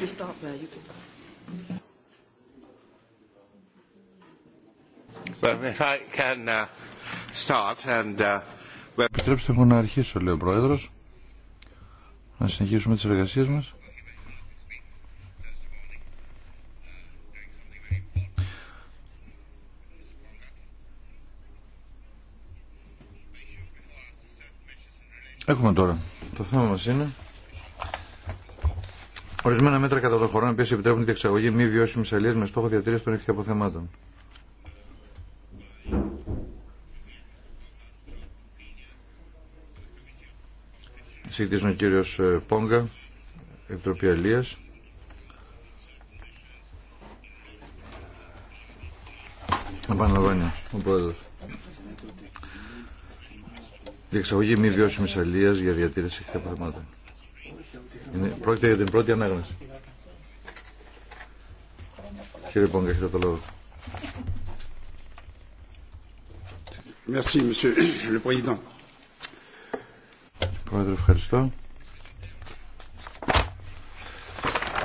we start there. You can. Well, if I can uh, start and. Uh, Επιτρέψτε μου να αρχίσω, λέει ο Πρόεδρο. Να συνεχίσουμε τι εργασίε μα. Έχουμε τώρα. Το θέμα μας είναι Ορισμένα μέτρα κατά το χρόνο που επιτρέπουν τη διεξαγωγή μη βιώσιμη αλληλεία με στόχο διατήρηση των αποθεμάτων. Συγχαρητήρια, ο κύριος ε, Πόγκα, Επιτροπή Αλία. Επαναλαμβάνει ο πρόεδρο. Διεξαγωγή μη βιώσιμη αλίας για διατήρηση αποθεμάτων. Είναι, πρόκειται για την πρώτη ανάγνωση. Κύριε Πόγκα, έχετε το λόγο. Merci, Monsieur le Président. Πρόεδρε, ευχαριστώ.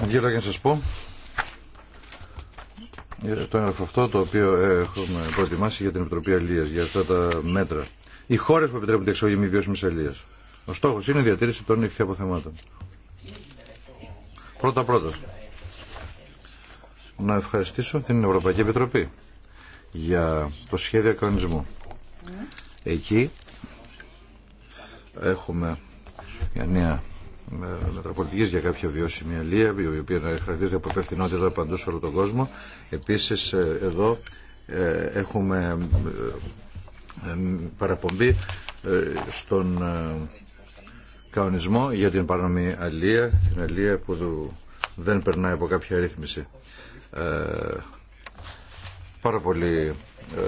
Δύο λόγια να σας πω. το έγγραφο αυτό το οποίο έχουμε προετοιμάσει για την Επιτροπή Αλίας, για αυτά τα μέτρα. Οι χώρες που επιτρέπουν την εξαγωγή μη βιώσιμης αλίας. Ο στόχος είναι η διατήρηση των ηχθειαποθεμάτων. αποθεμάτων. Πρώτα πρώτα. Να ευχαριστήσω την Ευρωπαϊκή Επιτροπή για το σχέδιο κανονισμού. Εκεί έχουμε μια νέα μεταπολιτική για κάποια βιώσιμη αλία, η οποία να χαρακτηρίζεται από υπευθυνότητα παντού σε όλο τον κόσμο. Επίση, ε, εδώ ε, έχουμε ε, παραπομπή στον για την παρανομή αλία, την αλία που δεν περνάει από κάποια ρύθμιση. Ε, πάρα πολύ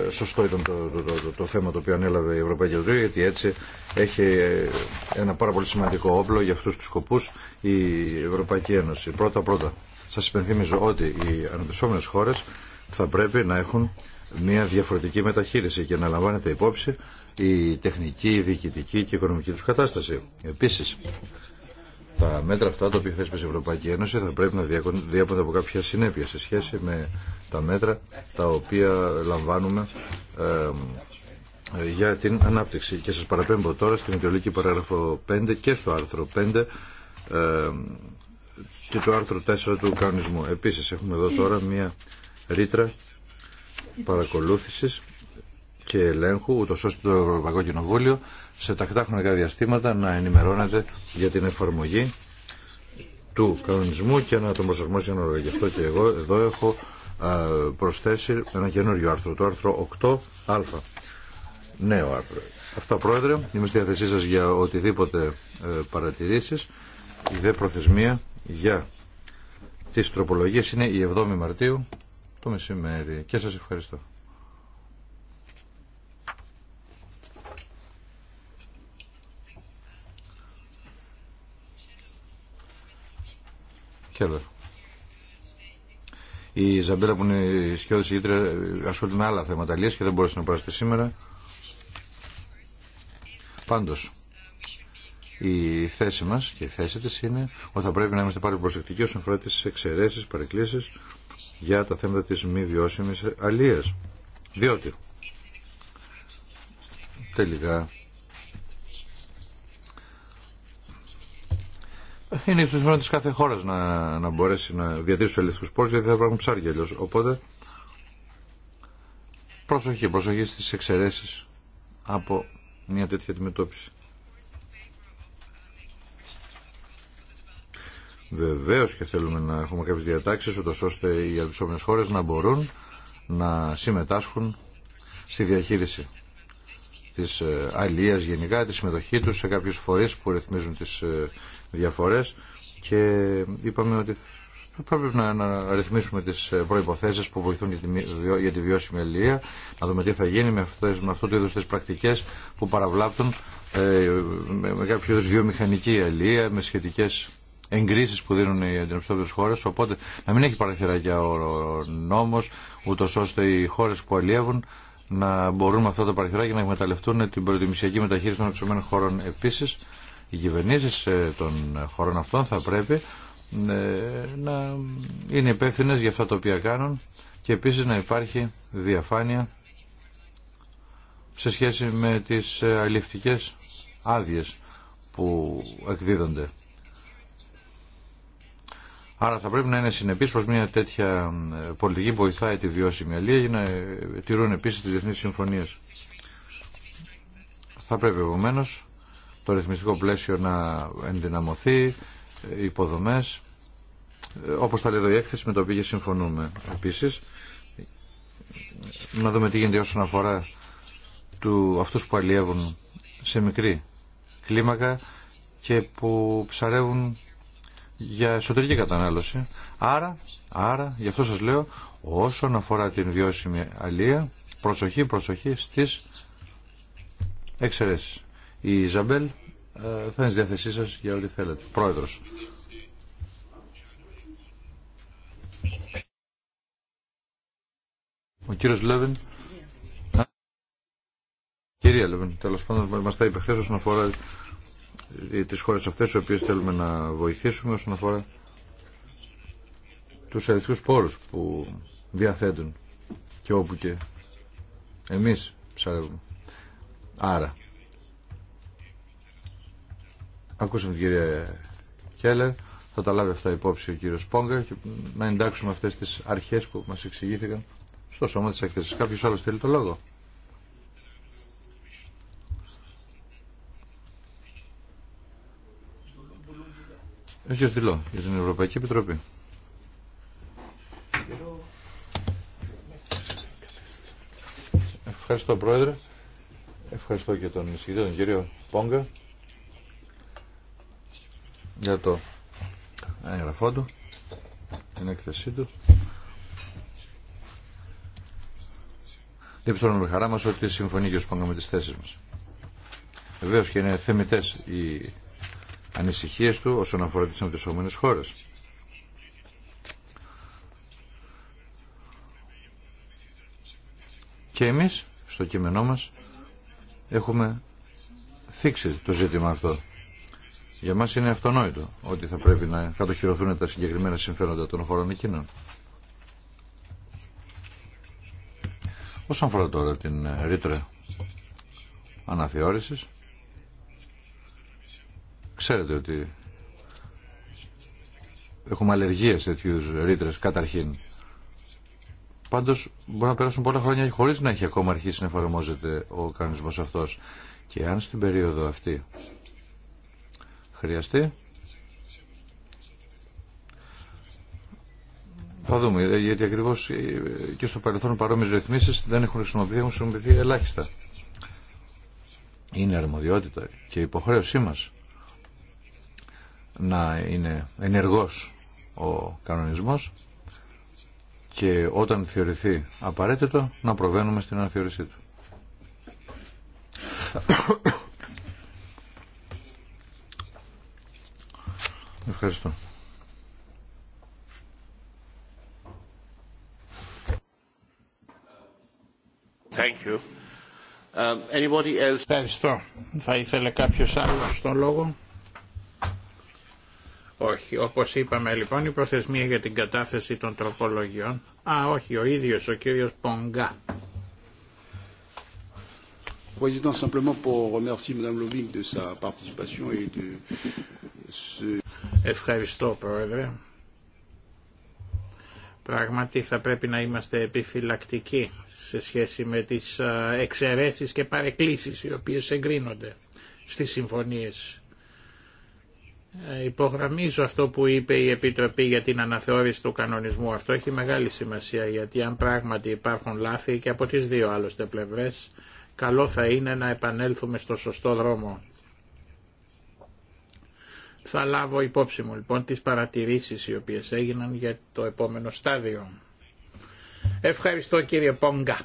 ε, σωστό ήταν το, το, το, το, θέμα το οποίο ανέλαβε η Ευρωπαϊκή Ένωση, γιατί έτσι έχει ε, ένα πάρα πολύ σημαντικό όπλο για αυτούς τους σκοπούς η Ευρωπαϊκή Ένωση. Πρώτα-πρώτα, σας υπενθυμίζω ότι οι αναπτυσσόμενες χώρες θα πρέπει να έχουν μια διαφορετική μεταχείριση και να λαμβάνεται υπόψη η τεχνική, η διοικητική και η οικονομική του κατάσταση. Επίση, τα μέτρα αυτά τα οποία θέσπισε η Ευρωπαϊκή Ένωση θα πρέπει να διέπονται από κάποια συνέπεια σε σχέση με τα μέτρα τα οποία λαμβάνουμε ε, για την ανάπτυξη. Και σα παραπέμπω τώρα στην ιδεολογική παράγραφο 5 και στο άρθρο 5 ε, και το άρθρο 4 του κανονισμού. Επίσης έχουμε εδώ τώρα μια ρήτρα Παρακολούθηση και ελέγχου, ούτω ώστε το Ευρωπαϊκό Κοινοβούλιο σε τακτά χρονικά διαστήματα να ενημερώνεται για την εφαρμογή του κανονισμού και να τον προσαρμόσει ανάλογα. Γι' αυτό και εγώ εδώ έχω προσθέσει ένα καινούριο άρθρο, το άρθρο 8α. Νέο άρθρο. Αυτά, Πρόεδρε. Είμαι στη διάθεσή σα για οτιδήποτε ε, παρατηρήσει. Η δε προθεσμία για τι τροπολογίε είναι η 7η Μαρτίου το μεσημέρι και σας ευχαριστώ. Η Ζαμπέλα που είναι η σκιώδη συγγύτρια ασχολείται με άλλα θέματα λύση και δεν μπορείς να παραστεί σήμερα. Πάντως, η θέση μας και η θέση της είναι ότι θα πρέπει να είμαστε πάρα προσεκτικοί όσον αφορά τις εξαιρέσεις, παρεκκλήσεις για τα θέματα της μη βιώσιμης αλίας. Διότι τελικά είναι ύψος της κάθε χώρας να, να μπορέσει να διατηρήσει τους ελεύθερους πόρους γιατί θα υπάρχουν ψάρια αλλιώς. Οπότε προσοχή, προσοχή στις εξαιρέσεις από μια τέτοια αντιμετώπιση. Βεβαίω και θέλουμε να έχουμε κάποιε διατάξει, ούτω ώστε οι αντισόμενε χώρε να μπορούν να συμμετάσχουν στη διαχείριση τη ε, αλληλεία γενικά, τη συμμετοχή του σε κάποιου φορεί που ρυθμίζουν τι ε, διαφορέ και είπαμε ότι θα πρέπει να, ρυθμίσουμε τις ε, προϋποθέσεις που βοηθούν για τη, βιώσιμη αλληλεία, να δούμε τι θα γίνει με, αυτές, αυτό το είδο τι πρακτικέ που παραβλάπτουν ε, με, με κάποιο είδος βιομηχανική αλληλεία, με σχετικέ εγκρίσεις που δίνουν οι αντιμετωπιστές χώρες, οπότε να μην έχει παραθυράκια ο νόμος, ούτως ώστε οι χώρες που αλλιεύουν να μπορούν με αυτά τα παραθυράκια να εκμεταλλευτούν την προτιμησιακή μεταχείριση των εξωμένων χώρων. Επίσης, οι κυβερνήσει ε, των χωρών αυτών θα πρέπει ε, να είναι υπεύθυνε για αυτά τα οποία κάνουν και επίσης να υπάρχει διαφάνεια σε σχέση με τις ε, αλληλευτικές άδειες που εκδίδονται. Άρα θα πρέπει να είναι συνεπής πως μια τέτοια ε, πολιτική βοηθάει τη βιώσιμη αλληλεία για να ε, τηρούν επίση τι διεθνεί συμφωνίες. Θα πρέπει επομένω το ρυθμιστικό πλαίσιο να ενδυναμωθεί, ε, υποδομές, όπως τα λέει εδώ η έκθεση με το οποίο συμφωνούμε επίση, Να δούμε τι γίνεται όσον αφορά του, αυτούς που αλλιεύουν σε μικρή κλίμακα και που ψαρεύουν για εσωτερική κατανάλωση. Άρα, άρα, γι' αυτό σας λέω, όσον αφορά την βιώσιμη αλία, προσοχή, προσοχή στις εξαιρέσεις. Η Ιζαμπέλ ε, θα είναι στη διάθεσή σας για ό,τι θέλετε. Πρόεδρος. Ο κύριος Λέβεν. Κυρία Λέβεν, τέλος πάντων, μας τα είπε χθες όσον αφορά ε, τις χώρες αυτές οι οποίες θέλουμε να βοηθήσουμε όσον αφορά τους αριθμούς πόρους που διαθέτουν και όπου και εμείς ψαρεύουμε. Άρα, ακούσαμε την κυρία Κέλλερ, θα τα λάβει αυτά υπόψη ο κύριος Πόγκα και να εντάξουμε αυτές τις αρχές που μας εξηγήθηκαν στο σώμα της εκθέσης. Κάποιος άλλος θέλει το λόγο. Όχι, Δηλώ, για την Ευρωπαϊκή Επιτροπή. Ευχαριστώ, Πρόεδρε. Ευχαριστώ και τον εισηγητή, τον κύριο Πόγκα, για το έγγραφό του, την έκθεσή του. Διαπιστώνουμε με χαρά μας ότι συμφωνεί και ο Σπόγκα με τις θέσεις μας. Βεβαίω και είναι θεμητές οι ανησυχίες του όσον αφορά τις αναπτυσσόμενες χώρες. Και εμείς στο κείμενό μας έχουμε θίξει το ζήτημα αυτό. Για μας είναι αυτονόητο ότι θα πρέπει να κατοχυρωθούν τα συγκεκριμένα συμφέροντα των χωρών εκείνων. Όσον αφορά τώρα την ρήτρα αναθεώρησης, Ξέρετε ότι έχουμε αλλεργία σε τέτοιου ρήτρε καταρχήν. Πάντω μπορεί να περάσουν πολλά χρόνια χωρί να έχει ακόμα αρχίσει να εφαρμόζεται ο κανονισμό αυτό. Και αν στην περίοδο αυτή χρειαστεί. Θα δούμε, γιατί ακριβώ και στο παρελθόν παρόμοιε ρυθμίσει δεν έχουν χρησιμοποιηθεί, έχουν χρησιμοποιηθεί ελάχιστα. Είναι αρμοδιότητα και υποχρέωσή μας να είναι ενεργός ο κανονισμός και όταν θεωρηθεί απαραίτητο να προβαίνουμε στην αναθεωρησή του. Ευχαριστώ. Thank you. Um, anybody else? Ευχαριστώ. Θα ήθελε κάποιος άλλος τον λόγο. Όχι, όπως είπαμε λοιπόν η προθεσμία για την κατάθεση των τροπολογιών. Α, όχι, ο ίδιος ο κύριος Πονγκά. Ευχαριστώ Πρόεδρε. Πράγματι θα πρέπει να είμαστε επιφυλακτικοί σε σχέση με τις ε, εξαιρέσεις και παρεκκλήσεις οι οποίες εγκρίνονται στις συμφωνίες. Ε, υπογραμμίζω αυτό που είπε η Επιτροπή για την αναθεώρηση του κανονισμού. Αυτό έχει μεγάλη σημασία γιατί αν πράγματι υπάρχουν λάθη και από τις δύο άλλωστε πλευρές, καλό θα είναι να επανέλθουμε στο σωστό δρόμο. Θα λάβω υπόψη μου λοιπόν τις παρατηρήσεις οι οποίες έγιναν για το επόμενο στάδιο. Ευχαριστώ κύριε Πόγκα.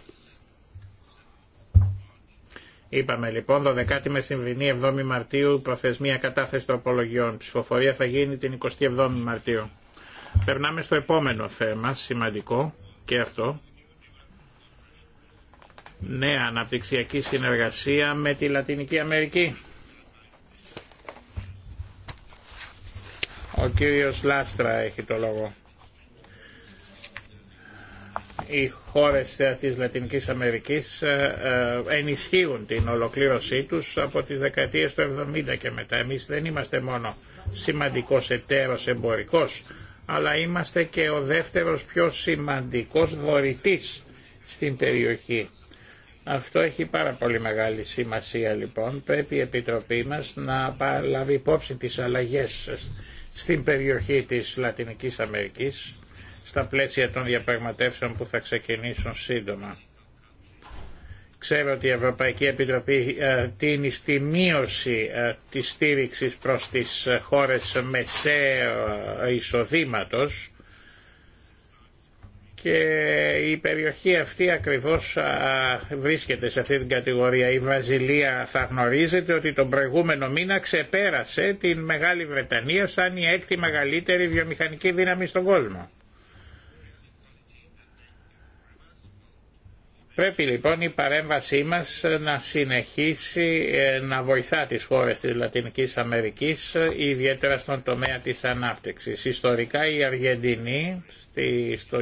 Είπαμε λοιπόν 12η Μεσημβρινή 7η Μαρτίου προθεσμία κατάθεση των απολογιών. Ψηφοφορία θα γίνει την 27η Μαρτίου. Περνάμε στο επόμενο θέμα, σημαντικό και αυτό. Νέα αναπτυξιακή συνεργασία με τη Λατινική Αμερική. Ο κύριος Λάστρα έχει το λόγο οι χώρες της Λατινικής Αμερικής ε, ε, ενισχύουν την ολοκλήρωσή τους από τις δεκαετίες του 70 και μετά. Εμείς δεν είμαστε μόνο σημαντικός εταίρος εμπορικός, αλλά είμαστε και ο δεύτερος πιο σημαντικός δωρητής στην περιοχή. Αυτό έχει πάρα πολύ μεγάλη σημασία λοιπόν. Πρέπει η Επιτροπή μας να λάβει υπόψη τις αλλαγές στην περιοχή της Λατινικής Αμερικής στα πλαίσια των διαπραγματεύσεων που θα ξεκινήσουν σύντομα. Ξέρω ότι η Ευρωπαϊκή Επιτροπή ε, τίνει στη μείωση ε, της στήριξης προς τις χώρες μεσαίου ε, εισοδήματος και η περιοχή αυτή ακριβώς βρίσκεται σε αυτή την κατηγορία. Η Βραζιλία θα γνωρίζετε ότι τον προηγούμενο μήνα ξεπέρασε την Μεγάλη Βρετανία σαν η έκτη μεγαλύτερη βιομηχανική δύναμη στον κόσμο. Πρέπει λοιπόν η παρέμβασή μας να συνεχίσει ε, να βοηθά τις χώρες της Λατινικής Αμερικής, ε, ιδιαίτερα στον τομέα της ανάπτυξης. Ιστορικά η Αργεντινή στη, στο,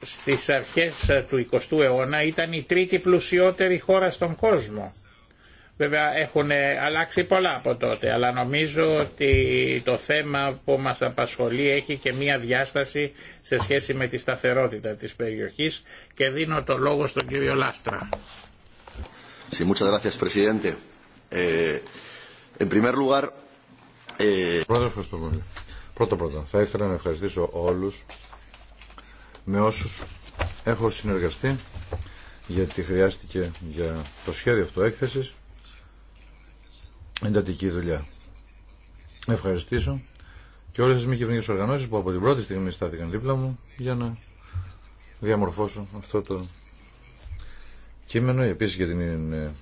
στις αρχές του 20ου αιώνα ήταν η τρίτη πλουσιότερη χώρα στον κόσμο. Βέβαια έχουν ε, αλλάξει πολλά από τότε, αλλά νομίζω ότι το θέμα που μας απασχολεί έχει και μία διάσταση σε σχέση με τη σταθερότητα της περιοχής και δίνω το λόγο στον κύριο Λάστρα. muchas gracias, presidente. Eh, ε, en primer lugar, ε, Πρώτα, θα ήθελα να ευχαριστήσω όλους με όσους έχω συνεργαστεί γιατί χρειάστηκε για το σχέδιο αυτό εντατική δουλειά. Ευχαριστήσω και όλες τις μη οργανώσεις που από την πρώτη στιγμή στάθηκαν δίπλα μου για να διαμορφώσω αυτό το κείμενο επίσης για την ε,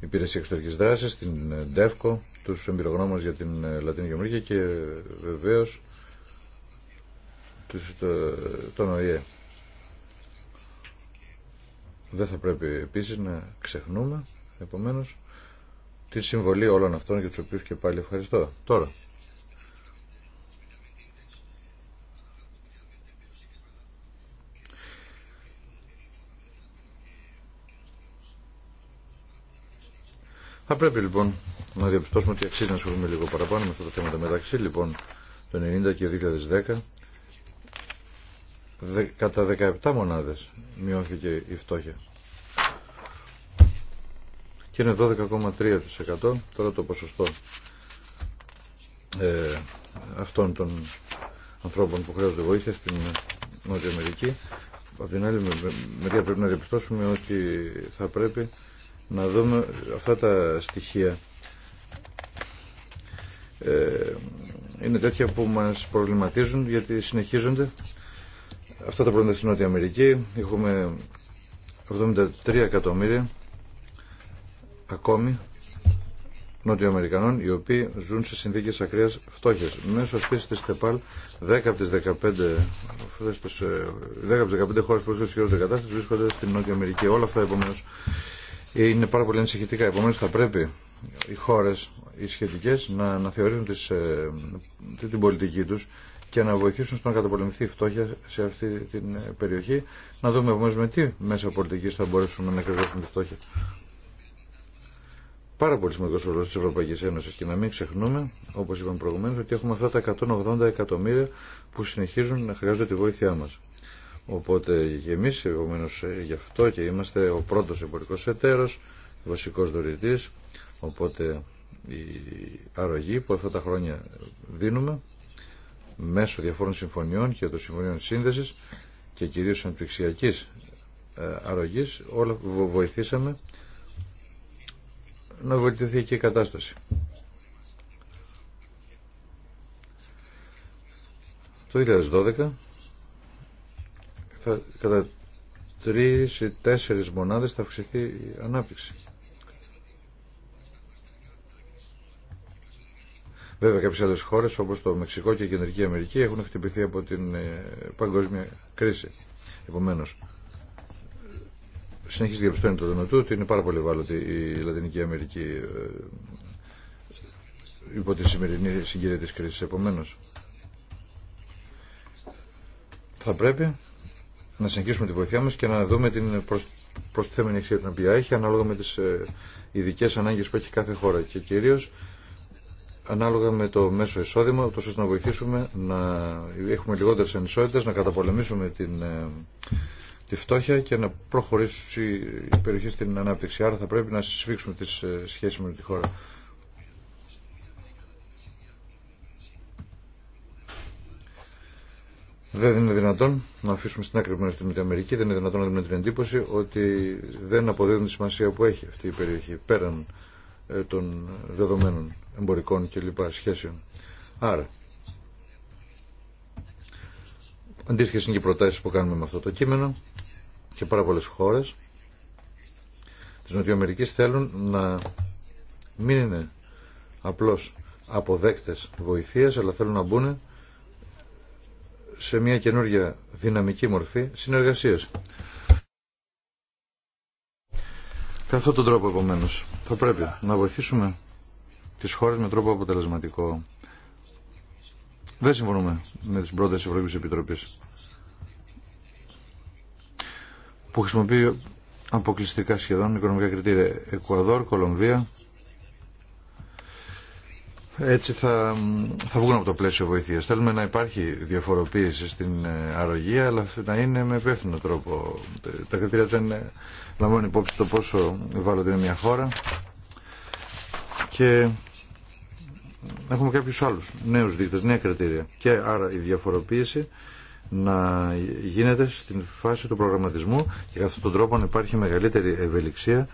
Υπηρεσία Εξωτερικής Δράσης, την ΔΕΦΚΟ, τους εμπειρογνώμους για την ε, Λατινική Αμερική και ε, βεβαίως τον ΟΗΕ. Δεν θα πρέπει επίσης να ξεχνούμε, επομένως, τη συμβολή όλων αυτών για τους οποίους και πάλι ευχαριστώ. Τώρα. Θα πρέπει λοιπόν να διαπιστώσουμε ότι αξίζει να ασχοληθούμε λίγο παραπάνω με αυτά τα θέματα. Μεταξύ λοιπόν το 90 και 2010 κατά 17 μονάδες μειώθηκε η φτώχεια και είναι 12,3% τώρα το ποσοστό ε, αυτών των ανθρώπων που χρειάζονται βοήθεια στην Νότια Αμερική. Από την άλλη μεριά πρέπει να διαπιστώσουμε ότι θα πρέπει να δούμε αυτά τα στοιχεία. Ε, είναι τέτοια που μας προβληματίζουν γιατί συνεχίζονται αυτά τα προβλήματα στην Νότια Αμερική. Έχουμε 73 εκατομμύρια ακόμη Νότιο-Αμερικανών οι οποίοι ζουν σε συνθήκες ακραίας φτώχειας. Μέσω αυτής της ΤΕΠΑΛ 10 από τις 15, 10 από τις 15 χώρες που βρίσκονται στην κατάσταση βρίσκονται στην Νότια Αμερική. Όλα αυτά επομένως είναι πάρα πολύ ανησυχητικά. Επομένως θα πρέπει οι χώρες οι σχετικές να, να θεωρήσουν τις, ε, την πολιτική τους και να βοηθήσουν στο να καταπολεμηθεί η φτώχεια σε αυτή την ε, περιοχή. Να δούμε επομένως με τι μέσα πολιτικής θα μπορέσουμε να κρυβώσουμε τη φτώχεια πάρα πολύ σημαντικό ρόλο τη Ευρωπαϊκή Ένωση και να μην ξεχνούμε, όπω είπαμε προηγουμένω, ότι έχουμε αυτά τα 180 εκατομμύρια που συνεχίζουν να χρειάζονται τη βοήθειά μα. Οπότε και εμεί, επομένω, γι' αυτό και είμαστε ο πρώτο εμπορικό εταίρο, βασικό δωρητή. Οπότε η αρρωγή που αυτά τα χρόνια δίνουμε μέσω διαφόρων συμφωνιών και των συμφωνιών σύνδεση και κυρίω αναπτυξιακή ε, αρρωγή, όλα βοηθήσαμε να βοηθηθεί και η κατάσταση. Το 2012 θα, κατά τρεις ή τέσσερις μονάδες θα αυξηθεί η ανάπτυξη. Βέβαια κάποιες άλλες χώρες όπως το Μεξικό και η Κεντρική Αμερική έχουν χτυπηθεί από την ε, παγκόσμια κρίση. Επομένως, συνεχίζει διαπιστώνει το δυνατό ότι είναι πάρα πολύ ευάλωτη η Λατινική Αμερική ε, υπό τη σημερινή συγκυρία της κρίσης. Επομένως, θα πρέπει να συνεχίσουμε τη βοηθειά μας και να δούμε την προστιθέμενη αξία την οποία έχει ανάλογα με τις ε, ειδικέ ανάγκες που έχει κάθε χώρα και κυρίως ανάλογα με το μέσο εισόδημα, ούτως ώστε να βοηθήσουμε να έχουμε λιγότερες ανισότητες, να καταπολεμήσουμε την ε, τη φτώχεια και να προχωρήσουν οι περιοχή στην ανάπτυξη. Άρα θα πρέπει να συσφίξουμε τις ε, σχέσεις με τη χώρα. Δεν είναι δυνατόν να αφήσουμε στην άκρη που είναι Αμερική, δεν είναι δυνατόν να δούμε την εντύπωση ότι δεν αποδίδουν τη σημασία που έχει αυτή η περιοχή πέραν ε, των δεδομένων εμπορικών και λοιπά σχέσεων. Άρα Αντίστοιχε είναι και οι προτάσει που κάνουμε με αυτό το κείμενο και πάρα πολλέ χώρε τη Νοτιοαμερική θέλουν να μην είναι απλώ αποδέκτε βοηθεία, αλλά θέλουν να μπουν σε μια καινούργια δυναμική μορφή συνεργασία. Κατά τον τρόπο, επομένω, θα πρέπει να βοηθήσουμε τι χώρε με τρόπο αποτελεσματικό. Δεν συμφωνούμε με τις πρώτες Ευρωπαϊκής Επιτροπής που χρησιμοποιεί αποκλειστικά σχεδόν οικονομικά κριτήρια Εκουαδόρ, Κολομβία έτσι θα, θα βγουν από το πλαίσιο βοηθείας. Θέλουμε να υπάρχει διαφοροποίηση στην ε, αρρωγή, αλλά να είναι με υπεύθυνο τρόπο. Τα κριτήρια δεν ε, λαμβάνουν υπόψη το πόσο είναι μια χώρα και έχουμε κάποιους άλλους νέους δείκτες, νέα κριτήρια και άρα η διαφοροποίηση να γίνεται στην φάση του προγραμματισμού και κατά αυτόν τον τρόπο να υπάρχει μεγαλύτερη ευελιξία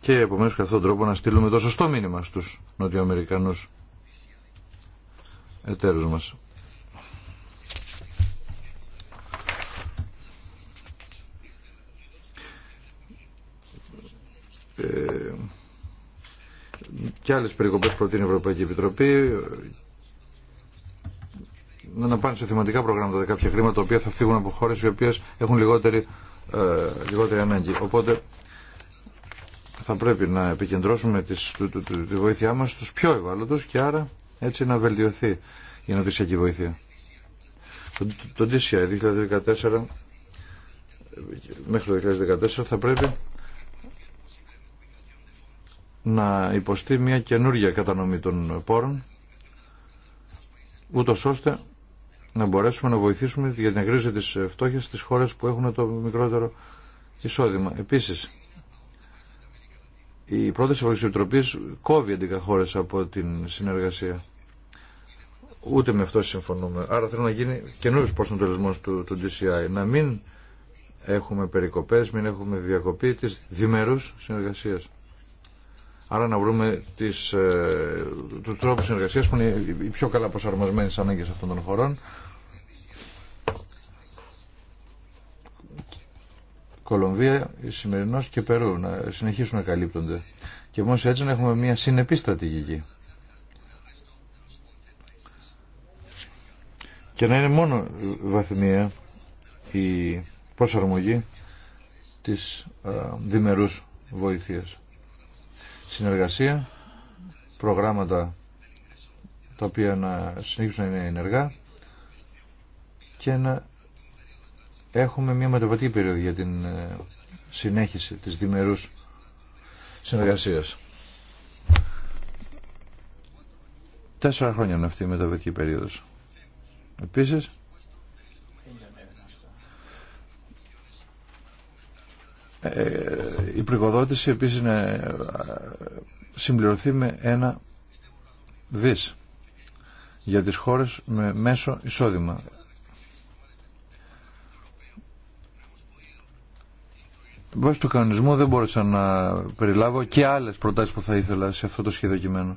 και επομένως κατά αυτόν τον τρόπο να στείλουμε το σωστό μήνυμα στους νοτιοαμερικανούς εταίρους μας. Ε, και άλλες περικοπές προτείνει η Ευρωπαϊκή Επιτροπή να πάνε σε θεματικά προγράμματα κάποια χρήματα τα οποία θα φύγουν από χώρες οι οποίες έχουν λιγότερη, ε, λιγότερη ανάγκη. Οπότε θα πρέπει να επικεντρώσουμε τις, τη βοήθειά μας στους πιο ευάλωτους και άρα έτσι να βελτιωθεί η νοτισιακή βοήθεια. Το, το, το DCI 2014 μέχρι το 2014 θα πρέπει να υποστεί μια καινούργια κατανομή των πόρων ούτω ώστε να μπορέσουμε να βοηθήσουμε για την εγκρίζωση της φτώχειας στις χώρες που έχουν το μικρότερο εισόδημα. Επίσης, η πρώτη Ευρωπαϊκή Επιτροπής κόβει εντικά χώρες από την συνεργασία. Ούτε με αυτό συμφωνούμε. Άρα θέλω να γίνει καινούριο προσανατολισμός του, του DCI. Να μην έχουμε περικοπέ, μην έχουμε διακοπή τη διμερούς συνεργασία. Άρα να βρούμε τις, ε, τους τρόπους που είναι οι πιο καλά προσαρμοσμένοι στις αυτών των χωρών. Κολομβία, σημερινό και Περού να συνεχίσουν να καλύπτονται. Και μόνο έτσι να έχουμε μια συνεπή στρατηγική. Και να είναι μόνο βαθμία η προσαρμογή της α, ε, διμερούς βοηθείας συνεργασία, προγράμματα τα οποία να συνεχίσουν να είναι ενεργά και να έχουμε μια μεταβατική περίοδο για την ε, συνέχιση της διμερούς συνεργασίας. Τέσσερα χρόνια είναι αυτή η μεταβατική περίοδος. Επίσης, Ε, η πρικοδότηση επίσης είναι ε, συμπληρωθεί με ένα δις για τις χώρες με μέσο εισόδημα. Βάσει του κανονισμού δεν μπόρεσα να περιλάβω και άλλες προτάσεις που θα ήθελα σε αυτό το σχέδιο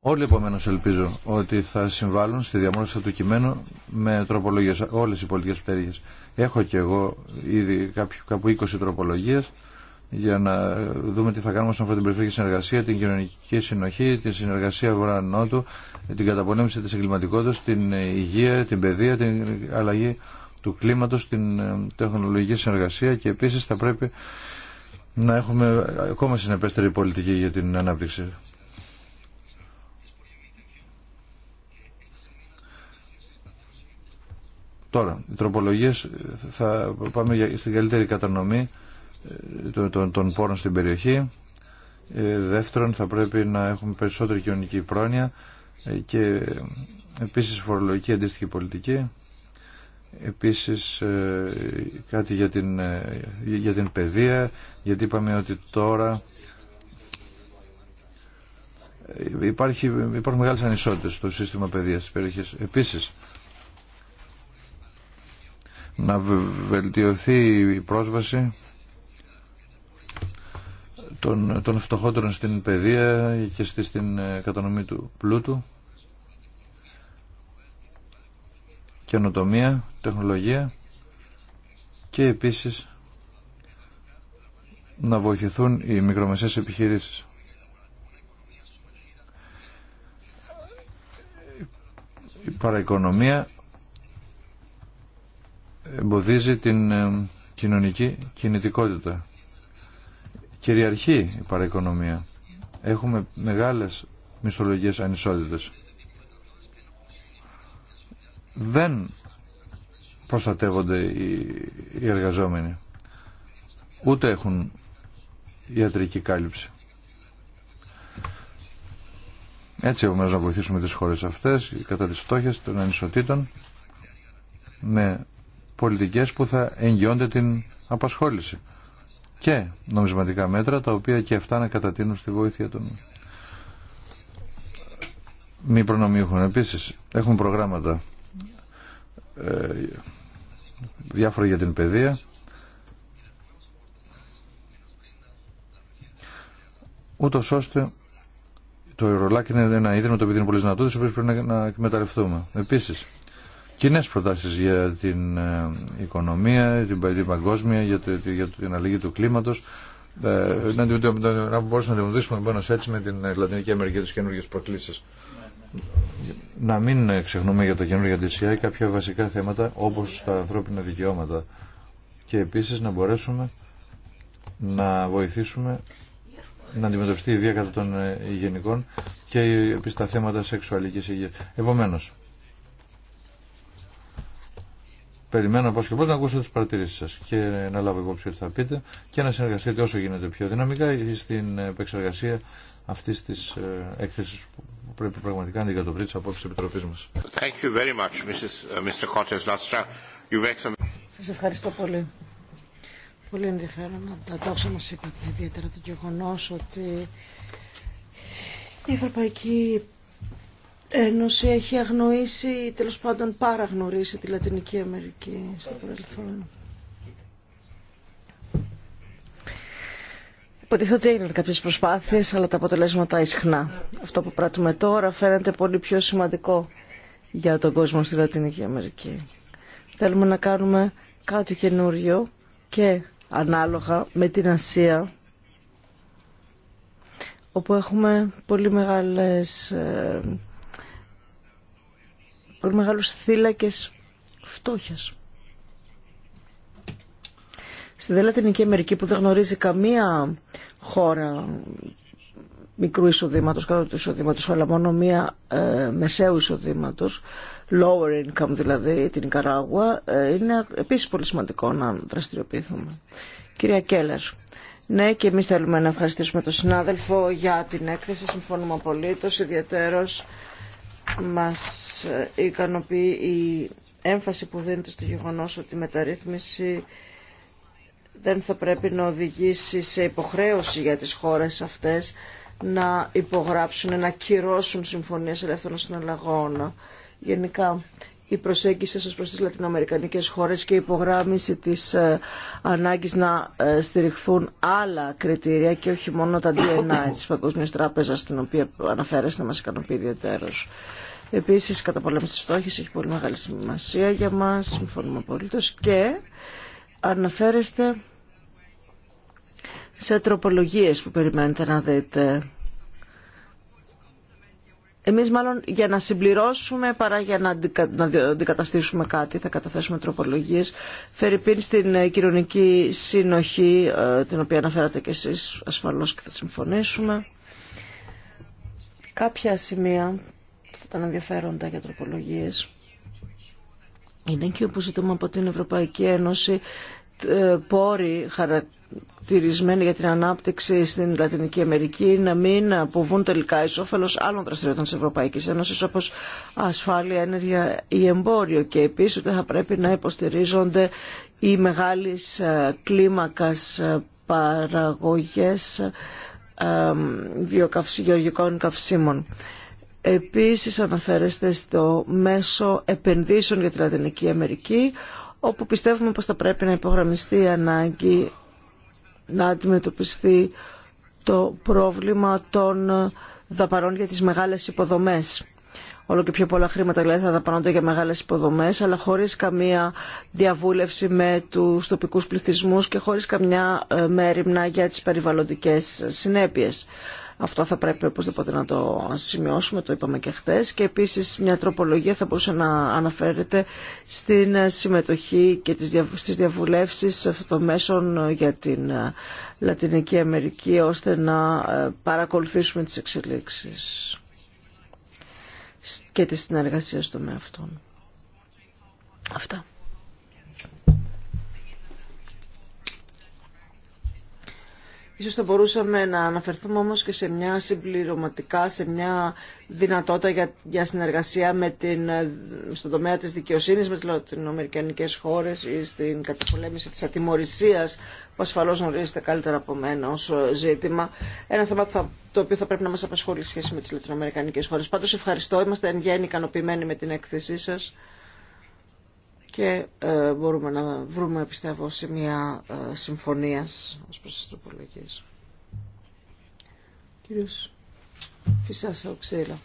Όλοι επομένω ελπίζω ότι θα συμβάλλουν στη διαμόρφωση του κειμένου με τροπολογίε, όλε οι πολιτικέ πτέρυγες. Έχω και εγώ ήδη κάπου 20 τροπολογίε για να δούμε τι θα κάνουμε όσον αφορά την περιφερειακή συνεργασία, την κοινωνική συνοχή, την συνεργασία βορρά-νότου, την καταπολέμηση τη εγκληματικότητα, την υγεία, την παιδεία, την αλλαγή του κλίματο, την ε, τεχνολογική συνεργασία και επίση θα πρέπει να έχουμε ακόμα συνεπέστερη πολιτική για την ανάπτυξη. Τώρα, οι τροπολογίε ε, θα πάμε στην καλύτερη κατανομή ε, των, πόρων στην περιοχή. Ε, δεύτερον, θα πρέπει να έχουμε περισσότερη κοινωνική πρόνοια και επίσης φορολογική αντίστοιχη πολιτική. Επίσης κάτι για την, για την παιδεία, γιατί είπαμε ότι τώρα υπάρχει, υπάρχουν μεγάλε ανισότητε στο σύστημα παιδείας τη περιοχή. Επίσης, να βελτιωθεί η πρόσβαση των, των φτωχότερων στην παιδεία και στη, στην ε, κατανομή του πλούτου καινοτομία, τεχνολογία και επίσης να βοηθηθούν οι μικρομεσαίες επιχειρήσεις. Η παραοικονομία εμποδίζει την ε, κοινωνική κινητικότητα. Κυριαρχεί η παραοικονομία. Έχουμε μεγάλες μισθολογικές ανισότητες. Δεν προστατεύονται οι εργαζόμενοι. Ούτε έχουν ιατρική κάλυψη. Έτσι επομένως να βοηθήσουμε τις χώρες αυτές κατά τις φτώχειες των ανισοτήτων με πολιτικές που θα εγγυώνται την απασχόληση και νομισματικά μέτρα τα οποία και αυτά να κατατείνουν στη βοήθεια των μη προνομιούχων. Επίσης έχουμε προγράμματα ε, διάφορα για την παιδεία ούτω ώστε το ευρωλάκι είναι ένα ίδρυμα το οποίο είναι πολύ δυνατό, το οποίο πρέπει να, να εκμεταλλευτούμε. Επίση, κοινέ προτάσει για την ε, οικονομία, την παγκόσμια, για, το, για την αλλαγή του κλίματος, ε, να, μπορούμε μπορούσαμε να αντιμετωπίσουμε πάνω έτσι με την Λατινική Αμερική τι καινούργιε προκλήσει. Να μην ξεχνούμε για τα καινούργια τη η ΕΕ κάποια βασικά θέματα οπω τα ανθρώπινα δικαιώματα και επιση να μπορέσουμε να βοηθήσουμε να αντιμετωπιστεί η βία κατά των ε, γενικών και επίση τα θέματα σεξουαλική υγεία. Επομένω περιμένω πώς και πώς να ακούσω τι παρατηρήσει σα και να λάβω υπόψη ότι θα πείτε και να συνεργαστείτε όσο γίνεται πιο δυναμικά στην επεξεργασία αυτή τη ε, έκθεση που πρέπει πραγματικά να αντικατοπτρεί τι απόψει τη Επιτροπή μα. Σα ευχαριστώ πολύ. Πολύ ενδιαφέρον τα τόξα μα είπατε, ιδιαίτερα το γεγονό ότι η Ευρωπαϊκή Ένωση έχει αγνοήσει ή τέλος πάντων παραγνωρίσει τη Λατινική Αμερική στο παρελθόν. ότι έγιναν κάποιε προσπάθειε, αλλά τα αποτελέσματα ισχνά. Αυτό που πράττουμε τώρα φαίνεται πολύ πιο σημαντικό για τον κόσμο στη Λατινική Αμερική. Θέλουμε να κάνουμε κάτι καινούριο και ανάλογα με την Ασία, όπου έχουμε πολύ μεγάλες ε, μεγάλους θύλακες φτώχειας. Στη δε Λατινική Αμερική που δεν γνωρίζει καμία χώρα μικρού εισοδήματος, κάτω του εισοδήματος, αλλά μόνο μία ε, μεσαίου εισοδήματος, lower income δηλαδή, την Ικαράγουα, ε, είναι επίσης πολύ σημαντικό να δραστηριοποιηθούμε. Κυρία Κέλλερ, ναι και εμείς θέλουμε να ευχαριστήσουμε τον συνάδελφο για την έκθεση, συμφωνούμε απολύτως, ιδιαίτερος μας ικανοποιεί η έμφαση που δίνεται στο γεγονός ότι η μεταρρύθμιση δεν θα πρέπει να οδηγήσει σε υποχρέωση για τις χώρες αυτές να υπογράψουν, να κυρώσουν συμφωνίες ελεύθερων συναλλαγών. Γενικά η προσέγγιση σας προς τις λατινοαμερικανικές χώρες και η υπογράμμιση της ε, ανάγκης να ε, στηριχθούν άλλα κριτήρια και όχι μόνο τα DNA της Παγκόσμιας Τράπεζας στην οποία αναφέρεστε μας ικανοποιεί ιδιαίτερως. Επίσης, η πολέμηση της φτώχειας έχει πολύ μεγάλη σημασία για μας, συμφωνούμε απολύτως, και αναφέρεστε σε τροπολογίες που περιμένετε να δείτε εμείς μάλλον για να συμπληρώσουμε παρά για να αντικαταστήσουμε κάτι, θα καταθέσουμε τροπολογίες. πίν στην ε, κοινωνική συνοχή, ε, την οποία αναφέρατε και εσείς ασφαλώς και θα συμφωνήσουμε. Κάποια σημεία θα ήταν ενδιαφέροντα για τροπολογίες. Είναι και όπου ζητούμε από την Ευρωπαϊκή Ένωση ε, πόροι τυρισμένοι για την ανάπτυξη στην Λατινική Αμερική να μην αποβούν τελικά εις όφελος άλλων δραστηριότητων της Ευρωπαϊκής Ένωσης όπως ασφάλεια, ενέργεια ή εμπόριο και επίσης ότι θα πρέπει να υποστηρίζονται οι μεγάλες ε, κλίμακας ε, παραγωγές ε, βιοκαυσιγεωργικών καυσίμων. Επίσης αναφέρεστε στο μέσο επενδύσεων για τη Λατινική Αμερική όπου πιστεύουμε πως θα πρέπει να υπογραμμιστεί η ανάγκη να αντιμετωπιστεί το πρόβλημα των δαπανών για τις μεγάλες υποδομές. Όλο και πιο πολλά χρήματα δηλαδή θα δαπανώνται για μεγάλες υποδομές, αλλά χωρίς καμία διαβούλευση με τους τοπικούς πληθυσμούς και χωρίς καμιά ε, μέρημνα για τις περιβαλλοντικές συνέπειες. Αυτό θα πρέπει οπωσδήποτε να το σημειώσουμε, το είπαμε και χθε. Και επίσης μια τροπολογία θα μπορούσε να αναφέρεται στην συμμετοχή και στι διαβουλεύσεις των μέσων για την ε, Λατινική Αμερική ώστε να ε, παρακολουθήσουμε τις εξελίξεις και τη συνεργασία των με αυτόν. Αυτά. Ίσως θα μπορούσαμε να αναφερθούμε όμως και σε μια συμπληρωματικά, σε μια δυνατότητα για, για συνεργασία με την, ε, στον τομέα της δικαιοσύνης με τις Λατινοαμερικανικές χώρες ή στην καταπολέμηση της ατιμορρησίας που ασφαλώς γνωρίζετε καλύτερα από μένα ως ζήτημα. Ένα θέμα το οποίο θα πρέπει να μας απασχολεί σχέση με τις λατινοαμερικανικές χώρες. Πάντως ευχαριστώ. Είμαστε εν γέννη ικανοποιημένοι με την έκθεσή σας και ε, μπορούμε να βρούμε, πιστεύω, μια ε, συμφωνία ως προς τροπολογίε. Κύριος Φυσάς Αοξέλα.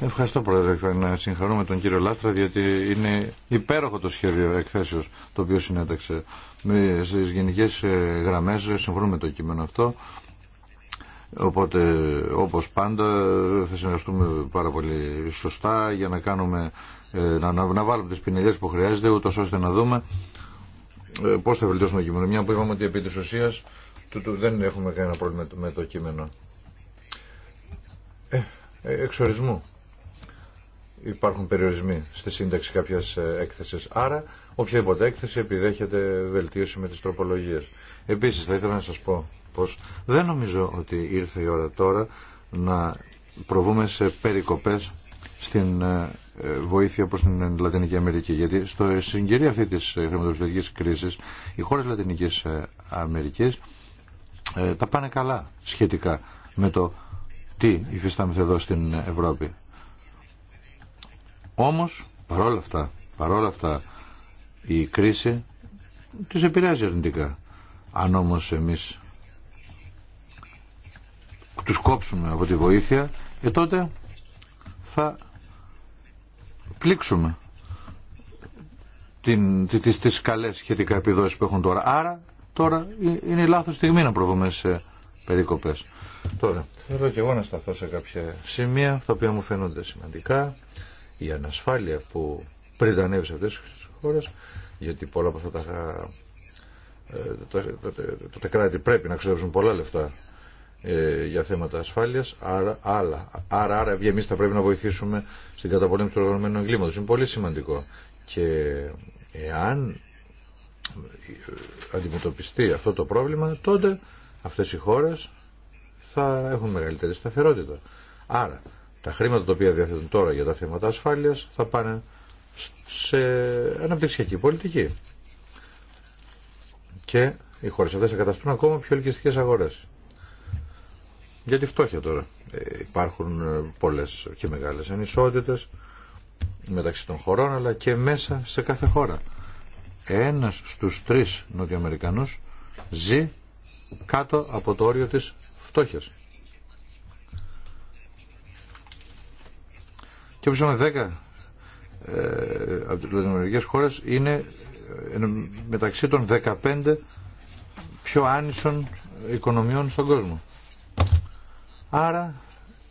Ευχαριστώ, Πρόεδρε. Να συγχαρούμε τον κύριο Λάστρα, διότι είναι υπέροχο το σχέδιο εκθέσεως το οποίο συνέταξε. Στι γενικέ ε, γραμμές ε, συμφωνούμε με το κείμενο αυτό. Οπότε όπως πάντα θα συνεργαστούμε πάρα πολύ σωστά για να κάνουμε ε, να, να, βάλουμε τις πινελιές που χρειάζεται ούτως ώστε να δούμε ε, πώς θα βελτιώσουμε το κείμενο. Μια που είπαμε ότι επί της ουσίας του, δεν έχουμε κανένα πρόβλημα με το κείμενο. Ε, ε, εξορισμού υπάρχουν περιορισμοί στη σύνταξη κάποιας έκθεσης. Άρα οποιαδήποτε έκθεση επιδέχεται βελτίωση με τις τροπολογίες. Επίσης θα ήθελα να σας πω δεν νομίζω ότι ήρθε η ώρα τώρα να προβούμε σε περικοπές στην ε, ε, βοήθεια προς την Λατινική Αμερική. Γιατί στο συγκυρία αυτή της ε, χρηματοπιστωτικής κρίσης οι χώρες Λατινικής Αμερικής τα πάνε καλά σχετικά με το τι υφιστάμεθε εδώ στην Ευρώπη. Όμως, παρόλα αυτά, παρόλα αυτά η κρίση τους επηρεάζει αρνητικά. Αν όμως εμείς τους κόψουμε από τη βοήθεια, και τότε θα πλήξουμε την, τις, τις καλές σχετικά επιδόσεις που έχουν τώρα. Άρα τώρα είναι η λάθος στιγμή να προβούμε σε περικοπές. Τώρα, θέλω και εγώ να σταθώ σε κάποια σημεία τα οποία μου φαίνονται σημαντικά. Η ανασφάλεια που πριν ανέβει σε αυτές τις χώρες, γιατί πολλά από αυτά τα, ε, τα, τα, τα, τα κράτη πρέπει να ξεδεύσουν πολλά λεφτά ε, για θέματα ασφάλειας, άρα, άρα, άρα, άρα εμείς θα πρέπει να βοηθήσουμε στην καταπολέμηση του οργανωμένου εγκλήματο. Είναι πολύ σημαντικό. Και εάν αντιμετωπιστεί αυτό το πρόβλημα, τότε αυτές οι χώρε θα έχουν μεγαλύτερη σταθερότητα. Άρα, τα χρήματα τα οποία διαθέτουν τώρα για τα θέματα ασφάλειας θα πάνε σε αναπτυξιακή πολιτική. Και οι χώρε αυτέ θα καταστούν ακόμα πιο ελκυστικέ αγορέ. Για τη φτώχεια τώρα. Ε, υπάρχουν ε, πολλές και μεγάλες ανισότητες μεταξύ των χωρών αλλά και μέσα σε κάθε χώρα. Ένας στους τρεις Νοτιοαμερικανούς ζει κάτω από το όριο της φτώχειας. Και όπως είπαμε 10 ε, από τις λατινοαμερικές χώρες είναι μεταξύ των 15 πιο άνισων οικονομιών στον κόσμο. Άρα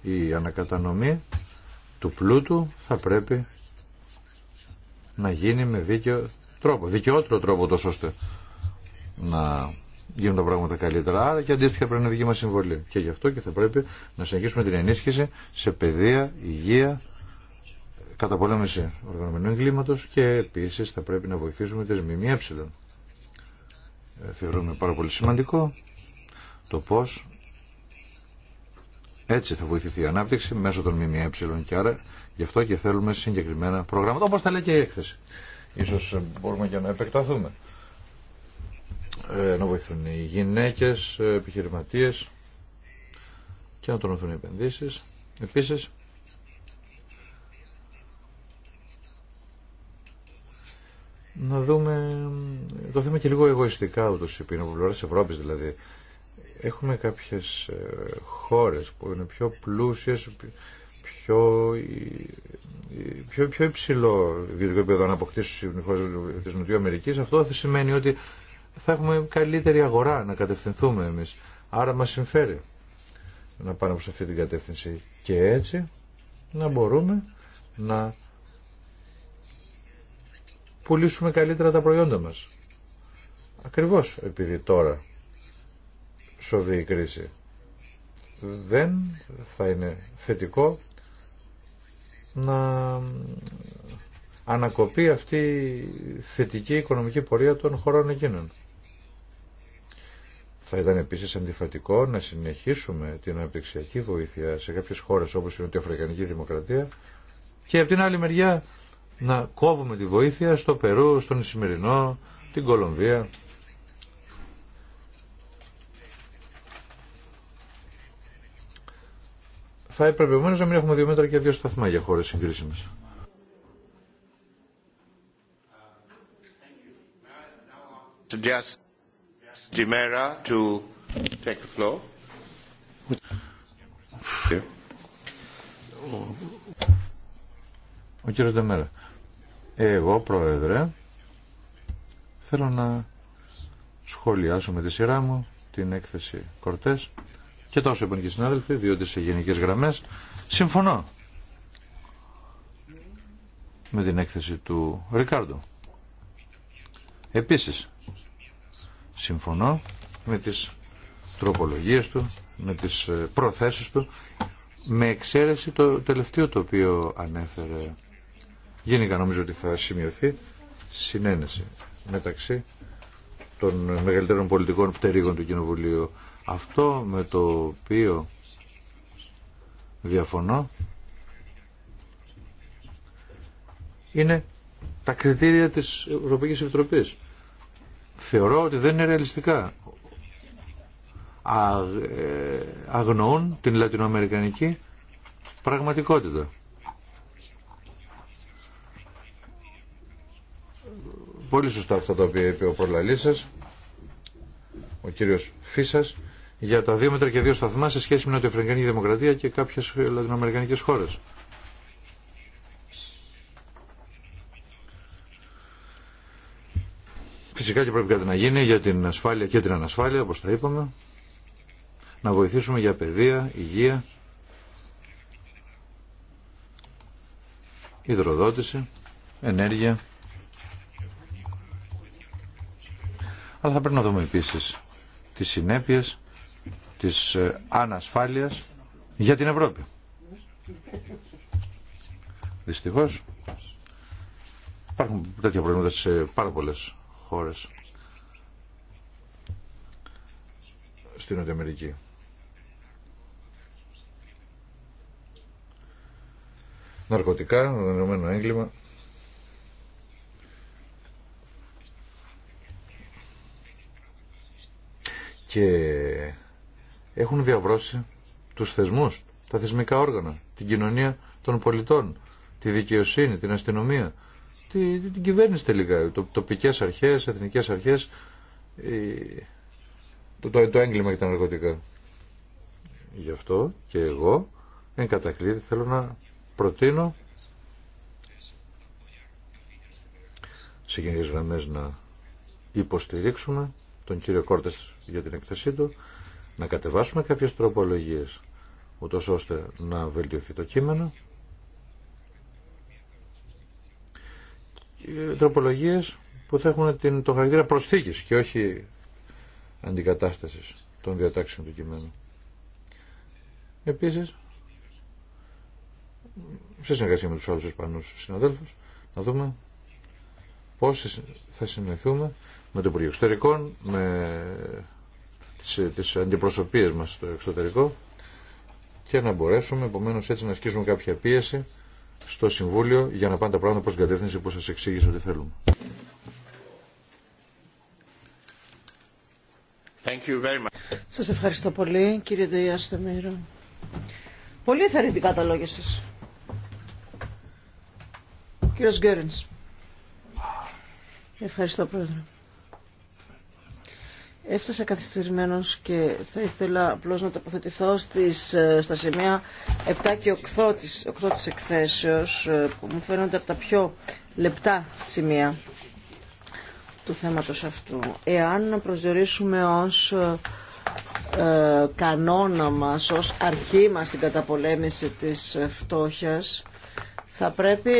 η ανακατανομή του πλούτου θα πρέπει να γίνει με δίκαιο τρόπο, δικαιότερο τρόπο τόσο ώστε να γίνουν τα πράγματα καλύτερα. Άρα και αντίστοιχα πρέπει να δική μας συμβολή. Και γι' αυτό και θα πρέπει να συνεχίσουμε την ενίσχυση σε παιδεία, υγεία, καταπολέμηση οργανωμένου εγκλήματος και επίσης θα πρέπει να βοηθήσουμε τις ΜΜΕ. Ε, θεωρούμε πάρα πολύ σημαντικό το πώς έτσι θα βοηθηθεί η ανάπτυξη μέσω των ΜΜΕ και άρα γι' αυτό και θέλουμε συγκεκριμένα προγράμματα όπως τα λέει και η έκθεση. Ίσως μπορούμε και να επεκταθούμε. Ε, να βοηθούν οι γυναίκες, επιχειρηματίες και να τονωθούν οι επενδύσεις. Επίσης, να δούμε το θέμα και λίγο εγωιστικά ούτως ή από Ευρώπης δηλαδή Έχουμε κάποιες ε, χώρες που είναι πιο πλούσιες, πιο, πιο, πιο υψηλό βιωτικό επίπεδο να αποκτήσουν οι χώρες της Νοτιοαμερικής. Αυτό θα σημαίνει ότι θα έχουμε καλύτερη αγορά να κατευθυνθούμε εμείς. Άρα μας συμφέρει να πάμε προς αυτή την κατεύθυνση και έτσι να μπορούμε να πουλήσουμε καλύτερα τα προϊόντα μας. Ακριβώς επειδή τώρα σοβεί η κρίση. Δεν θα είναι θετικό να ανακοπεί αυτή η θετική οικονομική πορεία των χωρών εκείνων. Θα ήταν επίσης αντιφατικό να συνεχίσουμε την αναπτυξιακή βοήθεια σε κάποιες χώρες όπως η Αφρικανική Δημοκρατία και από την άλλη μεριά να κόβουμε τη βοήθεια στο Περού, στον Ισημερινό, την Κολομβία. θα έπρεπε ομένως να μην έχουμε δύο μέτρα και δύο σταθμά για χώρες συγκρίσιμες. Ο κύριος Ντεμέρα. Εγώ, Πρόεδρε, θέλω να σχολιάσω με τη σειρά μου την έκθεση Κορτές και τόσο είπαν και οι συνάδελφοι, διότι σε γενικέ γραμμές συμφωνώ με την έκθεση του Ρικάρντο. Επίσης, συμφωνώ με τις τροπολογίες του, με τις ε, προθέσεις του, με εξαίρεση το τελευταίο το οποίο ανέφερε. Γενικά νομίζω ότι θα σημειωθεί συνένεση μεταξύ των μεγαλύτερων πολιτικών πτερίγων του Κοινοβουλίου. Αυτό με το οποίο διαφωνώ είναι τα κριτήρια της Ευρωπαϊκής Επιτροπής. Θεωρώ ότι δεν είναι ρεαλιστικά. Α, ε, αγνοούν την λατινοαμερικανική πραγματικότητα. Πολύ σωστά αυτά τα οποία είπε ο προλαλής σας, ο κύριος Φίσας για τα δύο μέτρα και δύο σταθμά σε σχέση με την Νοτιοαφρικανική Δημοκρατία και κάποιες λατινοαμερικανικές χώρες. Φυσικά και πρέπει κάτι να γίνει για την ασφάλεια και την ανασφάλεια, όπως τα είπαμε. Να βοηθήσουμε για παιδεία, υγεία, υδροδότηση, ενέργεια. Αλλά θα πρέπει να δούμε επίση τις συνέπειες της ε, ανασφάλειας για την Ευρώπη. Δυστυχώς υπάρχουν τέτοια προβλήματα σε πάρα πολλές χώρες στην Νότια Αμερική. Ναρκωτικά, δεδομένο έγκλημα. Και έχουν διαβρώσει τους θεσμούς, τα θεσμικά όργανα, την κοινωνία των πολιτών, τη δικαιοσύνη, την αστυνομία, την, την κυβέρνηση τελικά, το, τοπικές αρχές, εθνικές αρχές, το, το, το έγκλημα και τα ναρκωτικά. Γι' αυτό και εγώ, εν κατακλείδη, θέλω να προτείνω σε γενικές γραμμές να υποστηρίξουμε τον κύριο Κόρτες για την εκθεσή του να κατεβάσουμε κάποιες τροπολογίες ούτως ώστε να βελτιωθεί το κείμενο τροπολογίες που θα έχουν την, το χαρακτήρα προσθήκης και όχι αντικατάστασης των διατάξεων του κειμένου. Επίσης, σε συνεργασία με τους άλλους Ισπανούς συναδέλφους, να δούμε πώς θα συνεχθούμε με το Υπουργείο Εξωτερικών, με ε, τις αντιπροσωπείες μας στο εξωτερικό και να μπορέσουμε επομένω έτσι να ασκήσουμε κάποια πίεση στο Συμβούλιο για να πάνε τα πράγματα προς την κατεύθυνση που σας εξήγησε ότι θέλουμε. Thank you very much. Σας ευχαριστώ πολύ κύριε Στεμίρο. Πολύ θερητικά τα λόγια σας. Κύριος Γκέρινς. Ευχαριστώ πρόεδρε. Έφτασα καθυστερημένος και θα ήθελα απλώς να τοποθετηθώ στις, ε, στα σημεία 7 και 8 της, 8 της εκθέσεως ε, που μου φαίνονται από τα πιο λεπτά σημεία του θέματος αυτού. Εάν προσδιορίσουμε ως ε, κανόνα μας, ως αρχή μας την καταπολέμηση της φτώχειας, θα πρέπει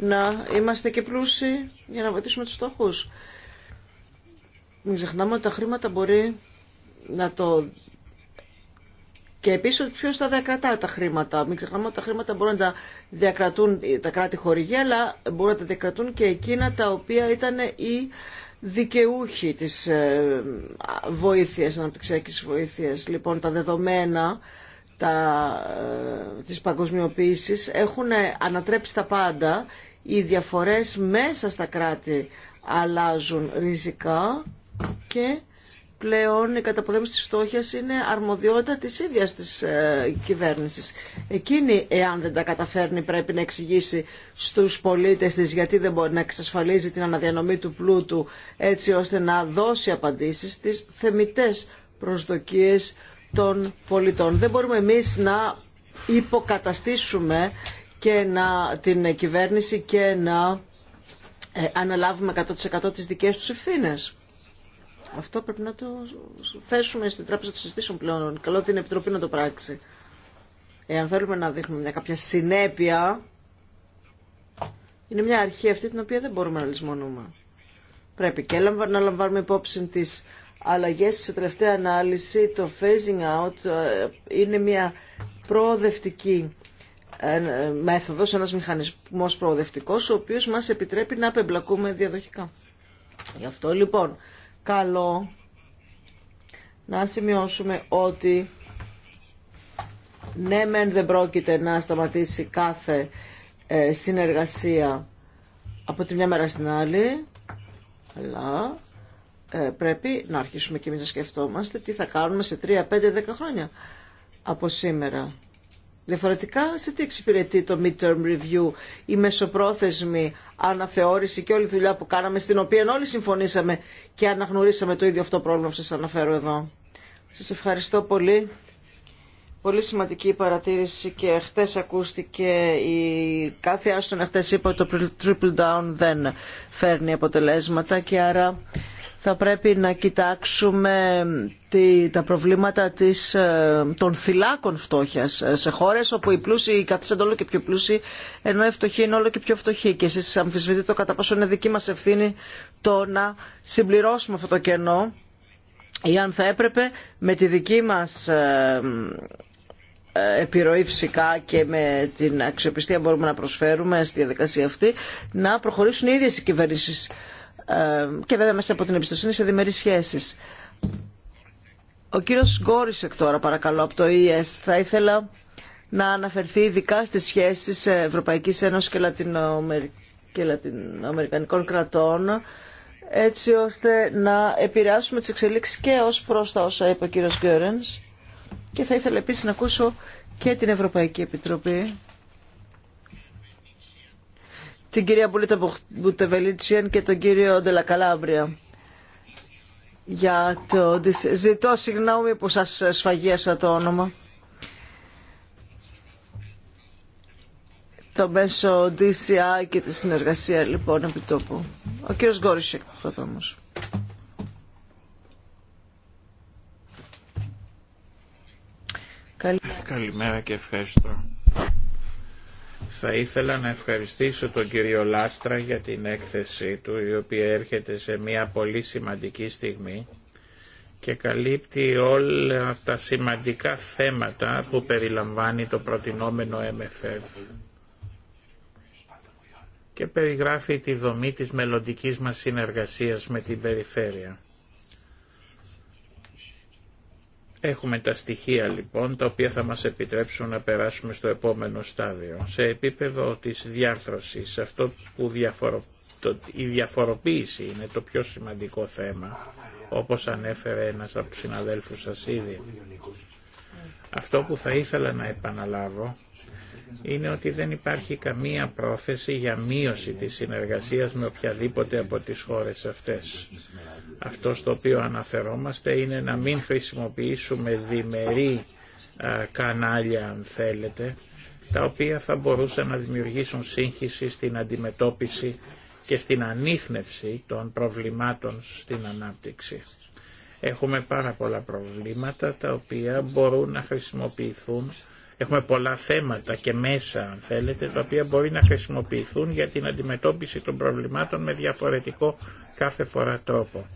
να είμαστε και πλούσιοι για να βοηθήσουμε τους φτωχούς. Μην ξεχνάμε ότι τα χρήματα μπορεί να το... Και επίσης ότι ποιος θα διακρατά τα χρήματα. Μην ξεχνάμε ότι τα χρήματα μπορούν να τα διακρατούν τα κράτη χορηγία, αλλά μπορούν να τα διακρατούν και εκείνα τα οποία ήταν οι δικαιούχοι της ε, βοήθειας, αναπτυξιακής βοήθειας. Λοιπόν, τα δεδομένα τα, ε, της παγκοσμιοποίησης έχουν ανατρέψει τα πάντα. Οι διαφορές μέσα στα κράτη αλλάζουν ριζικά και πλέον η καταπολέμηση της φτώχειας είναι αρμοδιότητα της ίδιας της ε, κυβέρνησης. Εκείνη, εάν δεν τα καταφέρνει, πρέπει να εξηγήσει στους πολίτες της γιατί δεν μπορεί να εξασφαλίζει την αναδιανομή του πλούτου έτσι ώστε να δώσει απαντήσεις στις θεμητές προσδοκίες των πολιτών. Δεν μπορούμε εμείς να υποκαταστήσουμε και να, την κυβέρνηση και να ε, αναλάβουμε 100% τις δικές τους ευθύνες. Αυτό πρέπει να το θέσουμε στην τράπεζα των συζητήσεων πλέον. Καλό την Επιτροπή να το πράξει. Εάν θέλουμε να δείχνουμε μια κάποια συνέπεια, είναι μια αρχή αυτή την οποία δεν μπορούμε να λησμονούμε. Πρέπει και να λαμβάνουμε υπόψη τι αλλαγέ και σε τελευταία ανάλυση το phasing out ε, είναι μια προοδευτική ε, μέθοδο, ένα μηχανισμό προοδευτικό, ο οποίο μα επιτρέπει να απεμπλακούμε διαδοχικά. Γι' αυτό λοιπόν καλό να σημειώσουμε ότι ναι μεν δεν πρόκειται να σταματήσει κάθε ε, συνεργασία από τη μια μέρα στην άλλη, αλλά ε, πρέπει να αρχίσουμε και εμείς να σκεφτόμαστε τι θα κάνουμε σε 3, 5, 10 χρόνια από σήμερα. Διαφορετικά, σε τι εξυπηρετεί το midterm review, η μεσοπρόθεσμη αναθεώρηση και όλη η δουλειά που κάναμε, στην οποία όλοι συμφωνήσαμε και αναγνωρίσαμε το ίδιο αυτό πρόβλημα που σας αναφέρω εδώ. Σας ευχαριστώ πολύ. Πολύ σημαντική παρατήρηση και χτες ακούστηκε η κάθε άστον χτες είπε ότι το triple down δεν φέρνει αποτελέσματα και άρα θα πρέπει να κοιτάξουμε τα προβλήματα της, ε, των θυλάκων φτώχεια ε, σε χώρες όπου οι πλούσιοι καθίσανται όλο και πιο πλούσιοι ενώ οι φτωχοί είναι όλο και πιο φτωχοί και εσείς αμφισβητείτε το κατά πόσο είναι δική μας ευθύνη το να συμπληρώσουμε αυτό το κενό ή αν θα έπρεπε με τη δική μας ε, ε, επιρροή φυσικά και με την αξιοπιστία μπορούμε να προσφέρουμε στη διαδικασία αυτή να προχωρήσουν οι ίδιες οι κυβερνήσεις ε, και βέβαια μέσα από την εμπιστοσύνη σε διμερείς σχέσεις. Ο κύριος Γκόρισεκ τώρα παρακαλώ από το ΙΕΣ e θα ήθελα να αναφερθεί ειδικά στις σχέσεις Ευρωπαϊκής Ένωσης και, Λατινοαμερ... και Λατινοαμερικανικών κρατών έτσι ώστε να επηρεάσουμε τις εξελίξεις και ως προς τα όσα είπε ο κύριος και θα ήθελα επίσης να ακούσω και την Ευρωπαϊκή Επιτροπή, την κυρία Μπουλίτα Μπουτεβελίτσιεν και τον κύριο Ντελακαλάμπρια. Για το... Ζητώ συγγνώμη που σας σφαγίασα το όνομα. το μέσο DCI και τη συνεργασία λοιπόν επί τόπου. Ο κύριος Γκόρισεκ πρώτα όμως. Καλημέρα. και ευχαριστώ. Θα ήθελα να ευχαριστήσω τον κύριο Λάστρα για την έκθεσή του, η οποία έρχεται σε μια πολύ σημαντική στιγμή και καλύπτει όλα τα σημαντικά θέματα που περιλαμβάνει το προτινόμενο MFF και περιγράφει τη δομή της μελλοντικής μας συνεργασίας με την περιφέρεια. Έχουμε τα στοιχεία λοιπόν τα οποία θα μας επιτρέψουν να περάσουμε στο επόμενο στάδιο. Σε επίπεδο της διάρθρωσης, αυτό που διαφορο... η διαφοροποίηση είναι το πιο σημαντικό θέμα, όπως ανέφερε ένας από τους συναδέλφους σας ήδη. Αυτό που θα ήθελα να επαναλάβω είναι ότι δεν υπάρχει καμία πρόθεση για μείωση της συνεργασίας με οποιαδήποτε από τις χώρες αυτές. Αυτό στο οποίο αναφερόμαστε είναι να μην χρησιμοποιήσουμε διμερεί κανάλια, αν θέλετε, τα οποία θα μπορούσαν να δημιουργήσουν σύγχυση στην αντιμετώπιση και στην ανείχνευση των προβλημάτων στην ανάπτυξη. Έχουμε πάρα πολλά προβλήματα τα οποία μπορούν να χρησιμοποιηθούν Έχουμε πολλά θέματα και μέσα, αν θέλετε, τα οποία μπορεί να χρησιμοποιηθούν για την αντιμετώπιση των προβλημάτων με διαφορετικό κάθε φορά τρόπο.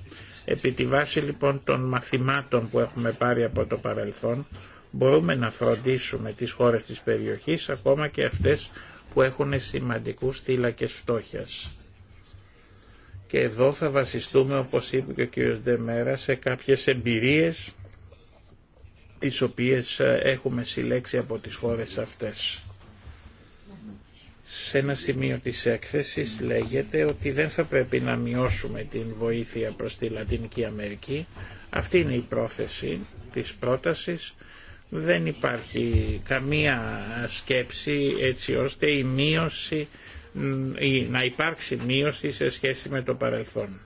Επί τη βάση λοιπόν των μαθημάτων που έχουμε πάρει από το παρελθόν, μπορούμε να φροντίσουμε τις χώρες της περιοχής, ακόμα και αυτές που έχουν σημαντικούς θύλακες φτώχειας. Και εδώ θα βασιστούμε, όπως είπε και ο κ. Ντεμέρα, σε κάποιες εμπειρίες τις οποίες ε, έχουμε συλλέξει από τις χώρες αυτές. Σε ένα σημείο της έκθεσης λέγεται ότι δεν θα πρέπει να μειώσουμε την βοήθεια προς τη Λατινική Αμερική. Αυτή είναι η πρόθεση της πρότασης. Δεν υπάρχει καμία σκέψη έτσι ώστε η μείωση, να υπάρξει μείωση σε σχέση με το παρελθόν.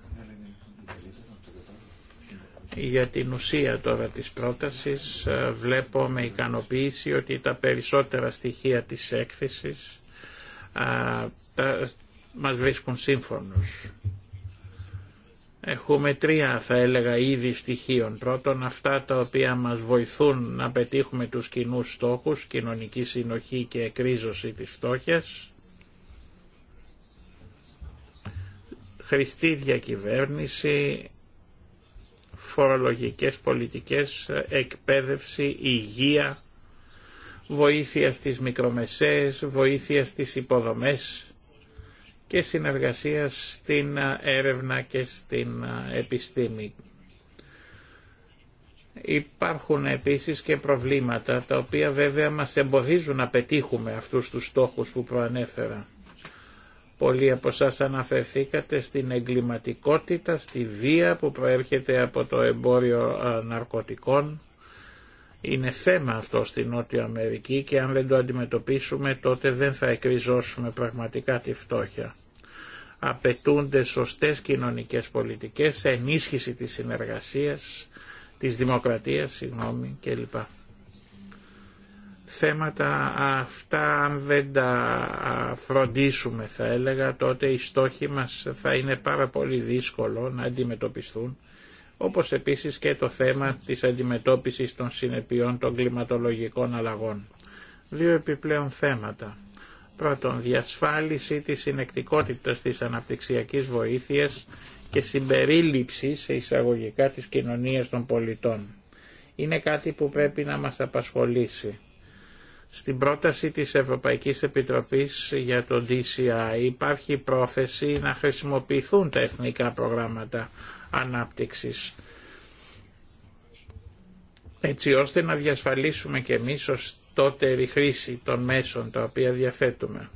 Για την ουσία τώρα της πρότασης ε, βλέπω με ικανοποίηση ότι τα περισσότερα στοιχεία της έκθεσης ε, α, μας βρίσκουν σύμφωνος. Έχουμε τρία θα έλεγα είδη στοιχείων. Πρώτον αυτά τα οποία μας βοηθούν να πετύχουμε τους κοινού στόχους, κοινωνική συνοχή και εκρίζωση της φτώχειας. Χρηστή διακυβέρνηση, φορολογικές πολιτικές, εκπαίδευση, υγεία, βοήθεια στις μικρομεσαίες, βοήθεια στις υποδομές και συνεργασία στην έρευνα και στην επιστήμη. Υπάρχουν επίσης και προβλήματα τα οποία βέβαια μας εμποδίζουν να πετύχουμε αυτούς τους στόχους που προανέφερα. Πολλοί από εσά αναφερθήκατε στην εγκληματικότητα, στη βία που προέρχεται από το εμπόριο ε, ναρκωτικών. Είναι θέμα αυτό στην Νότια Αμερική και αν δεν το αντιμετωπίσουμε τότε δεν θα εκριζώσουμε πραγματικά τη φτώχεια. Απαιτούνται σωστές κοινωνικές πολιτικές, ενίσχυση της συνεργασίας, της δημοκρατίας, συγγνώμη, κλπ θέματα αυτά αν δεν τα φροντίσουμε θα έλεγα τότε οι στόχοι μας θα είναι πάρα πολύ δύσκολο να αντιμετωπιστούν όπως επίσης και το θέμα της αντιμετώπισης των συνεπειών των κλιματολογικών αλλαγών. Δύο επιπλέον θέματα. Πρώτον, διασφάλιση της συνεκτικότητας της αναπτυξιακής βοήθειας και συμπερίληψη σε εισαγωγικά της κοινωνίας των πολιτών. Είναι κάτι που πρέπει να μας απασχολήσει. Στην πρόταση της Ευρωπαϊκής Επιτροπής για το DCI υπάρχει πρόθεση να χρησιμοποιηθούν τα εθνικά προγράμματα ανάπτυξης έτσι ώστε να διασφαλίσουμε και εμείς ως τότε χρήση των μέσων τα οποία διαθέτουμε.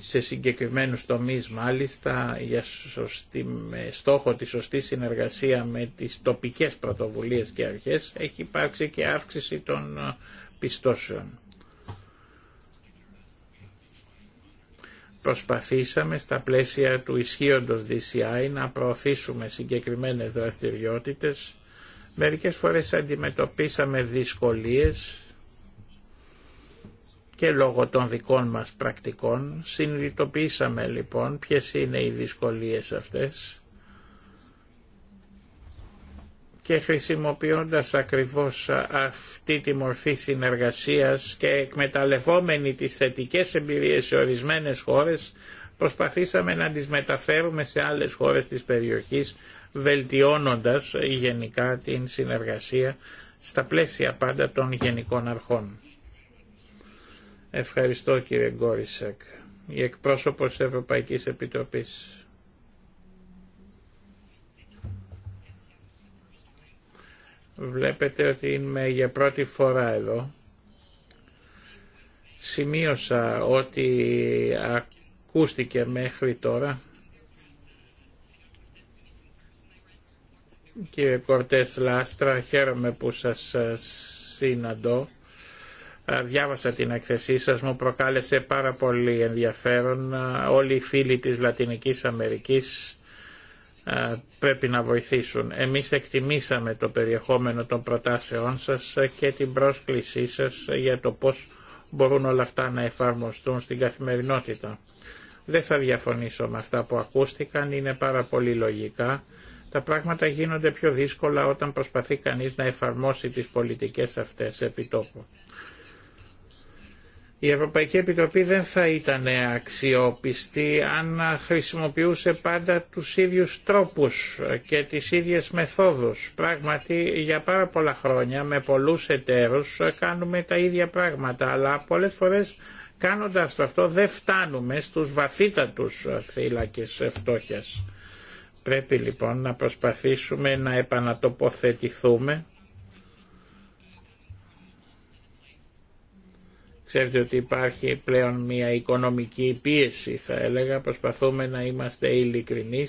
σε συγκεκριμένους τομείς μάλιστα για με στόχο τη σωστή συνεργασία με τις τοπικές πρωτοβουλίες και αρχές έχει υπάρξει και αύξηση των ε, πιστώσεων. Προσπαθήσαμε στα πλαίσια του ισχύοντος DCI να προωθήσουμε συγκεκριμένες δραστηριότητες. Μερικές φορές αντιμετωπίσαμε δυσκολίες και λόγω των δικών μας πρακτικών συνειδητοποίησαμε λοιπόν ποιες είναι οι δυσκολίες αυτές και χρησιμοποιώντας ακριβώς αυτή τη μορφή συνεργασίας και εκμεταλλευόμενοι τις θετικές εμπειρίες σε ορισμένες χώρες προσπαθήσαμε να τις μεταφέρουμε σε άλλες χώρες της περιοχής βελτιώνοντας γενικά την συνεργασία στα πλαίσια πάντα των γενικών αρχών. Ευχαριστώ κύριε Γκόρισεκ. Η εκπρόσωπος της Ευρωπαϊκής Επιτροπής. Βλέπετε ότι είμαι για πρώτη φορά εδώ. Σημείωσα ότι ακούστηκε μέχρι τώρα. Κύριε Κορτές Λάστρα, χαίρομαι που σας συναντώ ε, διάβασα την εκθεσή σας, μου προκάλεσε πάρα πολύ ενδιαφέρον. Ε, όλοι οι φίλοι της Λατινικής Αμερικής ε, πρέπει να βοηθήσουν. Εμείς εκτιμήσαμε το περιεχόμενο των προτάσεών σας και την πρόσκλησή σας για το πώς μπορούν όλα αυτά να εφαρμοστούν στην καθημερινότητα. Δεν θα διαφωνήσω με αυτά που ακούστηκαν, είναι πάρα πολύ λογικά. Τα πράγματα γίνονται πιο δύσκολα όταν προσπαθεί κανείς να εφαρμόσει τις πολιτικές αυτές επί η Ευρωπαϊκή Επιτροπή δεν θα ήταν αξιόπιστη αν χρησιμοποιούσε πάντα τους ίδιους τρόπους και τις ίδιες μεθόδους. Πράγματι για πάρα πολλά χρόνια με πολλούς εταίρους κάνουμε τα ίδια πράγματα αλλά πολλές φορές κάνοντας το αυτό δεν φτάνουμε στους βαθύτατους θύλακες φτώχειας. Πρέπει λοιπόν να προσπαθήσουμε να επανατοποθετηθούμε Ξέρετε ότι υπάρχει πλέον μια οικονομική πίεση θα έλεγα, προσπαθούμε να είμαστε ειλικρινεί,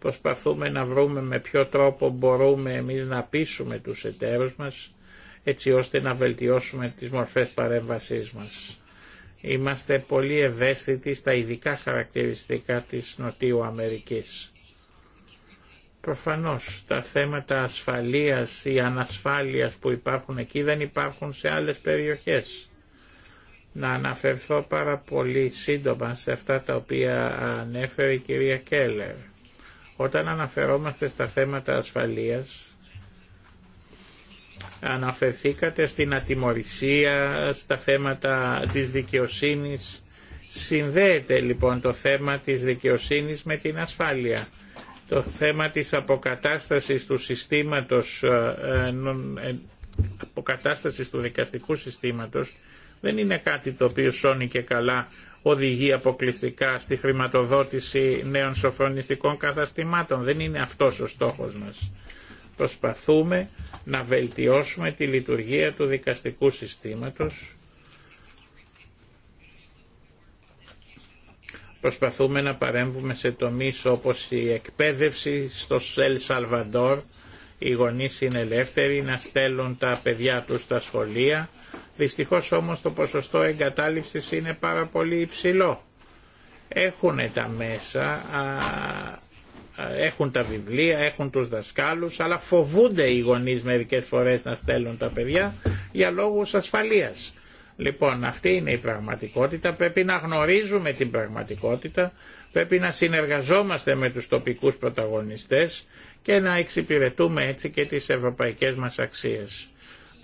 προσπαθούμε να βρούμε με ποιο τρόπο μπορούμε εμείς να πείσουμε τους εταίρους μας έτσι ώστε να βελτιώσουμε τις μορφές παρέμβασής μας. Είμαστε πολύ ευαίσθητοι στα ειδικά χαρακτηριστικά της Νοτιού Αμερικής. Προφανώς τα θέματα ασφαλείας ή ανασφάλειας που υπάρχουν εκεί δεν υπάρχουν σε άλλες περιοχές να αναφερθώ πάρα πολύ σύντομα σε αυτά τα οποία ανέφερε η κυρία Κέλλερ. Όταν αναφερόμαστε στα θέματα ασφαλείας, αναφερθήκατε στην ατιμορρησία, στα θέματα της δικαιοσύνης. Συνδέεται λοιπόν το θέμα της δικαιοσύνης με την ασφάλεια. Το θέμα της αποκατάστασης του συστήματος, ε, ε, ε, αποκατάστασης του δικαστικού συστήματος δεν είναι κάτι το οποίο σώνει και καλά οδηγεί αποκλειστικά στη χρηματοδότηση νέων σοφρονιστικών καταστημάτων. Δεν είναι αυτός ο στόχος μας. Προσπαθούμε να βελτιώσουμε τη λειτουργία του δικαστικού συστήματος. Προσπαθούμε να παρέμβουμε σε τομείς όπως η εκπαίδευση στο Σελ Σαλβαντόρ. Οι γονείς είναι ελεύθεροι να στέλνουν τα παιδιά τους στα σχολεία Δυστυχώς όμως το ποσοστό εγκατάλειψης είναι πάρα πολύ υψηλό. Έχουν τα μέσα, έχουν τα βιβλία, έχουν τους δασκάλους, αλλά φοβούνται οι γονείς μερικές φορές να στέλνουν τα παιδιά για λόγους ασφαλείας. Λοιπόν, αυτή είναι η πραγματικότητα. Πρέπει να γνωρίζουμε την πραγματικότητα, πρέπει να συνεργαζόμαστε με τους τοπικούς πρωταγωνιστές και να εξυπηρετούμε έτσι και τις ευρωπαϊκές μας αξίες.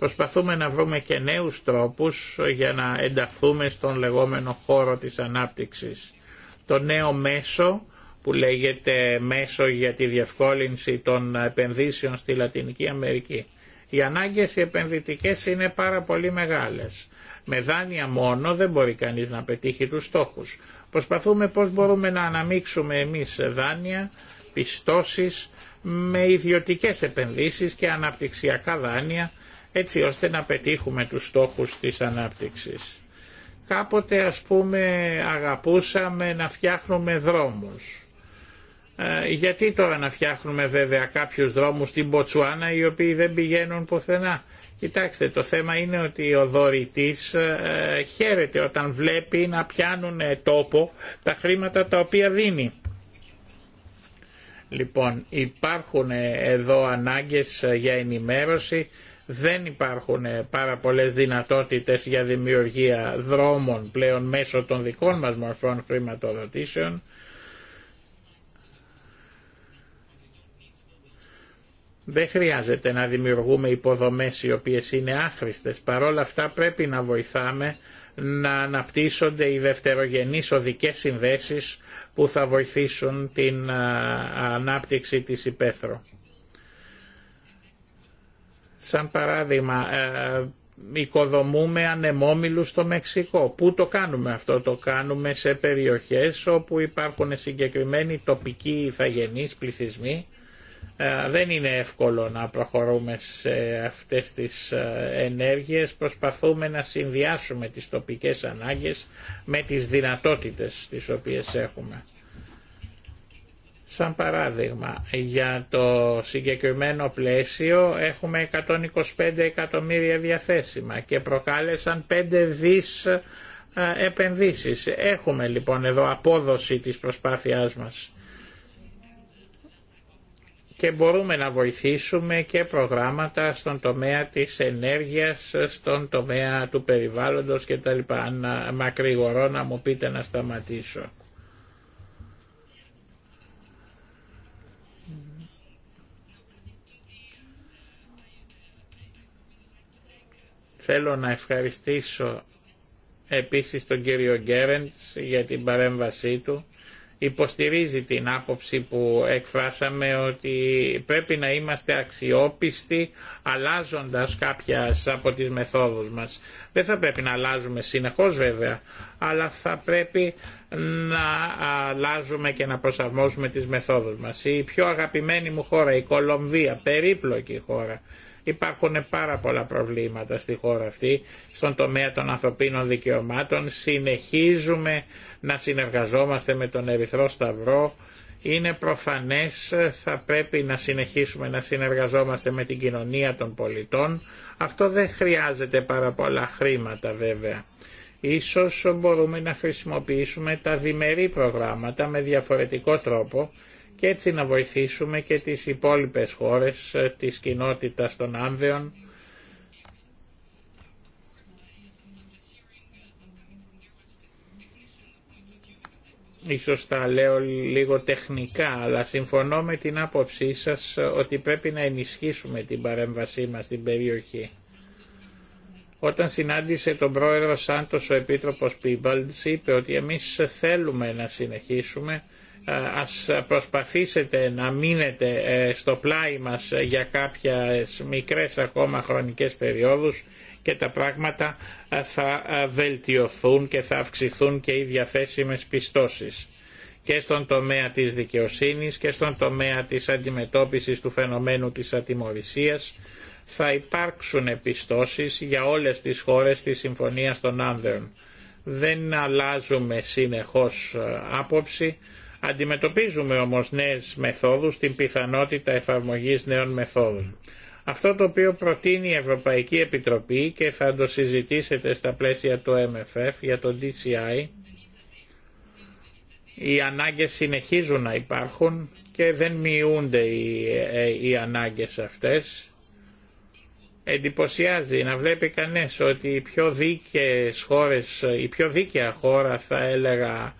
Προσπαθούμε να βρούμε και νέους τρόπους για να ενταχθούμε στον λεγόμενο χώρο της ανάπτυξης. Το νέο μέσο που λέγεται μέσο για τη διευκόλυνση των επενδύσεων στη Λατινική Αμερική. Οι ανάγκες οι επενδυτικές είναι πάρα πολύ μεγάλες. Με δάνεια μόνο δεν μπορεί κανείς να πετύχει τους στόχους. Προσπαθούμε πώς μπορούμε να αναμίξουμε εμείς δάνεια, πιστώσεις, με ιδιωτικές επενδύσεις και αναπτυξιακά δάνεια έτσι ώστε να πετύχουμε τους στόχους της ανάπτυξης. Κάποτε ας πούμε αγαπούσαμε να φτιάχνουμε δρόμους. Ε, γιατί τώρα να φτιάχνουμε βέβαια κάποιους δρόμους στην Ποτσουάνα οι οποίοι δεν πηγαίνουν πουθενά. Κοιτάξτε, το θέμα είναι ότι ο δωρητής ε, ε, χαίρεται όταν βλέπει να πιάνουν τόπο τα χρήματα τα οποία δίνει. Λοιπόν, υπάρχουν εδώ ανάγκες για ενημέρωση δεν υπάρχουν ε, πάρα πολλές δυνατότητες για δημιουργία δρόμων πλέον μέσω των δικών μας μορφών χρηματοδοτήσεων. Δεν χρειάζεται να δημιουργούμε υποδομές οι οποίες είναι άχρηστες. Παρόλα αυτά πρέπει να βοηθάμε να αναπτύσσονται οι δευτερογενείς οδικές συνδέσεις που θα βοηθήσουν την ανάπτυξη της υπαίθρου. Σαν παράδειγμα, ε, οικοδομούμε ανεμόμυλους στο Μεξικό. Πού το κάνουμε αυτό, το κάνουμε σε περιοχές όπου υπάρχουν συγκεκριμένοι τοπικοί ηθαγενείς πληθυσμοί. Ε, δεν είναι εύκολο να προχωρούμε σε αυτές τις ε, ενέργειες. Προσπαθούμε να συνδυάσουμε τις τοπικές ανάγκες με τις δυνατότητες τις οποίες έχουμε. Σαν παράδειγμα, για το συγκεκριμένο πλαίσιο έχουμε 125 εκατομμύρια διαθέσιμα και προκάλεσαν 5 δις ε, επενδύσεις. Έχουμε λοιπόν εδώ απόδοση της προσπάθειάς μας και μπορούμε να βοηθήσουμε και προγράμματα στον τομέα της ενέργειας, στον τομέα του περιβάλλοντος κτλ. Αν μακρηγορώ να μου πείτε να σταματήσω. Θέλω να ευχαριστήσω επίσης τον κύριο Γκέρεντς για την παρέμβασή του. Υποστηρίζει την άποψη που εκφράσαμε ότι πρέπει να είμαστε αξιόπιστοι αλλάζοντας κάποια από τις μεθόδους μας. Δεν θα πρέπει να αλλάζουμε συνεχώς βέβαια, αλλά θα πρέπει να αλλάζουμε και να προσαρμόζουμε τις μεθόδους μας. Η πιο αγαπημένη μου χώρα, η Κολομβία, περίπλοκη χώρα, Υπάρχουν πάρα πολλά προβλήματα στη χώρα αυτή, στον τομέα των ανθρωπίνων δικαιωμάτων. Συνεχίζουμε να συνεργαζόμαστε με τον Ερυθρό Σταυρό. Είναι προφανές θα πρέπει να συνεχίσουμε να συνεργαζόμαστε με την κοινωνία των πολιτών. Αυτό δεν χρειάζεται πάρα πολλά χρήματα βέβαια. Ίσως μπορούμε να χρησιμοποιήσουμε τα διμερεί προγράμματα με διαφορετικό τρόπο και έτσι να βοηθήσουμε και τις υπόλοιπες χώρες ε, της κοινότητας των Άνδεων Ίσως τα λέω λίγο τεχνικά, αλλά συμφωνώ με την άποψή σας ε, ότι πρέπει να ενισχύσουμε την παρέμβασή μας στην περιοχή. Όταν συνάντησε τον πρόεδρο Σάντος ο Επίτροπος Πίμπαλτς είπε ότι εμείς θέλουμε να συνεχίσουμε ε, ας προσπαθήσετε να μείνετε ε, στο πλάι μας για κάποιες μικρές ακόμα χρονικές περιόδους και τα πράγματα ε, θα βελτιωθούν και θα αυξηθούν και οι διαθέσιμες πιστώσεις και στον τομέα της δικαιοσύνης και στον τομέα της αντιμετώπισης του φαινομένου της ατιμορρησίας θα υπάρξουν πιστώσεις για όλες τις χώρες της Συμφωνίας των Άνδεων. Δεν αλλάζουμε συνεχώς άποψη, Αντιμετωπίζουμε όμως νέες μεθόδους, την πιθανότητα εφαρμογής νέων μεθόδων. Αυτό το οποίο προτείνει η Ευρωπαϊκή Επιτροπή και θα το συζητήσετε στα πλαίσια του MFF για το DCI, οι ανάγκες συνεχίζουν να υπάρχουν και δεν μειούνται οι, ε, οι ανάγκες αυτές. Εντυπωσιάζει να βλέπει κανείς ότι οι πιο, δίκαιες χώρες, η πιο δίκαια χώρα θα έλεγα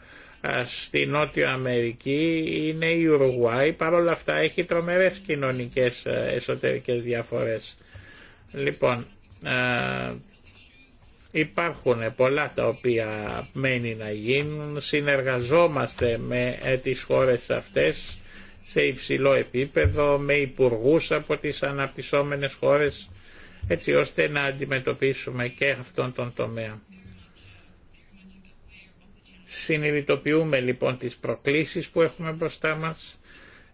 ε, στη Νότια Αμερική είναι η Ουρουγουάη, παρόλα αυτά έχει τρομερές κοινωνικές ε, εσωτερικές διαφορές. Λοιπόν, ε, υπάρχουν πολλά τα οποία μένει να γίνουν, συνεργαζόμαστε με τις χώρες αυτές σε υψηλό επίπεδο, με υπουργούς από τις αναπτυσσόμενες χώρες, έτσι ώστε να αντιμετωπίσουμε και αυτόν τον τομέα. Συνειδητοποιούμε λοιπόν τις προκλήσεις που έχουμε μπροστά μας,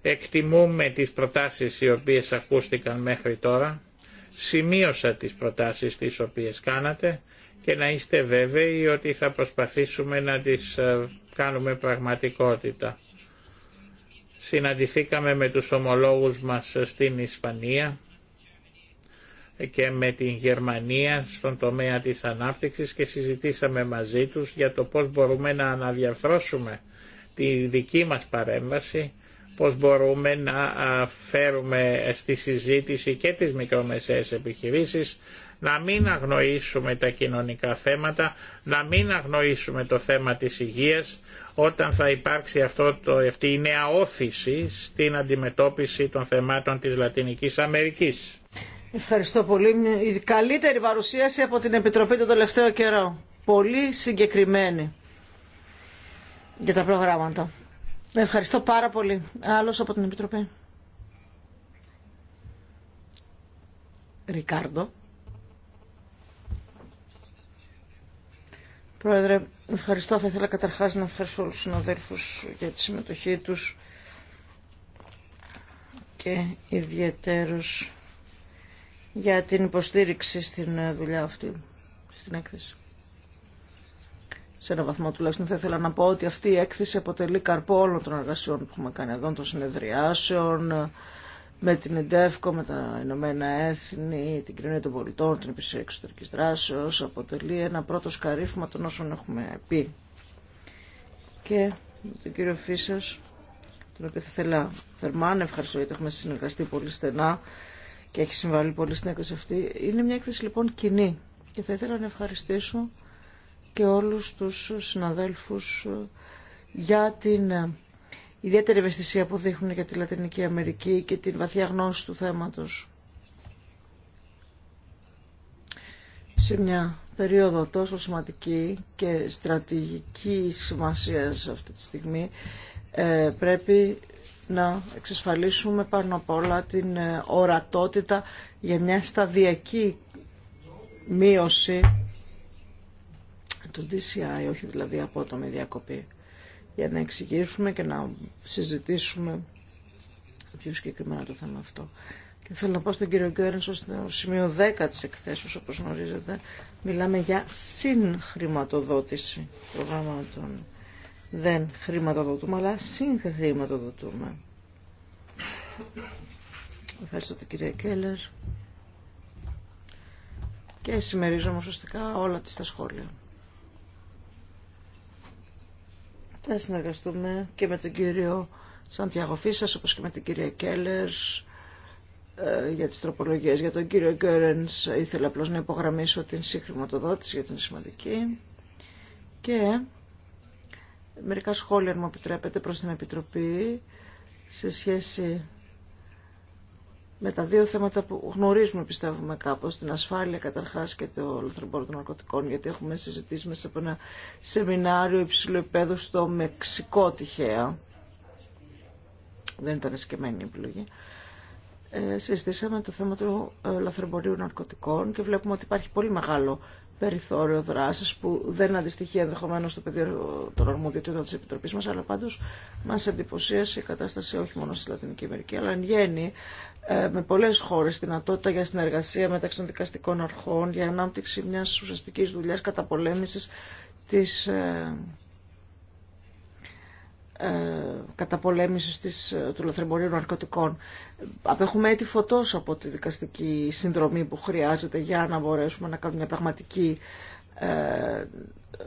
εκτιμούμε τις προτάσεις οι οποίες ακούστηκαν μέχρι τώρα, σημείωσα τις προτάσεις τις οποίες κάνατε και να είστε βέβαιοι ότι θα προσπαθήσουμε να τις ε, κάνουμε πραγματικότητα. Συναντηθήκαμε με τους ομολόγους μας στην Ισπανία και με την Γερμανία στον τομέα της ανάπτυξης και συζητήσαμε μαζί τους για το πώς μπορούμε να αναδιαρθρώσουμε τη δική μας παρέμβαση, πώς μπορούμε να φέρουμε στη συζήτηση και τις μικρομεσαίες επιχειρήσεις, να μην αγνοήσουμε τα κοινωνικά θέματα, να μην αγνοήσουμε το θέμα της υγείας, όταν θα υπάρξει αυτό το, αυτή η νέα στην αντιμετώπιση των θεμάτων της Λατινικής Αμερικής. Ευχαριστώ πολύ. Η καλύτερη παρουσίαση από την Επιτροπή το τελευταίο καιρό. Πολύ συγκεκριμένη για τα προγράμματα. Ευχαριστώ πάρα πολύ. Άλλος από την Επιτροπή. Ρικάρντο. Πρόεδρε, ευχαριστώ. Θα ήθελα καταρχάς να ευχαριστώ όλους τους συναδέλφους για τη συμμετοχή τους και ιδιαίτερος για την υποστήριξη στην ε, δουλειά αυτή, στην έκθεση. Σε έναν βαθμό τουλάχιστον θα ήθελα να πω ότι αυτή η έκθεση αποτελεί καρπό όλων των εργασιών που έχουμε κάνει εδώ, των συνεδριάσεων, ε, με την ΕΝΤΕΦΚΟ, με τα Ηνωμένα Έθνη, την Κοινωνία των Πολιτών, την Υπηρεσία Εξωτερική Δράσεω. Αποτελεί ένα πρώτο σκαρίφημα των όσων έχουμε πει. Και τον κύριο Φίσα, τον οποίο θα ήθελα θερμά να ευχαριστώ γιατί έχουμε συνεργαστεί πολύ στενά και έχει συμβάλει πολύ στην έκθεση αυτή. Είναι μια έκθεση λοιπόν κοινή και θα ήθελα να ευχαριστήσω και όλους τους συναδέλφους ε, για την ε, ιδιαίτερη ευαισθησία που δείχνουν για τη Λατινική Αμερική και την βαθιά γνώση του θέματος. Σε μια περίοδο τόσο σημαντική και στρατηγική σημασία αυτή τη στιγμή ε, πρέπει να εξασφαλίσουμε πάνω απ' όλα την ε, ορατότητα για μια σταδιακή μείωση του DCI, όχι δηλαδή απότομη διακοπή, για να εξηγήσουμε και να συζητήσουμε πιο συγκεκριμένα το θέμα αυτό. Και θέλω να πω στον κύριο Γκέρνσο στο σημείο 10 της εκθέσεως, όπως γνωρίζετε, μιλάμε για συγχρηματοδότηση προγραμμάτων δεν χρηματοδοτούμε, αλλά συγχρηματοδοτούμε. Ευχαριστώ την κυρία Κέλλερ. Και συμμερίζομαι σωστικά όλα τις τα σχόλια. Θα συνεργαστούμε και με τον κύριο Σαντιάγο Φίσας, όπως και με την κυρία Κέλλερ, ε, για τις τροπολογίες. Για τον κύριο Γκέρενς ήθελα απλώς να υπογραμμίσω την συγχρηματοδότηση για την σημαντική. Και Μερικά σχόλια, αν μου επιτρέπετε, προς την Επιτροπή σε σχέση με τα δύο θέματα που γνωρίζουμε, πιστεύουμε κάπως, την ασφάλεια καταρχάς και το λαθρομπόρο των ναρκωτικών, γιατί έχουμε συζητήσει μέσα από ένα σεμινάριο υψηλού επέδου στο Μεξικό τυχαία. Δεν ήταν εσκεμμένη η επιλογή. Ε, συζητήσαμε το θέμα του ε, ναρκωτικών και βλέπουμε ότι υπάρχει πολύ μεγάλο περιθώριο δράσης που δεν αντιστοιχεί ενδεχομένω στο πεδίο των αρμοδιοτήτων τη Επιτροπή μα, αλλά πάντως μας εντυπωσίασε η κατάσταση όχι μόνο στη Λατινική Αμερική, αλλά εν γέννη ε, με πολλές χώρες δυνατότητα για συνεργασία μεταξύ των δικαστικών αρχών, για ανάπτυξη ουσιαστική δουλειά δουλειάς καταπολέμησης της ε, ε, καταπολέμησης της, του λαθρεμπορίου ναρκωτικών. Απέχουμε έτη φωτός από τη δικαστική συνδρομή που χρειάζεται για να μπορέσουμε να κάνουμε μια πραγματική ε,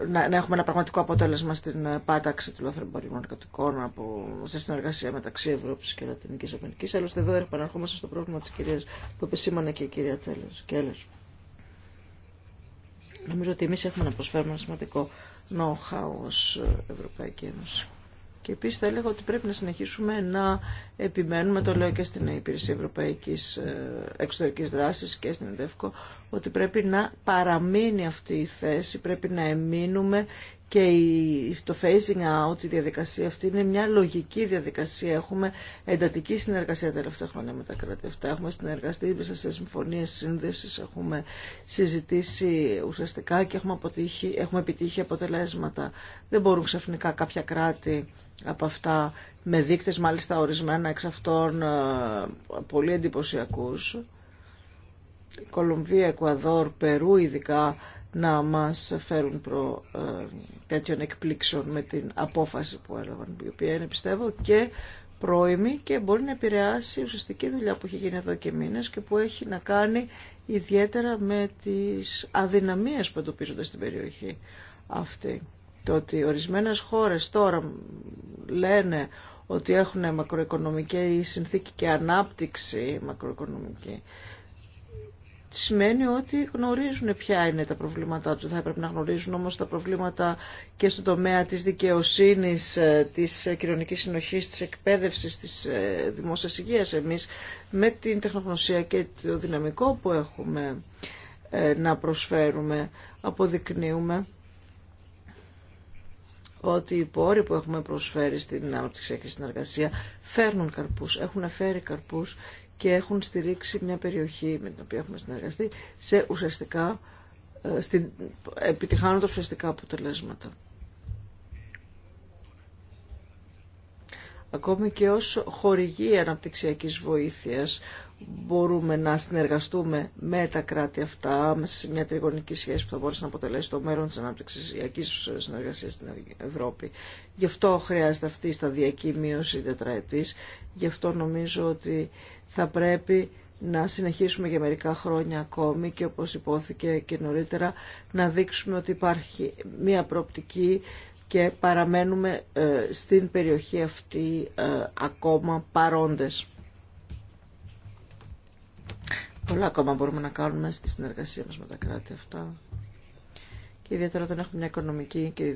να, έχουμε ένα πραγματικό αποτέλεσμα στην πάταξη του λαθρεμπορίου ναρκωτικών από, σε συνεργασία μεταξύ Ευρώπης και Λατινικής Αμερικής. Άλλωστε εδώ επαναρχόμαστε στο πρόβλημα της κυρίας που επισήμανε και η κυρία Κέλλερ. Νομίζω ότι εμείς έχουμε να προσφέρουμε ένα σημαντικό know-how ως Ευρωπαϊκή Ένωση. Και επίση θα έλεγα ότι πρέπει να συνεχίσουμε να επιμένουμε, το λέω και στην Υπηρεσία Ευρωπαϊκή ε, Εξωτερική Δράση και στην ΕΔΕΦΚΟ, ότι πρέπει να παραμείνει αυτή η θέση, πρέπει να εμείνουμε και το phasing out, η διαδικασία αυτή είναι μια λογική διαδικασία. Έχουμε εντατική συνεργασία τα τελευταία χρόνια με τα κράτη αυτά. Έχουμε συνεργαστεί μέσα σε συμφωνίε σύνδεση, έχουμε συζητήσει ουσιαστικά και έχουμε, αποτύχει, έχουμε επιτύχει αποτελέσματα. Δεν μπορούν ξαφνικά κάποια κράτη από αυτά, με δείκτες μάλιστα ορισμένα εξ αυτών ε, πολύ εντυπωσιακού. Κολομβία, Εκουαδόρ, Περού ειδικά να μας φέρουν προ ε, τέτοιων εκπλήξεων με την απόφαση που έλαβαν, η οποία είναι πιστεύω και πρόημη και μπορεί να επηρεάσει ουσιαστική δουλειά που έχει γίνει εδώ και μήνες και που έχει να κάνει ιδιαίτερα με τις αδυναμίες που εντοπίζονται στην περιοχή αυτή. Το ότι ορισμένες χώρες τώρα λένε ότι έχουν μακροοικονομική συνθήκη και ανάπτυξη μακροοικονομική σημαίνει ότι γνωρίζουν ποια είναι τα προβλήματά του. Θα έπρεπε να γνωρίζουν όμως τα προβλήματα και στον τομέα της δικαιοσύνης, ε, της κοινωνικής συνοχής, της εκπαίδευσης, της ε, δημόσιας υγείας. Εμείς με την τεχνογνωσία και το δυναμικό που έχουμε ε, να προσφέρουμε, αποδεικνύουμε ότι οι πόροι που έχουμε προσφέρει στην αναπτυξιακή συνεργασία φέρνουν καρπούς, έχουν φέρει καρπούς και έχουν στηρίξει μια περιοχή με την οποία έχουμε συνεργαστεί σε ουσιαστικά, ε, στην, επιτυχάνοντας ουσιαστικά αποτελέσματα. Ακόμη και ως χορηγή αναπτυξιακής βοήθειας μπορούμε να συνεργαστούμε με τα κράτη αυτά μέσα σε μια τριγωνική σχέση που θα μπορέσει να αποτελέσει το μέλλον της αναπτυξιακής συνεργασίας στην Ευρώπη. Γι' αυτό χρειάζεται αυτή η σταδιακή μείωση τετραετής. Γι' αυτό νομίζω ότι θα πρέπει να συνεχίσουμε για μερικά χρόνια ακόμη και όπως υπόθηκε και νωρίτερα να δείξουμε ότι υπάρχει μια προοπτική και παραμένουμε ε, στην περιοχή αυτή ε, ακόμα παρόντες. Πολλά ακόμα μπορούμε να κάνουμε στη συνεργασία μας με τα κράτη αυτά και ιδιαίτερα όταν έχουμε μια οικονομική και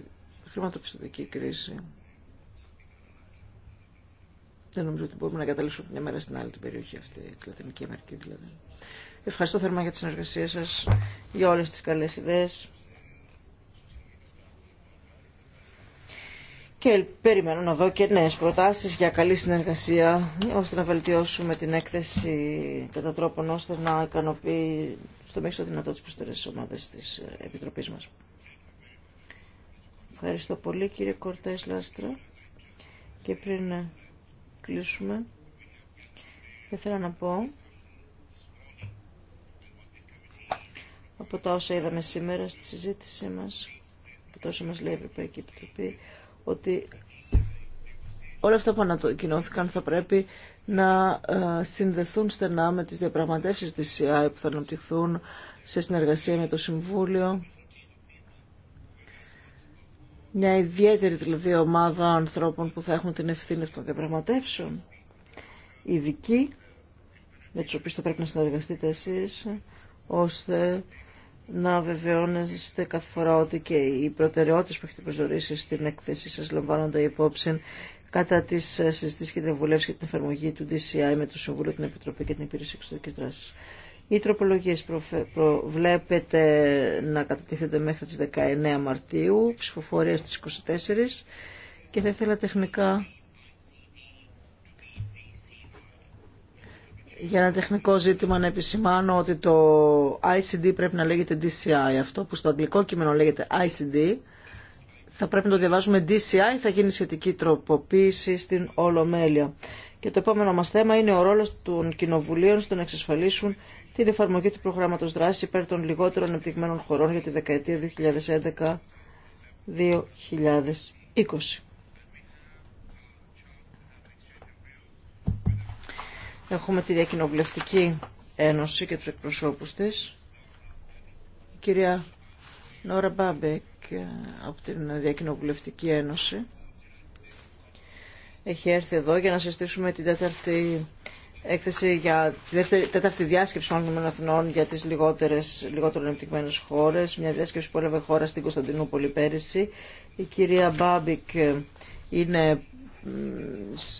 χρηματοπιστωτική κρίση. Δεν νομίζω ότι μπορούμε να καταλήξουμε μια μέρα στην άλλη την περιοχή αυτή, τη Λατινική Αμερική δηλαδή. Ευχαριστώ θερμά για τη συνεργασία σα για όλε τι καλέ ιδέε. Και περιμένω να δω και νέε προτάσει για καλή συνεργασία, ώστε να βελτιώσουμε την έκθεση κατά τρόπον ώστε να ικανοποιεί στο μέγιστο δυνατό τι προστερές ομάδες τη ε, επιτροπή μα. Ευχαριστώ πολύ κύριε Κορτές Λάστρα. Και πριν ε, κλείσουμε, θα ήθελα να πω από τα όσα είδαμε σήμερα στη συζήτησή μας, από τα όσα μας λέει η Ευρωπαϊκή Επιτροπή, ότι όλα αυτά που ανακοινώθηκαν θα πρέπει να ε, συνδεθούν στενά με τις διαπραγματεύσεις της ΣΥΑΕ που θα αναπτυχθούν σε συνεργασία με το Συμβούλιο μια ιδιαίτερη δηλαδή ομάδα ανθρώπων που θα έχουν την ευθύνη αυτών των διαπραγματεύσεων, ειδικοί, με τους οποίους θα πρέπει να συνεργαστείτε εσείς, ώστε να βεβαιώνεστε κάθε φορά ότι και οι προτεραιότητες που έχετε προσδορίσει στην έκθεση σας λαμβάνονται υπόψη κατά τι συζητήσει και διαβουλεύσει για την εφαρμογή του DCI με το Συμβούλιο, την Επιτροπή και την Υπηρεσία Εξωτερική Δράση. Οι τροπολογίες προβλέπεται να κατατίθεται μέχρι τις 19 Μαρτίου, ψηφοφορία στις 24 και θα ήθελα τεχνικά για ένα τεχνικό ζήτημα να επισημάνω ότι το ICD πρέπει να λέγεται DCI. Αυτό που στο αγγλικό κείμενο λέγεται ICD θα πρέπει να το διαβάζουμε DCI, θα γίνει σχετική τροποποίηση στην Ολομέλεια. Και το επόμενο μας θέμα είναι ο ρόλος των κοινοβουλίων στο να εξασφαλίσουν την εφαρμογή του προγράμματος δράσης υπέρ των λιγότερων επιτυγμένων χωρών για τη δεκαετία 2011-2020. Έχουμε τη Διακοινοβουλευτική Ένωση και τους εκπροσώπους της. Η κυρία Νόρα Μπάμπεκ ε, από την Διακοινοβουλευτική Ένωση έχει έρθει εδώ για να συστήσουμε την τέταρτη έκθεση για τη δεύτερη, τέταρτη διάσκεψη των Αθηνών για τις λιγότερες, λιγότερο ανεπτυγμένες χώρες, μια διάσκεψη που έλαβε χώρα στην Κωνσταντινούπολη πέρυσι. Η κυρία Μπάμπικ ε, είναι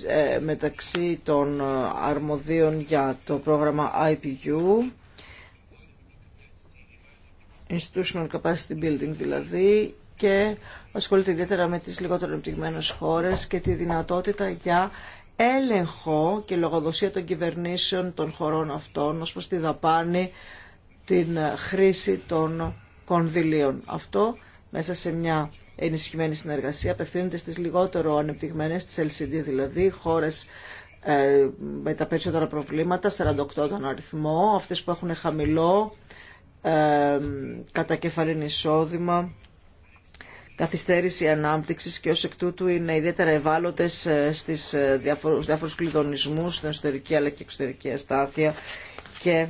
ε, μεταξύ των ε, αρμοδίων για το πρόγραμμα IPU, Institutional Capacity Building δηλαδή, και ασχολείται ιδιαίτερα με τις λιγότερο ανεπτυγμένες χώρες και τη δυνατότητα για έλεγχο και λογοδοσία των κυβερνήσεων των χωρών αυτών ως προς τη δαπάνη, την χρήση των κονδυλίων. Αυτό μέσα σε μια ενισχυμένη συνεργασία απευθύνεται στις λιγότερο ανεπτυγμένες, στις LCD δηλαδή, χώρες ε, με τα περισσότερα προβλήματα, 48 τον αριθμό, αυτές που έχουν χαμηλό ε, κατακεφαλήν εισόδημα καθυστέρηση ανάπτυξη και ως εκ τούτου είναι ιδιαίτερα ευάλωτε ε, στις ε, διάφορους, κλειδονισμού στην εσωτερική αλλά και εξωτερική αστάθεια και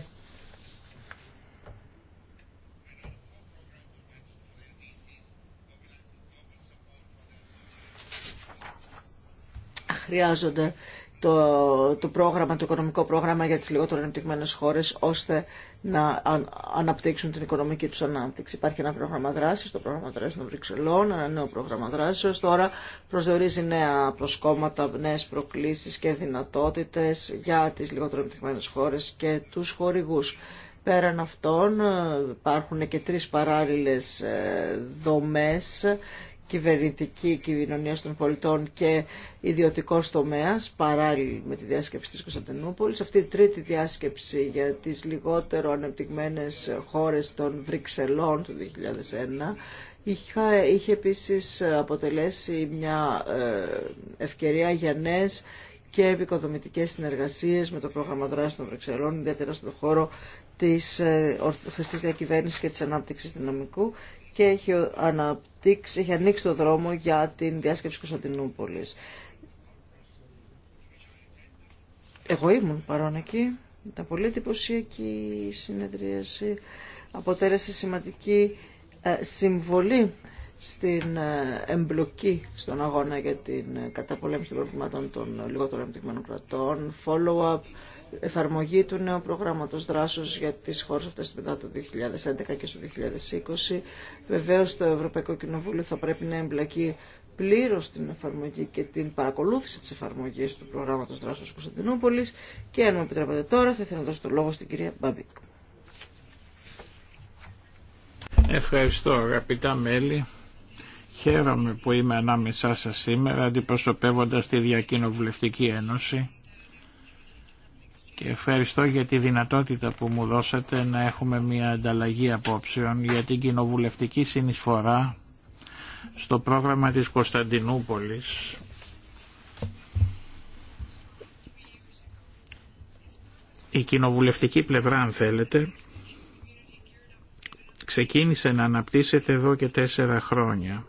χρειάζονται το, το, πρόγραμμα, το οικονομικό πρόγραμμα για τις λιγότερο ανεπτυγμένες χώρες ώστε να αναπτύξουν την οικονομική του ανάπτυξη. Υπάρχει ένα πρόγραμμα δράση, το πρόγραμμα δράση των Βρυξελών, ένα νέο πρόγραμμα δράση. Τώρα προσδιορίζει νέα προσκόμματα, νέε προκλήσει και δυνατότητε για τι λιγότερο επιτυχημένε χώρε και του χορηγού. Πέραν αυτών ε, υπάρχουν και τρεις παράλληλες ε, δομές κυβερνητική κοινωνία των πολιτών και ιδιωτικό τομέα, παράλληλη με τη διάσκεψη τη Κωνσταντινούπολη. Αυτή η τρίτη διάσκεψη για τι λιγότερο ανεπτυγμένε χώρε των Βρυξελών του 2001 είχε, είχε επίσης αποτελέσει μια ε, ευκαιρία για νέες και επικοδομητικές συνεργασίες με το πρόγραμμα δράσης των Βρυξελών, ιδιαίτερα στον χώρο της ε, ορθής διακυβέρνησης και της ανάπτυξης δυναμικού και έχει, αναπτύξει, έχει ανοίξει το δρόμο για την διάσκεψη Κωνσταντινούπολης. Εγώ ήμουν παρόν εκεί. Ήταν πολύ εντυπωσιακή η συνεδρίαση. Αποτέλεσε σημαντική ε, συμβολή στην ε, εμπλοκή στον αγώνα για την ε, καταπολέμηση των προβλημάτων των λιγότερων ανεπτυγμένων κρατών, follow-up εφαρμογή του νέου προγράμματος δράσεως για τις χώρες αυτές μετά το 2011 και το 2020. Βεβαίως το Ευρωπαϊκό Κοινοβούλιο θα πρέπει να εμπλακεί πλήρως την εφαρμογή και την παρακολούθηση της εφαρμογής του προγράμματος δράσεως Κωνσταντινούπολης και αν μου επιτρέπετε τώρα θα ήθελα να δώσω το λόγο στην κυρία Μπαμπίκ. Ευχαριστώ αγαπητά μέλη. Χαίρομαι που είμαι ανάμεσά σας σήμερα αντιπροσωπεύοντας τη Διακοινοβουλευτική Ένωση και ευχαριστώ για τη δυνατότητα που μου δώσατε να έχουμε μια ανταλλαγή απόψεων για την κοινοβουλευτική συνεισφορά στο πρόγραμμα της Κωνσταντινούπολης η κοινοβουλευτική πλευρά αν θέλετε ξεκίνησε να αναπτύσσεται εδώ και τέσσερα χρόνια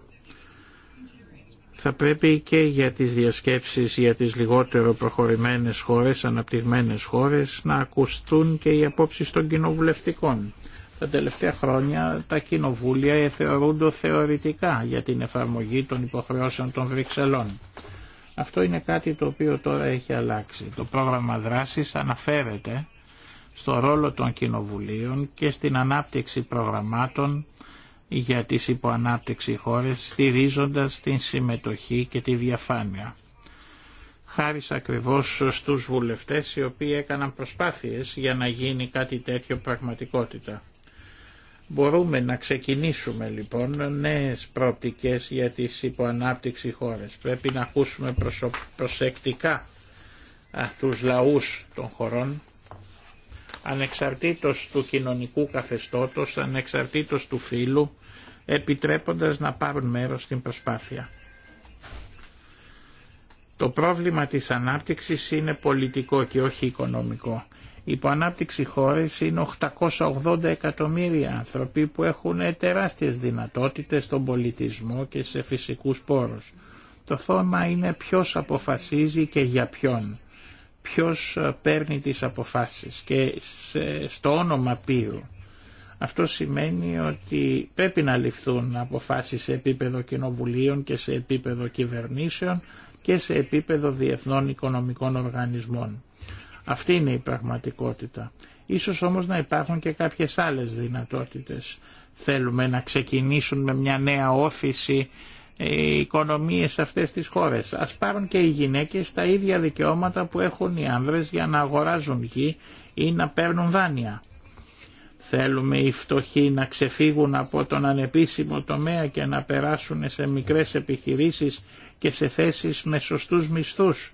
θα πρέπει και για τις διασκέψεις για τις λιγότερο προχωρημένες χώρες, αναπτυγμένες χώρες, να ακουστούν και οι απόψεις των κοινοβουλευτικών. Τα τελευταία χρόνια τα κοινοβούλια θεωρούνται θεωρητικά για την εφαρμογή των υποχρεώσεων των Βρυξελών. Αυτό είναι κάτι το οποίο τώρα έχει αλλάξει. Το πρόγραμμα δράσης αναφέρεται στο ρόλο των κοινοβουλίων και στην ανάπτυξη προγραμμάτων για τις υποανάπτυξη χώρες στηρίζοντας την συμμετοχή και τη διαφάνεια. Χάρη ακριβώς στους βουλευτές οι οποίοι έκαναν προσπάθειες για να γίνει κάτι τέτοιο πραγματικότητα. Μπορούμε να ξεκινήσουμε λοιπόν νέες προοπτικές για τις υποανάπτυξη χώρες. Πρέπει να ακούσουμε προσεκτικά α, τους λαούς των χωρών ανεξαρτήτως του κοινωνικού καθεστώτος, ανεξαρτήτως του φύλου, επιτρέποντας να πάρουν μέρος στην προσπάθεια. Το πρόβλημα της ανάπτυξης είναι πολιτικό και όχι οικονομικό. Υπό ανάπτυξη χώρες είναι 880 εκατομμύρια άνθρωποι που έχουν τεράστιες δυνατότητες στον πολιτισμό και σε φυσικούς πόρους. Το θέμα είναι ποιος αποφασίζει και για ποιον ποιος ε, παίρνει τις αποφάσεις και στο όνομα ποιου. Αυτό σημαίνει ότι πρέπει να ληφθούν αποφάσεις σε επίπεδο κοινοβουλίων και σε επίπεδο κυβερνήσεων και σε επίπεδο διεθνών οικονομικών οργανισμών. Αυτή είναι η πραγματικότητα. Ίσως όμως να υπάρχουν και κάποιες άλλες δυνατότητες. Θέλουμε να ξεκινήσουν με μια νέα όφηση οι οικονομίες αυτές τις χώρες. Ας πάρουν και οι γυναίκες τα ίδια δικαιώματα που έχουν οι άνδρες για να αγοράζουν γη ή να παίρνουν δάνεια. Θέλουμε οι φτωχοί να ξεφύγουν από τον ανεπίσημο τομέα και να περάσουν σε μικρές επιχειρήσεις και σε θέσεις με σωστούς μισθούς.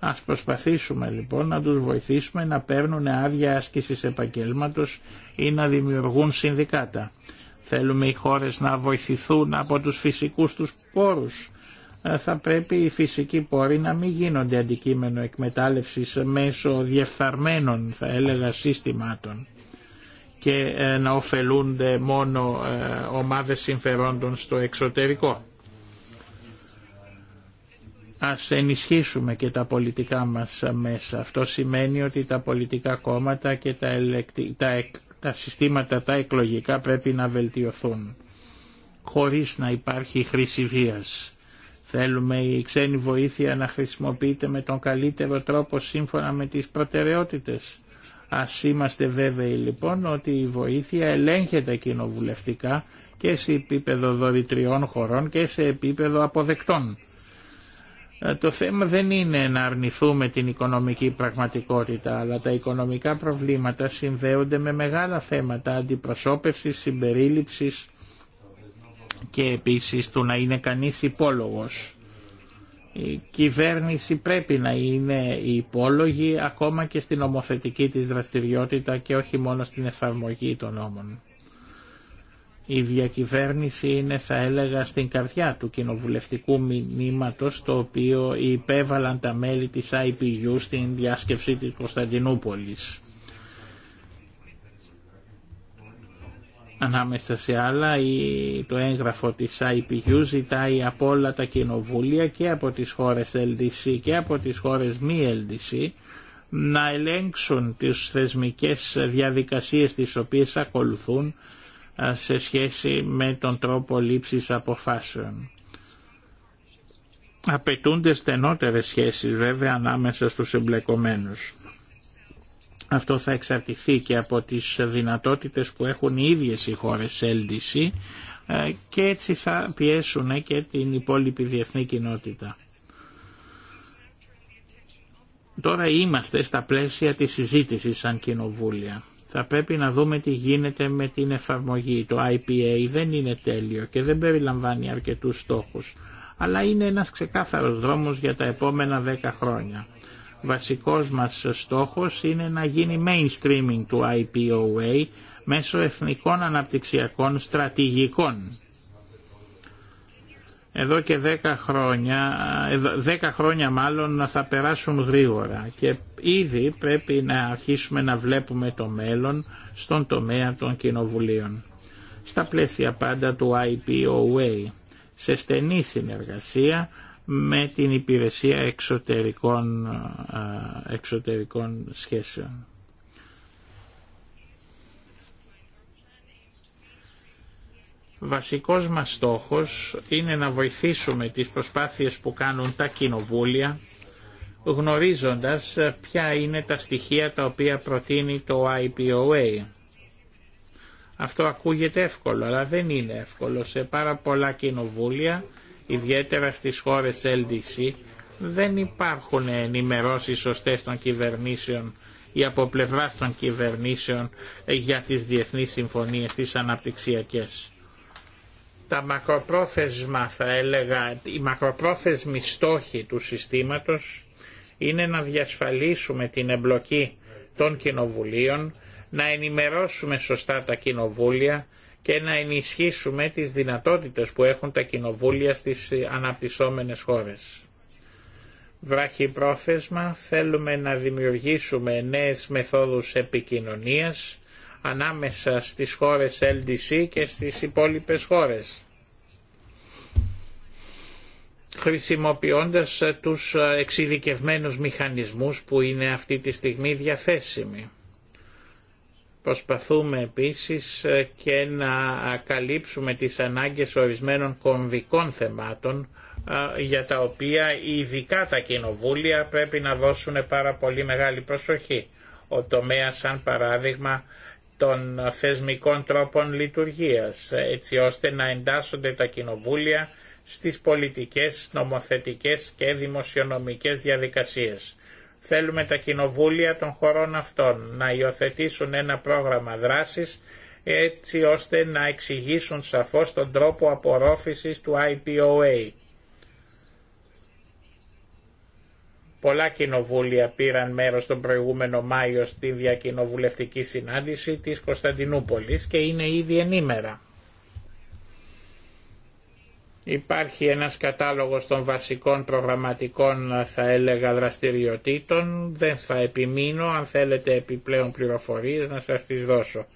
Ας προσπαθήσουμε λοιπόν να τους βοηθήσουμε να παίρνουν άδεια άσκησης επαγγέλματος ή να δημιουργούν συνδικάτα. Θέλουμε οι χώρες να βοηθηθούν από τους φυσικούς τους πόρους. Ε, θα πρέπει οι φυσικοί πόροι να μην γίνονται αντικείμενο εκμετάλλευσης μέσω διεφθαρμένων θα έλεγα συστημάτων και ε, να ωφελούνται μόνο ε, ομάδες συμφερόντων στο εξωτερικό. Ας ενισχύσουμε και τα πολιτικά μας μέσα. Αυτό σημαίνει ότι τα πολιτικά κόμματα και τα, ελεκτι τα συστήματα τα εκλογικά πρέπει να βελτιωθούν χωρίς να υπάρχει χρήση βίας. Θέλουμε η ξένη βοήθεια να χρησιμοποιείται με τον καλύτερο τρόπο σύμφωνα με τις προτεραιότητες. Ας είμαστε βέβαιοι λοιπόν ότι η βοήθεια ελέγχεται κοινοβουλευτικά και σε επίπεδο δωρητριών χωρών και σε επίπεδο αποδεκτών. Ε, το θέμα δεν είναι να αρνηθούμε την οικονομική πραγματικότητα, αλλά τα οικονομικά προβλήματα συνδέονται με μεγάλα θέματα αντιπροσώπευσης, συμπερίληψης και επίσης του να είναι κανείς υπόλογος. Η κυβέρνηση πρέπει να είναι η υπόλογη ακόμα και στην ομοθετική της δραστηριότητα και όχι μόνο στην εφαρμογή των νόμων. Η διακυβέρνηση είναι θα έλεγα στην καρδιά του κοινοβουλευτικού μηνύματος το οποίο υπέβαλαν τα μέλη της IPU στην διάσκεψη της Κωνσταντινούπολης. Ανάμεσα σε άλλα το έγγραφο της IPU ζητάει από όλα τα κοινοβούλια και από τις χώρες LDC και από τις χώρες μη LDC να ελέγξουν τις θεσμικές διαδικασίες τις οποίες ακολουθούν σε σχέση με τον τρόπο λήψης αποφάσεων. Απαιτούνται στενότερες σχέσεις βέβαια ανάμεσα στους εμπλεκομένους. Αυτό θα εξαρτηθεί και από τις δυνατότητες που έχουν οι ίδιες οι χώρες έλντιση ε, και έτσι θα πιέσουν και την υπόλοιπη διεθνή κοινότητα. Τώρα είμαστε στα πλαίσια της συζήτησης σαν κοινοβούλια θα πρέπει να δούμε τι γίνεται με την εφαρμογή. Το IPA δεν είναι τέλειο και δεν περιλαμβάνει αρκετούς στόχους, αλλά είναι ένας ξεκάθαρος δρόμος για τα επόμενα δέκα χρόνια. Βασικός μας στόχος είναι να γίνει mainstreaming του IPOA μέσω εθνικών αναπτυξιακών στρατηγικών εδώ και 10 χρόνια, 10 χρόνια μάλλον θα περάσουν γρήγορα και ήδη πρέπει να αρχίσουμε να βλέπουμε το μέλλον στον τομέα των κοινοβουλίων. Στα πλαίσια πάντα του IPOA, σε στενή συνεργασία με την Υπηρεσία Εξωτερικών, ε, εξωτερικών Σχέσεων. Βασικός μας στόχος είναι να βοηθήσουμε τις προσπάθειες που κάνουν τα κοινοβούλια γνωρίζοντας ποια είναι τα στοιχεία τα οποία προτείνει το IPOA. Αυτό ακούγεται εύκολο, αλλά δεν είναι εύκολο. Σε πάρα πολλά κοινοβούλια, ιδιαίτερα στις χώρες LDC, δεν υπάρχουν ενημερώσεις σωστές των κυβερνήσεων ή από πλευρά των κυβερνήσεων για τις διεθνείς συμφωνίες, τις αναπτυξιακές τα μακροπρόθεσμα θα έλεγα, οι μακροπρόθεσμοι στόχοι του συστήματος είναι να διασφαλίσουμε την εμπλοκή των κοινοβουλίων, να ενημερώσουμε σωστά τα κοινοβούλια και να ενισχύσουμε τις δυνατότητες που έχουν τα κοινοβούλια στις αναπτυσσόμενες χώρες. Βράχει πρόθεσμα θέλουμε να δημιουργήσουμε νέες μεθόδους επικοινωνίας ανάμεσα στις χώρες LDC και στις υπόλοιπες χώρες χρησιμοποιώντας τους εξειδικευμένους μηχανισμούς που είναι αυτή τη στιγμή διαθέσιμοι. Προσπαθούμε επίσης και να καλύψουμε τις ανάγκες ορισμένων κομβικών θεμάτων για τα οποία ειδικά τα κοινοβούλια πρέπει να δώσουν πάρα πολύ μεγάλη προσοχή. Ο τομέας σαν παράδειγμα των θεσμικών τρόπων λειτουργίας, έτσι ώστε να εντάσσονται τα κοινοβούλια στις πολιτικές, νομοθετικές και δημοσιονομικές διαδικασίες. Θέλουμε τα κοινοβούλια των χωρών αυτών να υιοθετήσουν ένα πρόγραμμα δράσης έτσι ώστε να εξηγήσουν σαφώς τον τρόπο απορρόφησης του IPOA Πολλά κοινοβούλια πήραν μέρος τον προηγούμενο Μάιο στη διακοινοβουλευτική συνάντηση της Κωνσταντινούπολης και είναι ήδη ενήμερα. Υπάρχει ένας κατάλογος των βασικών προγραμματικών θα έλεγα δραστηριοτήτων. Δεν θα επιμείνω, αν θέλετε επιπλέον πληροφορίες να σας τις δώσω.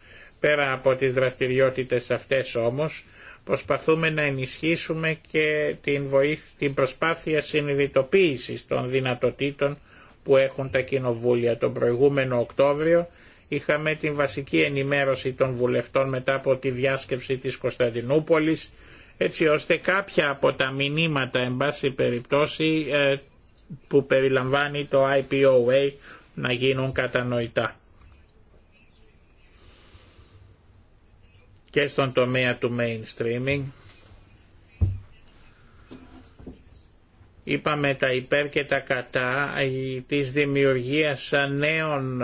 Πέρα από τις δραστηριότητες αυτές όμως Προσπαθούμε να ενισχύσουμε και την, βοήθ την προσπάθεια συνειδητοποίησης των δυνατοτήτων που έχουν τα κοινοβούλια. Τον προηγούμενο Οκτώβριο είχαμε την βασική ενημέρωση των βουλευτών μετά από τη διάσκεψη της Κωνσταντινούπολης έτσι ώστε κάποια από τα μηνύματα εν περιπτώσει ε, που περιλαμβάνει το IPOA να γίνουν κατανοητά. και στον τομέα του mainstreaming. Είπαμε τα υπέρ και τα κατά της δημιουργίας νέων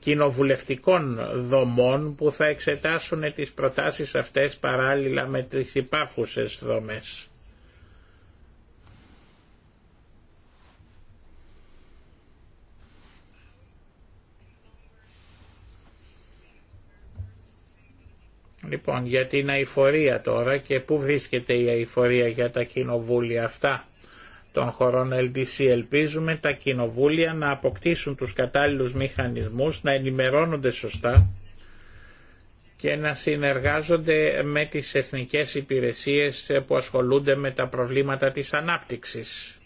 κοινοβουλευτικών δομών που θα εξετάσουν τις προτάσεις αυτές παράλληλα με τις υπάρχουσες δομές. Λοιπόν, για την αηφορία τώρα και πού βρίσκεται η αηφορία για τα κοινοβούλια αυτά των χωρών LDC. Ελπίζουμε τα κοινοβούλια να αποκτήσουν τους κατάλληλους μηχανισμούς, να ενημερώνονται σωστά και να συνεργάζονται με τις εθνικές υπηρεσίες που ασχολούνται με τα προβλήματα της ανάπτυξης.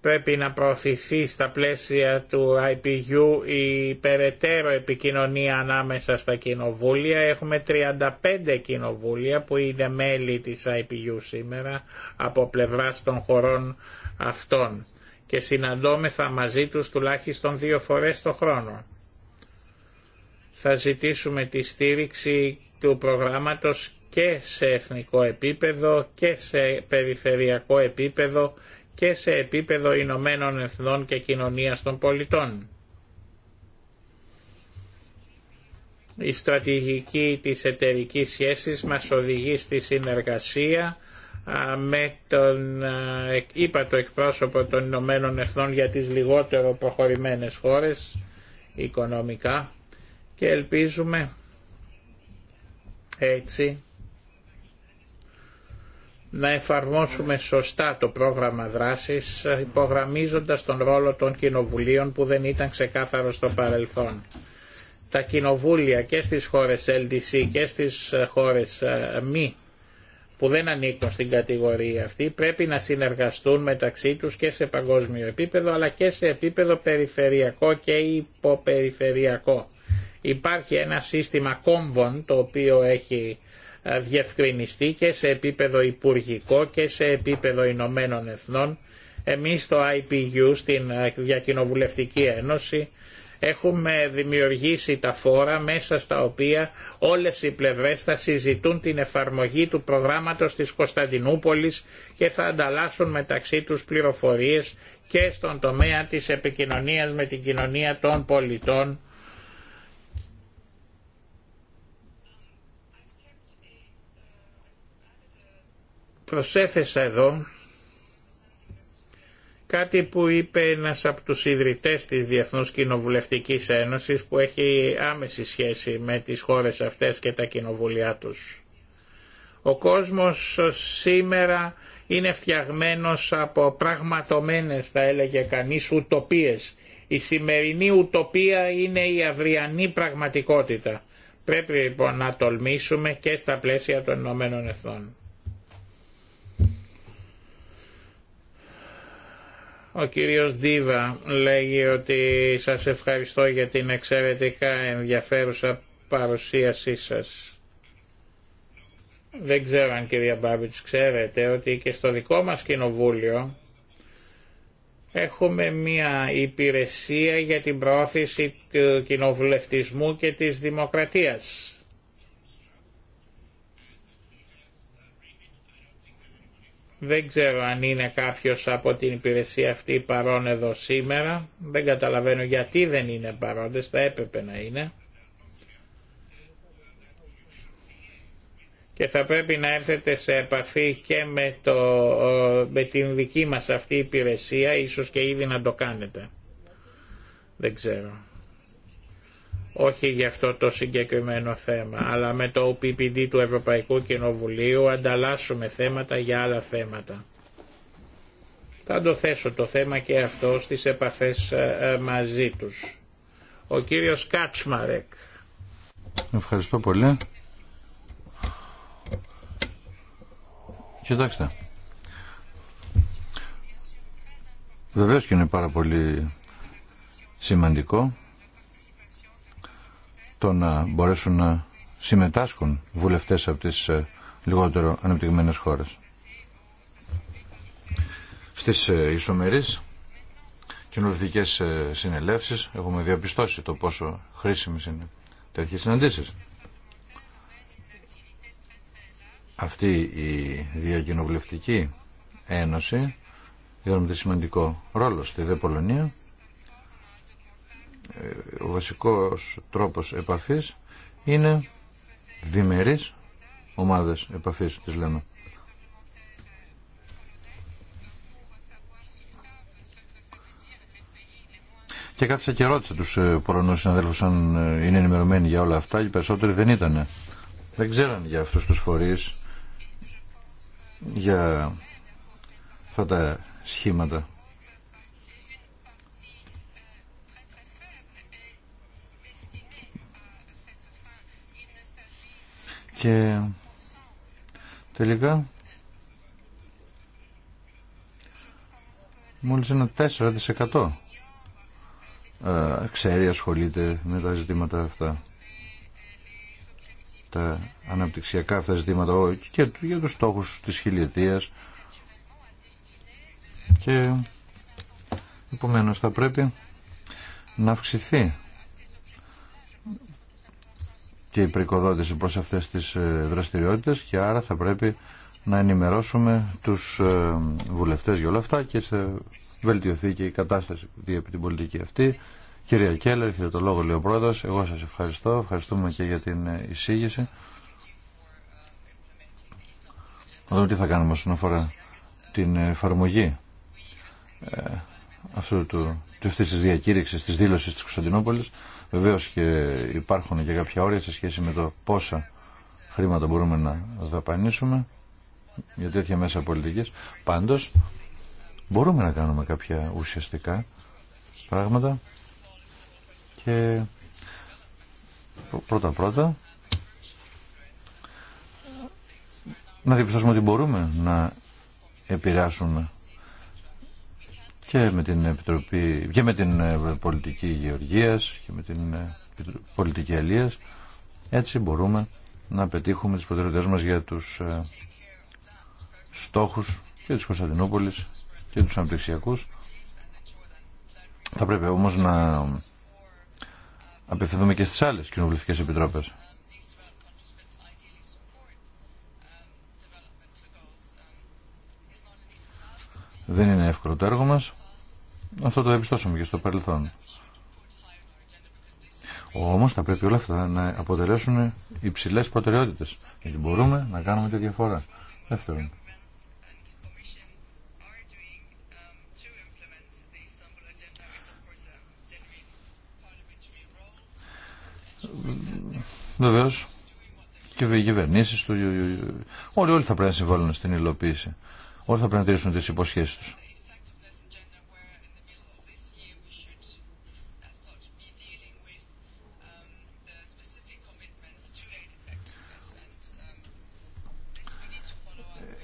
πρέπει να προωθηθεί στα πλαίσια του IPU η περαιτέρω επικοινωνία ανάμεσα στα κοινοβούλια. Έχουμε 35 κοινοβούλια που είναι μέλη της IPU σήμερα από πλευράς των χωρών αυτών και συναντώμεθα μαζί τους τουλάχιστον δύο φορές το χρόνο. Θα ζητήσουμε τη στήριξη του προγράμματος και σε εθνικό επίπεδο και σε περιφερειακό επίπεδο και σε επίπεδο Ηνωμένων Εθνών και Κοινωνίας των Πολιτών. Η στρατηγική της εταιρικής σχέσης μας οδηγεί στη συνεργασία με τον είπα το εκπρόσωπο των Ηνωμένων Εθνών για τις λιγότερο προχωρημένες χώρες οικονομικά και ελπίζουμε έτσι να εφαρμόσουμε σωστά το πρόγραμμα δράσης υπογραμμίζοντας τον ρόλο των κοινοβουλίων που δεν ήταν ξεκάθαρο στο παρελθόν. Τα κοινοβούλια και στις χώρες LDC και στις χώρες ε, μη που δεν ανήκουν στην κατηγορία αυτή πρέπει να συνεργαστούν μεταξύ τους και σε παγκόσμιο επίπεδο αλλά και σε επίπεδο περιφερειακό και υποπεριφερειακό. Υπάρχει ένα σύστημα κόμβων το οποίο έχει ε, διευκρινιστεί και σε επίπεδο υπουργικό και σε επίπεδο Ηνωμένων Εθνών. Εμείς στο IPU, στην ε, Διακοινοβουλευτική Ένωση, έχουμε δημιουργήσει τα φόρα μέσα στα οποία όλες οι πλευρές θα συζητούν την εφαρμογή του προγράμματος της Κωνσταντινούπολης και θα ανταλλάσσουν μεταξύ τους πληροφορίες και στον τομέα της επικοινωνίας με την κοινωνία των πολιτών Προσέθεσα εδώ κάτι που είπε ένας από τους ιδρυτές της Διεθνούς Κοινοβουλευτικής Ένωσης που έχει άμεση σχέση με τις χώρες αυτές και τα κοινοβουλιά τους. Ο κόσμος σήμερα είναι φτιαγμένος από πραγματομένες θα έλεγε κανείς ουτοπίες. Η σημερινή ουτοπία είναι η αυριανή πραγματικότητα. Πρέπει λοιπόν να τολμήσουμε και στα πλαίσια των Ηνωμένων Εθνών. Ο κύριος Ντίβα λέγει ότι σας ευχαριστώ για την εξαιρετικά ενδιαφέρουσα παρουσίασή σας. Δεν ξέρω αν κυρία Μπάμπιτς ξέρετε ότι και στο δικό μας κοινοβούλιο έχουμε μία υπηρεσία για την πρόθεση του κοινοβουλευτισμού και της δημοκρατίας. Δεν ξέρω αν είναι κάποιος από την υπηρεσία αυτή παρόν εδώ σήμερα. Δεν καταλαβαίνω γιατί δεν είναι παρόντες, θα έπρεπε να είναι. Και θα πρέπει να έρθετε σε επαφή και με, το, με την δική μας αυτή υπηρεσία, ίσως και ήδη να το κάνετε. Δεν ξέρω όχι για αυτό το συγκεκριμένο θέμα, αλλά με το PPD του Ευρωπαϊκού Κοινοβουλίου ανταλλάσσουμε θέματα για άλλα θέματα. Θα το θέσω το θέμα και αυτό στις επαφές ε, ε, μαζί τους. Ο κύριος Κάτσμαρεκ. Ευχαριστώ πολύ. Κοιτάξτε. Βεβαίως και είναι πάρα πολύ σημαντικό το να μπορέσουν να συμμετάσχουν βουλευτές από τις ε, λιγότερο αναπτυγμένες χώρες. Στις ε, ισομερείς κοινοβουλευτικές ε, συνελεύσεις έχουμε διαπιστώσει το πόσο χρήσιμες είναι τέτοιες συναντήσεις. Αυτή η διακοινοβουλευτική ένωση διόρμεται σημαντικό ρόλο στη ΔΕΠΟΛΟΝΙΑ ο βασικός τρόπος επαφής είναι διμερείς ομάδες επαφής, τις λέμε. Και κάθισα και ρώτησα τους ε, Πολωνούς συναδέλφους αν ε, είναι ενημερωμένοι για όλα αυτά Οι περισσότεροι δεν ήταν. Δεν ξέραν για αυτούς τους φορείς, για αυτά τα σχήματα. Και τελικά μόλις ένα 4% ε, ξέρει, ασχολείται με τα ζητήματα αυτά. Τα αναπτυξιακά αυτά ζητήματα και για τους στόχους της χιλιετίας και επομένως θα πρέπει να αυξηθεί και η προς αυτές τις ε, δραστηριότητες και άρα θα πρέπει να ενημερώσουμε τους ε, βουλευτές για όλα αυτά και σε βελτιωθεί και η κατάσταση επί την πολιτική αυτή. Κυρία Κέλλερ, έχετε το λόγο λέει ο πρόεδρος. Εγώ σας ευχαριστώ. Ευχαριστούμε και για την ε, εισήγηση. Να δούμε τι θα κάνουμε όσον αφορά την εφαρμογή αυτού αυτής της διακήρυξης, της δήλωσης της Κωνσταντινόπολης. Βεβαίω και υπάρχουν και κάποια όρια σε σχέση με το πόσα χρήματα μπορούμε να δαπανίσουμε για τέτοια μέσα πολιτική Πάντως, μπορούμε να κάνουμε κάποια ουσιαστικά πράγματα και πρώτα-πρώτα να διαπιστώσουμε ότι μπορούμε να επηρεάσουμε και με την Επιτροπή και την ε, Πολιτική Γεωργίας και με την ε, Πολιτική Αλίας έτσι μπορούμε να πετύχουμε τις προτεραιότητες μας για τους ε, στόχους και της Κωνσταντινούπολης και τους αναπτυξιακούς θα πρέπει όμως να απευθυνθούμε και στις άλλες κοινοβουλευτικές επιτρόπες Δεν είναι εύκολο το έργο μας αυτό το εμπιστώσαμε και στο παρελθόν. Όμως θα πρέπει όλα αυτά να αποτελέσουν υψηλές προτεραιότητες. Γιατί μπορούμε να κάνουμε τη διαφορά. Δεύτερον. Βεβαίω και οι κυβερνήσει του, όλοι, όλοι θα πρέπει να συμβάλλουν στην υλοποίηση. Όλοι θα πρέπει να τηρήσουν τι υποσχέσει του.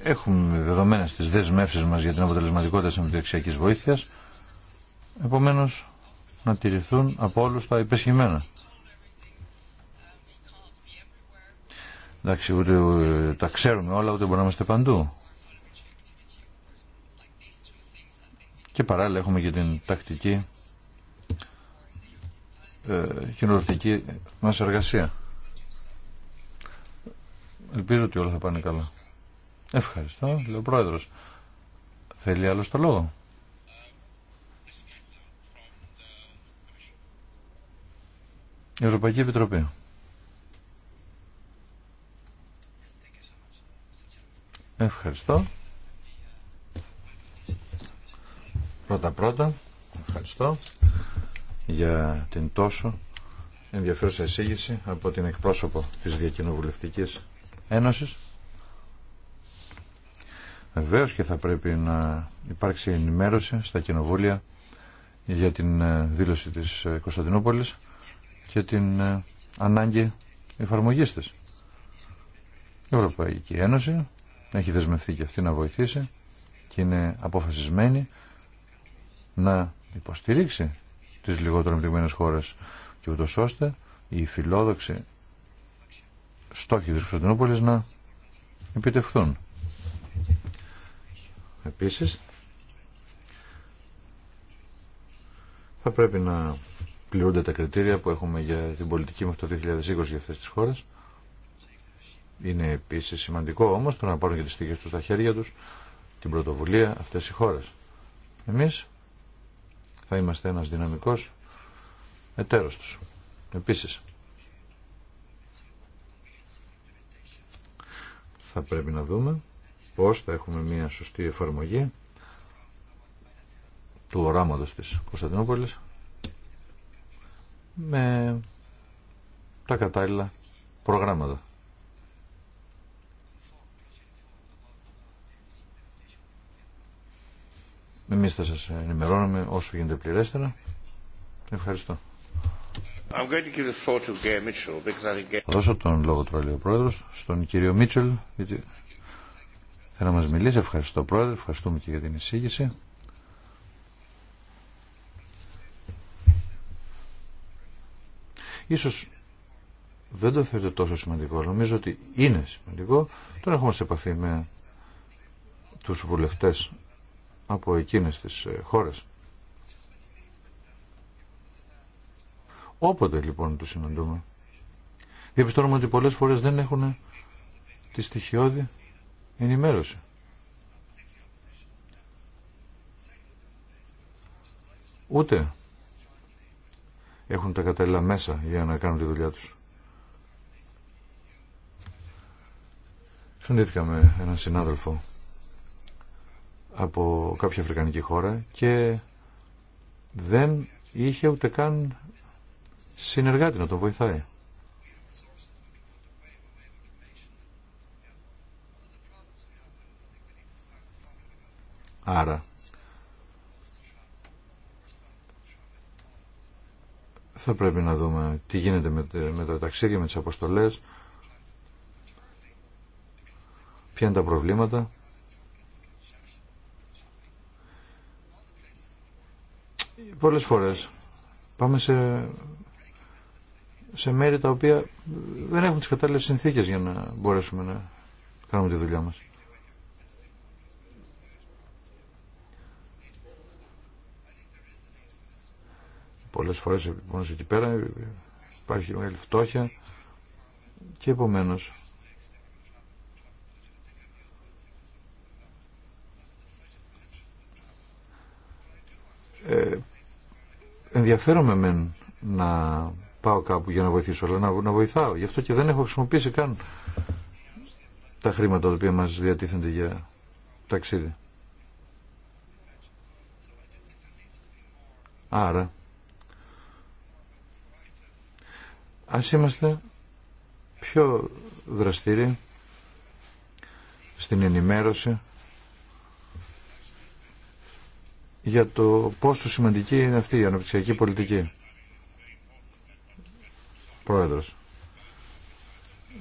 έχουμε δεδομένες τις δεσμεύσεις μας για την αποτελεσματικότητα της εμπειρεξιακής βοήθειας, επομένως να τηρηθούν από όλους τα υπεσχημένα. Εντάξει, ούτε ε, τα ξέρουμε όλα, ούτε μπορούμε να είμαστε παντού. Και παράλληλα έχουμε και την τακτική ε, κοινωνική μας εργασία. Ελπίζω ότι όλα θα πάνε καλά. Ευχαριστώ, λέει Πρόεδρος. Θέλει άλλο το λόγο. Η Ευρωπαϊκή Επιτροπή. Ευχαριστώ. Πρώτα πρώτα, ευχαριστώ για την τόσο ενδιαφέρουσα εισήγηση από την εκπρόσωπο της Διακοινοβουλευτικής Ένωσης. Βεβαίω και θα πρέπει να υπάρξει ενημέρωση στα κοινοβούλια για την ε, δήλωση της ε, Κωνσταντινούπολης και την ε, ανάγκη εφαρμογής της. Η Ευρωπαϊκή Ένωση έχει δεσμευθεί και αυτή να βοηθήσει και είναι αποφασισμένη να υποστηρίξει τις λιγότερο εμπληγμένες χώρες και ούτως ώστε οι φιλόδοξοι στόχοι της Κωνσταντινούπολης να επιτευχθούν. Επίσης, θα πρέπει να πληρούνται τα κριτήρια που έχουμε για την πολιτική μέχρι το 2020 για αυτές τις χώρες. Είναι επίσης σημαντικό όμως το να πάρουν και τις στιγμές τους στα χέρια τους την πρωτοβουλία αυτές οι χώρες. Εμείς θα είμαστε ένας δυναμικός εταίρος τους. Επίσης, θα πρέπει να δούμε πώς θα έχουμε μια σωστή εφαρμογή του οράματος της Κωνσταντινούπολης με τα κατάλληλα προγράμματα. Εμείς θα σας ενημερώνουμε όσο γίνεται πληρέστερα. Ευχαριστώ. I'm Θα δώσω τον λόγο του ο Πρόεδρος στον κύριο Μίτσελ γιατί να μας μιλήσει. Ευχαριστώ πρόεδρε, ευχαριστούμε και για την εισήγηση. Ίσως δεν το θεωρείτε τόσο σημαντικό. Νομίζω ότι είναι σημαντικό. Τώρα έχουμε σε επαφή με τους βουλευτές από εκείνες τις ε, χώρες. Όποτε λοιπόν τους συναντούμε. Διαπιστώνουμε ότι πολλές φορές δεν έχουν τη στοιχειώδη ενημέρωση. Ούτε έχουν τα κατάλληλα μέσα για να κάνουν τη δουλειά τους. Συνήθηκα με έναν συνάδελφο από κάποια αφρικανική χώρα και δεν είχε ούτε καν συνεργάτη να τον βοηθάει. Άρα θα πρέπει να δούμε τι γίνεται με, το τα με τις αποστολές, ποια είναι τα προβλήματα. Πολλές φορές πάμε σε, σε μέρη τα οποία δεν έχουν τις κατάλληλες συνθήκες για να μπορέσουμε να κάνουμε τη δουλειά μας. πολλές φορές μόνο εκεί πέρα υπάρχει μεγάλη φτώχεια και επομένως ε, ενδιαφέρομαι μεν να πάω κάπου για να βοηθήσω αλλά να, να βοηθάω γι' αυτό και δεν έχω χρησιμοποιήσει καν τα χρήματα τα οποία μας διατίθενται για ταξίδι Άρα Ας είμαστε πιο δραστήριοι στην ενημέρωση για το πόσο σημαντική είναι αυτή η αναπτυξιακή πολιτική. Πρόεδρος,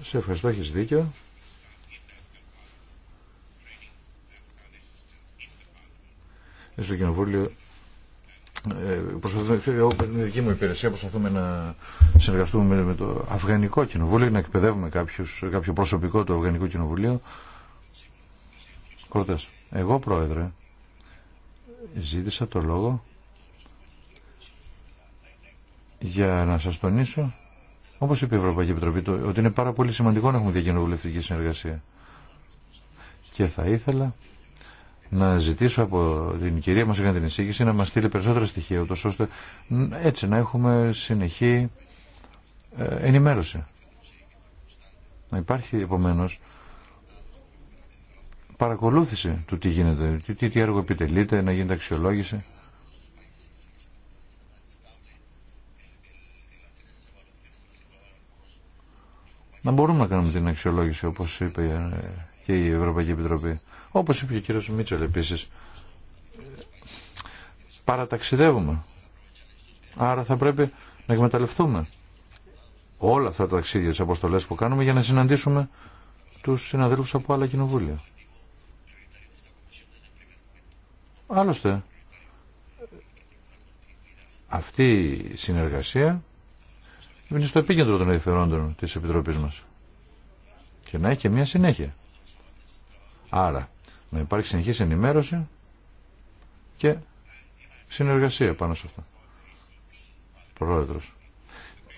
σε ευχαριστώ, έχεις δίκιο. Στο Κοινοβούλιο ε, προσπαθούμε, δική μου υπηρεσία προσπαθούμε να συνεργαστούμε με το Αφγανικό Κοινοβούλιο, να εκπαιδεύουμε κάποιους, κάποιο προσωπικό του Αφγανικού Κοινοβουλίου. Κροτές, εγώ πρόεδρε ζήτησα το λόγο για να σας τονίσω, όπως είπε η Ευρωπαϊκή Επιτροπή, ότι είναι πάρα πολύ σημαντικό να έχουμε διακοινοβουλευτική συνεργασία. Και θα ήθελα να ζητήσω από την κυρία μας για την εισήγηση να μας στείλει περισσότερα στοιχεία, ούτως ώστε έτσι να έχουμε συνεχή ε, ενημέρωση. Να υπάρχει επομένως παρακολούθηση του τι γίνεται, τι, τι έργο επιτελείται, να γίνεται αξιολόγηση. Να μπορούμε να κάνουμε την αξιολόγηση όπως είπε ε, και η Ευρωπαϊκή Επιτροπή. Όπως είπε και ο κύριος Μίτσελ επίσης, παραταξιδεύουμε. Άρα θα πρέπει να εκμεταλλευτούμε όλα αυτά τα ταξίδια, τις αποστολές που κάνουμε για να συναντήσουμε τους συναδέλφους από άλλα κοινοβούλια. Άλλωστε, αυτή η συνεργασία είναι στο επίκεντρο των ενδιαφερόντων της Επιτροπής μας. Και να έχει και μια συνέχεια. Άρα, να υπάρχει συνεχής ενημέρωση και συνεργασία πάνω σε αυτό. Πρόεδρος.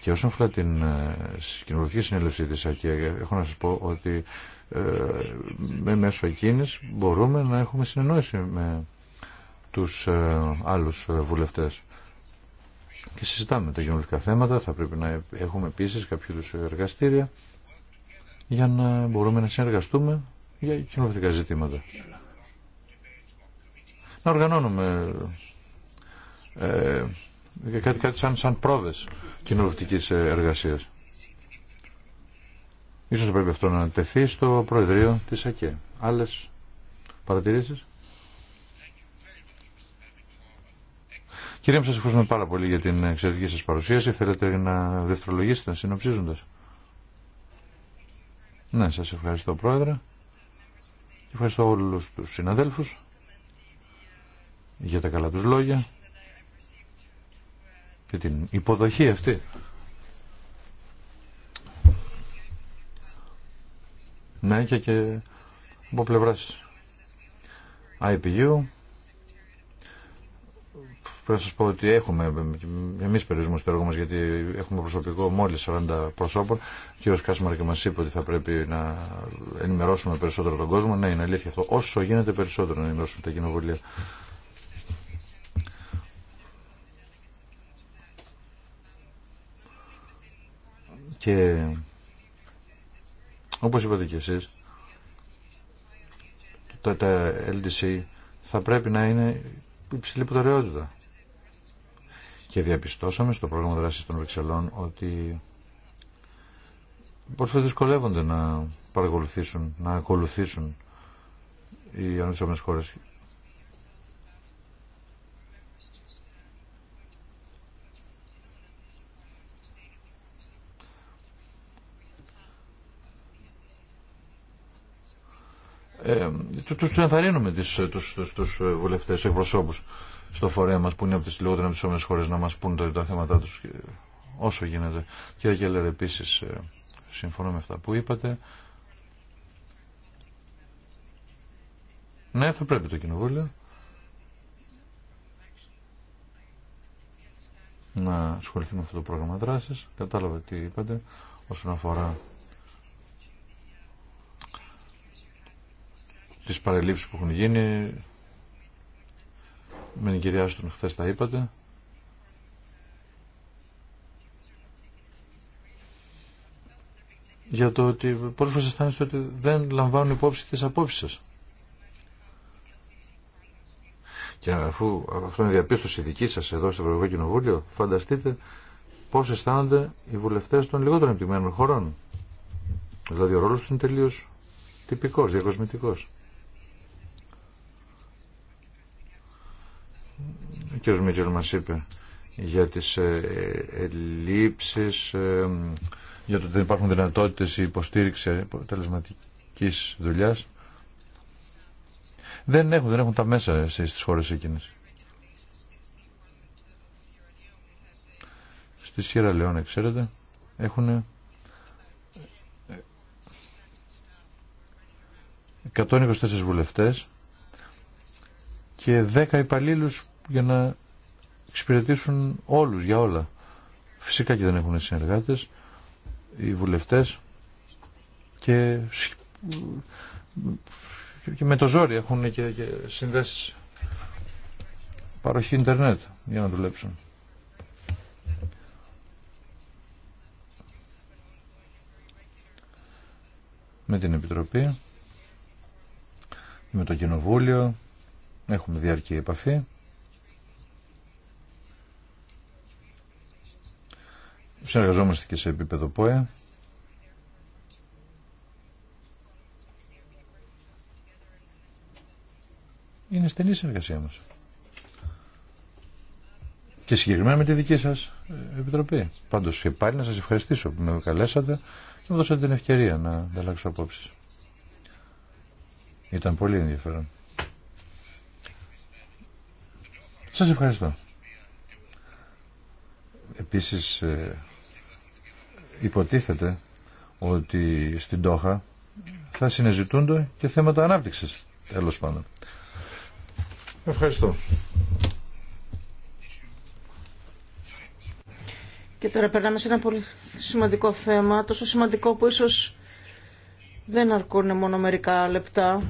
Και όσον αφορά την ε, κοινοβουλευτική συνέλευση της ΑΚΕ, έχω να σας πω ότι ε, με μέσω εκείνης μπορούμε να έχουμε συνεννόηση με τους ε, άλλους βουλευτές. Και συζητάμε τα κοινωνικά θέματα, θα πρέπει να έχουμε επίσης κάποιους εργαστήρια για να μπορούμε να συνεργαστούμε για κοινοβουλευτικά ζητήματα. Να οργανώνουμε ε, κάτι, κάτι σαν, σαν πρόβες εργασία. Ε, εργασίας. Ίσως πρέπει αυτό να τεθεί στο Προεδρείο της ΑΚΕ. Άλλες παρατηρήσεις. Κυρία μου, σας ευχαριστούμε πάρα πολύ για την εξαιρετική σας παρουσίαση. Θέλετε να δευτερολογήσετε συνοψίζοντας. Ναι, σας ευχαριστώ Πρόεδρε. Ευχαριστώ όλους τους συναδέλφους για τα καλά τους λόγια και την υποδοχή αυτή. Ναι, και, και από πλευράς IPU Πρέπει να σα πω ότι έχουμε εμεί περιορισμού στο έργο μα γιατί έχουμε προσωπικό μόλι 40 προσώπων. Ο κ. Κάσμαρ και μα είπε ότι θα πρέπει να ενημερώσουμε περισσότερο τον κόσμο. Ναι, είναι αλήθεια αυτό. Όσο γίνεται περισσότερο να ενημερώσουμε τα κοινοβουλία. Και όπως είπατε και εσείς, τα LDC θα πρέπει να είναι υψηλή προτεραιότητα και διαπιστώσαμε στο πρόγραμμα δράσης των Βρυξελών ότι πως θα δυσκολεύονται να παρακολουθήσουν, να ακολουθήσουν οι ανεξόμενες χώρες. Ε, τους ενθαρρύνουμε τους, τους, τους, τους βουλευτές εκπροσώπους στο φορέα μας που είναι από τις τι ομένε χώρες να μας πούν τα, θέματα τους όσο γίνεται. Κύριε Γέλλερ, επίσης ε, συμφωνώ με αυτά που είπατε. Ναι, θα πρέπει το κοινοβούλιο να ασχοληθεί με αυτό το πρόγραμμα δράσης. Κατάλαβα τι είπατε όσον αφορά τις παρελήψεις που έχουν γίνει με την κυρία Άστον χθες τα είπατε. Για το ότι πολλές φορές αισθάνεστε ότι δεν λαμβάνουν υπόψη τις απόψεις σας. Και αφού αυτό είναι διαπίστωση δική σας εδώ στο Ευρωπαϊκό Κοινοβούλιο, φανταστείτε πώς αισθάνονται οι βουλευτές των λιγότερων επιτυγμένων χωρών. Δηλαδή ο ρόλος είναι τελείως τυπικός, διακοσμητικός. ο κ. Μίτσελ μας είπε για τις ε, ε, ελλείψεις, ε, για το ότι δεν υπάρχουν δυνατότητες υποστήριξη αποτελεσματική δουλειάς. Δεν έχουν, δεν έχουν τα μέσα στις χώρες εκείνες. Στη Σιέρα Λεόνα, ξέρετε, έχουν 124 βουλευτές και 10 υπαλλήλους για να εξυπηρετήσουν όλους για όλα. Φυσικά και δεν έχουν συνεργάτες, οι βουλευτές και, και με το ζόρι έχουν και, και συνδέσεις παροχή ίντερνετ για να δουλέψουν. με την Επιτροπή, με το Κοινοβούλιο, έχουμε διαρκή επαφή. συνεργαζόμαστε και σε επίπεδο ΠΟΕ. Είναι στενή η συνεργασία μας. Και συγκεκριμένα με τη δική σας ε, επιτροπή. Πάντως και πάλι να σας ευχαριστήσω που με καλέσατε και μου δώσατε την ευκαιρία να ανταλλάξω απόψεις. Ήταν πολύ ενδιαφέρον. Σας ευχαριστώ. Επίσης ε, υποτίθεται ότι στην Τόχα θα συνεζητούνται και θέματα ανάπτυξης, τέλος πάντων. Ευχαριστώ. Και τώρα περνάμε σε ένα πολύ σημαντικό θέμα, τόσο σημαντικό που ίσως δεν αρκούν μόνο μερικά λεπτά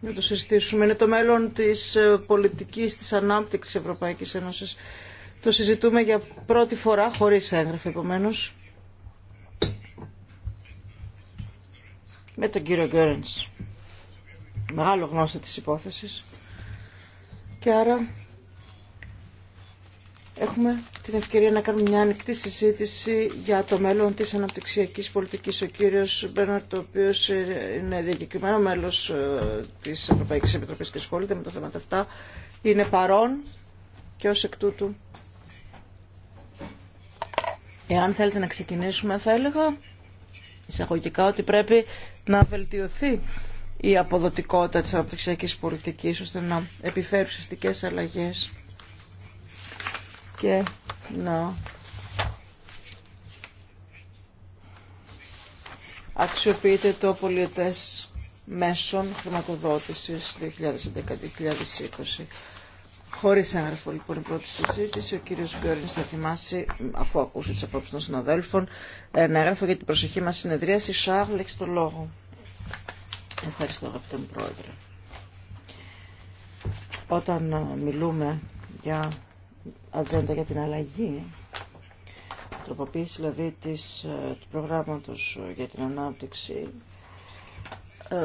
να το συζητήσουμε. Είναι το μέλλον της ε, πολιτικής της ανάπτυξης Ευρωπαϊκής Ένωσης. Το συζητούμε για πρώτη φορά, χωρίς έγγραφη επομένως με τον κύριο Γκέρνς μεγάλο γνώστη της υπόθεσης και άρα έχουμε την ευκαιρία να κάνουμε μια ανοιχτή συζήτηση για το μέλλον της αναπτυξιακής πολιτικής. Ο κύριος Μπέρναρτ, ο οποίο είναι διακεκριμένο μέλος ε, της Ευρωπαϊκής Επιτροπής και ασχολείται με τα θέματα αυτά, είναι παρόν και ως εκ τούτου Εάν θέλετε να ξεκινήσουμε, θα έλεγα εισαγωγικά ότι πρέπει να βελτιωθεί η αποδοτικότητα της αναπτυξιακής πολιτικής ώστε να επιφέρει ουσιαστικέ αλλαγές και να αξιοποιείται το πολιετές μέσων χρηματοδότησης 2011-2020 Χωρίς έγγραφο λοιπόν η πρώτη συζήτηση, ο κύριος Γκέρνης θα θυμάσει, αφού ακούσει τις απόψεις των συναδέλφων, ένα έγγραφο για την προσοχή μας συνεδρίαση. Σάρλ, έχεις το λόγο. Ευχαριστώ αγαπητέ μου πρόεδρε. Όταν ε, μιλούμε για ατζέντα για την αλλαγή, τροποποίηση δηλαδή της, ε, του προγράμματος ε, για την ανάπτυξη, ε,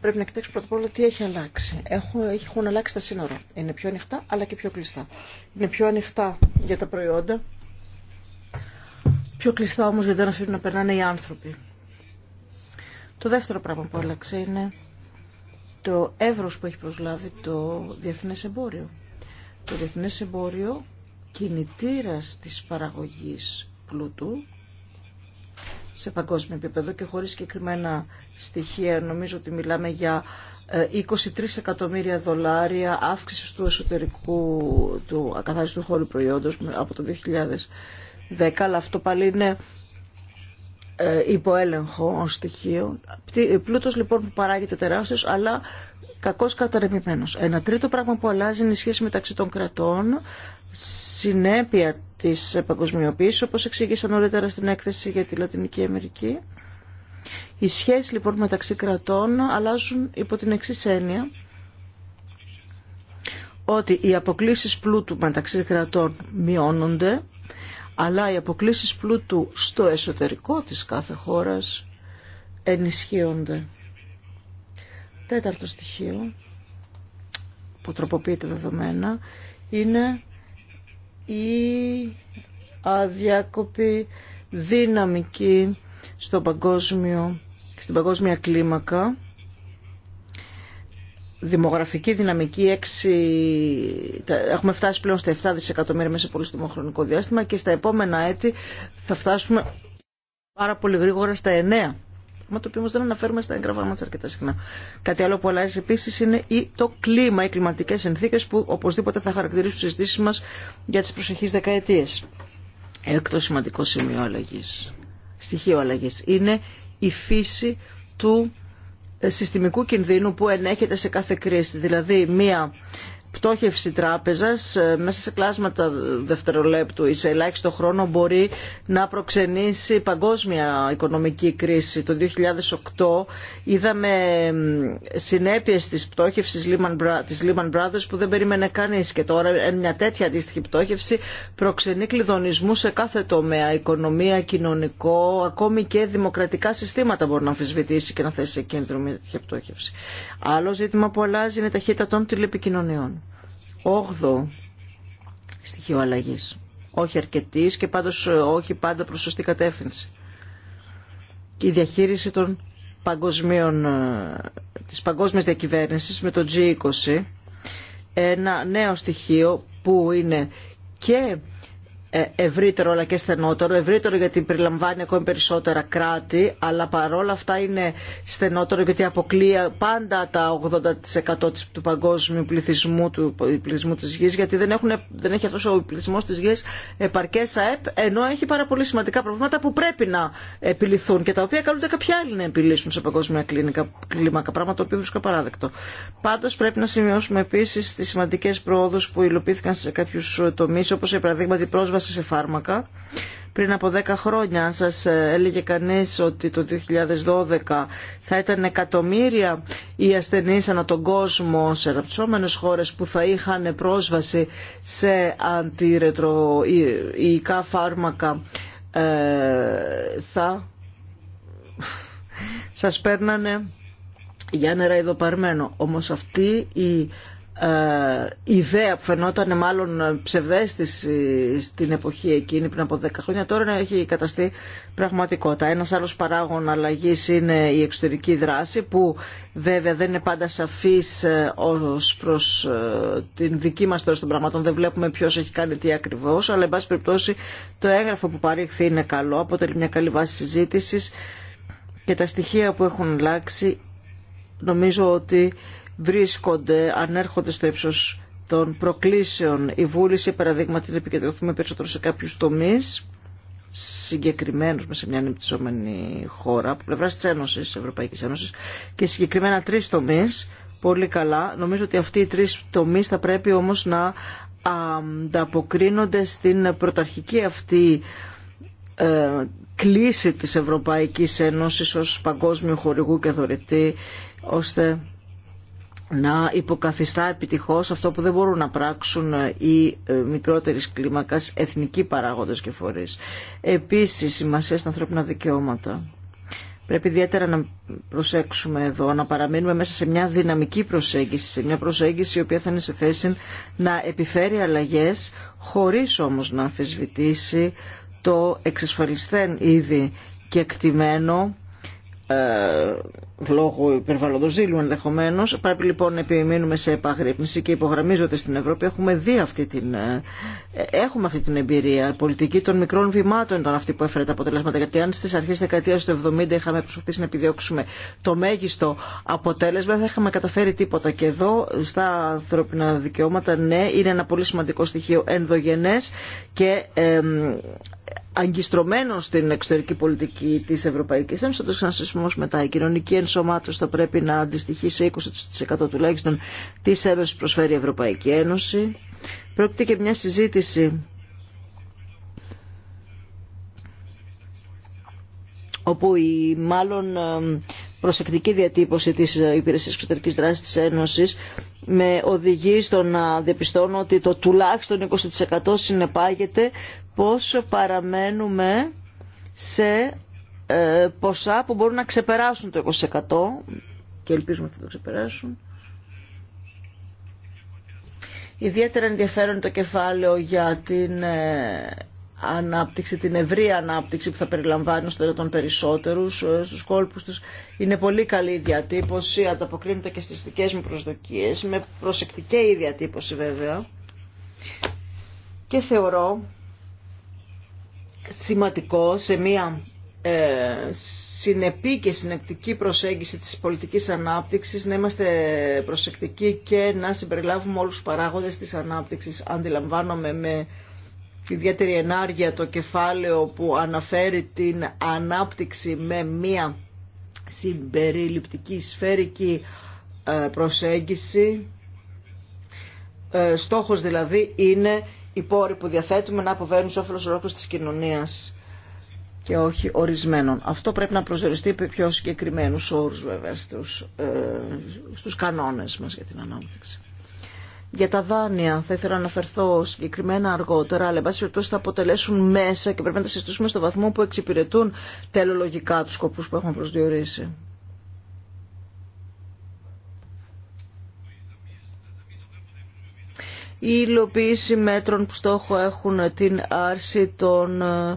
πρέπει να κοιτάξουμε πρώτα απ' όλα τι έχει αλλάξει. Έχουν, έχουν αλλάξει τα σύνορα. Είναι πιο ανοιχτά αλλά και πιο κλειστά. Είναι πιο ανοιχτά για τα προϊόντα, πιο κλειστά όμως γιατί δεν αφήνουν να περνάνε οι άνθρωποι. Το δεύτερο πράγμα που άλλαξε είναι το εύρος που έχει προσλάβει το διεθνές εμπόριο. Το διεθνές εμπόριο κινητήρας της παραγωγής πλούτου σε παγκόσμιο επίπεδο και χωρίς συγκεκριμένα στοιχεία. Νομίζω ότι μιλάμε για 23 ε, εκατομμύρια δολάρια αύξηση του εσωτερικού του ακαθάριστου χώρου προϊόντος από το 2010, αλλά αυτό πάλι είναι ε, υποέλεγχο στοιχείο. Πλούτος λοιπόν που παράγεται τεράστιος, αλλά κακώ καταρρεπημένος. Ένα τρίτο πράγμα που αλλάζει είναι η σχέση μεταξύ των κρατών, συνέπεια της παγκοσμιοποίηση, όπως εξήγησαν νωρίτερα στην έκθεση για τη Λατινική Αμερική. Οι σχέσει λοιπόν μεταξύ κρατών αλλάζουν υπό την εξή έννοια ότι οι αποκλήσεις πλούτου μεταξύ κρατών μειώνονται, αλλά οι αποκλήσεις πλούτου στο εσωτερικό της κάθε χώρας ενισχύονται. Τέταρτο στοιχείο που τροποποιείται δεδομένα είναι η αδιάκοπη δυναμική στο παγκόσμιο, στην παγκόσμια κλίμακα δημογραφική δυναμική 6, έχουμε φτάσει πλέον στα 7 δισεκατομμύρια μέσα σε πολύ χρονικό διάστημα και στα επόμενα έτη θα φτάσουμε πάρα πολύ γρήγορα στα 9 πράγμα το οποίο όμω δεν αναφέρουμε στα έγγραφά μα αρκετά συχνά. Κάτι άλλο που αλλάζει επίση είναι το κλίμα, οι κλιματικέ συνθήκε που οπωσδήποτε θα χαρακτηρίσουν τι συζητήσει μα για τι προσεχεί δεκαετίε. Έκτο σημαντικό σημείο αλλαγή, στοιχείο αλλαγή, είναι η φύση του ε, συστημικού κινδύνου που ενέχεται σε κάθε κρίση. Δηλαδή, μία πτώχευση τράπεζας ε, μέσα σε κλάσματα δευτερολέπτου ή σε ελάχιστο χρόνο μπορεί να προξενήσει παγκόσμια οικονομική κρίση. Το 2008 είδαμε συνέπειες της πτώχευσης της Lehman Brothers που δεν περίμενε κανείς και τώρα μια τέτοια αντίστοιχη πτώχευση προξενεί κλειδονισμού σε κάθε τομέα, οικονομία, κοινωνικό, ακόμη και δημοκρατικά συστήματα μπορεί να αμφισβητήσει και να θέσει σε κίνδυνο μια τέτοια πτώχευση. Άλλο ζήτημα που αλλάζει είναι η ταχύτητα των τηλεπικοινωνιών. 8 στοιχείο αλλαγή. Όχι αρκετή και πάντω ε, όχι πάντα προ σωστή κατεύθυνση. Και η διαχείριση των παγκοσμίων, ε, της παγκόσμιας διακυβέρνησης με το G20, ένα νέο στοιχείο που είναι και ε, ευρύτερο αλλά και στενότερο. Ευρύτερο γιατί περιλαμβάνει ακόμη περισσότερα κράτη, αλλά παρόλα αυτά είναι στενότερο γιατί αποκλεί πάντα τα 80% του παγκόσμιου πληθυσμού, του πληθυσμού της γης, γιατί δεν, έχουν, δεν έχει αυτός ο πληθυσμός της γης επαρκές ΑΕΠ, ενώ έχει πάρα πολύ σημαντικά προβλήματα που πρέπει να επιληθούν και τα οποία καλούνται κάποιοι άλλοι να επιλύσουν σε παγκόσμια κλίνικα, κλίμακα, πράγμα το οποίο βρίσκω παράδεκτο. Πάντως πρέπει να σημειώσουμε επίση τι σημαντικέ πρόοδους που υλοποιήθηκαν σε κάποιους τομείς, όπως πρόσβαση πρόσβαση σε φάρμακα. Πριν από 10 χρόνια, αν σας ε, έλεγε κανείς ότι το 2012 θα ήταν εκατομμύρια οι ασθενείς ανά τον κόσμο σε αναπτυσσόμενες χώρες που θα είχαν πρόσβαση σε αντιρετροϊκά φάρμακα, ε, θα σας παίρνανε για νερά ειδοπαρμένο. Όμως αυτή η ε, ιδέα που φαινόταν μάλλον ψευδέστηση στην εποχή εκείνη πριν από 10 χρόνια τώρα έχει καταστεί πραγματικότητα. Ένας άλλος παράγων αλλαγής είναι η εξωτερική δράση που βέβαια δεν είναι πάντα σαφής ε, ως προς ε, την δική μας τώρα των πραγματών. Δεν βλέπουμε ποιος έχει κάνει τι ακριβώς αλλά εν πάση περιπτώσει το έγγραφο που παρήχθη είναι καλό, αποτελεί μια καλή βάση συζήτησης και τα στοιχεία που έχουν αλλάξει νομίζω ότι βρίσκονται, ανέρχονται στο ύψο των προκλήσεων. Η βούληση, παραδείγματι, να επικεντρωθούμε περισσότερο σε κάποιου τομεί, συγκεκριμένου με σε μια ανεπτυσσόμενη χώρα, από πλευρά τη Ένωση τη Ευρωπαϊκής και συγκεκριμένα τρει τομεί, πολύ καλά. Νομίζω ότι αυτοί οι τρει τομεί θα πρέπει όμω να ανταποκρίνονται στην πρωταρχική αυτή ε, κλίση της Ευρωπαϊκής Ένωσης ως παγκόσμιο χορηγού και δωρητή, ώστε να υποκαθιστά επιτυχώς αυτό που δεν μπορούν να πράξουν οι ε, μικρότερες κλίμακας εθνικοί παράγοντες και φορείς. Επίσης, σημασία στα ανθρώπινα δικαιώματα. Πρέπει ιδιαίτερα να προσέξουμε εδώ, να παραμείνουμε μέσα σε μια δυναμική προσέγγιση, σε μια προσέγγιση η οποία θα είναι σε θέση να επιφέρει αλλαγές, χωρίς όμως να αφισβητήσει το εξασφαλιστέν ήδη και εκτιμένο ε, λόγω υπερβαλλοντος ζήλου ενδεχομένω. Πρέπει λοιπόν να επιμείνουμε σε επαγρύπνηση και υπογραμμίζω ότι στην Ευρώπη έχουμε δει αυτή την, ε, έχουμε αυτή την εμπειρία. Η πολιτική των μικρών βημάτων ήταν αυτή που έφερε τα αποτελέσματα. Γιατί αν στι αρχέ δεκαετία του 70 είχαμε προσπαθήσει να επιδιώξουμε το μέγιστο αποτέλεσμα, δεν είχαμε καταφέρει τίποτα. Και εδώ στα ανθρώπινα δικαιώματα, ναι, είναι ένα πολύ σημαντικό στοιχείο ενδογενέ και ε, αγκιστρωμένο στην εξωτερική πολιτική τη Ευρωπαϊκή Ένωση. Θα το ξανασύσουμε μετά. Η κοινωνική ενσωμάτωση θα πρέπει να αντιστοιχεί σε 20% τουλάχιστον της Ένωσης προσφέρει η Ευρωπαϊκή Ένωση. Πρόκειται και μια συζήτηση όπου η μάλλον προσεκτική διατύπωση της υπηρεσίας εξωτερικής δράσης της Ένωσης με οδηγεί στο να διαπιστώνω ότι το τουλάχιστον 20% συνεπάγεται πόσο παραμένουμε σε ε, ποσά που μπορούν να ξεπεράσουν το 20% και ελπίζουμε ότι θα το ξεπεράσουν. Ιδιαίτερα ενδιαφέρον το κεφάλαιο για την ε, ανάπτυξη, την ευρή ανάπτυξη που θα περιλαμβάνει στο των περισσότερου ε, στους κόλπους τους. Είναι πολύ καλή η διατύπωση, ανταποκρίνεται και στις δικές μου προσδοκίες, με προσεκτική η διατύπωση βέβαια. Και θεωρώ σημαντικό σε μία ε, συνεπή και συνεκτική προσέγγιση της πολιτικής ανάπτυξης να είμαστε προσεκτικοί και να συμπεριλάβουμε όλους τους παράγοντες της ανάπτυξης. Αντιλαμβάνομαι με ιδιαίτερη ενάργεια το κεφάλαιο που αναφέρει την ανάπτυξη με μία συμπεριληπτική σφαιρική ε, προσέγγιση. Ε, στόχος δηλαδή είναι οι πόροι που διαθέτουμε να αποβαίνουν σε όφελος ολόκληρης της κοινωνίας και όχι ορισμένων. Αυτό πρέπει να προσδιοριστεί με πιο συγκεκριμένους όρους βέβαια στους, ε, στους κανόνες μας για την ανάπτυξη. Για τα δάνεια θα ήθελα να αναφερθώ συγκεκριμένα αργότερα, αλλά εν πάση περιπτώσει θα αποτελέσουν μέσα και πρέπει να τα συζητήσουμε στο βαθμό που εξυπηρετούν τελολογικά τους σκοπούς που έχουμε προσδιορίσει. η υλοποίηση μέτρων που στόχο έχουν την άρση των ε,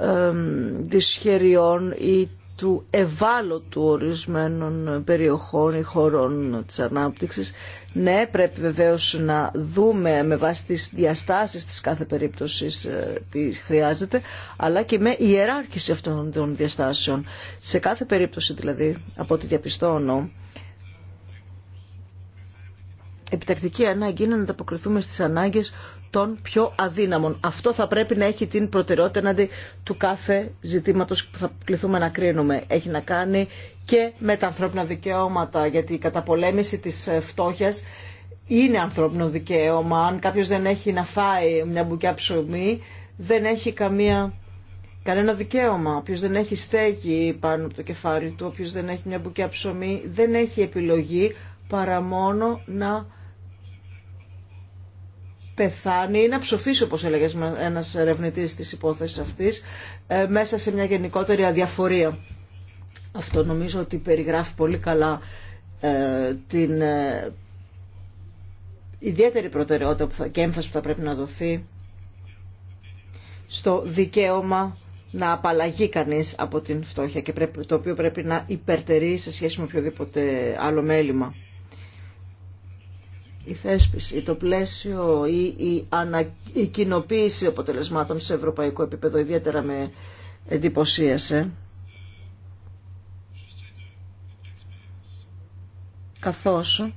ε, δυσχεριών ή του ευάλωτου ορισμένων περιοχών ή χωρών της ανάπτυξης. Ναι, πρέπει βεβαίως να δούμε με βάση τις διαστάσεις της κάθε περίπτωσης ε, τι χρειάζεται, αλλά και με ιεράρχηση αυτών των διαστάσεων. Σε κάθε περίπτωση δηλαδή, από ό,τι διαπιστώνω, επιτακτική ανάγκη είναι να ανταποκριθούμε στις ανάγκες των πιο αδύναμων. Αυτό θα πρέπει να έχει την προτεραιότητα εναντί του κάθε ζητήματο που θα κληθούμε να κρίνουμε. Έχει να κάνει και με τα ανθρώπινα δικαιώματα, γιατί η καταπολέμηση της ε, φτώχειας είναι ανθρώπινο δικαίωμα. Αν κάποιος δεν έχει να φάει μια μπουκιά ψωμί, δεν έχει καμία, κανένα δικαίωμα. Όποιο δεν έχει στέγη πάνω από το κεφάλι του, όποιο δεν έχει μια μπουκιά ψωμί, δεν έχει επιλογή παρά μόνο να πεθάνει ή να ψοφήσει, όπως έλεγε ένας ερευνητή της υπόθεσης αυτής, ε, μέσα σε μια γενικότερη αδιαφορία. Αυτό νομίζω ότι περιγράφει πολύ καλά ε, την ε, ιδιαίτερη προτεραιότητα και έμφαση που θα πρέπει να δοθεί στο δικαίωμα να απαλλαγεί κανείς από την φτώχεια και το οποίο πρέπει να υπερτερεί σε σχέση με οποιοδήποτε άλλο μέλημα η θέσπιση, το πλαίσιο ή η, ανα... κοινοποίηση αποτελεσμάτων σε ευρωπαϊκό επίπεδο ιδιαίτερα με εντυπωσίασε. Καθώς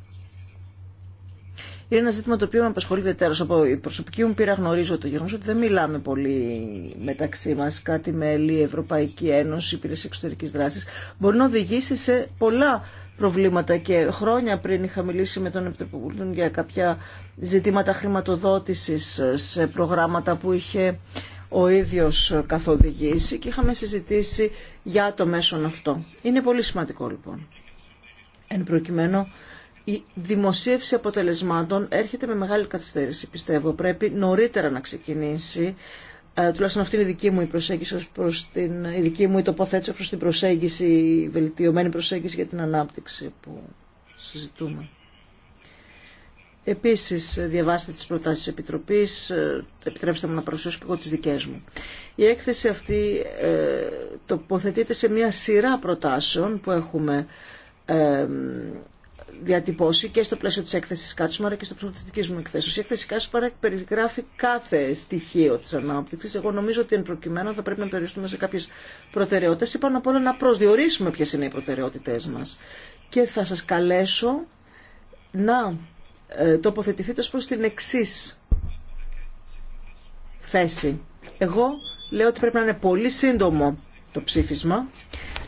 είναι ένα ζήτημα το οποίο με απασχολεί ιδιαίτερα. Από η προσωπική μου πείρα γνωρίζω το γεγονό ότι δεν μιλάμε πολύ μεταξύ μα. Κάτι μέλη, Ευρωπαϊκή Ένωση, Υπηρεσία Εξωτερική Δράση μπορεί να οδηγήσει σε πολλά προβλήματα και χρόνια πριν είχα μιλήσει με τον Επιτροπούλτον για κάποια ζητήματα χρηματοδότησης ε, σε προγράμματα που είχε ο ίδιος καθοδηγήσει και είχαμε συζητήσει για το μέσον αυτό. Είναι πολύ σημαντικό λοιπόν. Εν προκειμένου η δημοσίευση αποτελεσμάτων έρχεται με μεγάλη καθυστέρηση πιστεύω. Πρέπει νωρίτερα να ξεκινήσει ε, τουλάχιστον αυτή είναι η δική μου η προσέγγιση προς την, η δική μου η τοποθέτηση προς την προσέγγιση, η βελτιωμένη προσέγγιση για την ανάπτυξη που συζητούμε. Επίσης, διαβάστε τις προτάσεις της Επιτροπής, ε, επιτρέψτε μου να παρουσιάσω και εγώ τις δικές μου. Η έκθεση αυτή ε, τοποθετείται σε μια σειρά προτάσεων που έχουμε διατυπώσει και στο πλαίσιο της έκθεσης Κάτσμαρα και στο πλαίσιο μου εκθέσεως. Η έκθεση Κάτσμαρα περιγράφει κάθε στοιχείο τη ανάπτυξη. Εγώ νομίζω ότι εν προκειμένου θα πρέπει να περιοριστούμε σε κάποιε προτεραιότητε ή πάνω απ' όλα να προσδιορίσουμε ποιε είναι οι προτεραιότητες μα. Και θα σα καλέσω να ε, τοποθετηθείτε ω προς την εξή θέση. Εγώ λέω ότι πρέπει να είναι πολύ σύντομο το ψήφισμα,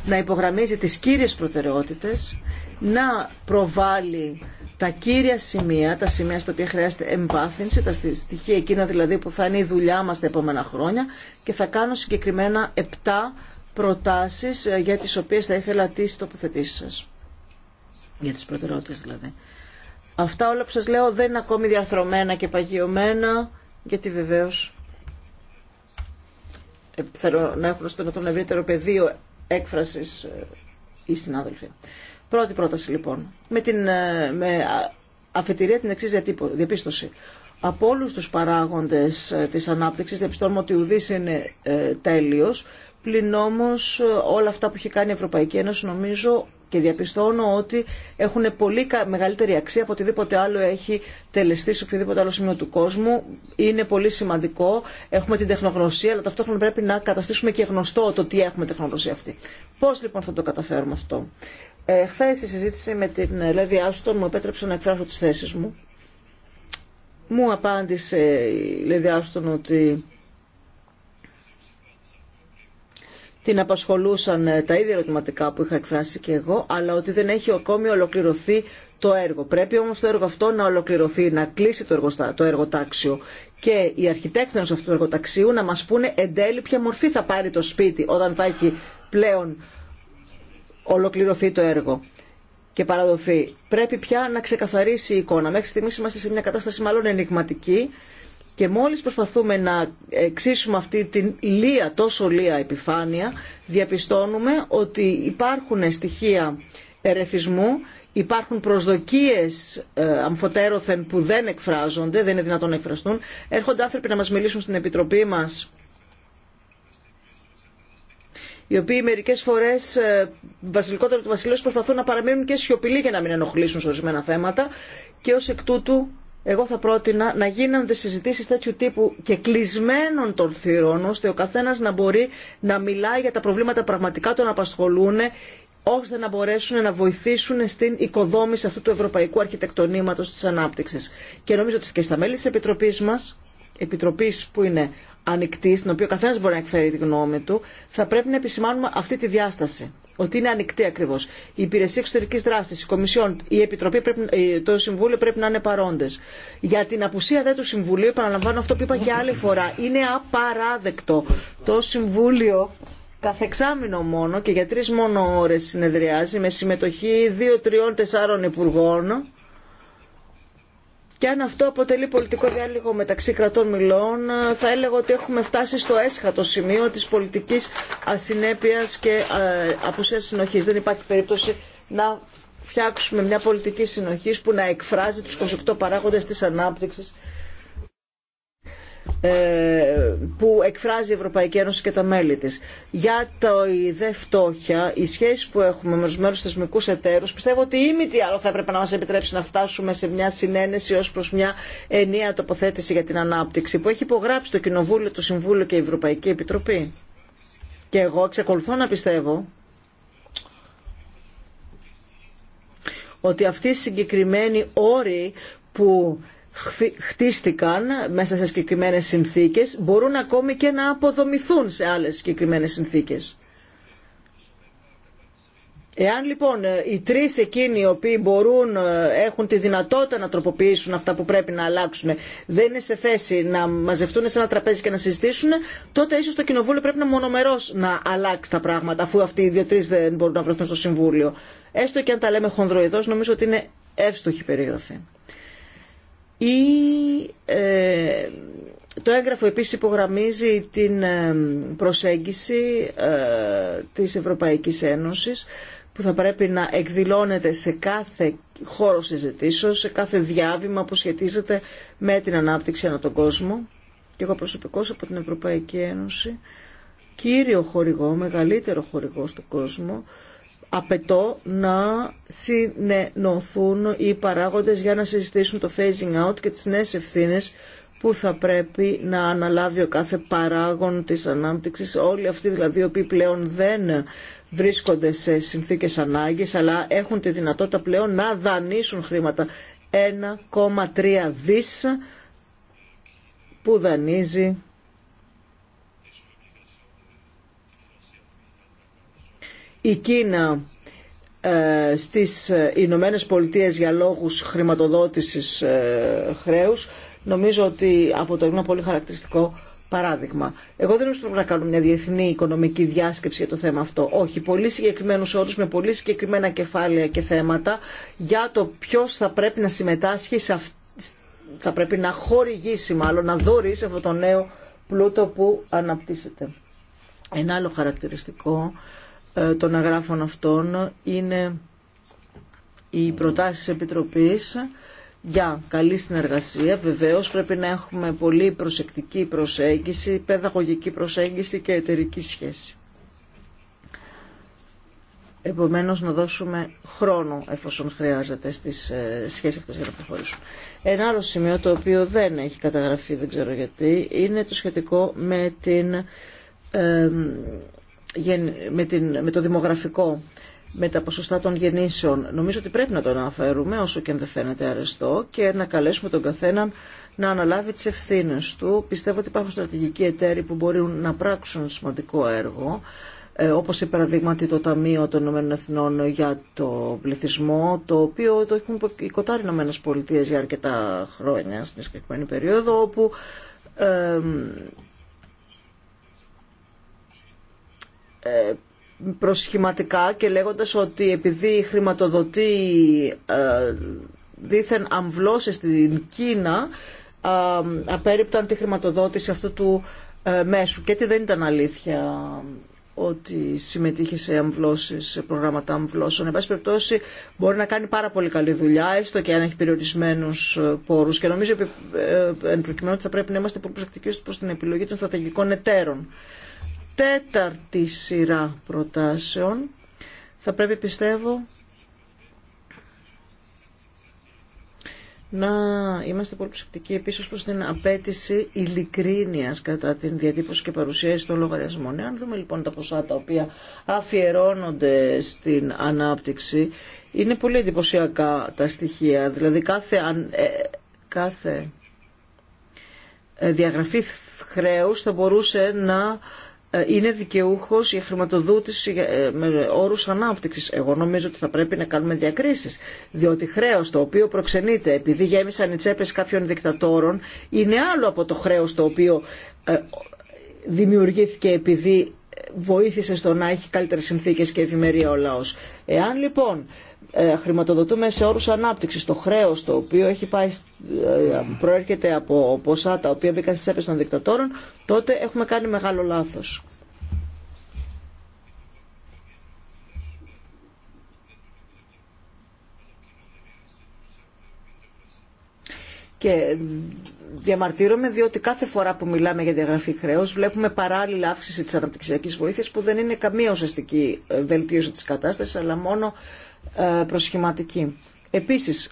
να υπογραμμίζει τις κύριες προτεραιότητες να προβάλλει τα κύρια σημεία, τα σημεία στα οποία χρειάζεται εμβάθυνση, τα στοιχεία εκείνα δηλαδή που θα είναι η δουλειά μας τα επόμενα χρόνια και θα κάνω συγκεκριμένα επτά προτάσεις ε, για τις οποίες θα ήθελα τις τοποθετήσεις σας. Για τις προτεραιότητες δηλαδή. Αυτά όλα που σας λέω δεν είναι ακόμη διαρθρωμένα και παγιωμένα, γιατί βεβαίω. Ε, θέλω να έχουν στον ευρύτερο πεδίο έκφρασης ε, οι συνάδελφοι. Πρώτη πρόταση λοιπόν. Με, την, ε, με αφετηρία την εξή διαπίστωση. Από όλου του παράγοντε ε, τη ανάπτυξη διαπιστώνουμε ότι ουδή είναι ε, τέλειο. Πλην όμω όλα αυτά που έχει κάνει η Ευρωπαϊκή Ένωση νομίζω και διαπιστώνω ότι έχουν πολύ μεγαλύτερη αξία από οτιδήποτε άλλο έχει τελεστεί σε οποιοδήποτε άλλο σημείο του κόσμου. Είναι πολύ σημαντικό. Έχουμε την τεχνογνωσία, αλλά ταυτόχρονα πρέπει να καταστήσουμε και γνωστό το τι έχουμε τεχνογνωσία αυτή. Πώ λοιπόν θα το καταφέρουμε αυτό. Ε, Χθε η συζήτηση με την ε, Λέβη Άστον μου επέτρεψε να εκφράσω τις θέσεις μου. Μου απάντησε η Λέβη Άστον ότι την απασχολούσαν ε, τα ίδια ερωτηματικά που είχα εκφράσει και εγώ, αλλά ότι δεν έχει ακόμη ολοκληρωθεί το έργο. Πρέπει όμως το έργο αυτό να ολοκληρωθεί, να κλείσει το, έργο το εργοτάξιο και οι αρχιτέκτονες αυτού του εργοταξίου να μας πούνε εν τέλει ποια μορφή θα πάρει το σπίτι όταν θα έχει πλέον ολοκληρωθεί το έργο και παραδοθεί. Πρέπει πια να ξεκαθαρίσει η εικόνα. Μέχρι στιγμής είμαστε σε μια κατάσταση μάλλον ενηγματική και μόλις προσπαθούμε να εξίσουμε αυτή την λία, τόσο λία επιφάνεια, διαπιστώνουμε ότι υπάρχουν στοιχεία ερεθισμού, υπάρχουν προσδοκίες ε, αμφωτέρωθεν που δεν εκφράζονται, δεν είναι δυνατόν να εκφραστούν. Έρχονται άνθρωποι να μας μιλήσουν στην Επιτροπή μας οι οποίοι μερικέ φορέ, ε, βασιλικότερο του βασιλείου προσπαθούν να παραμείνουν και σιωπηλοί για να μην ενοχλήσουν σε ορισμένα θέματα και ω εκ τούτου εγώ θα πρότεινα να γίνονται συζητήσει τέτοιου τύπου και κλεισμένων των θυρών ώστε ο καθένα να μπορεί να μιλάει για τα προβλήματα πραγματικά τον απασχολούν ώστε να μπορέσουν να βοηθήσουν στην οικοδόμηση αυτού του ευρωπαϊκού αρχιτεκτονήματος της ανάπτυξης. Και νομίζω ότι και στα μέλη της επιτροπή μα, επιτροπή που είναι ανοιχτή, στην οποία ο καθένα μπορεί να εκφέρει τη γνώμη του, θα πρέπει να επισημάνουμε αυτή τη διάσταση. Ότι είναι ανοιχτή ακριβώ. Η Υπηρεσία Εξωτερική Δράση, η Κομισιόν, η Επιτροπή, πρέπει, ε, το Συμβούλιο πρέπει να είναι παρόντε. Για την απουσία δε του Συμβουλίου, επαναλαμβάνω αυτό που είπα και άλλη φορά, είναι απαράδεκτο. Το Συμβούλιο καθεξάμεινο μόνο και για τρει μόνο ώρε συνεδριάζει με συμμετοχή δύο, τριών, τεσσάρων υπουργών και αν αυτό αποτελεί πολιτικό διάλογο μεταξύ κρατών μιλών, θα έλεγα ότι έχουμε φτάσει στο έσχατο σημείο της πολιτικής ασυνέπειας και ε, απουσίας συνοχής. Δεν υπάρχει περίπτωση να φτιάξουμε μια πολιτική συνοχής που να εκφράζει τους 28 παράγοντες της ανάπτυξης ε, που εκφράζει η Ευρωπαϊκή Ένωση και τα μέλη της. Για το η φτώχεια, οι που έχουμε με μέρους θεσμικού εταίρους, πιστεύω ότι ή μη τι άλλο θα έπρεπε να μας επιτρέψει να φτάσουμε σε μια συνένεση ως προς μια ενιαία τοποθέτηση για την ανάπτυξη που έχει υπογράψει το Κοινοβούλιο, το Συμβούλιο και η Ευρωπαϊκή Επιτροπή. Και εγώ εξακολουθώ να πιστεύω ότι αυτοί οι συγκεκριμένοι όροι που χτίστηκαν μέσα σε συγκεκριμένε συνθήκες μπορούν ακόμη και να αποδομηθούν σε άλλες συγκεκριμένε συνθήκες. Εάν λοιπόν ε, οι τρεις εκείνοι οι οποίοι μπορούν, ε, έχουν τη δυνατότητα να τροποποιήσουν αυτά που πρέπει να αλλάξουν, δεν είναι σε θέση να μαζευτούν σε ένα τραπέζι και να συζητήσουν, τότε ίσως το Κοινοβούλιο πρέπει να μονομερώς να αλλάξει τα πράγματα, αφού αυτοί οι δύο-τρεις δεν μπορούν να βρεθούν στο Συμβούλιο. Έστω και αν τα λέμε χονδροειδώς, νομίζω ότι είναι εύστοχη περιγραφή. Η, ε, το έγγραφο επίσης υπογραμμίζει την ε, προσέγγιση ε, της Ευρωπαϊκής Ένωσης που θα πρέπει να εκδηλώνεται σε κάθε χώρο συζητήσεως, σε κάθε διάβημα που σχετίζεται με την ανάπτυξη ανά τον κόσμο. Και εγώ προσωπικώς από την Ευρωπαϊκή Ένωση, κύριο χορηγό, μεγαλύτερο χορηγό στον κόσμο, απαιτώ να συνενωθούν οι παράγοντες για να συζητήσουν το phasing out και τις νέες ευθύνες που θα πρέπει να αναλάβει ο κάθε παράγον της ανάπτυξης. Όλοι αυτοί δηλαδή οι οποίοι πλέον δεν βρίσκονται σε συνθήκες ανάγκης αλλά έχουν τη δυνατότητα πλέον να δανείσουν χρήματα. 1,3 δις που δανείζει η Κίνα ε, στις Ηνωμένε Πολιτείε για λόγους χρηματοδότησης ε, χρέους νομίζω ότι το ένα πολύ χαρακτηριστικό παράδειγμα. Εγώ δεν νομίζω πρέπει να κάνουμε μια διεθνή οικονομική διάσκεψη για το θέμα αυτό. Όχι, πολύ συγκεκριμένου όρου με πολύ συγκεκριμένα κεφάλαια και θέματα για το ποιο θα πρέπει να συμμετάσχει σε θα πρέπει να χορηγήσει μάλλον, να δωρεί σε αυτό το νέο πλούτο που αναπτύσσεται. Ένα άλλο χαρακτηριστικό ε, των αγράφων αυτών είναι οι προτάσεις Επιτροπής για καλή συνεργασία. Βεβαίως πρέπει να έχουμε πολύ προσεκτική προσέγγιση, παιδαγωγική προσέγγιση και εταιρική σχέση. Επομένως να δώσουμε χρόνο εφόσον χρειάζεται στις ε, σχέσεις αυτές για να προχωρήσουν. Ένα άλλο σημείο το οποίο δεν έχει καταγραφεί, δεν ξέρω γιατί, είναι το σχετικό με την ε, με, την, με το δημογραφικό, με τα ποσοστά των γεννήσεων. Νομίζω ότι πρέπει να το αναφέρουμε όσο και αν δεν φαίνεται αρεστό και να καλέσουμε τον καθέναν να αναλάβει τις ευθύνες του. Πιστεύω ότι υπάρχουν στρατηγικοί εταίροι που μπορούν να πράξουν σημαντικό έργο ε, όπως η παραδείγματι το Ταμείο των Εθνών για το πληθυσμό, το οποίο το έχουν οικοτάρει οι για αρκετά χρόνια στην συγκεκριμένη περίοδο, όπου ε, Ε, προσχηματικά και λέγοντας ότι επειδή χρηματοδοτεί ε, δήθεν αμβλώσεις στην Κίνα ε, απέριπταν τη χρηματοδότηση αυτού του μέσου και ότι δεν ήταν αλήθεια ότι συμμετείχε σε αμβλώσεις, σε προγράμματα αμβλώσεων. Εν πάση περιπτώσει μπορεί να κάνει πάρα πολύ καλή δουλειά, έστω και αν έχει περιορισμένου πόρους και νομίζω εν προκειμένου ότι θα πρέπει να είμαστε πολύ προσεκτικοί προς την επιλογή των στρατηγικών εταίρων τέταρτη σειρά προτάσεων. Θα πρέπει πιστεύω να είμαστε πολύ ψηφτικοί επίσης προς την απέτηση ειλικρίνειας κατά την διατύπωση και παρουσίαση των λογαριασμών. Αν δούμε λοιπόν τα ποσά τα οποία αφιερώνονται στην ανάπτυξη, είναι πολύ εντυπωσιακά τα στοιχεία. Δηλαδή κάθε, ε, κάθε ε, διαγραφή χρέους θα μπορούσε να ε, είναι δικαιούχο για χρηματοδότηση ε, με όρους ανάπτυξης. Εγώ νομίζω ότι θα πρέπει να κάνουμε διακρίσεις, διότι χρέος το οποίο προξενείται επειδή γέμισαν οι τσέπε κάποιων δικτατόρων είναι άλλο από το χρέος το οποίο ε, δημιουργήθηκε επειδή βοήθησε στο να έχει καλύτερες συνθήκες και ευημερία ο λαό. Εάν λοιπόν ε, χρηματοδοτούμε σε όρους ανάπτυξης. Το χρέος το οποίο έχει πάει, ε, προέρχεται από ποσά τα οποία μπήκαν στις έπαιρες των δικτατόρων, τότε έχουμε κάνει μεγάλο λάθος. Και διαμαρτύρομαι διότι κάθε φορά που μιλάμε για διαγραφή χρέους βλέπουμε παράλληλα αύξηση της αναπτυξιακής βοήθειας που δεν είναι καμία ουσιαστική ε, βελτίωση της κατάστασης αλλά μόνο ε, προσχηματική. Επίσης,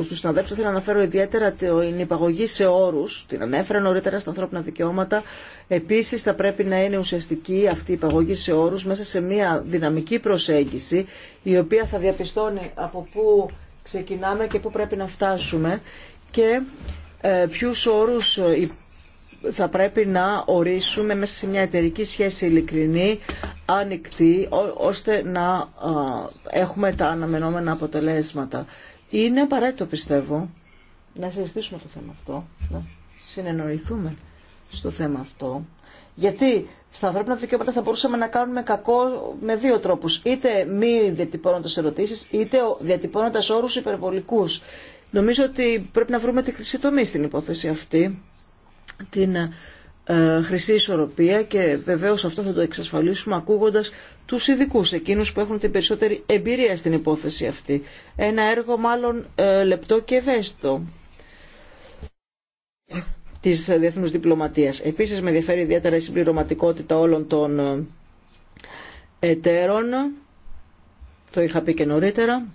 στου συναδέλφου, θέλω να αναφέρω ιδιαίτερα την υπαγωγή σε όρους, την ανέφερα νωρίτερα στα ανθρώπινα δικαιώματα. Επίσης, θα πρέπει να είναι ουσιαστική αυτή η υπαγωγή σε όρους μέσα σε μια δυναμική προσέγγιση, η οποία θα διαπιστώνει από πού ξεκινάμε και πού πρέπει να φτάσουμε και ε, Ποιου όρου ε, θα πρέπει να ορίσουμε μέσα σε μια εταιρική σχέση ειλικρινή, ανοιχτή, ώστε να έχουμε τα αναμενόμενα αποτελέσματα. Είναι απαραίτητο πιστεύω να συζητήσουμε το θέμα αυτό, να συνεννοηθούμε στο θέμα αυτό. Γιατί στα ανθρώπινα δικαιώματα θα μπορούσαμε να κάνουμε κακό με δύο τρόπους. Είτε μη διατυπώνοντας ερωτήσεις, είτε διατυπώνοντας όρους υπερβολικούς. Νομίζω ότι πρέπει να βρούμε τη χρυσή τομή στην υπόθεση αυτή, την ε, χρυσή ισορροπία και βεβαίως αυτό θα το εξασφαλίσουμε ακούγοντας τους ειδικού, εκείνους που έχουν την περισσότερη εμπειρία στην υπόθεση αυτή. Ένα έργο μάλλον ε, λεπτό και ευαίσθητο της διεθνούς διπλωματίας. Επίσης με ενδιαφέρει ιδιαίτερα η συμπληρωματικότητα όλων των ε, εταίρων, το είχα πει και νωρίτερα.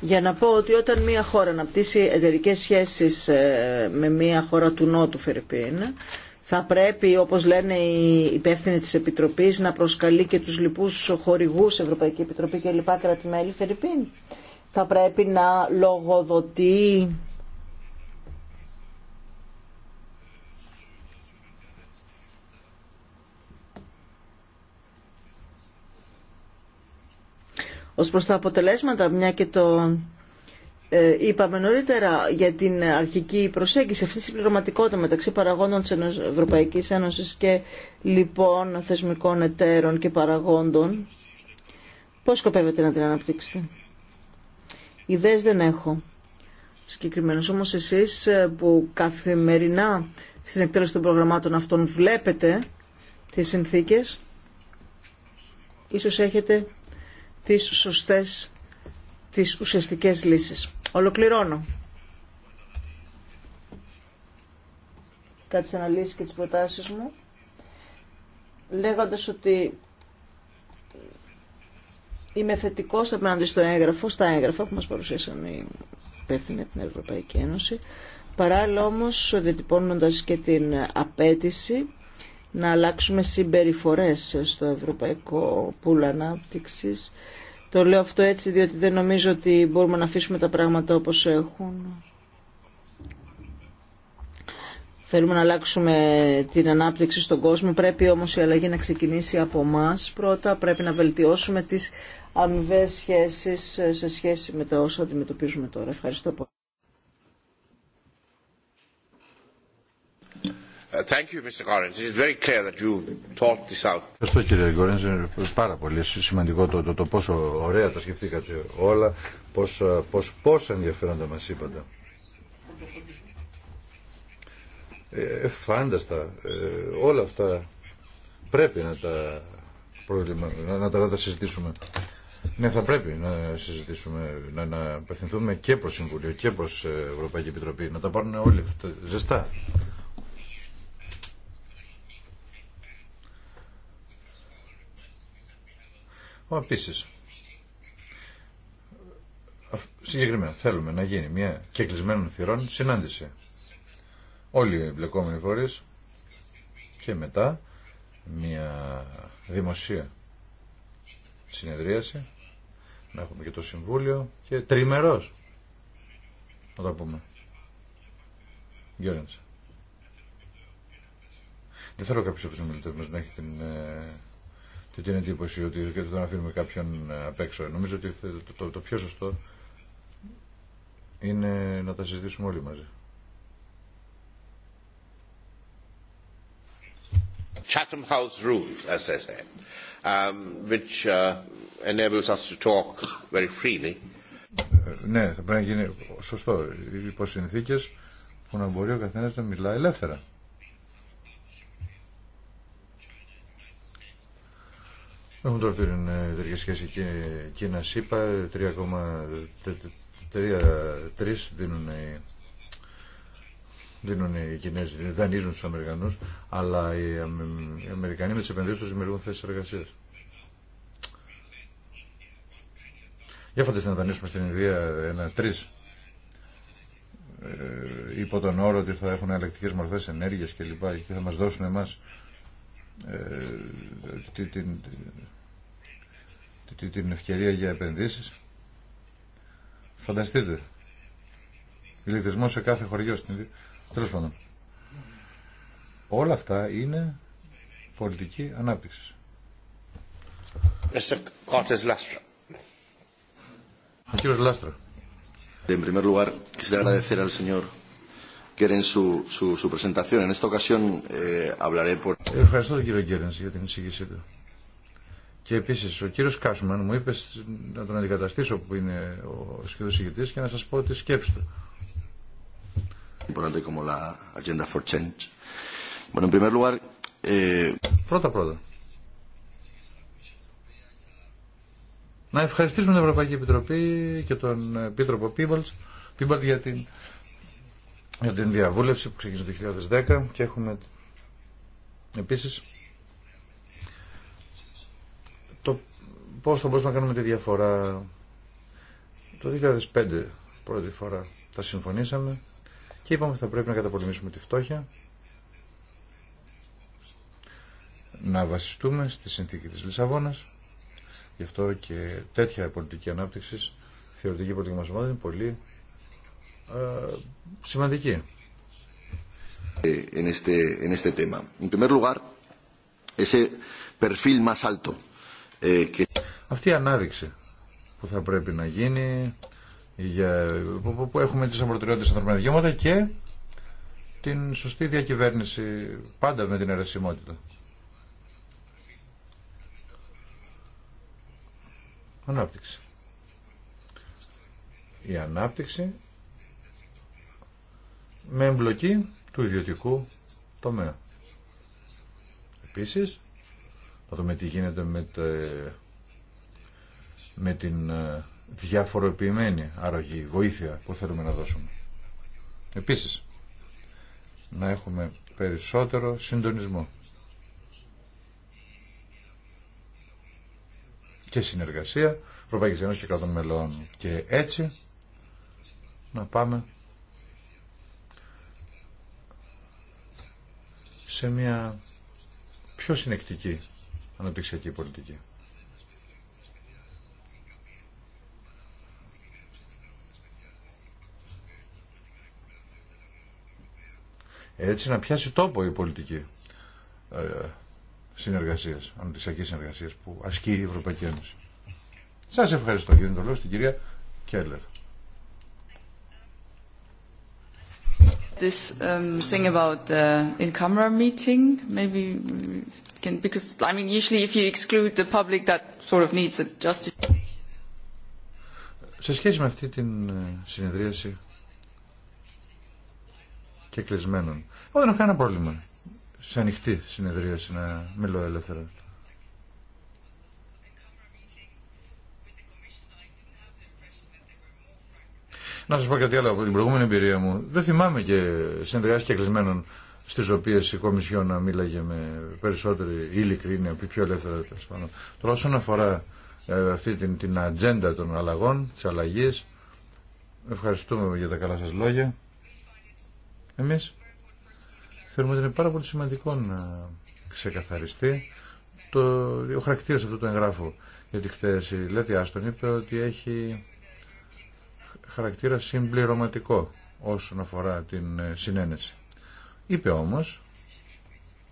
για να πω ότι όταν μια χώρα αναπτύσσει εταιρικέ σχέσεις ε, με μια χώρα του Νότου Φερρυπίν, θα πρέπει, όπως λένε οι υπεύθυνοι της Επιτροπής, να προσκαλεί και τους λοιπού χορηγού Ευρωπαϊκή Επιτροπή και λοιπά κράτη-μέλη Φερρυπίν. Θα πρέπει να λογοδοτεί Ως προς τα αποτελέσματα, μια και το ε, είπαμε νωρίτερα για την αρχική προσέγγιση αυτή η πληρωματικότητα μεταξύ παραγόντων της Ευρωπαϊκής Ένωσης και λοιπόν θεσμικών εταίρων και παραγόντων, πώς σκοπεύετε να την αναπτύξετε. Ιδέες δεν έχω. Συγκεκριμένω όμως εσείς ε, που καθημερινά στην εκτέλεση των προγραμμάτων αυτών βλέπετε τις συνθήκες, ίσως έχετε τις σωστές, τις ουσιαστικές λύσεις. Ολοκληρώνω. Κάτι αναλύσει και τις προτάσεις μου, λέγοντας ότι είμαι θετικό απέναντι στο έγγραφο, στα έγγραφα που μας παρουσίασαν οι υπεύθυνοι από την Ευρωπαϊκή Ένωση, παράλληλα όμως διατυπώνοντας και την απέτηση να αλλάξουμε συμπεριφορές στο Ευρωπαϊκό Πούλ Ανάπτυξης το λέω αυτό έτσι διότι δεν νομίζω ότι μπορούμε να αφήσουμε τα πράγματα όπως έχουν. Θέλουμε να αλλάξουμε την ανάπτυξη στον κόσμο. Πρέπει όμως η αλλαγή να ξεκινήσει από εμά πρώτα. Πρέπει να βελτιώσουμε τις αμοιβές σχέσεις σε σχέση με τα όσα αντιμετωπίζουμε τώρα. Ευχαριστώ πολύ. Ευχαριστώ κύριε Γκόρεντζ. είναι πάρα πολύ σημαντικό το, το, πόσο ωραία τα σκεφτήκατε όλα, πόσο πώς, πώς ενδιαφέροντα μας είπατε. Ε, φάνταστα, ε, όλα αυτά πρέπει να τα, προβλημα, να, τα, να τα συζητήσουμε. Ναι, θα πρέπει να συζητήσουμε, να, να απευθυνθούμε και προς Συμβουλίο και προς ε, Ευρωπαϊκή Επιτροπή, να τα πάρουν όλοι ζεστά Επίση, συγκεκριμένα θέλουμε να γίνει μια κεκλεισμένων θυρών συνάντηση. Όλοι οι εμπλεκόμενοι φορεί και μετά μια δημοσία συνεδρίαση να έχουμε και το Συμβούλιο και τριμερός να τα πούμε. Δεν θέλω κάποιος από τους να έχει την ε, και την εντύπωση ότι δεν τον αφήνουμε κάποιον ε, απ' έξω. Νομίζω ότι το, πιο σωστό είναι να τα συζητήσουμε όλοι μαζί. Chatham House rules, as um, which uh, enables us to talk very freely. Ε, ναι, θα πρέπει να γίνει σωστό υπό συνθήκε που να μπορεί ο καθένα να μιλά ελεύθερα. Έχουν τώρα την ε, εταιρική σχέση Κίνα-ΣΥΠΑ, 3,3 δίνουν οι, δίνουν οι Κινέζοι, δανείζουν στους Αμερικανούς, αλλά οι, Αμερικανοί με τις επενδύσεις τους δημιουργούν θέσεις εργασίας. Για φανταστείτε να δανείσουμε στην Ινδία ένα τρεις ε, υπό τον όρο ότι θα έχουν αλλακτικές μορφές ενέργειας και και θα μας δώσουν εμάς ε, την, την ευκαιρία για επενδύσεις. Φανταστείτε. Ηλεκτρισμό σε κάθε χωριό στην τέλος πάντων. Όλα αυτά είναι πολιτική ανάπτυξη. Ο κύριος Λάστρα. En primer lugar, quisiera agradecer al señor presentación. En esta ocasión eh, hablaré por... Ευχαριστώ τον κύριο Κέρενς για την εισήγησή του. Και επίση ο κύριο Κάσμαν μου είπε να τον αντικαταστήσω που είναι ο σχεδόν συγκεκριτής και να σα πω τη σκέψη του. Eh, πρώτα πρώτα. Να ευχαριστήσουμε την Ευρωπαϊκή Επιτροπή και τον πίτροπο Πίμπαλτ για την για την διαβούλευση που ξεκίνησε το 2010 και έχουμε επίσης το πώς θα μπορούσαμε να κάνουμε τη διαφορά. Το 2005 πρώτη φορά τα συμφωνήσαμε και είπαμε ότι θα πρέπει να καταπολεμήσουμε τη φτώχεια να βασιστούμε στη συνθήκη της Λισαβόνας γι' αυτό και τέτοια πολιτική ανάπτυξη θεωρητική πολιτική μας ομάδα είναι πολύ ε, σημαντική. En este, en este primer lugar, ese perfil más alto, Αυτή η ανάδειξη που θα πρέπει να γίνει για, που, που έχουμε τις αμπροτεραιότητες ανθρωπινά δικαιώματα και την σωστή διακυβέρνηση πάντα με την αιρεσιμότητα. Ανάπτυξη. Η ανάπτυξη με εμπλοκή του ιδιωτικού τομέα. Επίσης, να δούμε τι γίνεται με, με την ε, διαφοροποιημένη αρρωγή, βοήθεια που θέλουμε να δώσουμε. Επίσης, να έχουμε περισσότερο συντονισμό και συνεργασία Ευρωπαϊκής και Κρατών Μελών και έτσι να πάμε σε μια πιο συνεκτική αναπτυξιακή πολιτική. Έτσι να πιάσει τόπο η πολιτική ε, συνεργασίας, αναπτυξιακή συνεργασίας που ασκεί η Ευρωπαϊκή Ένωση. Σας ευχαριστώ και δίνω το στην κυρία Κέλλερ. This um, thing about the in-camera meeting, maybe can because I mean usually if you exclude the public that sort of needs a justification. Σε σχέση με αυτή την συνεδρίαση και κλεισμένων, εγώ δεν έχω κανένα πρόβλημα σε ανοιχτή συνεδρίαση να μιλώ ελεύθερα. Να σα πω κάτι άλλο από την προηγούμενη εμπειρία μου. Δεν θυμάμαι και συνεδριάσει και κλεισμένων στι οποίε η Κομισιόν να μίλαγε με περισσότερη ειλικρίνεια, πιο ελεύθερα τέλο Τώρα, όσον αφορά ε, αυτή την, την ατζέντα των αλλαγών, τη αλλαγή, ευχαριστούμε για τα καλά σα λόγια. Εμεί θεωρούμε ότι είναι πάρα πολύ σημαντικό να ξεκαθαριστεί το, ο χαρακτήρα αυτού του εγγράφου. Γιατί χθε η Λέθη Άστον είπε ότι έχει χαρακτήρα συμπληρωματικό όσον αφορά την ε, συνένεση. Είπε όμως,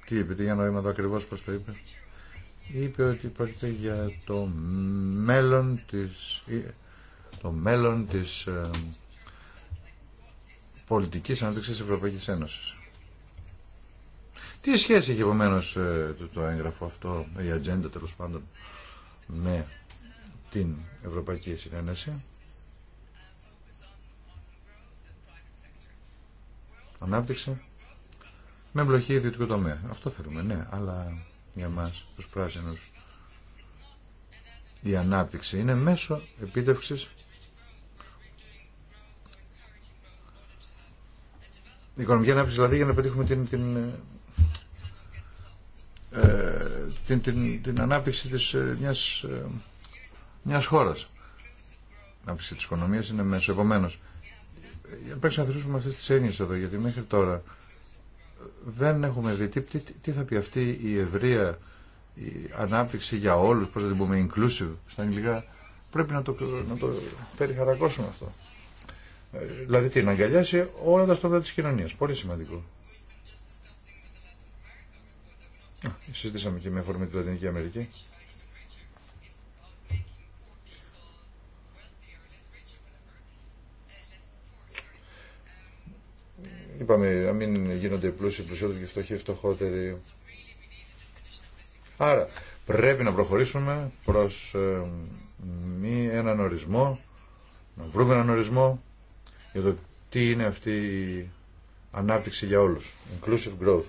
τι είπε, τι για νόημα εδώ ακριβώς πώς το είπε, είπε ότι πρόκειται για το μέλλον της, ε, το μέλλον της ε, πολιτικής ανάπτυξης της Ευρωπαϊκής Ένωσης. Τι σχέση έχει επομένω ε, το, το έγγραφο αυτό, η ατζέντα τέλο πάντων, με την Ευρωπαϊκή Συνένεση. ανάπτυξη με εμπλοχή ιδιωτικού τομέα. Αυτό θέλουμε, ναι, αλλά για εμά, του πράσινου. η ανάπτυξη είναι μέσο επίτευξη. η οικονομική ανάπτυξη δηλαδή για να πετύχουμε την, την, ε, την, την, ανάπτυξη της, ε, μιας, ε, μιας χώρας. Η ανάπτυξη της οικονομίας είναι μέσο. Επομένως, πρέπει να θεωρήσουμε αυτές τις έννοιες εδώ, γιατί μέχρι τώρα δεν έχουμε δει τι, θα πει αυτή η ευρεία η ανάπτυξη για όλους, πώς θα την πούμε, inclusive στα αγγλικά. Πρέπει να το, να το περιχαρακώσουμε αυτό. Ε, δηλαδή τι, να αγκαλιάσει όλα τα στόματα της κοινωνίας. Πολύ σημαντικό. Συζητήσαμε και με αφορμή τη Λατινική Αμερική. Είπαμε να μην γίνονται πλούσιοι πλουσιότεροι και φτωχοί φτωχότεροι. Άρα πρέπει να προχωρήσουμε προς ε, έναν ορισμό, να βρούμε έναν ορισμό για το τι είναι αυτή η ανάπτυξη για όλους. Inclusive growth.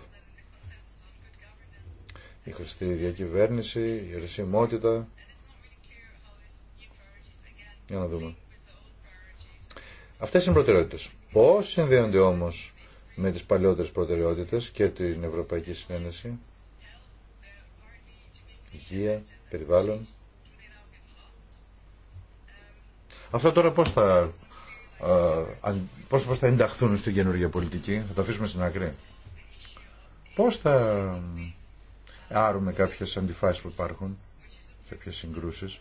Η χρηστή διακυβέρνηση, η ρησιμότητα. Για να δούμε. Αυτές είναι οι προτεραιότητες. Πώς συνδέονται όμως με τις παλαιότερες προτεραιότητες και την Ευρωπαϊκή Συνένεση, υγεία, περιβάλλον. Αυτά τώρα πώς θα, πώς, πώς θα ενταχθούν στην καινούργια πολιτική, θα τα αφήσουμε στην άκρη. Πώς θα άρουμε κάποιες αντιφάσεις που υπάρχουν, κάποιες συγκρούσεις.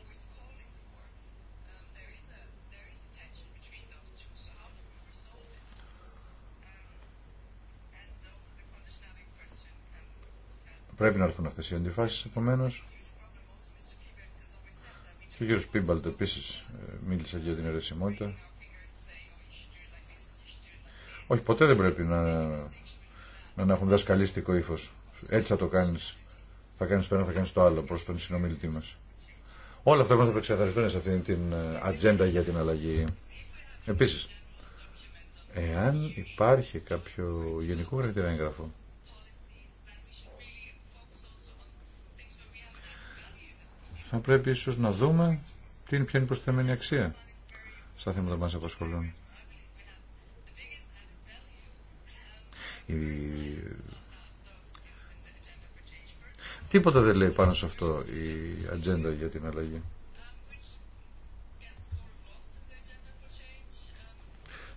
Πρέπει να έρθουν αυτές οι αντιφάσεις επομένω. Και ο κ. Πίμπαλτ επίση ε, μίλησε για την αιρεσιμότητα. Όχι, ποτέ δεν πρέπει να, να, να έχουν δασκαλίστικο ύφο. Έτσι θα το κάνει. Θα κάνει το ένα, θα κάνει το άλλο προ τον συνομιλητή μα. Όλα αυτά πρέπει να ξεκαθαριστούν σε αυτή την ε, ατζέντα για την αλλαγή. Επίση, εάν υπάρχει κάποιο γενικό κρατήρα έγγραφο θα πρέπει ίσως να δούμε τι είναι, ποια είναι η προσθεμένη αξία στα θέματα που μας απασχολούν. Η... Τίποτα δεν λέει πάνω σε αυτό η ατζέντα για την αλλαγή.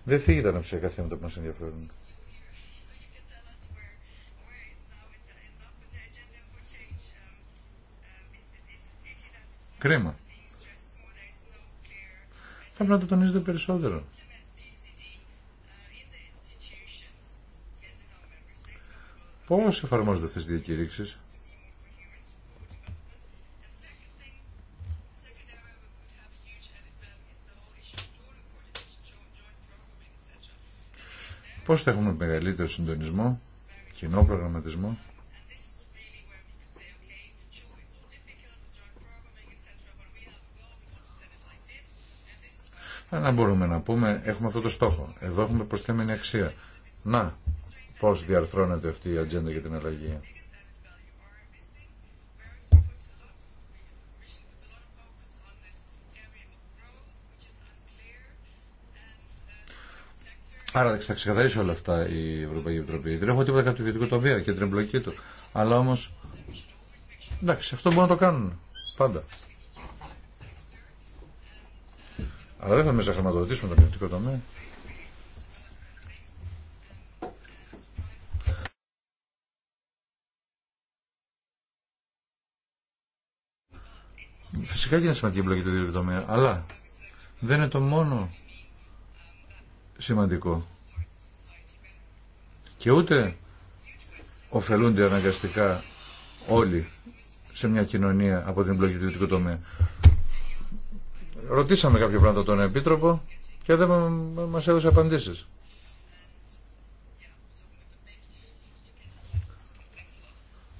Δεν φύγει τα αναψιακά θέματα που μας ενδιαφέρουν. Κρέμα. Θα πρέπει να το τονίζετε περισσότερο. Πώς εφαρμόζονται αυτές τις διακηρύξεις. Πώς θα έχουμε μεγαλύτερο συντονισμό, κοινό προγραμματισμό. Ε, να μπορούμε να πούμε έχουμε αυτό το στόχο. Εδώ έχουμε προσθέμενη αξία. Να, πώς διαρθρώνεται αυτή η ατζέντα για την αλλαγή. Άρα θα ξεκαθαρίσει όλα αυτά η Ευρωπαϊκή Επιτροπή. Δεν έχω τίποτα από το ιδιωτικού τομέα και την εμπλοκή του. Αλλά όμως, Εντάξει, αυτό μπορούν να το κάνουν. Πάντα. Αλλά δεν θα μέσα χρηματοδοτήσουμε τον ιδιωτικό τομέα. Φυσικά και είναι σημαντική εμπλοκή του ιδιωτικού τομέα, αλλά δεν είναι το μόνο σημαντικό. Και ούτε ωφελούνται αναγκαστικά όλοι σε μια κοινωνία από την εμπλοκή του ιδιωτικού τομέα ρωτήσαμε κάποιο πράγματα τον Επίτροπο και δεν μας έδωσε απαντήσεις.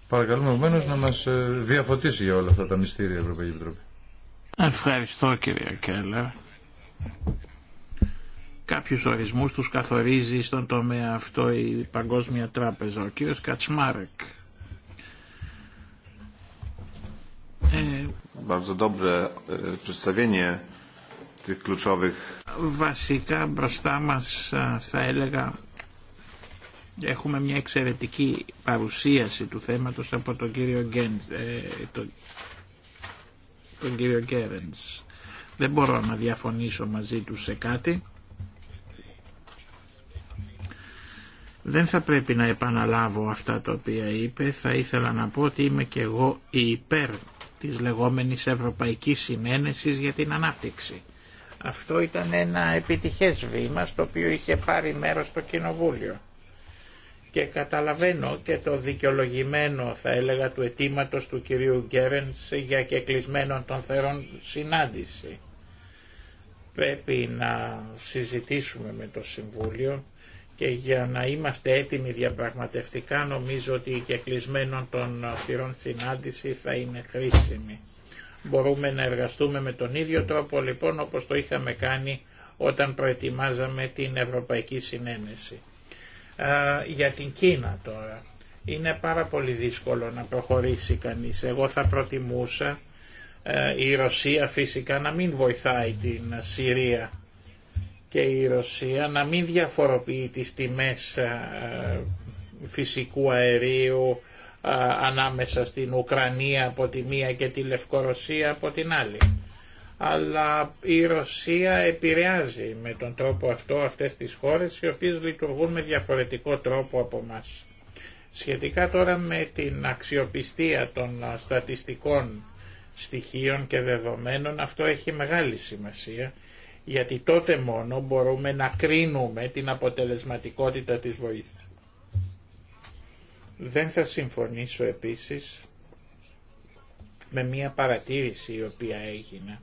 Παρακαλούμε ομένω να μας ε, διαφωτίσει για όλα αυτά τα μυστήρια η Ευρωπαϊκή Επιτροπή. Ευχαριστώ κύριε Κέλλερ. Κάποιους ορισμούς τους καθορίζει στον τομέα αυτό η Παγκόσμια Τράπεζα. Ο κύριος Κατσμάρεκ. Ε, E, Βασικά μπροστά μας θα έλεγα έχουμε μια εξαιρετική παρουσίαση του θέματος από τον κύριο, Γκέντς, ε, τον, Δεν μπορώ να διαφωνήσω μαζί του σε κάτι. Δεν θα πρέπει να επαναλάβω αυτά τα οποία είπε, θα ήθελα να πω ότι είμαι και εγώ υπέρ της λεγόμενης Ευρωπαϊκής Συνένεσης για την Ανάπτυξη. Αυτό ήταν ένα επιτυχές βήμα στο οποίο είχε πάρει μέρος το Κοινοβούλιο. Και καταλαβαίνω και το δικαιολογημένο θα έλεγα του αιτήματο του κυρίου Γκέρενς για κεκλεισμένων των θερών συνάντηση. Πρέπει να συζητήσουμε με το Συμβούλιο και για να είμαστε έτοιμοι διαπραγματευτικά νομίζω ότι η κεκλεισμένων των θυρών συνάντηση θα είναι χρήσιμη. Μπορούμε να εργαστούμε με τον ίδιο τρόπο λοιπόν όπως το είχαμε κάνει όταν προετοιμάζαμε την Ευρωπαϊκή Συνένεση. για την Κίνα τώρα. Είναι πάρα πολύ δύσκολο να προχωρήσει κανείς. Εγώ θα προτιμούσα ε, η Ρωσία φυσικά να μην βοηθάει την Συρία και η Ρωσία να μην διαφοροποιεί τις τιμές ε, φυσικού αερίου ε, ανάμεσα στην Ουκρανία από τη μία και τη Λευκορωσία από την άλλη. Αλλά η Ρωσία επηρεάζει με τον τρόπο αυτό αυτές τις χώρες οι οποίες λειτουργούν με διαφορετικό τρόπο από μας. Σχετικά τώρα με την αξιοπιστία των ε, στατιστικών στοιχείων και δεδομένων αυτό έχει μεγάλη σημασία γιατί τότε μόνο μπορούμε να κρίνουμε την αποτελεσματικότητα της βοήθειας. Δεν θα συμφωνήσω επίσης με μία παρατήρηση η οποία έγινε.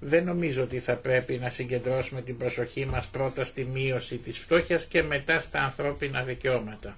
Δεν νομίζω ότι θα πρέπει να συγκεντρώσουμε την προσοχή μας πρώτα στη μείωση της φτώχειας και μετά στα ανθρώπινα δικαιώματα.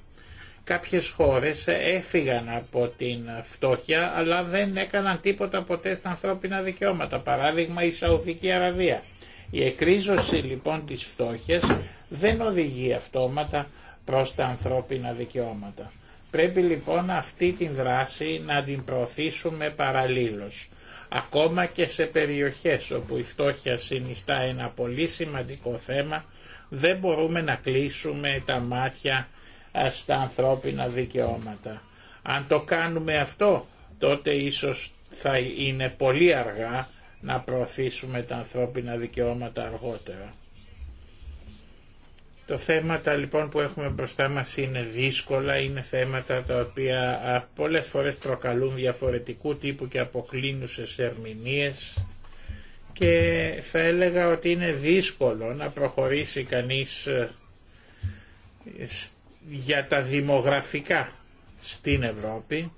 Κάποιες χώρες έφυγαν από την φτώχεια αλλά δεν έκαναν τίποτα ποτέ στα ανθρώπινα δικαιώματα. Παράδειγμα η Σαουδική Αραβία. Η εκρίζωση λοιπόν της φτώχειας δεν οδηγεί αυτόματα προς τα ανθρώπινα δικαιώματα. Πρέπει λοιπόν αυτή την δράση να την προωθήσουμε παραλήλως. Ακόμα και σε περιοχές όπου η φτώχεια συνιστά ένα πολύ σημαντικό θέμα, δεν μπορούμε να κλείσουμε τα μάτια στα ανθρώπινα δικαιώματα. Αν το κάνουμε αυτό, τότε ίσως θα είναι πολύ αργά να προωθήσουμε τα ανθρώπινα δικαιώματα αργότερα. Το θέματα λοιπόν που έχουμε μπροστά μας είναι δύσκολα, είναι θέματα τα οποία πολλές φορές προκαλούν διαφορετικού τύπου και αποκλίνουσες ερμηνείες και θα έλεγα ότι είναι δύσκολο να προχωρήσει κανείς ε, για τα δημογραφικά στην Ευρώπη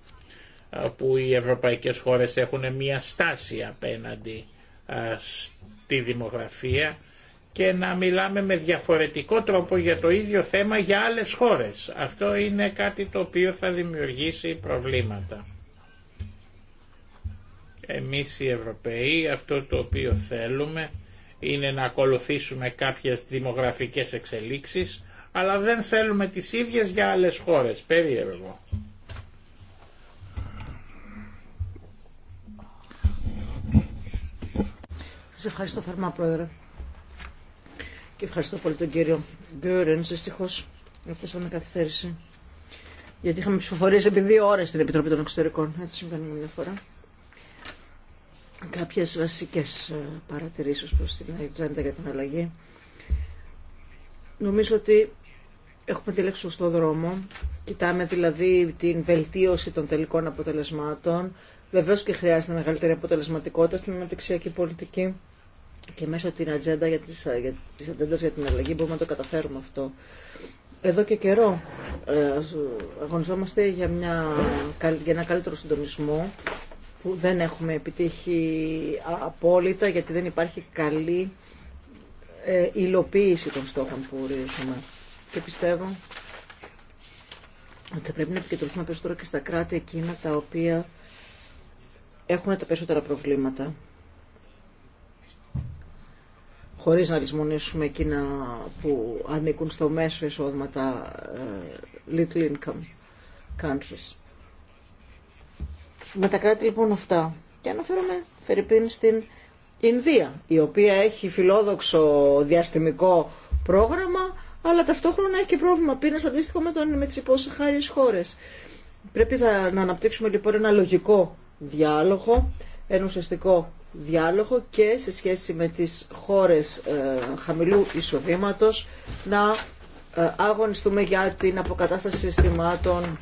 ε, που οι ευρωπαϊκές χώρες έχουν μια στάση απέναντι ε, στη δημογραφία και να μιλάμε με διαφορετικό τρόπο για το ίδιο θέμα για άλλες χώρες. Αυτό είναι κάτι το οποίο θα δημιουργήσει προβλήματα. Εμείς οι Ευρωπαίοι αυτό το οποίο θέλουμε είναι να ακολουθήσουμε κάποιες δημογραφικές εξελίξεις αλλά δεν θέλουμε τις ίδιες για άλλες χώρες. Περίεργο. Σας ευχαριστώ θερμά, Πρόεδρε. Και ευχαριστώ πολύ τον κύριο Γκέρεν. Δυστυχώ με καθυστέρηση. Γιατί είχαμε ψηφοφορίε επί δύο ώρε στην Επιτροπή των Εξωτερικών. Έτσι συμβαίνει μια φορά. Κάποιε βασικέ ε, παρατηρήσει προ την ατζέντα για την αλλαγή. Νομίζω ότι έχουμε διαλέξει σωστό δρόμο. Κοιτάμε δηλαδή την βελτίωση των τελικών αποτελεσμάτων. Βεβαίω και χρειάζεται μεγαλύτερη αποτελεσματικότητα στην αναπτυξιακή πολιτική και μέσω την ατζέντα για τις, για τις για την αλλαγή μπορούμε να το καταφέρουμε αυτό. Εδώ και καιρό ε, αγωνιζόμαστε για, μια, για ένα καλύτερο συντονισμό που δεν έχουμε επιτύχει απόλυτα γιατί δεν υπάρχει καλή ε, υλοποίηση των στόχων που ορίζουμε. Και πιστεύω ότι θα πρέπει να επικεντρωθούμε περισσότερο και στα κράτη εκείνα τα οποία έχουν τα περισσότερα προβλήματα. Χωρίς να λησμονήσουμε εκείνα που ανήκουν στο μέσο εισόδημα τα ε, little income countries. Με τα κράτη λοιπόν αυτά. Και αναφέρομαι, Φερρυπίν, στην Ινδία, η οποία έχει φιλόδοξο διαστημικό πρόγραμμα, αλλά ταυτόχρονα έχει και πρόβλημα πείνας αντίστοιχο με, τον, με τις χώρες. Πρέπει να αναπτύξουμε λοιπόν ένα λογικό διάλογο, ένα ουσιαστικό διάλογο και σε σχέση με τις χώρες ε, χαμηλού εισοδήματος να ε, αγωνιστούμε για την αποκατάσταση συστημάτων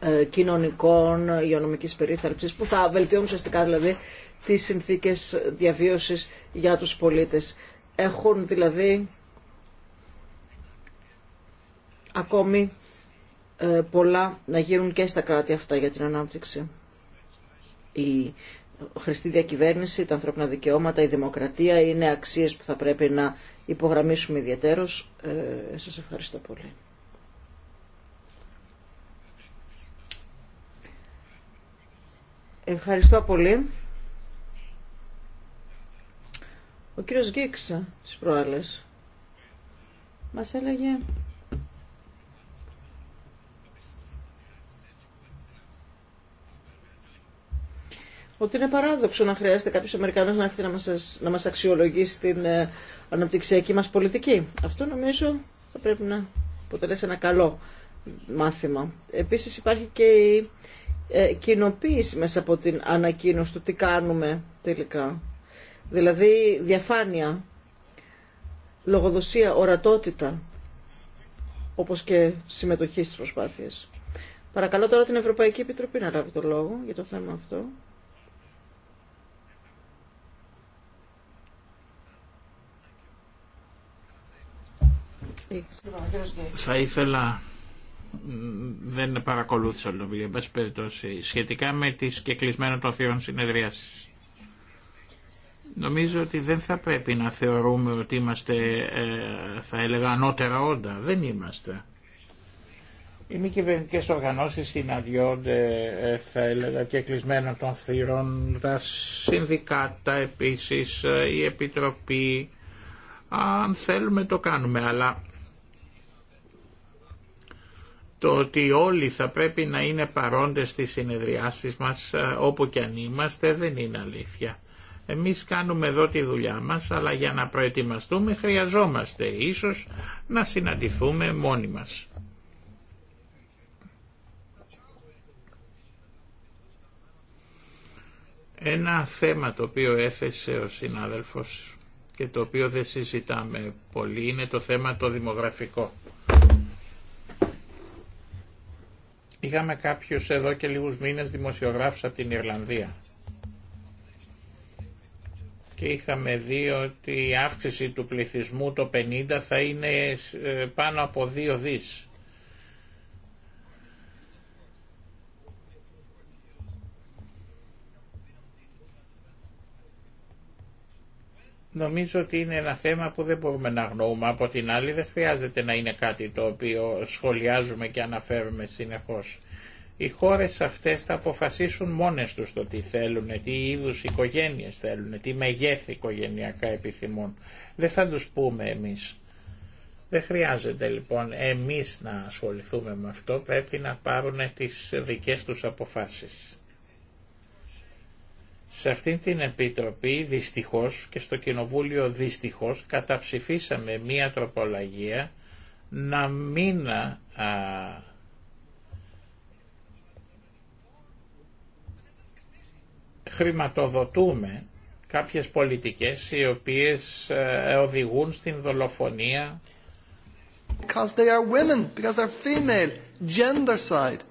ε, κοινωνικών, υγειονομικής περίθαλψης που θα βελτιώνουν ουσιαστικά δηλαδή τις συνθήκες διαβίωσης για τους πολίτες. Έχουν δηλαδή ακόμη ε, πολλά να γίνουν και στα κράτη αυτά για την ανάπτυξη. Η χρηστή διακυβέρνηση, τα ανθρώπινα δικαιώματα, η δημοκρατία είναι αξίες που θα πρέπει να υπογραμμίσουμε ιδιαίτερως. Ε, σας ευχαριστώ πολύ. Ευχαριστώ πολύ. Ο κύριος Γκίξα στις προάλλες μας έλεγε ότι είναι παράδοξο να χρειάζεται κάποιος Αμερικανός να έρθει να μας, να μας αξιολογήσει την ε, αναπτυξιακή μας πολιτική. Αυτό νομίζω θα πρέπει να αποτελέσει ένα καλό μάθημα. Επίσης υπάρχει και η ε, κοινοποίηση μέσα από την ανακοίνωση του τι κάνουμε τελικά. Δηλαδή διαφάνεια, λογοδοσία, ορατότητα, όπως και συμμετοχή στις προσπάθειες. Παρακαλώ τώρα την Ευρωπαϊκή Επιτροπή να λάβει το λόγο για το θέμα αυτό. Θα ήθελα, δεν παρακολούθησα τον βιβλίο, σχετικά με τις κεκλεισμένο των θείων συνεδριάσεις. Νομίζω ότι δεν θα πρέπει να θεωρούμε ότι είμαστε, ε, θα έλεγα, ανώτερα όντα. Δεν είμαστε. Οι μη κυβερνητικέ οργανώσεις συναντιόνται, ε, θα έλεγα, και κλεισμένα των θυρών, τα συνδικάτα επίσης, ε, η Επιτροπή. Αν θέλουμε το κάνουμε, αλλά το ότι όλοι θα πρέπει να είναι παρόντες στις συνεδριάσεις μας, όπου και αν είμαστε, δεν είναι αλήθεια εμείς κάνουμε εδώ τη δουλειά μας, αλλά για να προετοιμαστούμε χρειαζόμαστε ίσως να συναντηθούμε μόνοι μας. Ένα θέμα το οποίο έθεσε ο συνάδελφος και το οποίο δεν συζητάμε πολύ είναι το θέμα το δημογραφικό. Είχαμε κάποιους εδώ και λίγους μήνες δημοσιογράφους από την Ιρλανδία και είχαμε δει ότι η αύξηση του πληθυσμού το 50 θα είναι ε, πάνω από 2 δις. Νομίζω ότι είναι ένα θέμα που δεν μπορούμε να αγνοούμε. Από την άλλη δεν χρειάζεται να είναι κάτι το οποίο σχολιάζουμε και αναφέρουμε συνεχώς. Οι χώρες αυτές θα αποφασίσουν μόνες τους το τι θέλουν, τι είδους οικογένειες θέλουν, τι μεγέθη οικογενειακά επιθυμούν. Δεν θα τους πούμε εμείς. Δεν χρειάζεται λοιπόν εμείς να ασχοληθούμε με αυτό, πρέπει να πάρουν τις δικές τους αποφάσεις. Σε αυτήν την Επιτροπή δυστυχώς και στο Κοινοβούλιο δυστυχώς καταψηφίσαμε μία τροπολογία να μην α, χρηματοδοτούμε κάποιες πολιτικές οι οποίες ε, οδηγούν στην δολοφονία because they are women, because they're female, gender side.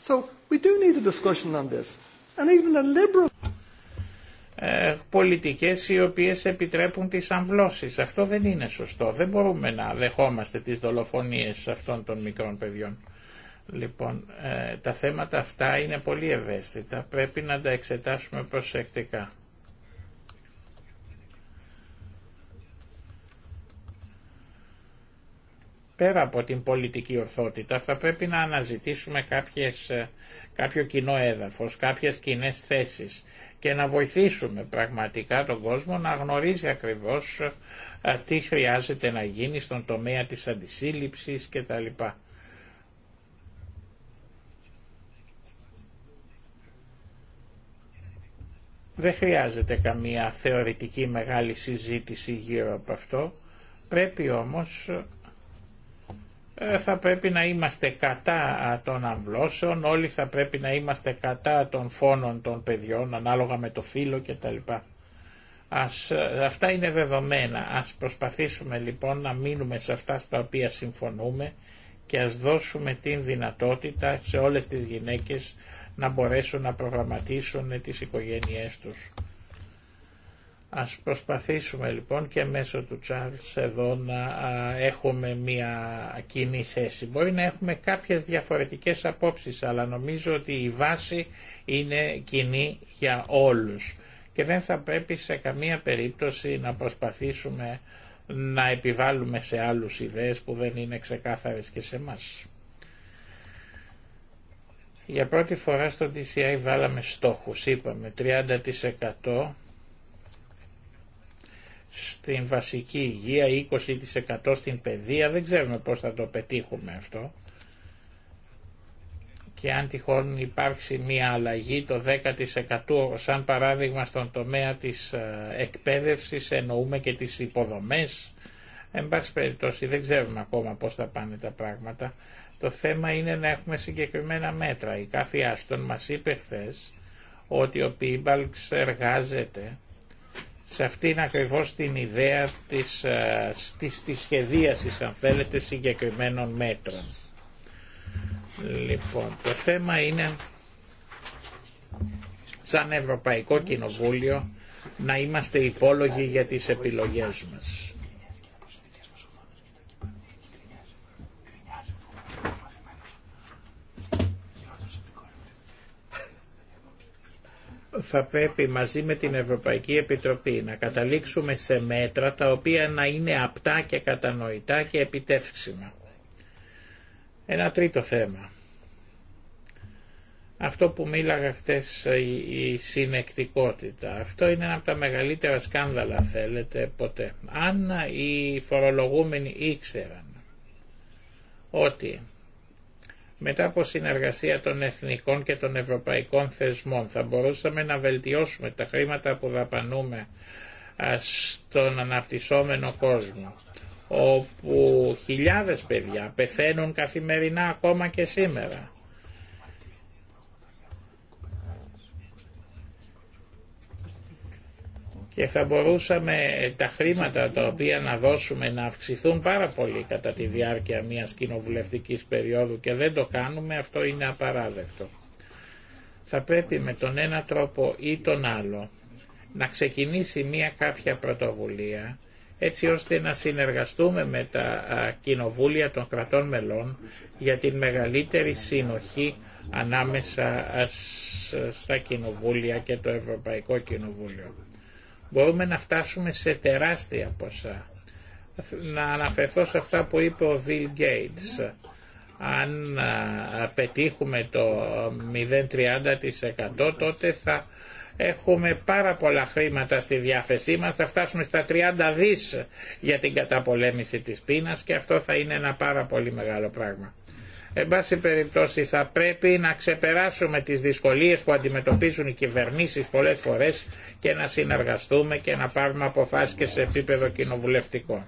So we do need a discussion on this. And even a liberal ε, πολιτικές οι οποίες επιτρέπουν τις αμβλώσεις. Αυτό δεν είναι σωστό. Δεν μπορούμε να δεχόμαστε τις δολοφονίες αυτών των μικρών παιδιών. Λοιπόν, ε, τα θέματα αυτά είναι πολύ ευαίσθητα, πρέπει να τα εξετάσουμε προσεκτικά. Πέρα από την πολιτική ορθότητα θα πρέπει να αναζητήσουμε κάποιες, ε, κάποιο κοινό έδαφος, κάποιες κοινέ θέσεις και να βοηθήσουμε πραγματικά τον κόσμο να γνωρίζει ακριβώς ε, τι χρειάζεται να γίνει στον τομέα της αντισύλληψης κτλ. Δεν χρειάζεται καμία θεωρητική μεγάλη συζήτηση γύρω από αυτό. Πρέπει όμως ε, θα πρέπει να είμαστε κατά των αμβλώσεων, όλοι θα πρέπει να είμαστε κατά των φόνων των παιδιών, ανάλογα με το φύλλο κτλ. Ας, ε, αυτά είναι δεδομένα. Ας προσπαθήσουμε λοιπόν να μείνουμε σε αυτά στα οποία συμφωνούμε και ας δώσουμε την δυνατότητα σε όλες τις γυναίκες να μπορέσουν να προγραμματίσουν τις οικογένειές τους. Ας προσπαθήσουμε λοιπόν και μέσω του Τσάρλς εδώ να έχουμε μια κοινή θέση. Μπορεί να έχουμε κάποιες διαφορετικές απόψεις, αλλά νομίζω ότι η βάση είναι κοινή για όλους και δεν θα πρέπει σε καμία περίπτωση να προσπαθήσουμε να επιβάλλουμε σε άλλους ιδέες που δεν είναι ξεκάθαρες και σε μας. Για πρώτη φορά στο DCI βάλαμε στόχους, είπαμε 30% στην βασική υγεία, 20% στην παιδεία, δεν ξέρουμε πώς θα το πετύχουμε αυτό. Και αν τυχόν υπάρξει μία αλλαγή το 10% σαν παράδειγμα στον τομέα της ε, εκπαίδευσης εννοούμε και τις υποδομές. Εν πάση περιπτώσει δεν ξέρουμε ακόμα πώς θα πάνε τα πράγματα. Το θέμα είναι να έχουμε συγκεκριμένα μέτρα. Η Κάφη Άστον μας είπε χθε ότι ο Πίμπαλξ εργάζεται σε αυτήν ακριβώς την ιδέα της, ε, της, της σχεδίασης, αν θέλετε, συγκεκριμένων μέτρων. Λοιπόν, το θέμα είναι σαν Ευρωπαϊκό Κοινοβούλιο να είμαστε υπόλογοι για τις επιλογές μας. θα πρέπει μαζί με την Ευρωπαϊκή Επιτροπή να καταλήξουμε σε μέτρα τα οποία να είναι απτά και κατανοητά και επιτεύξιμα. Ένα τρίτο θέμα. Αυτό που μίλαγα χτες η συνεκτικότητα. Αυτό είναι ένα από τα μεγαλύτερα σκάνδαλα θέλετε ποτέ. Αν οι φορολογούμενοι ήξεραν ότι μετά από συνεργασία των εθνικών και των ευρωπαϊκών θεσμών θα μπορούσαμε να βελτιώσουμε τα χρήματα που δαπανούμε στον αναπτυσσόμενο κόσμο όπου χιλιάδες παιδιά πεθαίνουν καθημερινά ακόμα και σήμερα και θα μπορούσαμε τα χρήματα τα οποία να δώσουμε να αυξηθούν πάρα πολύ κατά τη διάρκεια μιας κοινοβουλευτικής περίοδου και δεν το κάνουμε, αυτό είναι απαράδεκτο. Θα πρέπει με τον ένα τρόπο ή τον άλλο να ξεκινήσει μια κάποια πρωτοβουλία έτσι ώστε να συνεργαστούμε με τα κοινοβούλια των κρατών μελών για την μεγαλύτερη συνοχή ανάμεσα στα κοινοβούλια και το Ευρωπαϊκό Κοινοβούλιο. Μπορούμε να φτάσουμε σε τεράστια ποσά. Να αναφερθώ σε αυτά που είπε ο Bill Gates. Αν πετύχουμε το 0,30% τότε θα έχουμε πάρα πολλά χρήματα στη διάθεσή μας, θα φτάσουμε στα 30 δις για την καταπολέμηση της πείνας και αυτό θα είναι ένα πάρα πολύ μεγάλο πράγμα. Εν πάση περιπτώσει θα πρέπει να ξεπεράσουμε τις δυσκολίες που αντιμετωπίζουν οι κυβερνήσεις πολλές φορές και να συνεργαστούμε και να πάρουμε αποφάσεις και σε επίπεδο κοινοβουλευτικό.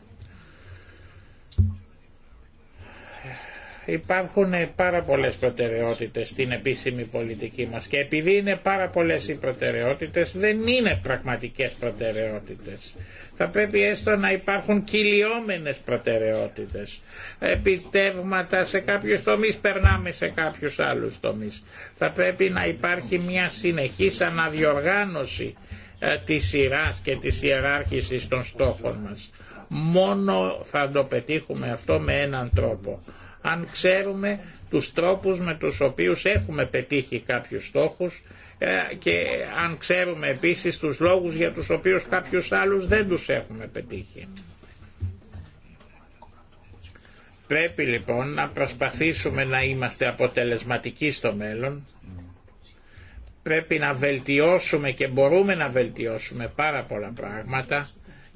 Υπάρχουν πάρα πολλές προτεραιότητες στην επίσημη πολιτική μας και επειδή είναι πάρα πολλές οι προτεραιότητες δεν είναι πραγματικές προτεραιότητες. Θα πρέπει έστω να υπάρχουν κυλιόμενες προτεραιότητες. Επιτεύγματα σε κάποιους τομείς περνάμε σε κάποιους άλλους τομείς. Θα πρέπει να υπάρχει μια συνεχής αναδιοργάνωση ε, της σειράς και της ιεράρχησης των στόχων μας. Μόνο θα το πετύχουμε αυτό με έναν τρόπο αν ξέρουμε τους τρόπους με τους οποίους έχουμε πετύχει κάποιους στόχους ε, και αν ξέρουμε επίσης τους λόγους για τους οποίους κάποιους άλλους δεν τους έχουμε πετύχει. Πρέπει λοιπόν να προσπαθήσουμε να είμαστε αποτελεσματικοί στο μέλλον. Πρέπει να βελτιώσουμε και μπορούμε να βελτιώσουμε πάρα πολλά πράγματα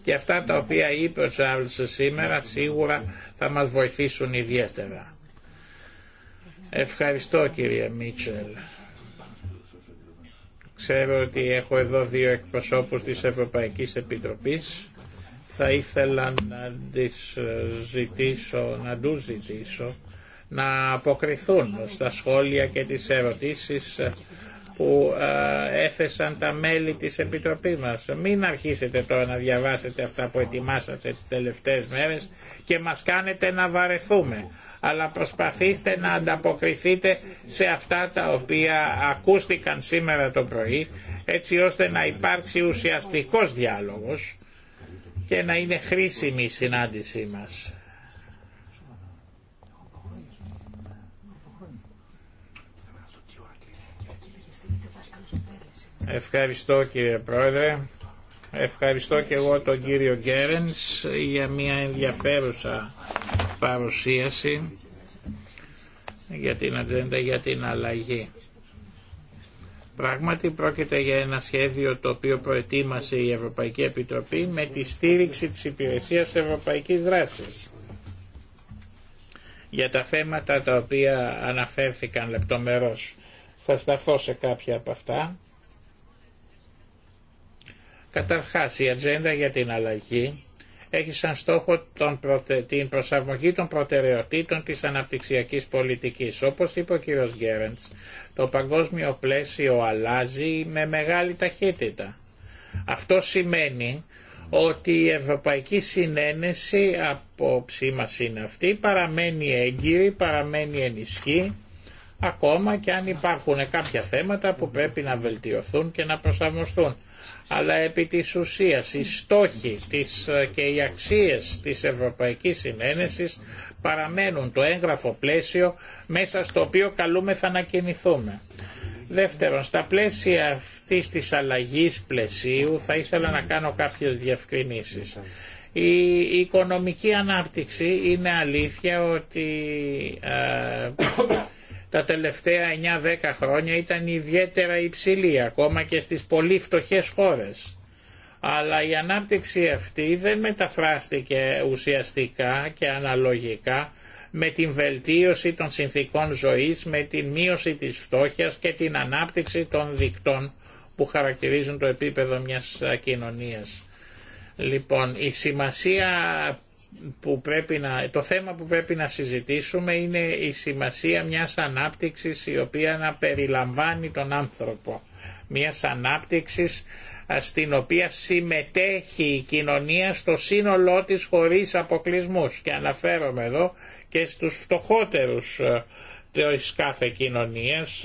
και αυτά τα οποία είπε ο Τσάρλς σήμερα σίγουρα θα μας βοηθήσουν ιδιαίτερα. Ευχαριστώ κύριε Μίτσελ. Ξέρω ότι έχω εδώ δύο εκπροσώπους της Ευρωπαϊκής Επιτροπής. Θα ήθελα να, τις ζητήσω, να τους ζητήσω να αποκριθούν στα σχόλια και τις ερωτήσεις που ε, έθεσαν τα μέλη της Επιτροπής μας. Μην αρχίσετε τώρα να διαβάσετε αυτά που ετοιμάσατε τις τελευταίες μέρες και μας κάνετε να βαρεθούμε. Αλλά προσπαθήστε να ανταποκριθείτε σε αυτά τα οποία ακούστηκαν σήμερα το πρωί έτσι ώστε να υπάρξει ουσιαστικός διάλογος και να είναι χρήσιμη η συνάντησή μας. Ευχαριστώ κύριε Πρόεδρε. Ευχαριστώ και εγώ τον κύριο Γκέρενς για μια ενδιαφέρουσα παρουσίαση για την ατζέντα για την αλλαγή. Πράγματι πρόκειται για ένα σχέδιο το οποίο προετοίμασε η Ευρωπαϊκή Επιτροπή με τη στήριξη της Υπηρεσίας Ευρωπαϊκής Δράσης. Για τα θέματα τα οποία αναφέρθηκαν λεπτομερώς θα σταθώ σε κάποια από αυτά. Καταρχάς η ατζέντα για την αλλαγή έχει σαν στόχο τον την προσαρμογή των προτεραιοτήτων της αναπτυξιακής πολιτικής. Όπως είπε ο κ. Γκέρεντς, το παγκόσμιο πλαίσιο αλλάζει με μεγάλη ταχύτητα. Αυτό σημαίνει ότι η Ευρωπαϊκή Συνένεση, απόψη μας είναι αυτή, παραμένει έγκυρη, παραμένει ενισχύ, ακόμα και αν υπάρχουν κάποια θέματα που πρέπει να βελτιωθούν και να προσαρμοστούν αλλά επί της ουσίας οι στόχοι της, ε, και οι αξίες της Ευρωπαϊκής Συνένεσης παραμένουν το έγγραφο πλαίσιο μέσα στο οποίο καλούμεθα να κινηθούμε. Δεύτερον, στα πλαίσια αυτής της αλλαγής πλαισίου θα ήθελα να κάνω κάποιες διευκρινήσεις. Η οικονομική ανάπτυξη είναι αλήθεια ότι ε, τα τελευταία 9-10 χρόνια ήταν ιδιαίτερα υψηλή ακόμα και στις πολύ φτωχές χώρες. Αλλά η ανάπτυξη αυτή δεν μεταφράστηκε ουσιαστικά και αναλογικά με την βελτίωση των συνθήκων ζωής, με την μείωση της φτώχειας και την ανάπτυξη των δικτών που χαρακτηρίζουν το επίπεδο μιας κοινωνίας. Λοιπόν, η σημασία που πρέπει να, το θέμα που πρέπει να συζητήσουμε είναι η σημασία μιας ανάπτυξης η οποία να περιλαμβάνει τον άνθρωπο. Μιας ανάπτυξης στην οποία συμμετέχει η κοινωνία στο σύνολό της χωρίς αποκλεισμούς και αναφέρομαι εδώ και στους φτωχότερους της κάθε κοινωνίας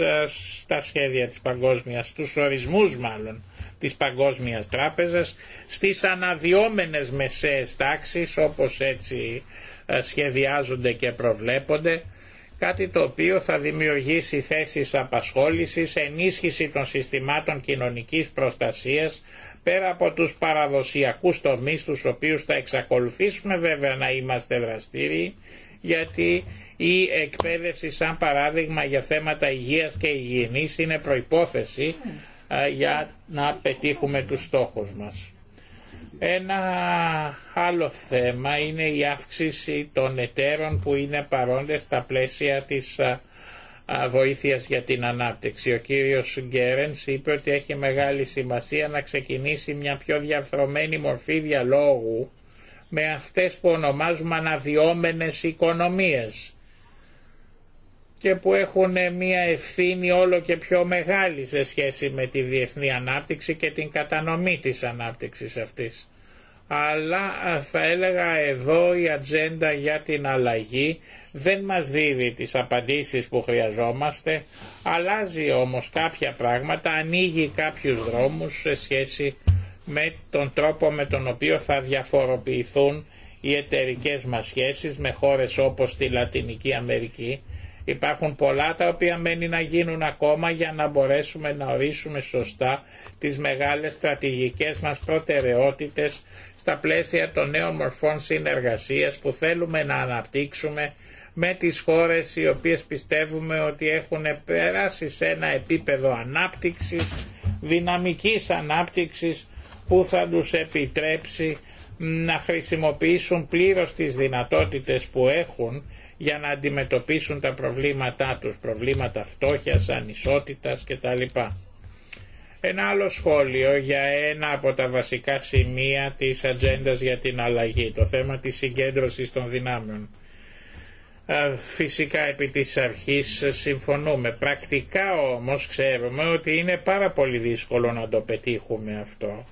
στα σχέδια της παγκόσμιας, στους ορισμούς μάλλον της Παγκόσμιας Τράπεζας στις αναδιόμενες μεσαίες τάξεις όπως έτσι ε, σχεδιάζονται και προβλέπονται κάτι το οποίο θα δημιουργήσει θέσεις απασχόλησης, ενίσχυση των συστημάτων κοινωνικής προστασίας πέρα από τους παραδοσιακούς τομείς τους οποίους θα εξακολουθήσουμε βέβαια να είμαστε δραστήριοι γιατί η εκπαίδευση σαν παράδειγμα για θέματα υγείας και υγιεινής είναι προϋπόθεση mm για να πετύχουμε τους στόχους μας. Ένα άλλο θέμα είναι η αύξηση των εταίρων που είναι παρόντες στα πλαίσια της βοήθειας για την ανάπτυξη. Ο κύριος Γκέρενς είπε ότι έχει μεγάλη σημασία να ξεκινήσει μια πιο διαρθρωμένη μορφή διαλόγου με αυτές που ονομάζουμε αναδυόμενες οικονομίες και που έχουν μια ευθύνη όλο και πιο μεγάλη σε σχέση με τη διεθνή ανάπτυξη και την κατανομή της ανάπτυξης αυτής. Αλλά θα έλεγα εδώ η ατζέντα για την αλλαγή δεν μας δίδει τις απαντήσεις που χρειαζόμαστε, αλλάζει όμως κάποια πράγματα, ανοίγει κάποιους δρόμους σε σχέση με τον τρόπο με τον οποίο θα διαφοροποιηθούν οι εταιρικές μας σχέσεις με χώρες όπως τη Λατινική Αμερική Υπάρχουν πολλά τα οποία μένει να γίνουν ακόμα για να μπορέσουμε να ορίσουμε σωστά τις μεγάλες στρατηγικές μας προτεραιότητες στα πλαίσια των νέων μορφών συνεργασίας που θέλουμε να αναπτύξουμε με τις χώρες οι οποίες πιστεύουμε ότι έχουν περάσει σε ένα επίπεδο ανάπτυξης, δυναμικής ανάπτυξης που θα τους επιτρέψει να χρησιμοποιήσουν πλήρως τις δυνατότητες που έχουν για να αντιμετωπίσουν τα προβλήματά τους, προβλήματα φτώχειας, ανισότητας κτλ. Ένα άλλο σχόλιο για ένα από τα βασικά σημεία της ατζέντα για την αλλαγή, το θέμα της συγκέντρωσης των δυνάμεων. Φυσικά επί της αρχής συμφωνούμε. Πρακτικά όμως ξέρουμε ότι είναι πάρα πολύ δύσκολο να το πετύχουμε αυτό.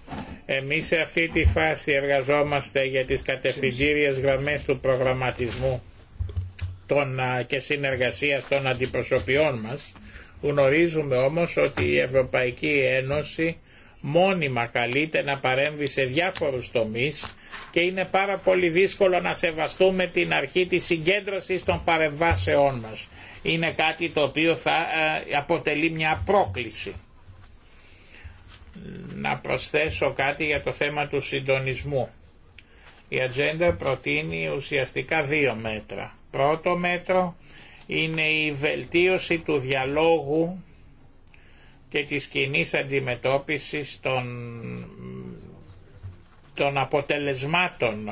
Εμείς σε αυτή τη φάση εργαζόμαστε για τις κατευθυντήριες γραμμές του προγραμματισμού των, και συνεργασίας των αντιπροσωπιών μας. Γνωρίζουμε όμως ότι η Ευρωπαϊκή Ένωση μόνιμα καλείται να παρέμβει σε διάφορους τομείς και είναι πάρα πολύ δύσκολο να σεβαστούμε την αρχή της συγκέντρωσης των παρεμβάσεών μας. Είναι κάτι το οποίο θα αποτελεί μια πρόκληση. Να προσθέσω κάτι για το θέμα του συντονισμού. Η ατζέντα προτείνει ουσιαστικά δύο μέτρα Πρώτο μέτρο είναι η βελτίωση του διαλόγου και της κοινή αντιμετώπισης των, των αποτελεσμάτων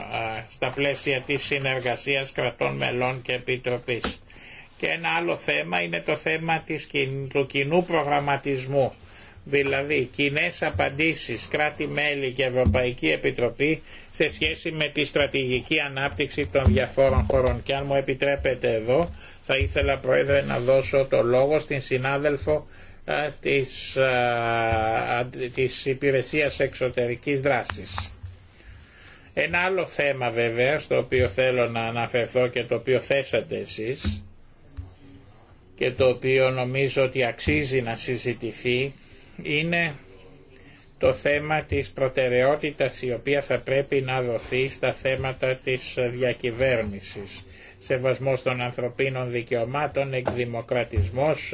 στα πλαίσια της συνεργασίας κρατών μελών και επιτροπής. Και ένα άλλο θέμα είναι το θέμα της, του κοινού προγραμματισμού δηλαδή κοινέ απαντήσεις κράτη-μέλη και Ευρωπαϊκή Επιτροπή σε σχέση με τη στρατηγική ανάπτυξη των διαφόρων χωρών. Και αν μου επιτρέπετε εδώ θα ήθελα Πρόεδρε να δώσω το λόγο στην συνάδελφο της, της Υπηρεσίας Εξωτερικής Δράσης. Ένα άλλο θέμα βέβαια στο οποίο θέλω να αναφερθώ και το οποίο θέσατε εσείς και το οποίο νομίζω ότι αξίζει να συζητηθεί είναι το θέμα της προτεραιότητας η οποία θα πρέπει να δοθεί στα θέματα της διακυβέρνησης. Σεβασμός των ανθρωπίνων δικαιωμάτων, εκδημοκρατισμός,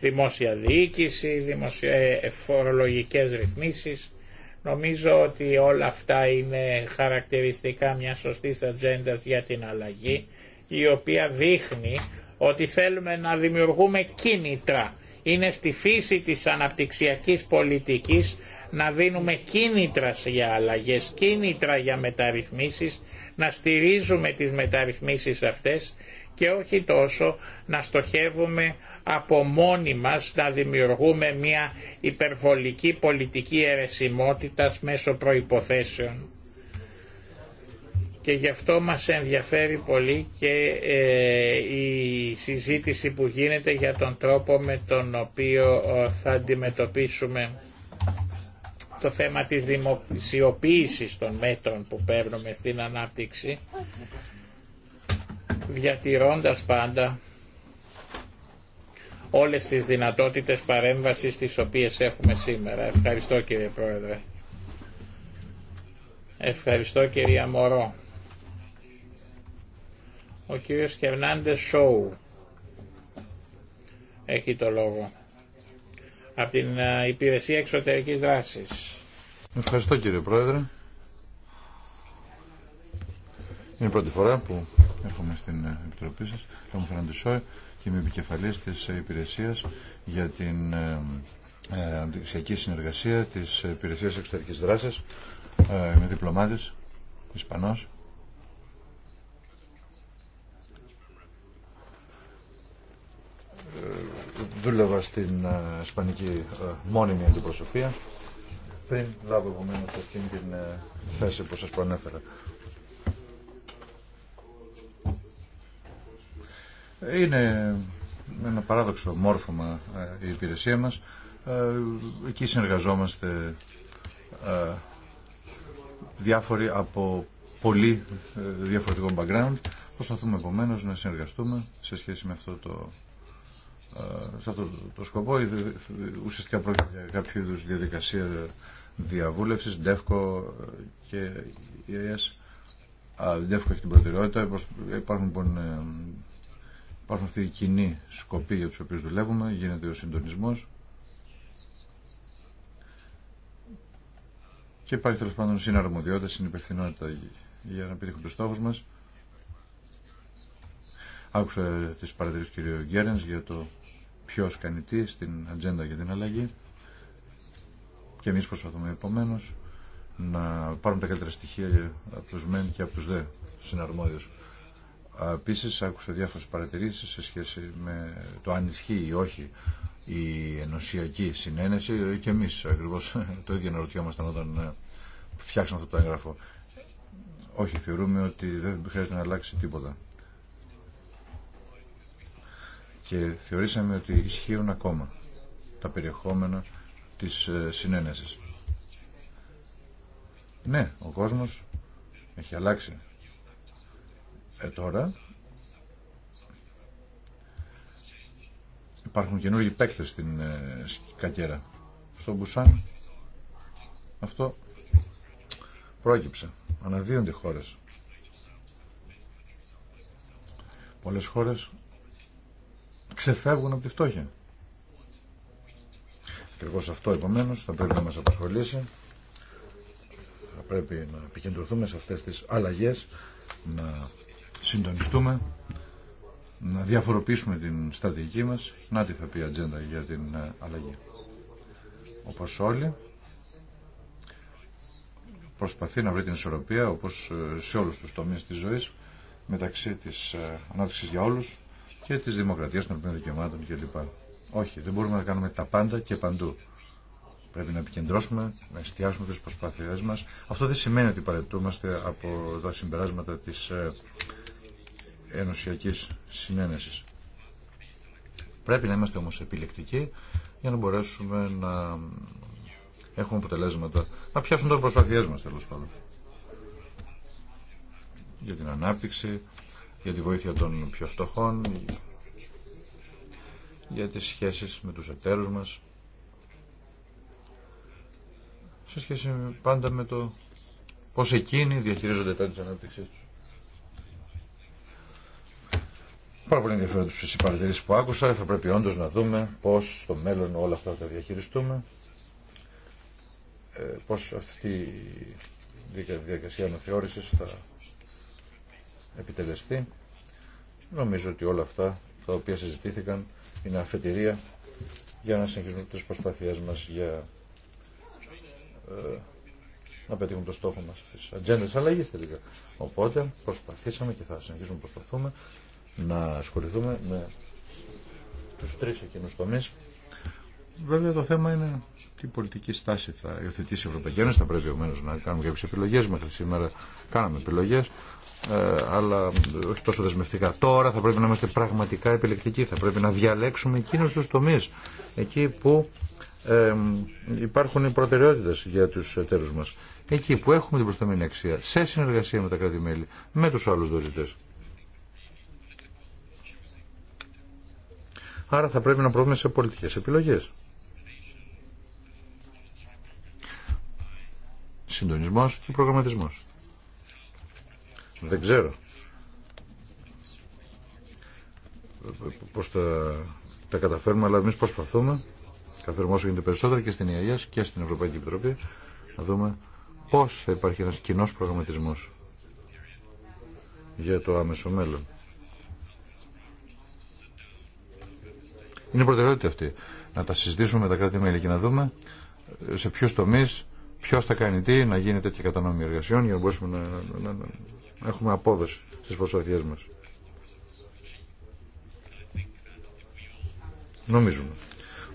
δημόσια διοίκηση, δημοσια... Ε, ε, φορολογικές ρυθμίσεις. Νομίζω ότι όλα αυτά είναι χαρακτηριστικά μια σωστής ατζέντα για την αλλαγή, η οποία δείχνει ότι θέλουμε να δημιουργούμε κίνητρα είναι στη φύση της αναπτυξιακής πολιτικής να δίνουμε κίνητρα για αλλαγές, κίνητρα για μεταρρυθμίσεις, να στηρίζουμε τις μεταρρυθμίσεις αυτές και όχι τόσο να στοχεύουμε από μόνοι μας να δημιουργούμε μια υπερβολική πολιτική αιρεσιμότητας μέσω προϋποθέσεων και γι' αυτό μας ενδιαφέρει πολύ και ε, η συζήτηση που γίνεται για τον τρόπο με τον οποίο ε, θα αντιμετωπίσουμε το θέμα της δημοσιοποίησης των μέτρων που παίρνουμε στην ανάπτυξη διατηρώντας πάντα όλες τις δυνατότητες παρέμβασης τις οποίες έχουμε σήμερα. Ευχαριστώ κύριε Πρόεδρε. Ευχαριστώ κυρία Μωρό. Ο κύριος Χερνάντε Σόου έχει το λόγο από την ε, Υπηρεσία Εξωτερικής Δράσης. Ευχαριστώ κύριε Πρόεδρε. Είναι η πρώτη φορά που έρχομαι στην ε, Επιτροπή σας. Λέμε Φερνάντε Σόου και είμαι επικεφαλής της Υπηρεσίας για την ε, αντιξιακή συνεργασία της Υπηρεσίας Εξωτερικής Δράσης. Είμαι διπλωμάτης, Ισπανός δούλευα στην ε, Ισπανική ε, μόνιμη αντιπροσωπεία πριν λάβω επομένω αυτήν την ε, θέση που σας προανέφερα. Είναι ένα παράδοξο μόρφωμα η υπηρεσία μας. Εκεί συνεργαζόμαστε διάφοροι από πολύ διαφορετικό background. Προσπαθούμε επομένως να συνεργαστούμε σε σχέση με αυτό το σε αυτό το σκοπό ε, ε, ουσιαστικά πρόκειται για κάποιο είδου διαδικασία διαβούλευση, ΔΕΦΚΟ και η ΕΕΣ. ΔΕΦΚΟ έχει την προτεραιότητα. Υπάρχουν, λοιπόν, ε, υπάρχουν αυτοί οι κοινοί σκοποί για του οποίου δουλεύουμε, γίνεται ο συντονισμό. Και υπάρχει τέλο πάντων συναρμοδιότητα, συνυπευθυνότητα για να πετύχουν του στόχου μα. Άκουσα τι παρατηρήσει του κ. Γκέρενς για το ποιος κάνει τι στην ατζέντα για την αλλαγή και εμεί προσπαθούμε επομένω να πάρουμε τα καλύτερα στοιχεία από τους μεν και από τους δε συναρμόδιους. Επίση, άκουσα διάφορες παρατηρήσεις σε σχέση με το αν ισχύει ή όχι η ενωσιακή συνένεση και εμείς ακριβώς το ίδιο αναρωτιόμασταν όταν ε, φτιάξαμε αυτό το έγγραφο. Όχι, θεωρούμε ότι δεν χρειάζεται να αλλάξει τίποτα και θεωρήσαμε ότι ισχύουν ακόμα τα περιεχόμενα της ε, συνένεσης. Ναι, ο κόσμος έχει αλλάξει. Ε, τώρα υπάρχουν καινούργιοι παίκτες στην ε, Κακέρα. Στο Μπουσάν αυτό πρόκυψε. Αναδύονται χώρες. Πολλές χώρες ξεφεύγουν από τη φτώχεια. Ακριβώ αυτό επομένω θα πρέπει να μας απασχολήσει. Θα πρέπει να επικεντρωθούμε σε αυτές τις αλλαγέ, να συντονιστούμε, να διαφοροποιήσουμε την στρατηγική μας. Να τι θα πει η ατζέντα για την ε, αλλαγή. Όπω όλοι, προσπαθεί να βρει την ισορροπία, όπως ε, σε όλους τους τομείς της ζωής, μεταξύ της ε, ανάπτυξης για όλους και της δημοκρατίας των δικαιωμάτων κλπ. Όχι, δεν μπορούμε να κάνουμε τα πάντα και παντού. Πρέπει να επικεντρώσουμε, να εστιάσουμε τι προσπάθειέ μα. Αυτό δεν σημαίνει ότι παρετούμαστε από τα συμπεράσματα της ε, ενωσιακή συνένεση. Πρέπει να είμαστε όμω επιλεκτικοί για να μπορέσουμε να έχουμε αποτελέσματα, να πιάσουν τώρα προσπάθειέ μα τέλο πάντων για την ανάπτυξη, για τη βοήθεια των πιο φτωχών, για τις σχέσεις με τους εταίρους μας, σε σχέση πάντα με το πώς εκείνοι διαχειρίζονται τα της ανάπτυξής τους. Πάρα πολύ ενδιαφέρον τους παρατηρήσεις που άκουσα. Θα πρέπει όντως να δούμε πώς στο μέλλον όλα αυτά τα διαχειριστούμε. Ε, πώς αυτή η διαδικασία αναθεώρησης θα επιτελεστεί. Νομίζω ότι όλα αυτά τα οποία συζητήθηκαν είναι αφετηρία για να συνεχίσουμε τις προσπάθειές μας για ε, να πετύχουμε το στόχο μας της ατζέντας αλλαγής τελικά. Οπότε προσπαθήσαμε και θα συνεχίσουμε προσπαθούμε να ασχοληθούμε με τους τρεις εκείνους τομείς Βέβαια το θέμα είναι τι πολιτική στάση θα υιοθετήσει η Ευρωπαϊκή Ένωση. Θα πρέπει ομένω να κάνουμε κάποιε επιλογέ. Μέχρι σήμερα κάναμε επιλογέ, ε, αλλά όχι τόσο δεσμευτικά. Τώρα θα πρέπει να είμαστε πραγματικά επιλεκτικοί. Θα πρέπει να διαλέξουμε εκείνου του τομεί εκεί που ε, υπάρχουν οι προτεραιότητε για του εταίρου μα. Εκεί που έχουμε την προσταμένη αξία, σε συνεργασία με τα κράτη-μέλη, με του άλλου δωρητέ. Άρα θα πρέπει να προβούμε σε πολιτικές επιλογές. συντονισμός και προγραμματισμός. Δεν ξέρω πώς τα, τα καταφέρουμε, αλλά εμείς προσπαθούμε, καθόλου όσο γίνεται περισσότερο και στην ΙΑΙΑΣ ΕΕ και στην Ευρωπαϊκή Επιτροπή, να δούμε πώς θα υπάρχει ένας κοινό προγραμματισμός για το άμεσο μέλλον. Είναι προτεραιότητα αυτή. Να τα συζητήσουμε με τα κράτη-μέλη και να δούμε σε ποιου τομεί ποιο θα κάνει τι, να γίνεται τέτοια κατανομή εργασιών για να μπορέσουμε να, έχουμε απόδοση στις προσπάθειέ μας. Νομίζουμε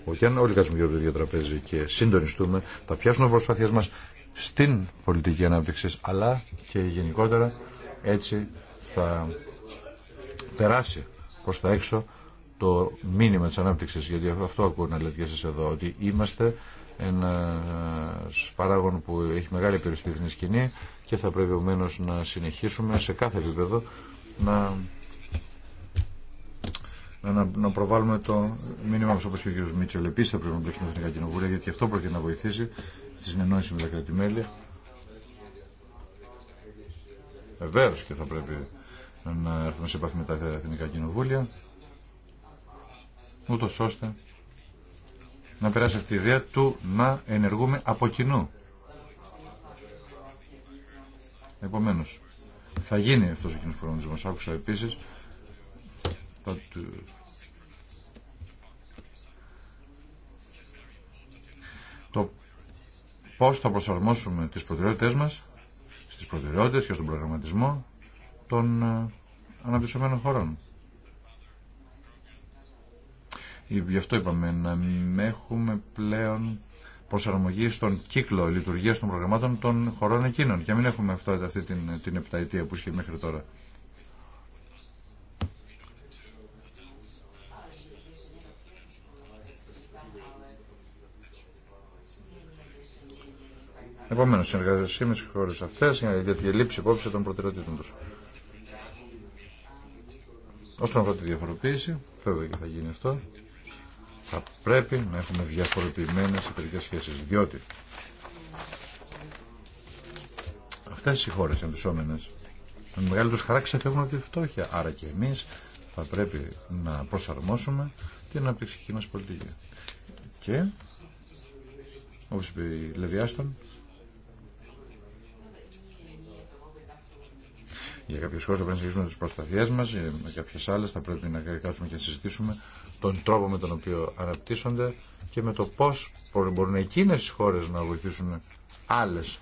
ότι αν όλοι κάτσουμε γύρω το ίδιο τραπέζι και συντονιστούμε, θα πιάσουμε τις μα μας στην πολιτική ανάπτυξη, αλλά και γενικότερα έτσι θα περάσει προ τα έξω το μήνυμα της ανάπτυξης, γιατί αυτό ακούω να λέτε και εδώ, ότι είμαστε ένα παράγον που έχει μεγάλη περιοριστική σκηνή και θα πρέπει ομένω να συνεχίσουμε σε κάθε επίπεδο να, να, να προβάλλουμε το μήνυμα μα όπω και ο κ. Μίτσελ. Επίση θα πρέπει να μπλέξουμε τα Εθνικά Κοινοβούλια γιατί αυτό πρέπει να βοηθήσει τη συνεννόηση με τα κράτη-μέλη. Βεβαίω και θα πρέπει να έρθουμε σε επαφή με τα Εθνικά Κοινοβούλια ούτως ώστε να περάσει αυτή η ιδέα του να ενεργούμε από κοινού. Επομένω, θα γίνει αυτό ο κοινό προγραμματισμό. Άκουσα επίση το πώς θα προσαρμόσουμε τις προτεραιότητες μας στις προτεραιότητες και στον προγραμματισμό των ε, αναπτυσσομένων χωρών. Γι' αυτό είπαμε να έχουμε πλέον προσαρμογή στον κύκλο λειτουργία των προγραμμάτων των χωρών εκείνων και μην έχουμε αυτό, αυτή την, την επταετία που είχε μέχρι τώρα. Επομένω, συνεργασία με τι χώρε αυτέ για τη λήψη υπόψη των προτεραιοτήτων του. Όσον αφορά τη διαφοροποίηση, φεύγω και θα γίνει αυτό θα πρέπει να έχουμε διαφορετημένες εταιρικές σχέσεις, διότι αυτές οι χώρες εμπισόμενες με μεγάλη τους χαρά ξεφεύγουν από τη φτώχεια. Άρα και εμείς θα πρέπει να προσαρμόσουμε την αναπτυξική μας πολιτική. Και, όπως είπε η Λεβιάστον για κάποιες χώρες θα πρέπει να συνεχίσουμε τις προσταθίες μας, για κάποιες άλλες θα πρέπει να κάτσουμε και να συζητήσουμε τον τρόπο με τον οποίο αναπτύσσονται και με το πώς μπορούν εκείνες οι χώρες να βοηθήσουν άλλες.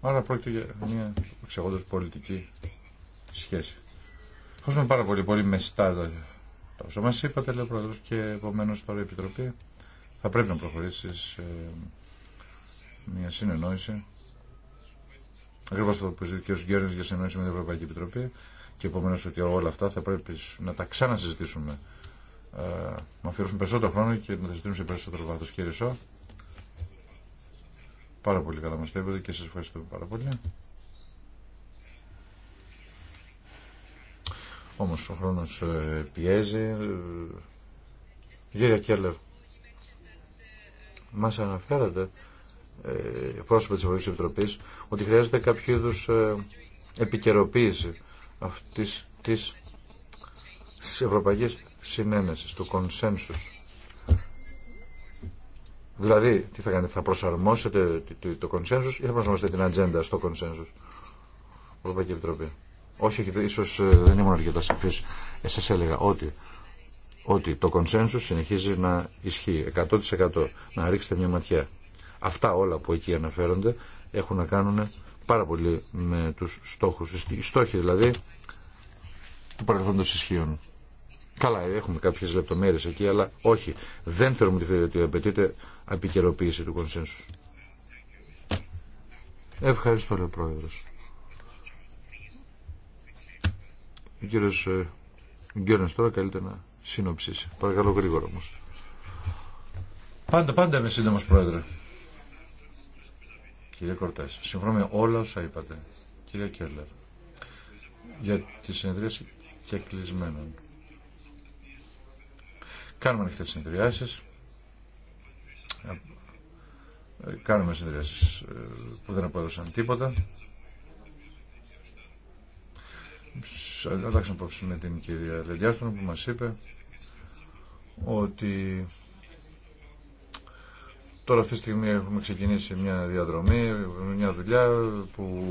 Άρα πρόκειται για μια εξεγόντως πολιτική σχέση. Ευχαριστούμε πάρα πολύ, πολύ μεστά τα όσα μας είπατε, λέει ο Πρόεδρος, και επομένω τώρα η Επιτροπή θα πρέπει να προχωρήσει σε μια συνεννόηση. ακριβώς το που ζητήκε ο για συνεννόηση με την Ευρωπαϊκή Επιτροπή. Και επομένω ότι όλα αυτά θα πρέπει να τα ξανασυζητήσουμε. Ε, να αφιερώσουμε περισσότερο χρόνο και να τα συζητήσουμε σε περισσότερο βάθος. Κύριε Σό, πάρα πολύ καλά μα βλέπετε και σα ευχαριστούμε πάρα πολύ. Όμω ο χρόνος ε, πιέζει. Κύριε Κέλλερ, μας αναφέρατε ε, πρόσωπα τη Ευρωπαϊκή Επιτροπή ότι χρειάζεται κάποιο είδου ε, επικαιροποίηση αυτής της ευρωπαϊκής συνένεσης, του Κονσένσους. Δηλαδή, τι θα κάνετε, θα προσαρμόσετε το Κονσένσους ή θα προσαρμόσετε την ατζέντα στο Κονσένσους, Ευρωπαϊκή Επιτροπή. Όχι, ίσως ε, δεν ήμουν αρκετά σαφής. Εσείς έλεγα ότι ότι το κονσένσους συνεχίζει να ισχύει 100% να ρίξετε μια ματιά. Αυτά όλα που εκεί αναφέρονται έχουν να κάνουν πάρα πολύ με τους στόχους. Οι στόχοι δηλαδή του παρελθόντος ισχύων. Καλά, έχουμε κάποιες λεπτομέρειες εκεί, αλλά όχι. Δεν θεωρούμε ότι απαιτείται απεικαιροποίηση του κονσένσου. Ευχαριστώ, λέει ο Πρόεδρος. Ο κύριος ε, Γκιόνες τώρα καλύτερα να συνοψίσει. Παρακαλώ γρήγορα όμως. Πάντα, πάντα είμαι σύντομος Πρόεδρε. Κύριε Κορτές, συμφωνώ με όλα όσα είπατε. Κύριε Κέλλερ, για τη συνεδρίαση και κλεισμένων. Κάνουμε ανοιχτέ συνεδριάσει. Κάνουμε συνεδριάσει ε, που δεν απέδωσαν τίποτα. Αλλάξαμε ε, απόψη με την κυρία Λεγιάστον που μας είπε ότι Τώρα αυτή τη στιγμή έχουμε ξεκινήσει μια διαδρομή, μια δουλειά που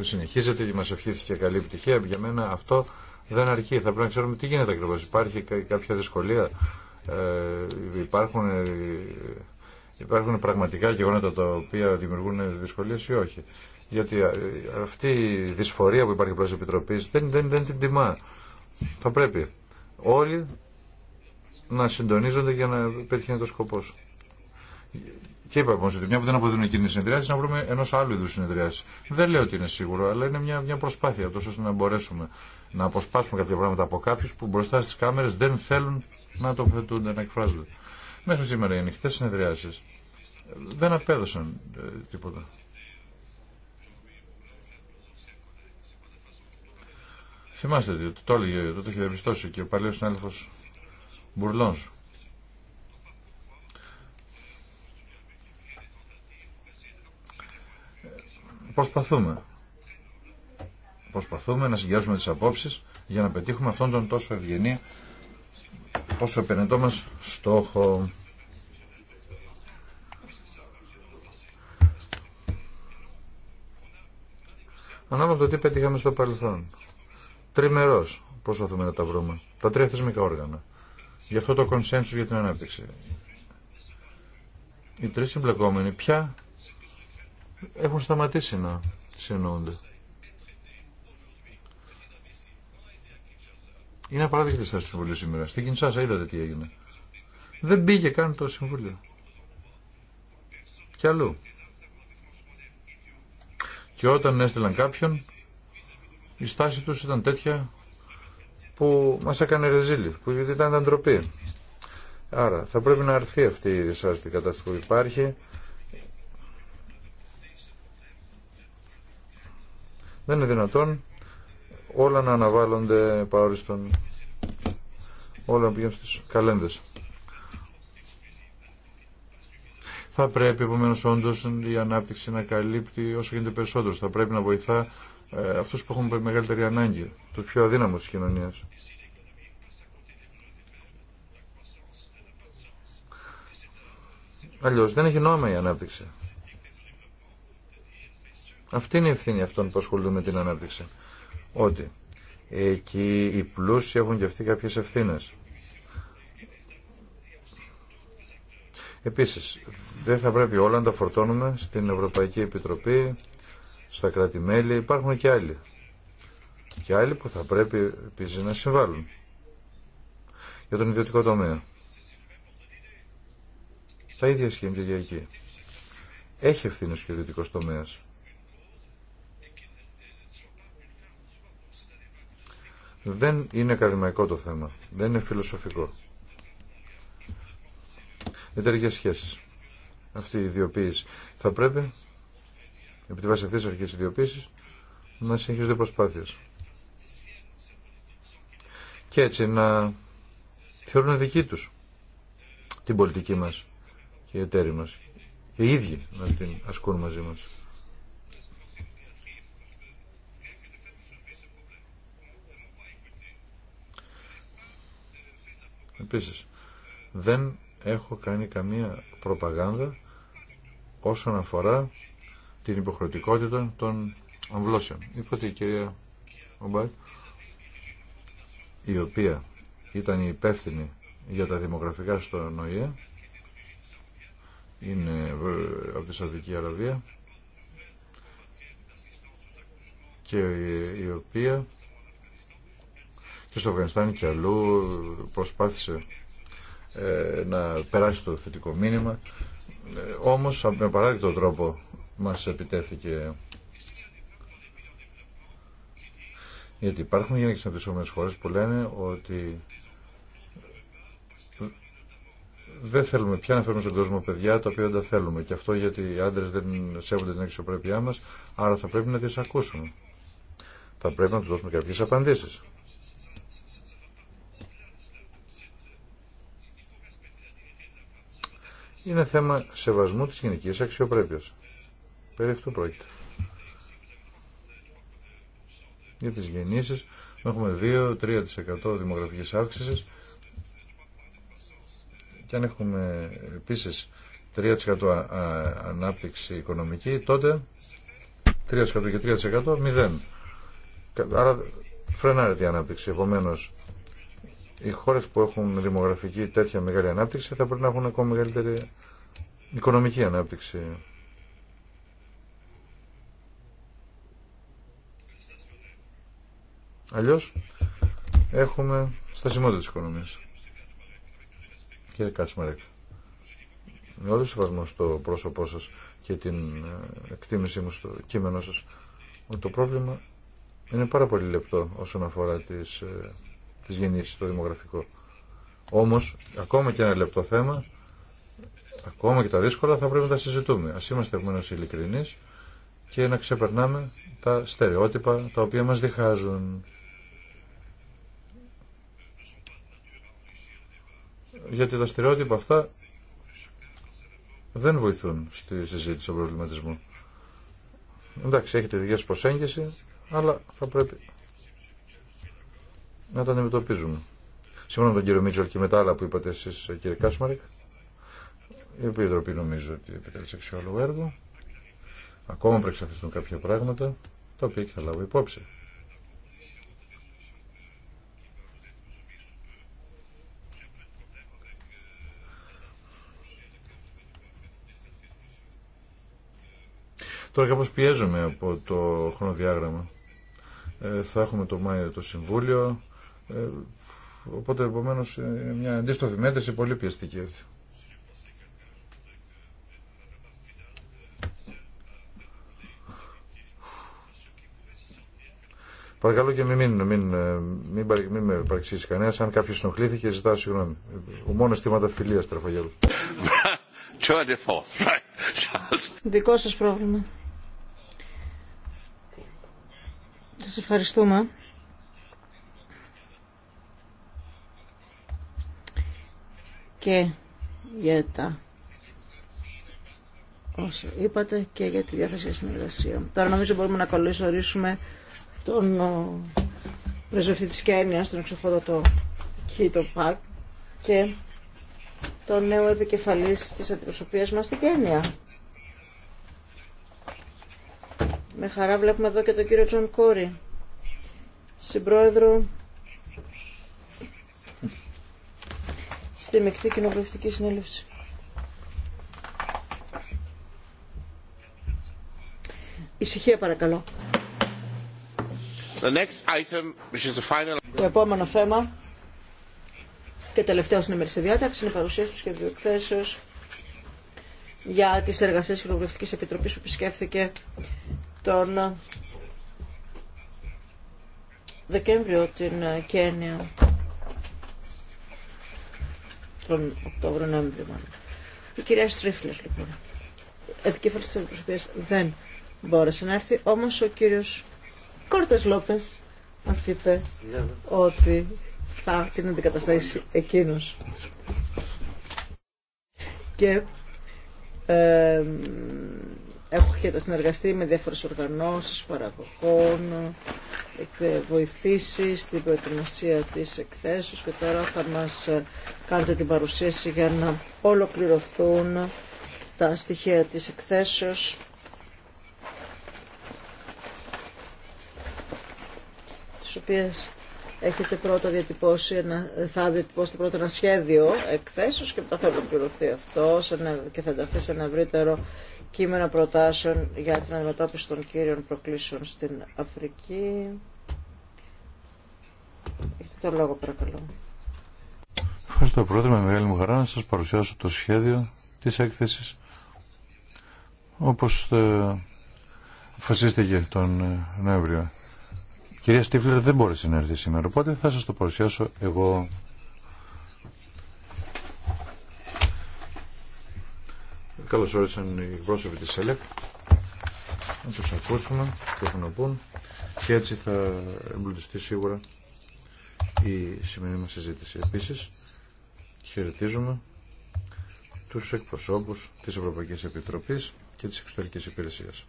συνεχίζεται και μας ευχήθηκε καλή επιτυχία. Για μένα αυτό δεν αρκεί. Θα πρέπει να ξέρουμε τι γίνεται ακριβώ. Υπάρχει κάποια δυσκολία. Ε, υπάρχουν, ε, υπάρχουν πραγματικά γεγονότα τα οποία δημιουργούν δυσκολίες ή όχι. Γιατί ε, αυτή η δυσφορία που υπάρχει προς Επιτροπής δεν, δεν, δεν την τιμά. Θα πρέπει όλοι να συντονίζονται για να πετύχει το σκοπό και είπα όμως ότι μια που δεν αποδίδουν εκείνη τη συνεδριάση, να βρούμε ενό άλλου είδου συνεδριάση. Δεν λέω ότι είναι σίγουρο, αλλά είναι μια, μια προσπάθεια τόσο ώστε να μπορέσουμε να αποσπάσουμε κάποια πράγματα από κάποιου που μπροστά στι κάμερε δεν θέλουν να τοποθετούνται, να εκφράζονται. Μέχρι σήμερα οι ανοιχτέ συνεδριάσει δεν απέδωσαν ε, τίποτα. Θυμάστε ότι το έλεγε, το είχε διαπιστώσει και ο παλιό συνάδελφο Μπουρλόν Προσπαθούμε. Προσπαθούμε να συγκεντρώσουμε τις απόψεις για να πετύχουμε αυτόν τον τόσο ευγενή, τόσο επενετό μας στόχο. Ανάλογα το τι πετύχαμε στο παρελθόν. Τριμερός προσπαθούμε να τα βρούμε. Τα τρία θεσμικά όργανα. Γι' αυτό το κονσένσου για την ανάπτυξη. Οι τρεις συμπλεκόμενοι πια έχουν σταματήσει να συνεννοούνται. Είναι απαράδεκτη η στάση του Συμβουλίου σήμερα. Στην Κινσάσα είδατε τι έγινε. Δεν πήγε καν το Συμβούλιο. Κι αλλού. Και όταν έστειλαν κάποιον, η στάση τους ήταν τέτοια που μας έκανε ρεζίλη, που ήταν ντροπή. Άρα θα πρέπει να αρθεί αυτή η δυσάρεστη κατάσταση που υπάρχει, Δεν είναι δυνατόν όλα να αναβάλλονται παρόριστον. Όλα να πηγαίνουν στις καλένδες. Θα πρέπει επομένω όντω η ανάπτυξη να καλύπτει όσο γίνεται περισσότερο. Θα πρέπει να βοηθά ε, αυτού που έχουν μεγαλύτερη ανάγκη, του πιο αδύναμους τη κοινωνία. Αλλιώ δεν έχει νόημα η ανάπτυξη. Αυτή είναι η ευθύνη αυτών που ασχολούνται με την ανάπτυξη. Ότι εκεί οι πλούσιοι έχουν και αυτοί κάποιες ευθύνες. Επίσης, δεν θα πρέπει όλα να τα φορτώνουμε στην Ευρωπαϊκή Επιτροπή, στα κράτη-μέλη, υπάρχουν και άλλοι. Και άλλοι που θα πρέπει επίσης να συμβάλλουν για τον ιδιωτικό τομέα. Τα ίδια σχέδια και εκεί. Έχει ευθύνη ο ιδιωτικό τομέα. Δεν είναι ακαδημαϊκό το θέμα. Δεν είναι φιλοσοφικό. Εταιρικέ σχέσεις. Αυτή η ιδιοποίηση. Θα πρέπει, επί τη βάση αυτής της αρχής ιδιοποίηση, να συνεχίζονται προσπάθειες. Και έτσι να θεωρούν δική τους την πολιτική μας και οι εταίροι μας. οι ίδιοι να την ασκούν μαζί μας. Επίσης, δεν έχω κάνει καμία προπαγάνδα όσον αφορά την υποχρεωτικότητα των αμβλώσεων. Είπατε η κυρία Ομπάκ, η οποία ήταν η υπεύθυνη για τα δημογραφικά στο ΝΟΙΕ, είναι ε, από τη Σαουδική Αραβία και η οποία και στο Αφγανιστάν και αλλού προσπάθησε ε, να περάσει το θετικό μήνυμα ε, όμως με παράδειγμα τρόπο μας επιτέθηκε γιατί υπάρχουν γυναίκες αναπτυσσόμενες χώρες που λένε ότι δεν θέλουμε πια να φέρουμε στον κόσμο παιδιά τα οποία δεν τα θέλουμε. Και αυτό γιατί οι άντρε δεν σέβονται την αξιοπρέπειά μα, άρα θα πρέπει να τι ακούσουμε. Θα πρέπει να του δώσουμε κάποιε απαντήσει. είναι θέμα σεβασμού της γενικής αξιοπρέπειας. Περί αυτού πρόκειται. Για τις γεννήσεις έχουμε 2-3% δημογραφικής αύξησης και αν έχουμε επίσης 3% ανάπτυξη οικονομική, τότε 3% και 3% 0. Άρα φρενάρεται η ανάπτυξη. Επομένως, οι χώρες που έχουν δημογραφική τέτοια μεγάλη ανάπτυξη θα πρέπει να έχουν ακόμα μεγαλύτερη οικονομική ανάπτυξη. Αλλιώς έχουμε στασιμότητα της οικονομίας. Κύριε Κάτσμαρεκ, με όλο σεβασμό στο πρόσωπό σας και την ε, εκτίμησή μου στο κείμενό σας, το πρόβλημα είναι πάρα πολύ λεπτό όσον αφορά τις ε, τις γεννήσεις το δημογραφικό. Όμως, ακόμα και ένα λεπτό θέμα, ακόμα και τα δύσκολα θα πρέπει να τα συζητούμε. Ας είμαστε επομένως ειλικρινείς και να ξεπερνάμε τα στερεότυπα τα οποία μας διχάζουν. Γιατί τα στερεότυπα αυτά δεν βοηθούν στη συζήτηση του προβληματισμού. Εντάξει, έχετε δικές προσέγγιση, αλλά θα πρέπει να τα αντιμετωπίζουμε. Σύμφωνα με τον κύριο Μίτσολ και μετά άλλα που είπατε εσεί κύριε Κάσμαρικ, η Επιτροπή νομίζω ότι επιτέλεσε αξιόλογο έργο. Ακόμα πρέπει να κάποια πράγματα, τα οποία και θα λάβω υπόψη. Τώρα κάπως πιέζομαι από το χρονοδιάγραμμα. Ε, θα έχουμε το Μάιο το Συμβούλιο, ε, οπότε επομένω μια αντίστοφη μέτρηση πολύ πιεστική αυτή. Παρακαλώ και μην, μην, ε, μην, μην, μην με παρεξήσει κανένα. Αν κάποιο συνοχλήθηκε, ζητάω συγγνώμη. Ο μόνο θύματα φιλία τραφαγέλου. Δικό σα πρόβλημα. Σα ευχαριστούμε. και για τα όσα είπατε και για τη διάθεση για συνεργασία. Τώρα νομίζω μπορούμε να καλωσορίσουμε τον πρεσβευτή της Κένιας, τον εξοχόδοτο Κίτο Πακ και τον νέο επικεφαλής της αντιπροσωπείας μας στην Κένια. Με χαρά βλέπουμε εδώ και τον κύριο Τζον Κόρη, συμπρόεδρο στη μεικτή Κοινοβουλευτική Συνέλευση. Ησυχία παρακαλώ. The next item, Το επόμενο θέμα και τελευταίο στην ημερήσια διάταξη είναι η παρουσίαση του σχεδίου εκθέσεω για τι εργασίε τη Κοινοβουλευτική Επιτροπή που επισκέφθηκε τον Δεκέμβριο την ε, Κένια τον Οκτώβριο-Νοέμβριο μάλλον. Η κυρία Στρίφλερ λοιπόν, επικέφαλη τη αντιπροσωπείας δεν μπόρεσε να έρθει, Όμω ο κύριο Κόρτε λόπε μα είπε ότι θα την αντικαταστήσει εκείνο. Και ε, Έχω συνεργαστεί με διάφορες οργανώσεις, παραγωγών, βοηθήσει στην προετοιμασία της εκθέσεως και τώρα θα μας ε, κάνετε την παρουσίαση για να ολοκληρωθούν τα στοιχεία της εκθέσεως. τις οποίες έχετε πρώτα διατυπώσει ένα, θα διατυπώσετε πρώτα ένα σχέδιο εκθέσεως και μετά θα ολοκληρωθεί αυτό και θα ενταχθεί σε ένα ευρύτερο κείμενο προτάσεων για την αντιμετώπιση των κύριων προκλήσεων στην Αφρική. Έχετε το λόγο παρακαλώ. Ευχαριστώ πρόεδρε, με μεγάλη μου χαρά να σας παρουσιάσω το σχέδιο της έκθεσης όπως ε, φασίστηκε τον ε, Νοέμβριο. Η κυρία Στίφλερ δεν μπορεί να έρθει σήμερα, οπότε θα σας το παρουσιάσω εγώ. Καλώς όρισαν οι πρόσωποι της ΕΛΕΚ. Να τους ακούσουμε, τι έχουν να πούν και έτσι θα εμπλουτιστεί σίγουρα η σημερινή μας συζήτηση. Επίσης, χαιρετίζουμε τους εκπροσώπους της Ευρωπαϊκής Επιτροπής και της Εξωτερικής Υπηρεσίας.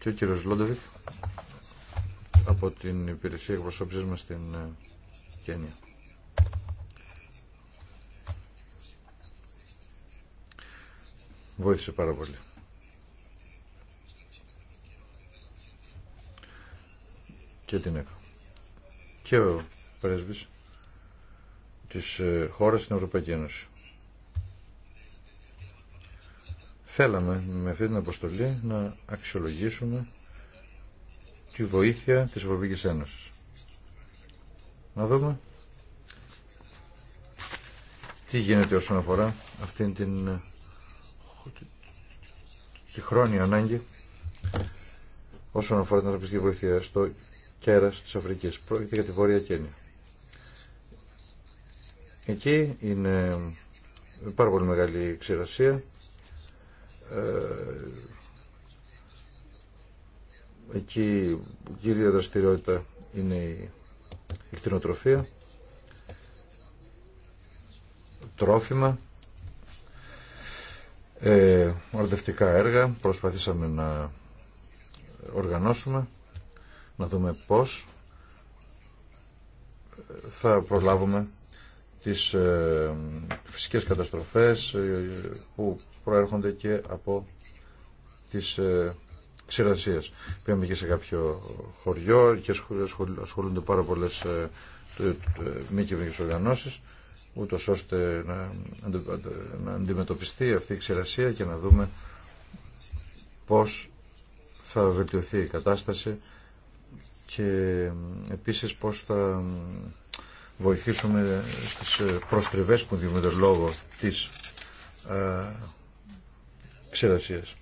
Και ο κύριος Λόντεβικ από την υπηρεσία εκπροσώπησης μας στην ε, Κένια. Βοήθησε πάρα πολύ. Και την ΕΚΟ Και ο πρέσβης της ε, χώρας στην Ευρωπαϊκή Ένωση. Θέλαμε με αυτή την αποστολή να αξιολογήσουμε τη βοήθεια της Ευρωπαϊκής Ένωσης. Να δούμε τι γίνεται όσον αφορά αυτήν την και χρόνια ανάγκη όσον αφορά την ανθρωπιστική βοήθεια στο κέρας της Αφρικής. Πρόκειται για τη Βόρεια Κένια. Εκεί είναι πάρα πολύ μεγάλη ξηρασία. Ε, εκεί η κύρια δραστηριότητα είναι η εκτινοτροφία, τρόφιμα, ε, ορδευτικά έργα προσπαθήσαμε να οργανώσουμε να δούμε πώς θα προλάβουμε τις ε, φυσικές καταστροφές ε, που προέρχονται και από τις ε, ξηρασίες. Πήγαμε και σε κάποιο χωριό και ασχολούνται πάρα πολλές ε, ε, ε μη κυβερνικές οργανώσεις ούτως ώστε να, να αντιμετωπιστεί αυτή η ξηρασία και να δούμε πώς θα βελτιωθεί η κατάσταση και επίσης πώς θα βοηθήσουμε στις προστριβές που δημιουργούνται λόγω της α, ξηρασίας.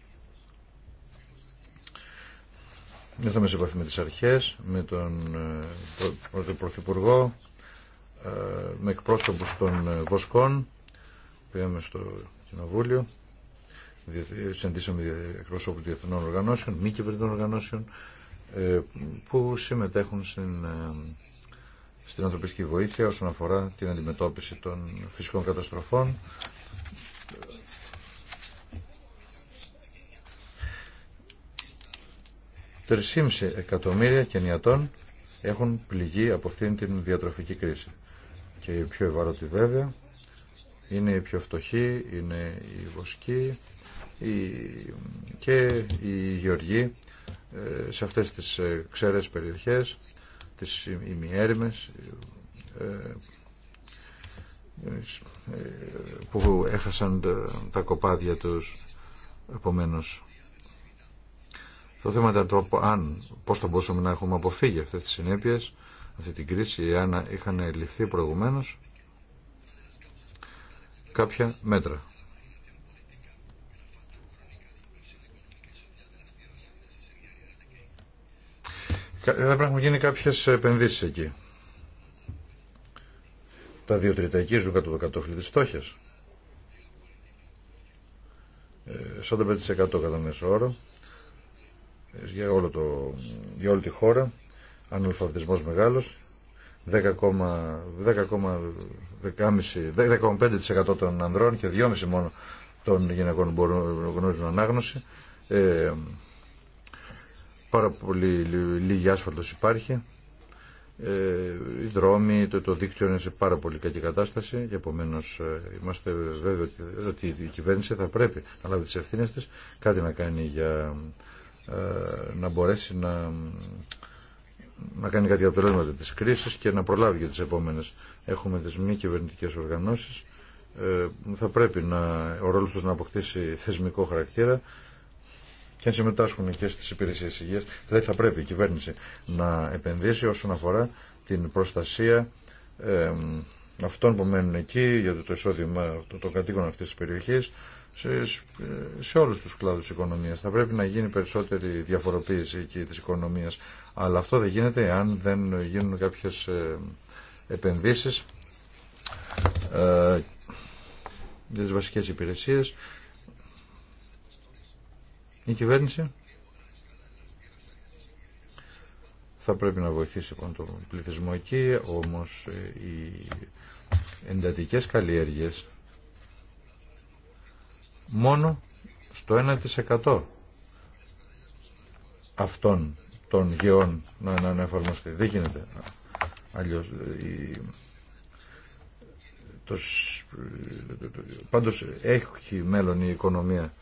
Ήρθαμε σε επαφή με τις αρχές, με τον ε, Πρωθυπουργό, ε, με εκπρόσωπους των ε, Βοσκών πήγαμε στο Κοινοβούλιο συναντήσαμε εκπρόσωπους διεθνών οργανώσεων μη κυβερνητών οργανώσεων ε, που συμμετέχουν στην, στην ανθρωπιστική βοήθεια όσον αφορά την αντιμετώπιση των φυσικών καταστροφών Τρισήμιση εκατομμύρια κενιατών έχουν πληγεί από αυτήν την διατροφική κρίση και οι πιο ευάλωτοι βέβαια είναι η πιο φτωχοί, είναι η βοσκοί και η γεωργοί ε, σε αυτές τις ε, ξερές περιοχές, τις ημιέρημες ε, που έχασαν τα κοπάδια τους επομένως το θέμα ήταν το αν, πώς θα μπορούσαμε να έχουμε αποφύγει αυτές τις συνέπειες αυτή την κρίση εάν είχαν ληφθεί προηγουμένως κάποια μέτρα. Θα πρέπει να έχουν γίνει κάποιες επενδύσεις εκεί. Τα δύο τρίτα εκεί ζουν κάτω το κατόφλι της φτώχειας. 5% ε, κατά μέσο όρο ε, για, όλο το, για όλη τη χώρα αναλφαβητισμός μεγάλος, 10,5% των ανδρών και 2,5% μόνο των γυναικών μπορούν γνωρίζουν ανάγνωση. Ε, πάρα πολύ λίγη άσφαλτος υπάρχει. Ε, οι δρόμοι, το, το δίκτυο είναι σε πάρα πολύ κακή κατάσταση και επομένω ε, είμαστε βέβαιοι ότι, η κυβέρνηση θα πρέπει να λάβει τι ευθύνε τη, κάτι να κάνει για ε, να μπορέσει να να κάνει κάτι για αποτελέσματα της κρίσης και να προλάβει για τις επόμενες. Έχουμε τις μη κυβερνητικές οργανώσεις, ε, θα πρέπει να, ο ρόλος τους να αποκτήσει θεσμικό χαρακτήρα και να συμμετάσχουν και στις υπηρεσίες υγείας, δηλαδή θα πρέπει η κυβέρνηση να επενδύσει όσον αφορά την προστασία ε, αυτών που μένουν εκεί για το εισόδημα των κατοίκων αυτής της περιοχής, σε, σε όλους τους κλάδους της οικονομίας. Θα πρέπει να γίνει περισσότερη διαφοροποίηση εκεί της οικονομίας. Αλλά αυτό δεν γίνεται αν δεν γίνουν κάποιες ε, επενδύσεις ε, για τις βασικές υπηρεσίες. Η κυβέρνηση θα πρέπει να βοηθήσει λοιπόν, τον πληθυσμό εκεί, όμως ε, οι εντατικές καλλιέργειες μόνο στο 1% αυτών των γεών να, αναεφαρμοστεί. εφαρμοστεί. Δεν γίνεται αλλιώς. Η, πάντως έχει μέλλον η οικονομία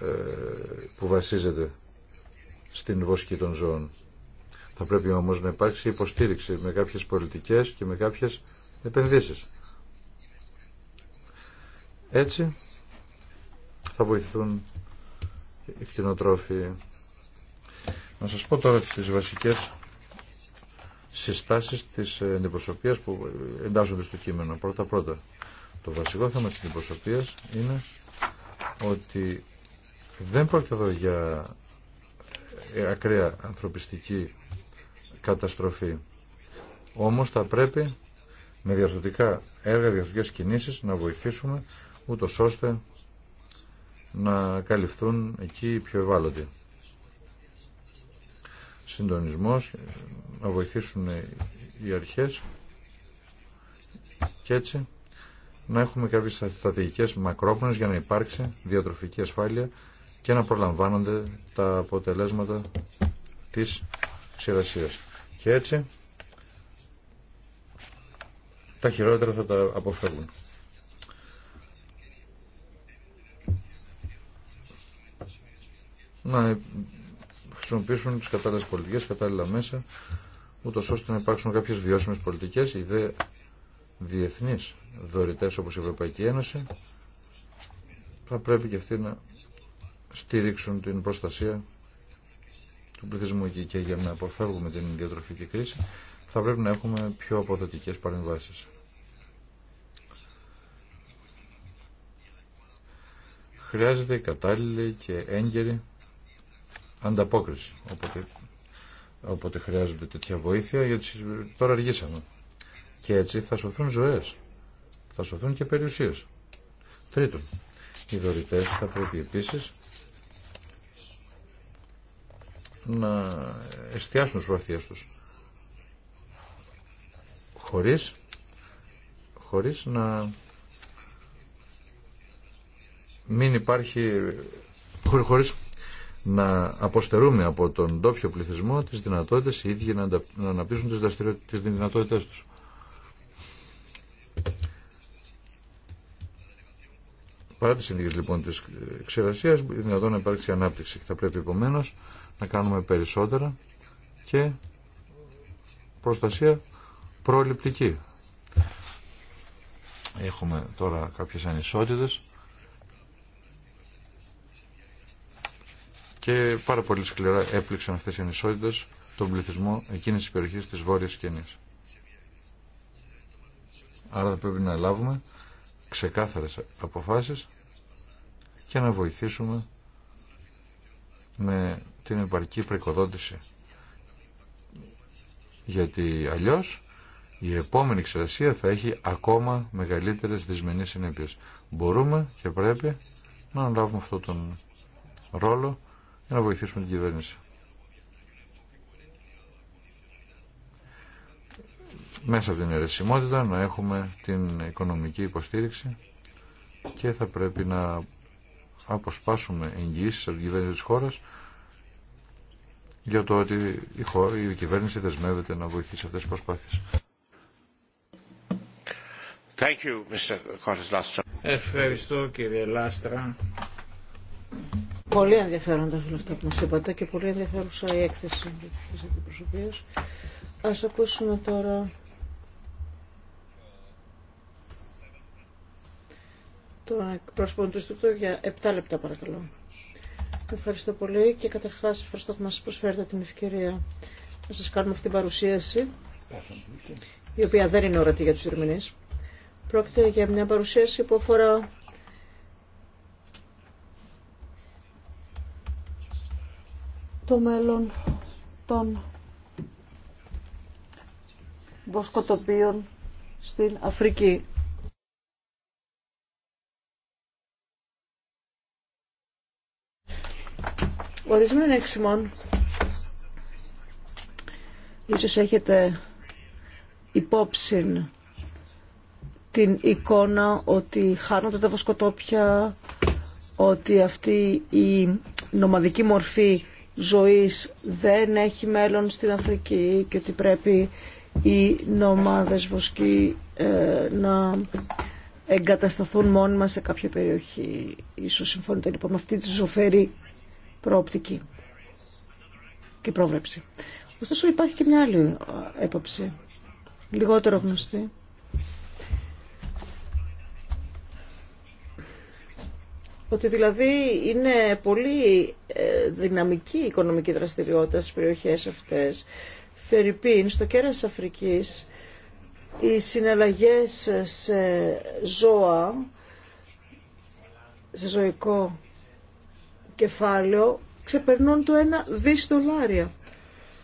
ε, που βασίζεται στην βοσκή των ζώων. Θα πρέπει όμως να υπάρξει υποστήριξη με κάποιες πολιτικές και με κάποιες επενδύσεις. Έτσι θα βοηθούν οι κτηνοτρόφοι. Να σας πω τώρα τις βασικές συστάσεις της αντιπροσωπείας που εντάσσονται στο κείμενο. Πρώτα-πρώτα, το βασικό θέμα της αντιπροσωπείας είναι ότι δεν πρόκειται εδώ για ε, ακραία ανθρωπιστική καταστροφή. Όμως θα πρέπει με διαφορετικά έργα, διαφορετικές κινήσεις να βοηθήσουμε ούτω ώστε να καλυφθούν εκεί οι πιο ευάλωτοι. Συντονισμός, να βοηθήσουν οι αρχές και έτσι να έχουμε κάποιες στρατηγικές μακρόπνες για να υπάρξει διατροφική ασφάλεια και να προλαμβάνονται τα αποτελέσματα της ξηρασίας. Και έτσι τα χειρότερα θα τα αποφεύγουν. να χρησιμοποιήσουν τις κατάλληλες πολιτικές, κατάλληλα μέσα, ούτως ώστε να υπάρξουν κάποιες βιώσιμες πολιτικές, οι διεθνείς δωρητές όπως η Ευρωπαϊκή Ένωση, θα πρέπει και αυτοί να στηρίξουν την προστασία του πληθυσμού εκεί και για να αποφεύγουμε την διατροφική κρίση θα πρέπει να έχουμε πιο αποδοτικές παρεμβάσεις. Χρειάζεται κατάλληλη και έγκαιρη ανταπόκριση. Οπότε, οπότε χρειάζονται τέτοια βοήθεια γιατί τώρα αργήσαμε. Και έτσι θα σωθούν ζωές. Θα σωθούν και περιουσίες. Τρίτον, οι δωρητές θα πρέπει επίσης να εστιάσουν στους βαθιέ τους χωρίς, χωρίς να μην υπάρχει χωρίς να αποστερούμε από τον ντόπιο πληθυσμό τις δυνατότητες οι ίδιοι να αναπτύσσουν τις, δραστηριο... τις δυνατότητες τους. Παρά τις συνδίκες λοιπόν της ξηρασίας, δυνατόν να υπάρξει ανάπτυξη και θα πρέπει επομένω να κάνουμε περισσότερα και προστασία προληπτική. Έχουμε τώρα κάποιες ανισότητες και πάρα πολύ σκληρά έπληξαν αυτές οι ανισότητες τον πληθυσμό εκείνης της περιοχής της Βόρειας Σκηνής. Άρα πρέπει να λάβουμε ξεκάθαρες αποφάσεις και να βοηθήσουμε με την επαρκή προοικοδότηση. Γιατί αλλιώς η επόμενη ξερασία θα έχει ακόμα μεγαλύτερες δυσμενείς συνέπειες. Μπορούμε και πρέπει να λάβουμε αυτόν τον ρόλο να βοηθήσουμε την κυβέρνηση. Μέσα από την αιρεσιμότητα να έχουμε την οικονομική υποστήριξη και θα πρέπει να αποσπάσουμε εγγυήσεις από την κυβέρνηση της χώρας για το ότι η, χώρα, η κυβέρνηση δεσμεύεται να βοηθήσει αυτές τις προσπάθειες. Ευχαριστώ κύριε Λάστρα. Πολύ ενδιαφέροντα όλα αυτά που μας είπατε και πολύ ενδιαφέρουσα η έκθεση της αντιπροσωπείας. Ας ακούσουμε τώρα τον εκπρόσωπο του Ινστιτούτου για 7 λεπτά παρακαλώ. Ευχαριστώ πολύ και καταρχάς ευχαριστώ που μας προσφέρετε την ευκαιρία να σας κάνουμε αυτή την παρουσίαση η οποία δεν είναι ορατή για τους ερμηνείς. Πρόκειται για μια παρουσίαση που αφορά το μέλλον των βοσκοτοπίων στην Αφρική. Ορισμένοι έξιμων ίσως έχετε υπόψη την εικόνα ότι χάνονται τα βοσκοτόπια, ότι αυτή η νομαδική μορφή ζωής δεν έχει μέλλον στην Αφρική και ότι πρέπει οι νομάδες βοσκοί ε, να εγκατασταθούν μόνιμα σε κάποια περιοχή. Ίσως συμφωνείτε λοιπόν με αυτή τη ζωφερή προοπτική και πρόβλεψη. Ωστόσο υπάρχει και μια άλλη ε, έποψη, λιγότερο γνωστή, ότι δηλαδή είναι πολύ ε, δυναμική η οικονομική δραστηριότητα στις περιοχές αυτές. Φερρυπίν, στο κέρας της Αφρικής, οι συναλλαγές σε ζώα, σε ζωικό κεφάλαιο, ξεπερνούν το ένα δις δολάρια.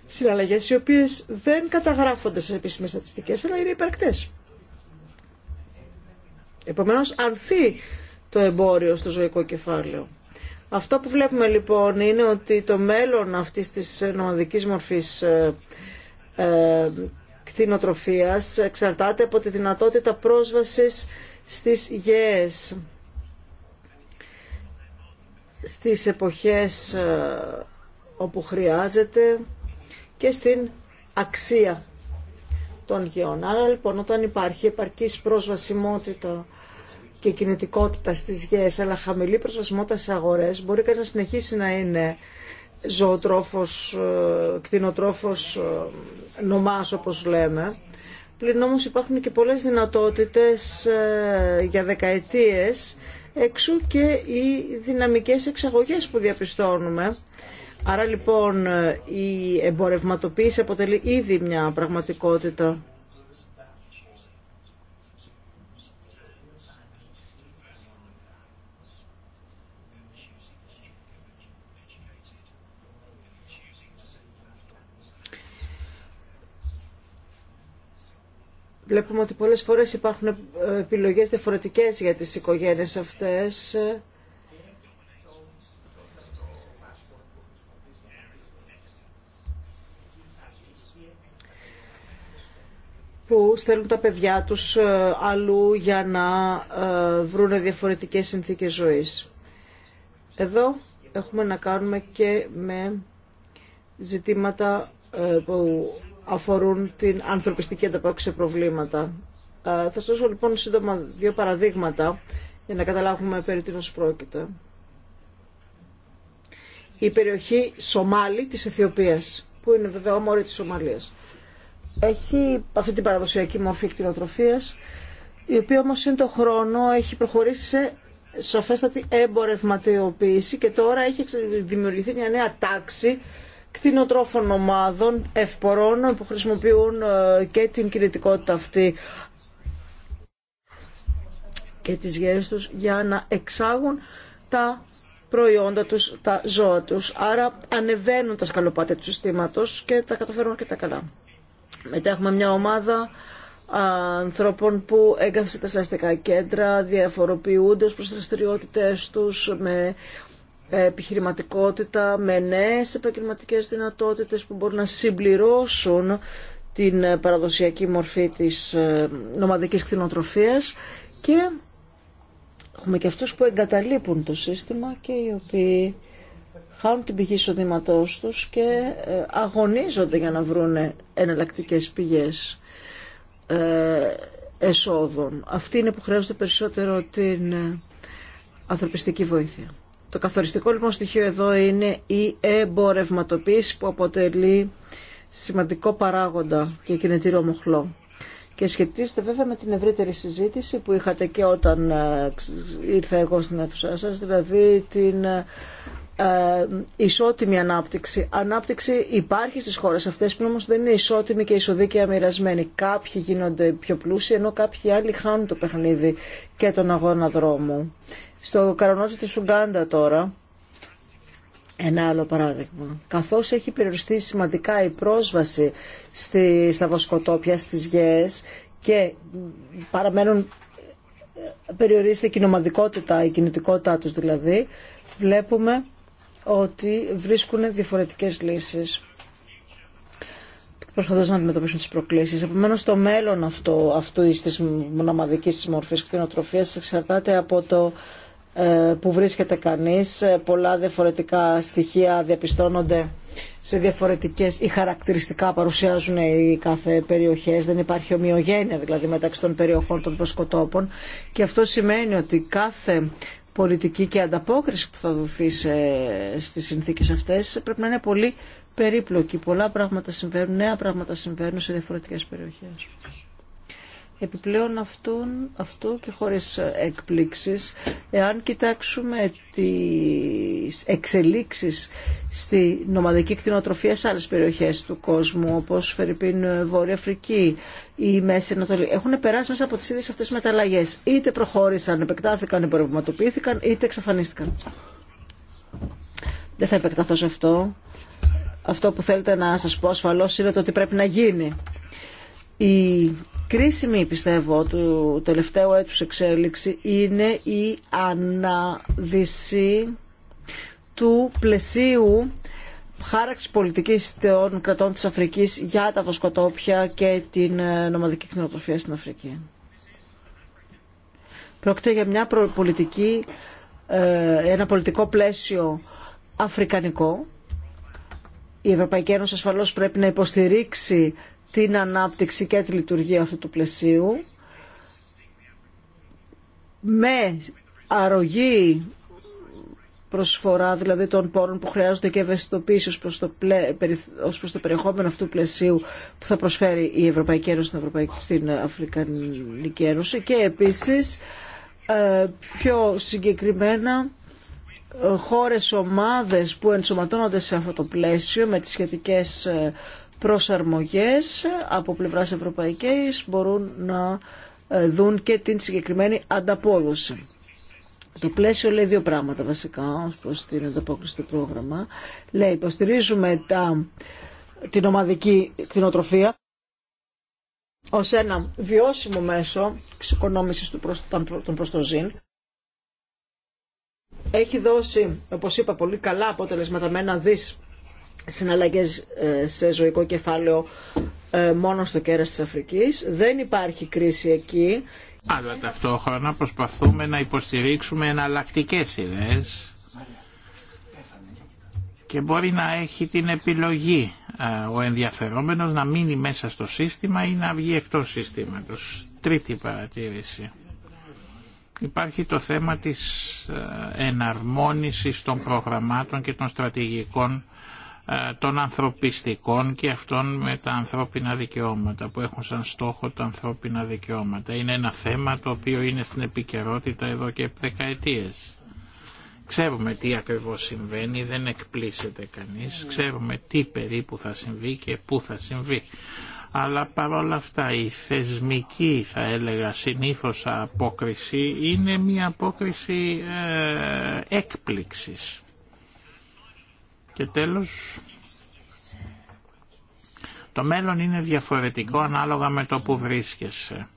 Συναλλαγές οι οποίες δεν καταγράφονται σε επίσημες στατιστικές, αλλά είναι υπαρκτές. Επομένως, ανθεί το εμπόριο στο ζωικό κεφάλαιο. Αυτό που βλέπουμε λοιπόν είναι ότι το μέλλον αυτής της νομαδικής μορφής ε, ε, κτηνοτροφίας εξαρτάται από τη δυνατότητα πρόσβασης στις γέες. Στις εποχές ε, όπου χρειάζεται και στην αξία των γεών. Άρα λοιπόν όταν υπάρχει επαρκής πρόσβασιμότητα και κινητικότητα στι γέε, αλλά χαμηλή προσβασιμότητα σε αγορέ. μπορεί κανείς να συνεχίσει να είναι ζωοτρόφο, ε, κτηνοτρόφος ε, νομάς όπως λέμε. Πλην όμως υπάρχουν και πολλές δυνατότητες ε, για δεκαετίες, εξού και οι δυναμικές εξαγωγές που διαπιστώνουμε. Άρα λοιπόν η εμπορευματοποίηση αποτελεί ήδη μια πραγματικότητα. Βλέπουμε ότι πολλές φορές υπάρχουν ε, επιλογές διαφορετικές για τις οικογένειες αυτές. που στέλνουν τα παιδιά τους ε, αλλού για να ε, βρουν διαφορετικές συνθήκες ζωής. Εδώ έχουμε να κάνουμε και με ζητήματα που αφορούν την ανθρωπιστική ανταπόκριση σε προβλήματα. Ε, θα σας δώσω λοιπόν σύντομα δύο παραδείγματα για να καταλάβουμε περί τίνος πρόκειται. Η περιοχή Σομάλη της Αιθιοπίας, που είναι βέβαια όμορφη της Σομαλίας. Έχει αυτή την παραδοσιακή μορφή κτηνοτροφίας, η οποία όμως είναι το χρόνο έχει προχωρήσει σε σοφέστατη εμπορευματιοποίηση και τώρα έχει δημιουργηθεί μια νέα τάξη κτηνοτρόφων ομάδων ευπορών που χρησιμοποιούν ε, και την κινητικότητα αυτή και τις γέρες τους για να εξάγουν τα προϊόντα τους, τα ζώα τους. Άρα ανεβαίνουν τα σκαλοπάτια του συστήματος και τα καταφέρουν και τα καλά. Μετά έχουμε μια ομάδα ανθρώπων που έγκαθαν τα σαστικά κέντρα, διαφοροποιούνται ως προς δραστηριότητε τους με επιχειρηματικότητα, με νέες επαγγελματικές δυνατότητες που μπορούν να συμπληρώσουν την παραδοσιακή μορφή της ε, νομαδικής κτηνοτροφίας και έχουμε και αυτούς που εγκαταλείπουν το σύστημα και οι οποίοι χάνουν την πηγή εισοδήματό τους και ε, αγωνίζονται για να βρουν εναλλακτικές πηγές ε, εσόδων. Αυτή είναι που χρειάζεται περισσότερο την ανθρωπιστική βοήθεια. Το καθοριστικό λοιπόν στοιχείο εδώ είναι η εμπορευματοποίηση που αποτελεί σημαντικό παράγοντα και κινητήριο μοχλό. Και σχετίζεται βέβαια με την ευρύτερη συζήτηση που είχατε και όταν ε, ήρθα εγώ στην αίθουσά σας, δηλαδή την ε, ε, ισότιμη ανάπτυξη. Ανάπτυξη υπάρχει στις χώρες αυτές που όμως δεν είναι ισότιμη και ισοδίκαια μοιρασμένη. Κάποιοι γίνονται πιο πλούσιοι ενώ κάποιοι άλλοι χάνουν το παιχνίδι και τον αγώνα δρόμου. Στο καρονόζι της Ουγκάντα τώρα, ένα άλλο παράδειγμα. Καθώς έχει περιοριστεί σημαντικά η πρόσβαση στη, στα βοσκοτόπια, στις γέες και παραμένουν ε, περιορίζεται η κοινομαδικότητα, η κινητικότητά τους δηλαδή, βλέπουμε ότι βρίσκουν διαφορετικές λύσεις προσπαθώντα να αντιμετωπίσουν τι προκλήσει. Επομένω, το μέλλον αυτό, αυτή τη μοναδική μορφή κτηνοτροφία εξαρτάται από το ε, που βρίσκεται κανεί. Ε, πολλά διαφορετικά στοιχεία διαπιστώνονται σε διαφορετικέ ή χαρακτηριστικά παρουσιάζουν οι κάθε περιοχέ. Δεν υπάρχει ομοιογένεια δηλαδή μεταξύ των περιοχών των βοσκοτόπων. Και αυτό σημαίνει ότι κάθε πολιτική και ανταπόκριση που θα δοθεί σε, στις συνθήκες αυτές πρέπει να είναι πολύ περίπλοκη. Πολλά πράγματα συμβαίνουν, νέα πράγματα συμβαίνουν σε διαφορετικές περιοχές. Επιπλέον αυτού, και χωρίς εκπλήξεις, εάν κοιτάξουμε τις εξελίξεις στη νομαδική κτηνοτροφία σε άλλες περιοχές του κόσμου, όπως Φερρυπίν, Βόρεια Αφρική ή Μέση Ανατολή, έχουν περάσει μέσα από τις ίδιες αυτές τις μεταλλαγές. Είτε προχώρησαν, επεκτάθηκαν, εμπορευματοποιήθηκαν, είτε εξαφανίστηκαν. Δεν θα επεκταθώ σε αυτό. Αυτό που θέλετε να σας πω ασφαλώς είναι το ότι πρέπει να γίνει. Η Κρίσιμη, πιστεύω, του τελευταίου έτους εξέλιξη είναι η αναδυσή του πλαισίου χάραξη πολιτικής των κρατών της Αφρικής για τα βοσκοτόπια και την ε, νομαδική κτηνοτροφία στην Αφρική. Πρόκειται για μια πολιτική, ε, ένα πολιτικό πλαίσιο αφρικανικό. Η Ευρωπαϊκή Ένωση ασφαλώς πρέπει να υποστηρίξει την ανάπτυξη και τη λειτουργία αυτού του πλαισίου με αρρωγή προσφορά δηλαδή των πόρων που χρειάζονται και ευαισθητοποίηση ως προς, το ως προς το περιεχόμενο αυτού του πλαισίου που θα προσφέρει η Ευρωπαϊκή Ένωση στην, Ευρωπαϊκή... στην Αφρικανική Ένωση και επίσης ε, πιο συγκεκριμένα ε, χώρες, ομάδες που ενσωματώνονται σε αυτό το πλαίσιο με τις σχετικές ε, προσαρμογές από πλευράς ευρωπαϊκής μπορούν να ε, δουν και την συγκεκριμένη ανταπόδοση. Το πλαίσιο λέει δύο πράγματα βασικά ως προς την ανταπόκριση του πρόγραμμα. Λέει υποστηρίζουμε τα, την ομαδική κτηνοτροφία ως ένα βιώσιμο μέσο εξοικονόμησης του των προστοζήν. Έχει δώσει, όπως είπα, πολύ καλά αποτελεσματαμένα δις συναλλαγές ε, σε ζωικό κεφάλαιο ε, μόνο στο κέρας της Αφρικής. Δεν υπάρχει κρίση εκεί. Αλλά ταυτόχρονα προσπαθούμε να υποστηρίξουμε εναλλακτικέ ιδέες και μπορεί να έχει την επιλογή ε, ο ενδιαφερόμενος να μείνει μέσα στο σύστημα ή να βγει εκτός συστήματος. Τρίτη παρατήρηση. Υπάρχει το θέμα της εναρμόνισης των προγραμμάτων και των στρατηγικών ε, των ανθρωπιστικών και αυτών με τα ανθρώπινα δικαιώματα που έχουν σαν στόχο τα ανθρώπινα δικαιώματα. Είναι ένα θέμα το οποίο είναι στην επικαιρότητα εδώ και δεκαετίες. Ξέρουμε τι ακριβώς συμβαίνει, δεν εκπλήσεται κανείς, ξέρουμε τι περίπου θα συμβεί και πού θα συμβεί. Αλλά παρόλα αυτά η θεσμική θα έλεγα συνήθως απόκριση είναι μια απόκριση ε, έκπληξης και τέλος, το μέλλον είναι διαφορετικό ανάλογα με το που βρίσκεσαι.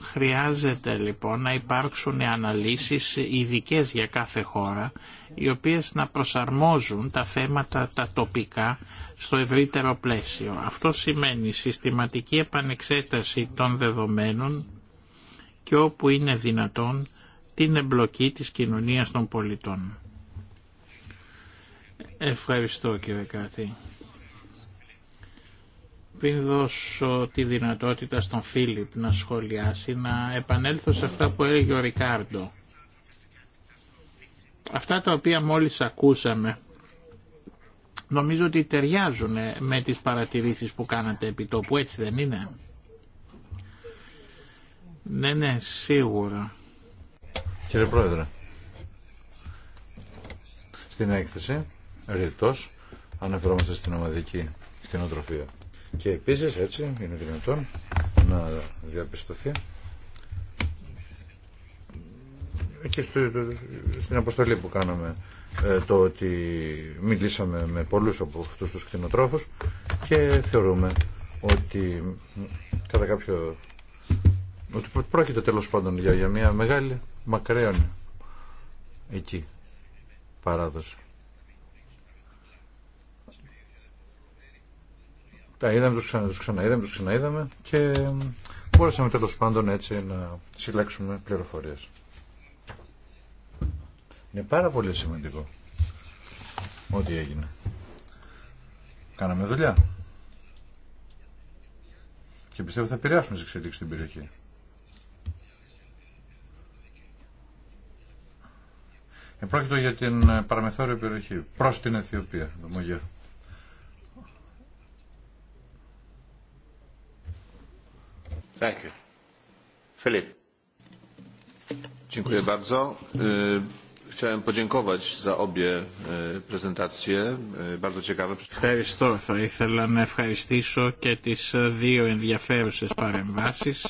Χρειάζεται λοιπόν να υπάρξουν αναλύσεις ειδικέ για κάθε χώρα, οι οποίες να προσαρμόζουν τα θέματα τα τοπικά στο ευρύτερο πλαίσιο. Αυτό σημαίνει συστηματική επανεξέταση των δεδομένων και όπου είναι δυνατόν την εμπλοκή της κοινωνίας των πολιτών. Ευχαριστώ κύριε Κάτι. Πριν δώσω τη δυνατότητα στον Φίλιπ να σχολιάσει, να επανέλθω σε αυτά που έλεγε ο Ρικάρντο. Αυτά τα οποία μόλις ακούσαμε, νομίζω ότι ταιριάζουν με τις παρατηρήσεις που κάνατε επί τόπου, έτσι δεν είναι. Ναι, ναι, σίγουρα. Κύριε Πρόεδρε, στην έκθεση ρητός αναφερόμαστε στην ομαδική κτηνοτροφία. Και επίσης έτσι είναι δυνατόν να διαπιστωθεί και στην αποστολή που κάναμε ε, το ότι μιλήσαμε με πολλούς από αυτούς τους κτηνοτρόφους και θεωρούμε ότι κατά κάποιο ότι πρόκειται τέλος πάντων για, για μια μεγάλη μακραίωνη εκεί παράδοση. τα είδαμε, τους, ξανα, τους ξαναείδαμε, τους ξαναείδαμε και μπορέσαμε τέλο πάντων έτσι να συλλέξουμε πληροφορίες. Είναι πάρα πολύ σημαντικό ό,τι έγινε. Κάναμε δουλειά. Και πιστεύω θα επηρεάσουμε σε εξελίξεις στην περιοχή. Επρόκειτο για την παραμεθόρια περιοχή, προς την Αιθιοπία, το Ευχαριστώ. Θα ήθελα να ευχαριστήσω και τις ε, δύο ενδιαφέρουσες παρεμβάσεις.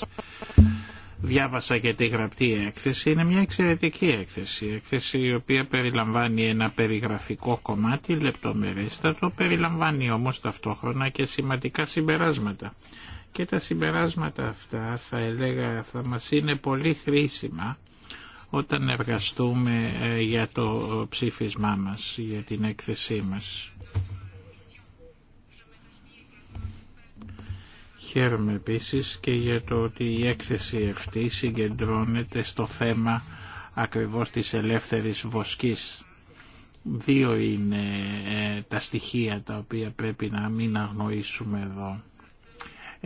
Διάβασα και τη γραπτή έκθεση. Είναι μια εξαιρετική έκθεση. Έκθεση η οποία περιλαμβάνει ένα περιγραφικό κομμάτι λεπτομερέστατο, περιλαμβάνει όμως ταυτόχρονα και σημαντικά συμπεράσματα και τα συμπεράσματα αυτά θα έλεγα θα μας είναι πολύ χρήσιμα όταν εργαστούμε ε, για το ψήφισμά μας, για την έκθεσή μας. Χαίρομαι επίσης και για το ότι η έκθεση αυτή συγκεντρώνεται στο θέμα ακριβώς της ελεύθερης βοσκής. Δύο είναι ε, τα στοιχεία τα οποία πρέπει να μην αγνοήσουμε εδώ.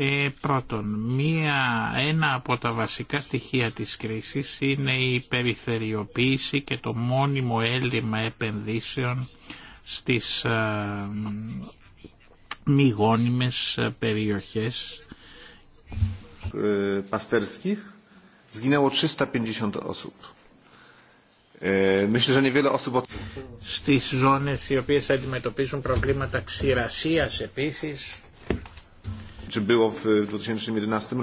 Ε, πρώτον, μία, ένα από τα βασικά στοιχεία της κρίσης είναι η περιθεριοποίηση και το μόνιμο έλλειμμα επενδύσεων στις α, ε, μη γόνιμες ε, περιοχές. Ε, παστερσκих 350 Στις ζώνες οι οποίες αντιμετωπίζουν προβλήματα ξηρασίας επίσης czy było w 2011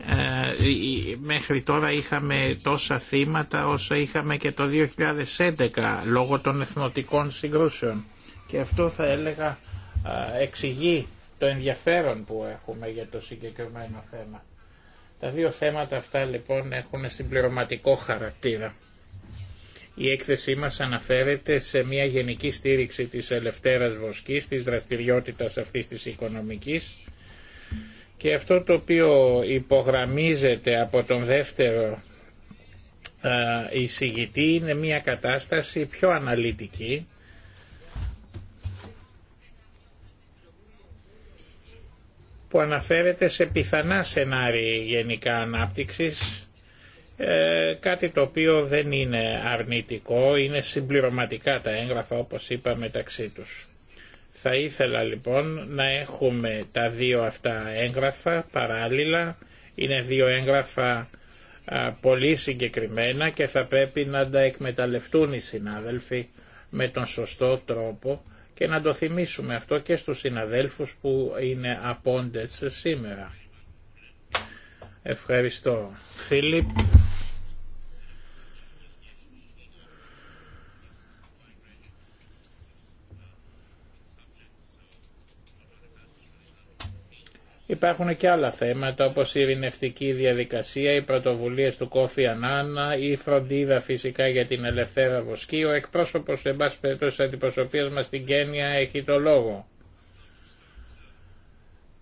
e, Μέχρι τώρα είχαμε τόσα θύματα όσα είχαμε και το 2011 λόγω των εθνοτικών συγκρούσεων. Και αυτό θα έλεγα εξηγεί το ενδιαφέρον που έχουμε για το συγκεκριμένο θέμα. Τα δύο θέματα αυτά λοιπόν έχουν συμπληρωματικό χαρακτήρα. Η έκθεσή μας αναφέρεται σε μια γενική στήριξη της ελευθέρας βοσκής, της δραστηριότητας αυτής της οικονομικής, και αυτό το οποίο υπογραμμίζεται από τον δεύτερο εισηγητή είναι μια κατάσταση πιο αναλυτική που αναφέρεται σε πιθανά σενάρια γενικά ανάπτυξης ε, κάτι το οποίο δεν είναι αρνητικό, είναι συμπληρωματικά τα έγγραφα όπως είπα μεταξύ τους. Θα ήθελα λοιπόν να έχουμε τα δύο αυτά έγγραφα παράλληλα. Είναι δύο έγγραφα πολύ συγκεκριμένα και θα πρέπει να τα εκμεταλλευτούν οι συνάδελφοι με τον σωστό τρόπο και να το θυμίσουμε αυτό και στους συναδέλφους που είναι απόντες σήμερα. Ευχαριστώ. Φίλιπ. Υπάρχουν και άλλα θέματα όπως η ειρηνευτική διαδικασία, οι πρωτοβουλίες του Κόφη Ανάνα, η φροντίδα φυσικά για την Ελευθέρα Βοσκή. Ο εκπρόσωπος σε πάση περιπτώσει αντιπροσωπείας μας στην Κένια έχει το λόγο.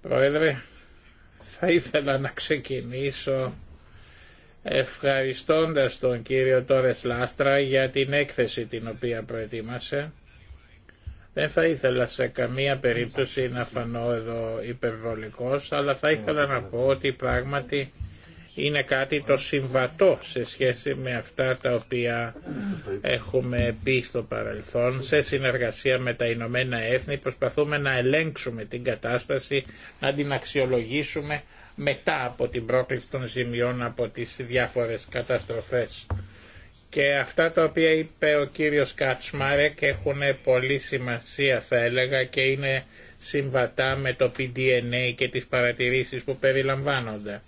Πρόεδρε, θα ήθελα να ξεκινήσω ευχαριστώντας τον κύριο Τόρες Λάστρα για την έκθεση την οποία προετοίμασε δεν θα ήθελα σε καμία περίπτωση να φανώ εδώ υπερβολικός, αλλά θα ήθελα να πω ότι πράγματι είναι κάτι το συμβατό σε σχέση με αυτά τα οποία έχουμε πει στο παρελθόν. Σε συνεργασία με τα Ηνωμένα Έθνη προσπαθούμε να ελέγξουμε την κατάσταση, να την αξιολογήσουμε μετά από την πρόκληση των ζημιών από τις διάφορες καταστροφές. Και αυτά τα οποία είπε ο κύριος Κατσμάρεκ έχουν πολύ σημασία θα έλεγα και είναι συμβατά με το PDNA και τις παρατηρήσεις που περιλαμβάνονται.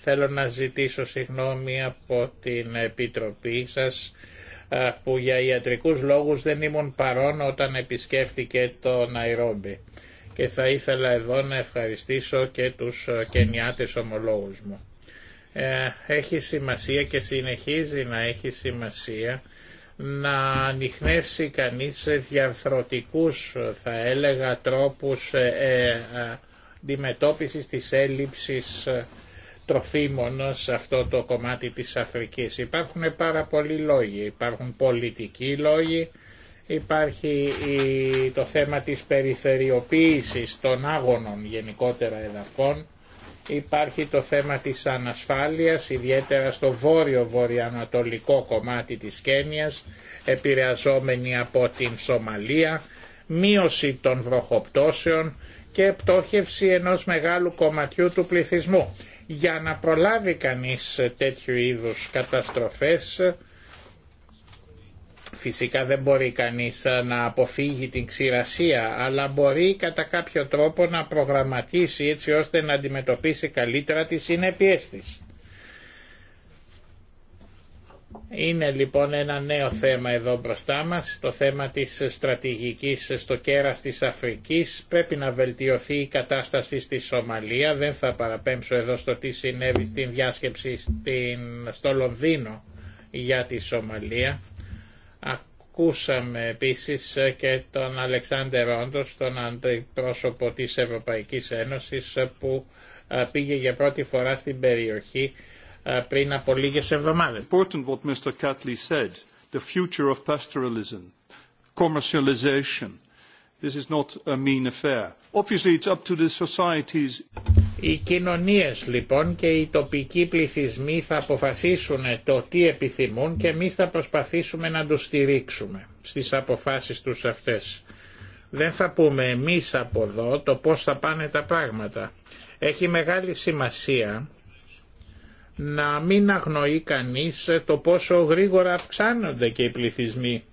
Θέλω να ζητήσω συγγνώμη από την Επιτροπή σας που για ιατρικούς λόγους δεν ήμουν παρόν όταν επισκέφθηκε το Ναϊρόμπι. Και θα ήθελα εδώ να ευχαριστήσω και τους κενιάτες ομολόγους μου. Ε, έχει σημασία και συνεχίζει να έχει σημασία να ανοιχνεύσει κανείς σε διαρθρωτικούς θα έλεγα τρόπους ε, ε, αντιμετώπισης της έλλειψης τροφίμων σε αυτό το κομμάτι της Αφρικής. Υπάρχουν πάρα πολλοί λόγοι. Υπάρχουν πολιτικοί λόγοι, υπάρχει το θέμα της περιθεριοποίησης των άγωνων γενικότερα εδαφών, Υπάρχει το θέμα της ανασφάλειας, ιδιαίτερα στο βόρειο-βορειοανατολικό κομμάτι της Κένιας, επηρεαζόμενη από την Σομαλία, μείωση των βροχοπτώσεων και πτώχευση ενός μεγάλου κομματιού του πληθυσμού. Για να προλάβει κανείς τέτοιου είδους καταστροφές Φυσικά δεν μπορεί κανείς ε, να αποφύγει την ξηρασία, αλλά μπορεί κατά κάποιο τρόπο να προγραμματίσει έτσι ώστε να αντιμετωπίσει καλύτερα τις συνέπειές της. Είναι λοιπόν ένα νέο θέμα εδώ μπροστά μας, το θέμα της στρατηγικής στο κέρας της Αφρικής. Πρέπει να βελτιωθεί η κατάσταση στη Σομαλία, δεν θα παραπέμψω εδώ στο τι συνέβη στην διάσκεψη στην, στο Λονδίνο για τη Σομαλία. Ακούσαμε επίσης και τον Αλεξάνδερ Όντος, τον αντιπρόσωπο της Ευρωπαϊκής Ένωσης που ε, πήγε για πρώτη φορά στην περιοχή ε, πριν από λίγες εβδομάδες. Important what Mr. Catley said, the future of pastoralism, commercialization. This is not a mean affair. Obviously it's up to the societies. Οι κοινωνίες λοιπόν και οι τοπικοί πληθυσμοί θα αποφασίσουν το τι επιθυμούν και εμείς θα προσπαθήσουμε να τους στηρίξουμε στις αποφάσεις τους αυτές. Δεν θα πούμε εμείς από εδώ το πώς θα πάνε τα πράγματα. Έχει μεγάλη σημασία να μην αγνοεί κανείς το πόσο γρήγορα αυξάνονται και οι πληθυσμοί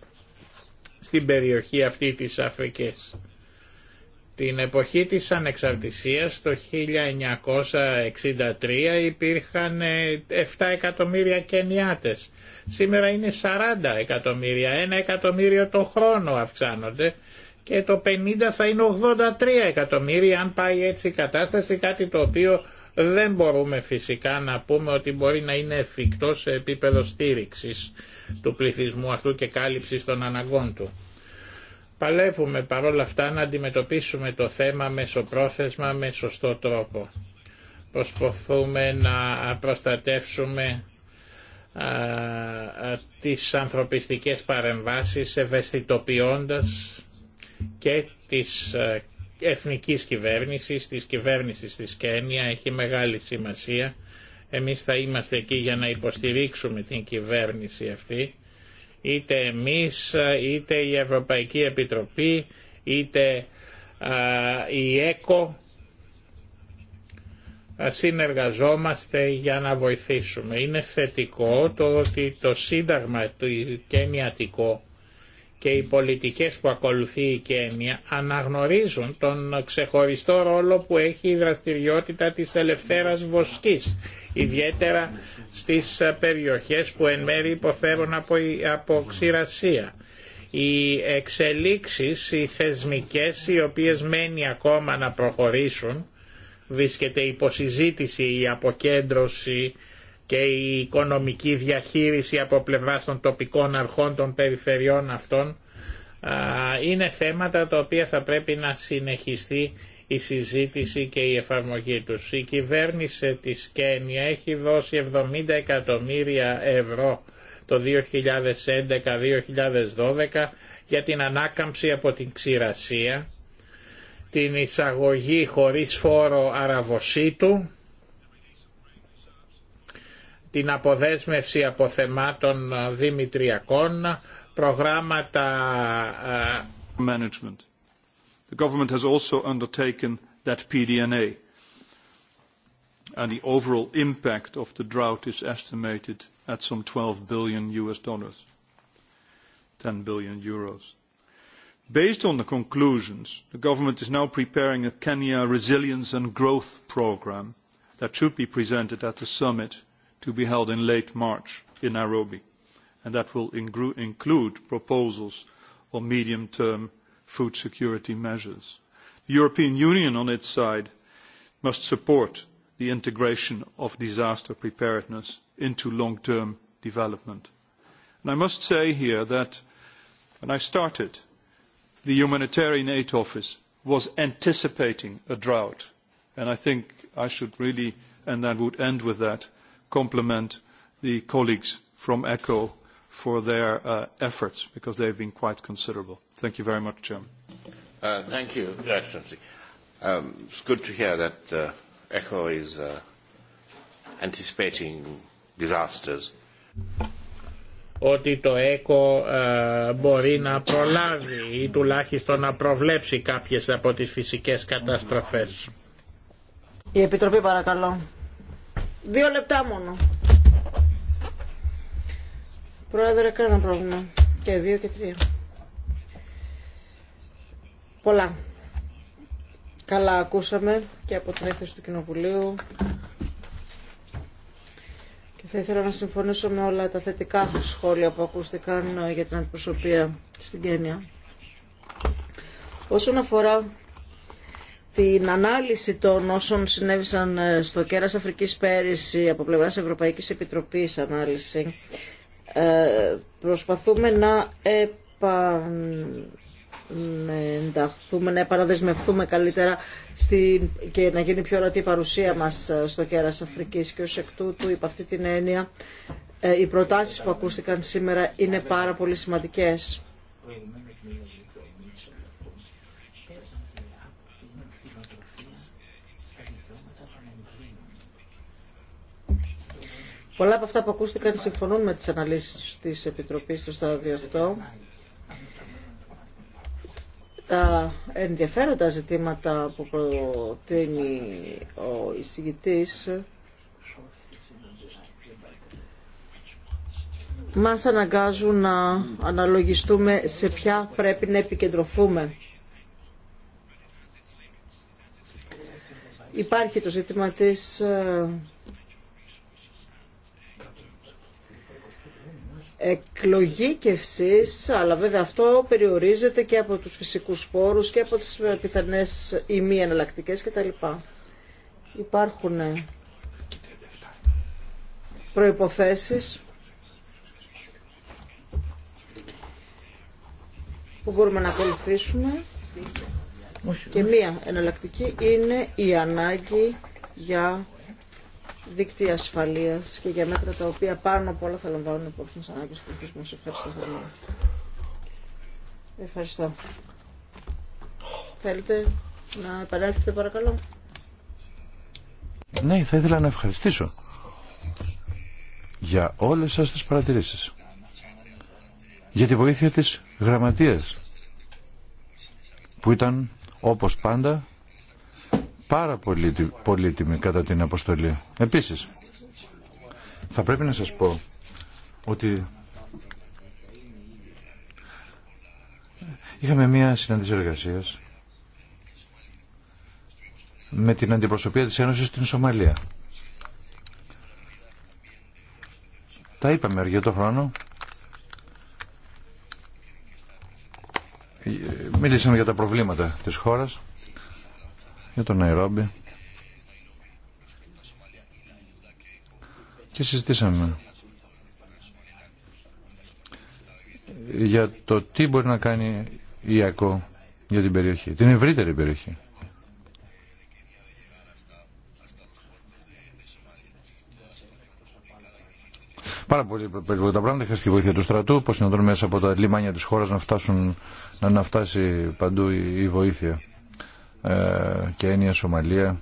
στην περιοχή αυτή της Αφρικής. Την εποχή της ανεξαρτησίας το 1963 υπήρχαν 7 ε, εκατομμύρια κενιάτες. Σήμερα είναι 40 εκατομμύρια, 1 εκατομμύριο το χρόνο αυξάνονται και το 50 θα είναι 83 εκατομμύρια αν πάει έτσι η κατάσταση, κάτι το οποίο δεν μπορούμε φυσικά να πούμε ότι μπορεί να είναι εφικτό σε επίπεδο στήριξης του πληθυσμού αυτού και κάλυψης των αναγκών του. Παλεύουμε παρόλα αυτά να αντιμετωπίσουμε το θέμα μεσοπρόθεσμα με σωστό τρόπο. Προσπαθούμε να προστατεύσουμε α, τις ανθρωπιστικές παρεμβάσεις ευαισθητοποιώντας και της εθνικής κυβέρνησης, της κυβέρνησης της Κένια έχει μεγάλη σημασία. Εμείς θα είμαστε εκεί για να υποστηρίξουμε την κυβέρνηση αυτή είτε εμείς, είτε η Ευρωπαϊκή Επιτροπή, είτε η ΕΚΟ συνεργαζόμαστε για να βοηθήσουμε. Είναι θετικό το ότι το Σύνταγμα του Κενιατικό και οι πολιτικές που ακολουθεί η Κένια αναγνωρίζουν τον ξεχωριστό ρόλο που έχει η δραστηριότητα της ελευθέρας βοσκής, ιδιαίτερα στις περιοχές που εν μέρει υποφέρουν από, από ξηρασία. Οι εξελίξεις, οι θεσμικές, οι οποίες μένει ακόμα να προχωρήσουν, βρίσκεται υποσυζήτηση η αποκέντρωση και η οικονομική διαχείριση από πλευρά των τοπικών αρχών των περιφερειών αυτών είναι θέματα τα οποία θα πρέπει να συνεχιστεί η συζήτηση και η εφαρμογή τους. Η κυβέρνηση της Κένια έχει δώσει 70 εκατομμύρια ευρώ το 2011-2012 για την ανάκαμψη από την ξηρασία, την εισαγωγή χωρίς φόρο αραβοσίτου, την αποδέσμευση θεμάτων δημητριακών, προγράμματα management. The government has also undertaken that PDNA and the overall impact of the drought is estimated at some 12 billion US dollars, 10 billion euros. Based on the conclusions, the government is now preparing a Kenya resilience and growth program that should be presented at the summit to be held in late March in Nairobi, and that will include proposals on medium-term food security measures. The European Union, on its side, must support the integration of disaster preparedness into long-term development. I must say here that when I started, the Humanitarian Aid Office was anticipating a drought, and I think I should really, and I would end with that, compliment the colleagues from ECHO for their efforts, because they've been quite considerable. Thank you very much, Chairman. Thank you, Your Excellency. It's good to hear that ECHO is anticipating disasters. Ότι το ΕΚΟ μπορεί να προλάβει ή τουλάχιστον να προβλέψει κάποιες από τις φυσικές καταστροφές. Η Επιτροπή παρακαλώ. Δύο λεπτά μόνο. Πρόεδρε, κανένα πρόβλημα. Και δύο και τρία. Πολλά. Καλά ακούσαμε και από την έκθεση του Κοινοβουλίου. Και θα ήθελα να συμφωνήσω με όλα τα θετικά σχόλια που ακούστηκαν για την αντιπροσωπεία στην Κένια. Όσον αφορά την ανάλυση των όσων συνέβησαν ε, στο κέρας Αφρικής πέρυσι από πλευράς Ευρωπαϊκής Επιτροπής ανάλυση ε, προσπαθούμε να επανενταχθούμε, να επαναδεσμευθούμε καλύτερα στη, και να γίνει πιο ορατή η παρουσία μας ε, στο κέρας Αφρικής και ως εκ τούτου υπ' αυτή την έννοια οι προτάσεις που ακούστηκαν σήμερα είναι πάρα πολύ σημαντικές. Πολλά από αυτά που ακούστηκαν συμφωνούν με τις αναλύσεις της Επιτροπής στο στάδιο αυτό. Τα ενδιαφέροντα ζητήματα που προτείνει ο εισηγητής μας αναγκάζουν να αναλογιστούμε σε ποια πρέπει να επικεντρωθούμε. Υπάρχει το ζήτημα της ε, εκλογή αλλά βέβαια αυτό περιορίζεται και από τους φυσικούς πόρους και από τις πιθανές ή μη εναλλακτικέ κτλ. Υπάρχουν ε, προϋποθέσεις που μπορούμε να ακολουθήσουμε και μία εναλλακτική είναι η ανάγκη για δίκτυα ασφαλεία και για μέτρα τα οποία πάνω απ' όλα θα λαμβάνουν υπόψη τι ανάγκε του πληθυσμού. Ευχαριστώ πολύ. Ευχαριστώ. Θέλετε να επανέλθετε παρακαλώ. Ναι, θα ήθελα να ευχαριστήσω για όλες σας τις παρατηρήσεις. Για τη βοήθεια τη γραμματείας που ήταν όπως πάντα πάρα πολύ πολύτιμη κατά την αποστολή. Επίσης, θα πρέπει να σας πω ότι είχαμε μία συνάντηση εργασίας με την αντιπροσωπεία της Ένωσης στην Σομαλία. Τα είπαμε το χρόνο. Ε, μίλησαμε για τα προβλήματα της χώρας για τον Ναϊρόμπι και συζητήσαμε για το τι μπορεί να κάνει η ΑΚΟ για την περιοχή, την ευρύτερη περιοχή. Πάρα πολύ περίπου τα πράγματα. στη βοήθεια του στρατού, πώ είναι μέσα από τα λιμάνια της χώρας να, φτάσουν, φτάσει παντού η βοήθεια. Ε, Κένια, Σομαλία.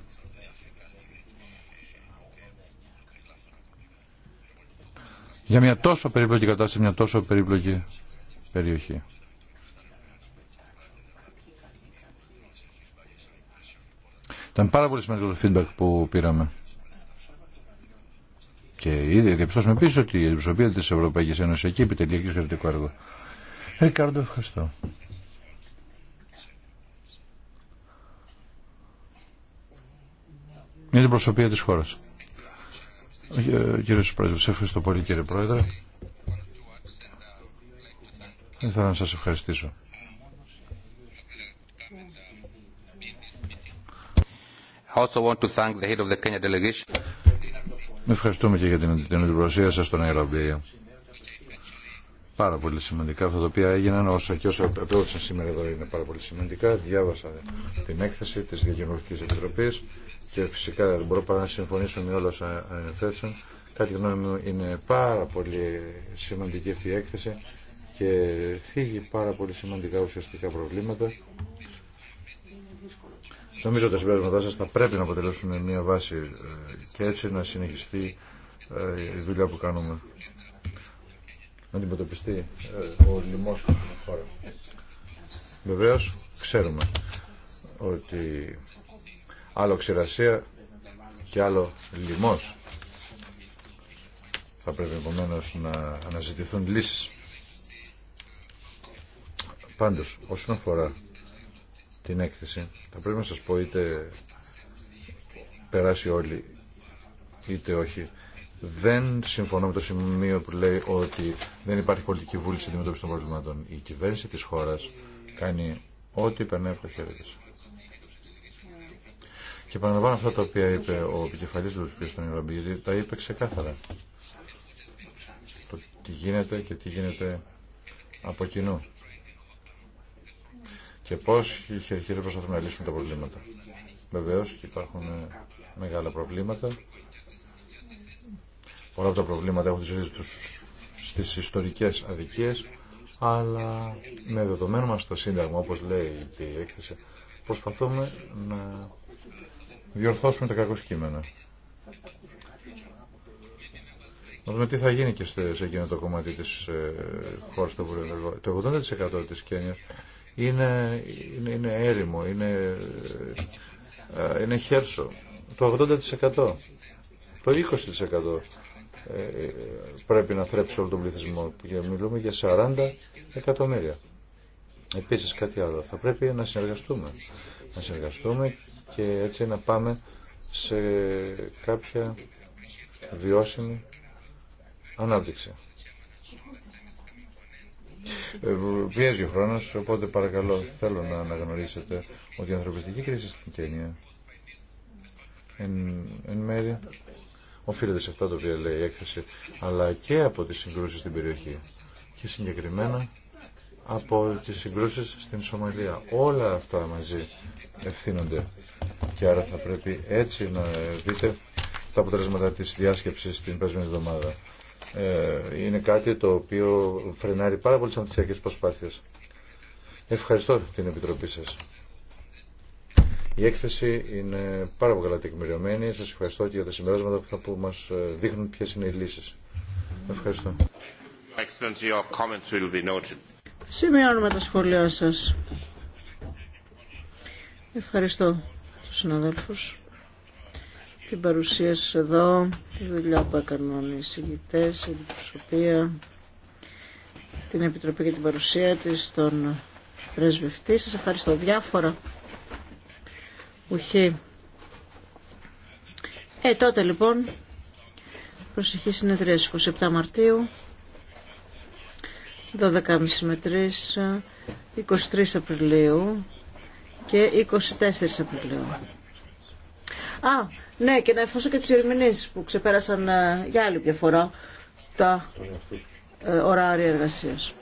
Για μια τόσο περίπλοκη κατάσταση, μια τόσο περίπλοκη περιοχή. Ήταν πάρα πολύ σημαντικό το feedback που πήραμε. Και ήδη διαπιστώσουμε επίση ότι η αντιπροσωπεία τη Ευρωπαϊκή Ένωση εκεί επιτελεί και σχετικό έργο. Ρικάρντο, ευχαριστώ. Είναι την προσωπία της χώρας. Ε, κύριε Πρόεδρε, σε ευχαριστώ πολύ κύριε Πρόεδρε. Ήθελα να σας ευχαριστήσω. Also want to Ευχαριστούμε και για την, την σας στον Αεροβία πάρα πολύ σημαντικά. Αυτά τα οποία έγιναν όσα και όσα επέδωσαν σήμερα εδώ είναι πάρα πολύ σημαντικά. Διάβασα την έκθεση της Διακοινωτική Επιτροπής και φυσικά δεν μπορώ παρά να συμφωνήσω με όλα όσα ανεφέρθησαν. Κάτι γνώμη μου είναι πάρα πολύ σημαντική αυτή η έκθεση και θίγει πάρα πολύ σημαντικά ουσιαστικά προβλήματα. Νομίζω ότι τα συμπεράσματά σας θα πρέπει να αποτελέσουν μια βάση ε, και έτσι να συνεχιστεί ε, η δουλειά που κάνουμε αντιμετωπιστεί ε, ο λοιμός στην χώρα. Βεβαίως ξέρουμε ότι άλλο ξηρασία και άλλο λοιμός θα πρέπει επομένω να αναζητηθούν λύσεις. Πάντως, όσον αφορά την έκθεση, θα πρέπει να σας πω είτε περάσει όλοι είτε όχι δεν συμφωνώ με το σημείο που λέει ότι δεν υπάρχει πολιτική βούληση στην αντιμετώπιση των προβλημάτων. Η κυβέρνηση της χώρας κάνει ό,τι περνάει από το χέρι της. Και παραλαμβάνω αυτά τα οποία είπε ο επικεφαλής του κ. Ιωραμπίδη, τα είπε ξεκάθαρα. Το τι γίνεται και τι γίνεται από κοινού. Και πώς χειριστήρια προσπαθούμε να λύσουμε τα προβλήματα. Βεβαίως υπάρχουν μεγάλα προβλήματα Πολλά από τα προβλήματα έχουν τις ρίζες τους στις ιστορικές αδικίες, αλλά με δεδομένο μας το Σύνταγμα, όπως λέει η έκθεση, προσπαθούμε να διορθώσουμε τα κακοσκήμενα. Να δούμε τι θα γίνει και σε εκείνο το κομμάτι της ε, χώρας του Το 80% της Κένιας είναι, είναι, είναι έρημο, είναι, ε, ε, είναι χέρσο. Το 80%. Το 20% πρέπει να θρέψει όλο τον πληθυσμό. Μιλούμε για 40 εκατομμύρια. Επίσης κάτι άλλο. Θα πρέπει να συνεργαστούμε. Να συνεργαστούμε και έτσι να πάμε σε κάποια βιώσιμη ανάπτυξη. Ε, πιέζει ο χρόνο, οπότε παρακαλώ θέλω να αναγνωρίσετε ότι η ανθρωπιστική κρίση στην Κένια εν, εν μέρη οφείλεται σε αυτά τα οποία λέει η έκθεση, αλλά και από τις συγκρούσεις στην περιοχή και συγκεκριμένα από τις συγκρούσεις στην Σομαλία. Όλα αυτά μαζί ευθύνονται και άρα θα πρέπει έτσι να δείτε τα αποτελέσματα της διάσκεψης την προηγούμενη εβδομάδα. Ε, είναι κάτι το οποίο φρενάρει πάρα πολύ τις αντισιακές προσπάθειες. Ευχαριστώ την Επιτροπή σας. Η έκθεση είναι πάρα πολύ καλά τεκμηριωμένη. Σας ευχαριστώ και για τα συμπεράσματα που μας ε, δείχνουν ποιες είναι οι λύσεις. Ευχαριστώ. Σημειώνουμε τα σχόλιά σας. Ευχαριστώ τους συναδέλφους. Την παρουσία σας εδώ, τη δουλειά που έκαναν οι συγγητές, η προσωπία, την Επιτροπή για την παρουσία της, τον πρεσβευτή. Σας ευχαριστώ διάφορα. Ουχή. Ε, τότε λοιπόν, προσεχή συνεδρία 27 Μαρτίου, 12.30 με 3, 23 Απριλίου και 24 Απριλίου. Α, ναι, και να εφόσον και τους ερμηνείς που ξεπέρασαν ε, για άλλη μια φορά τα ε, ωράρια εργασίας.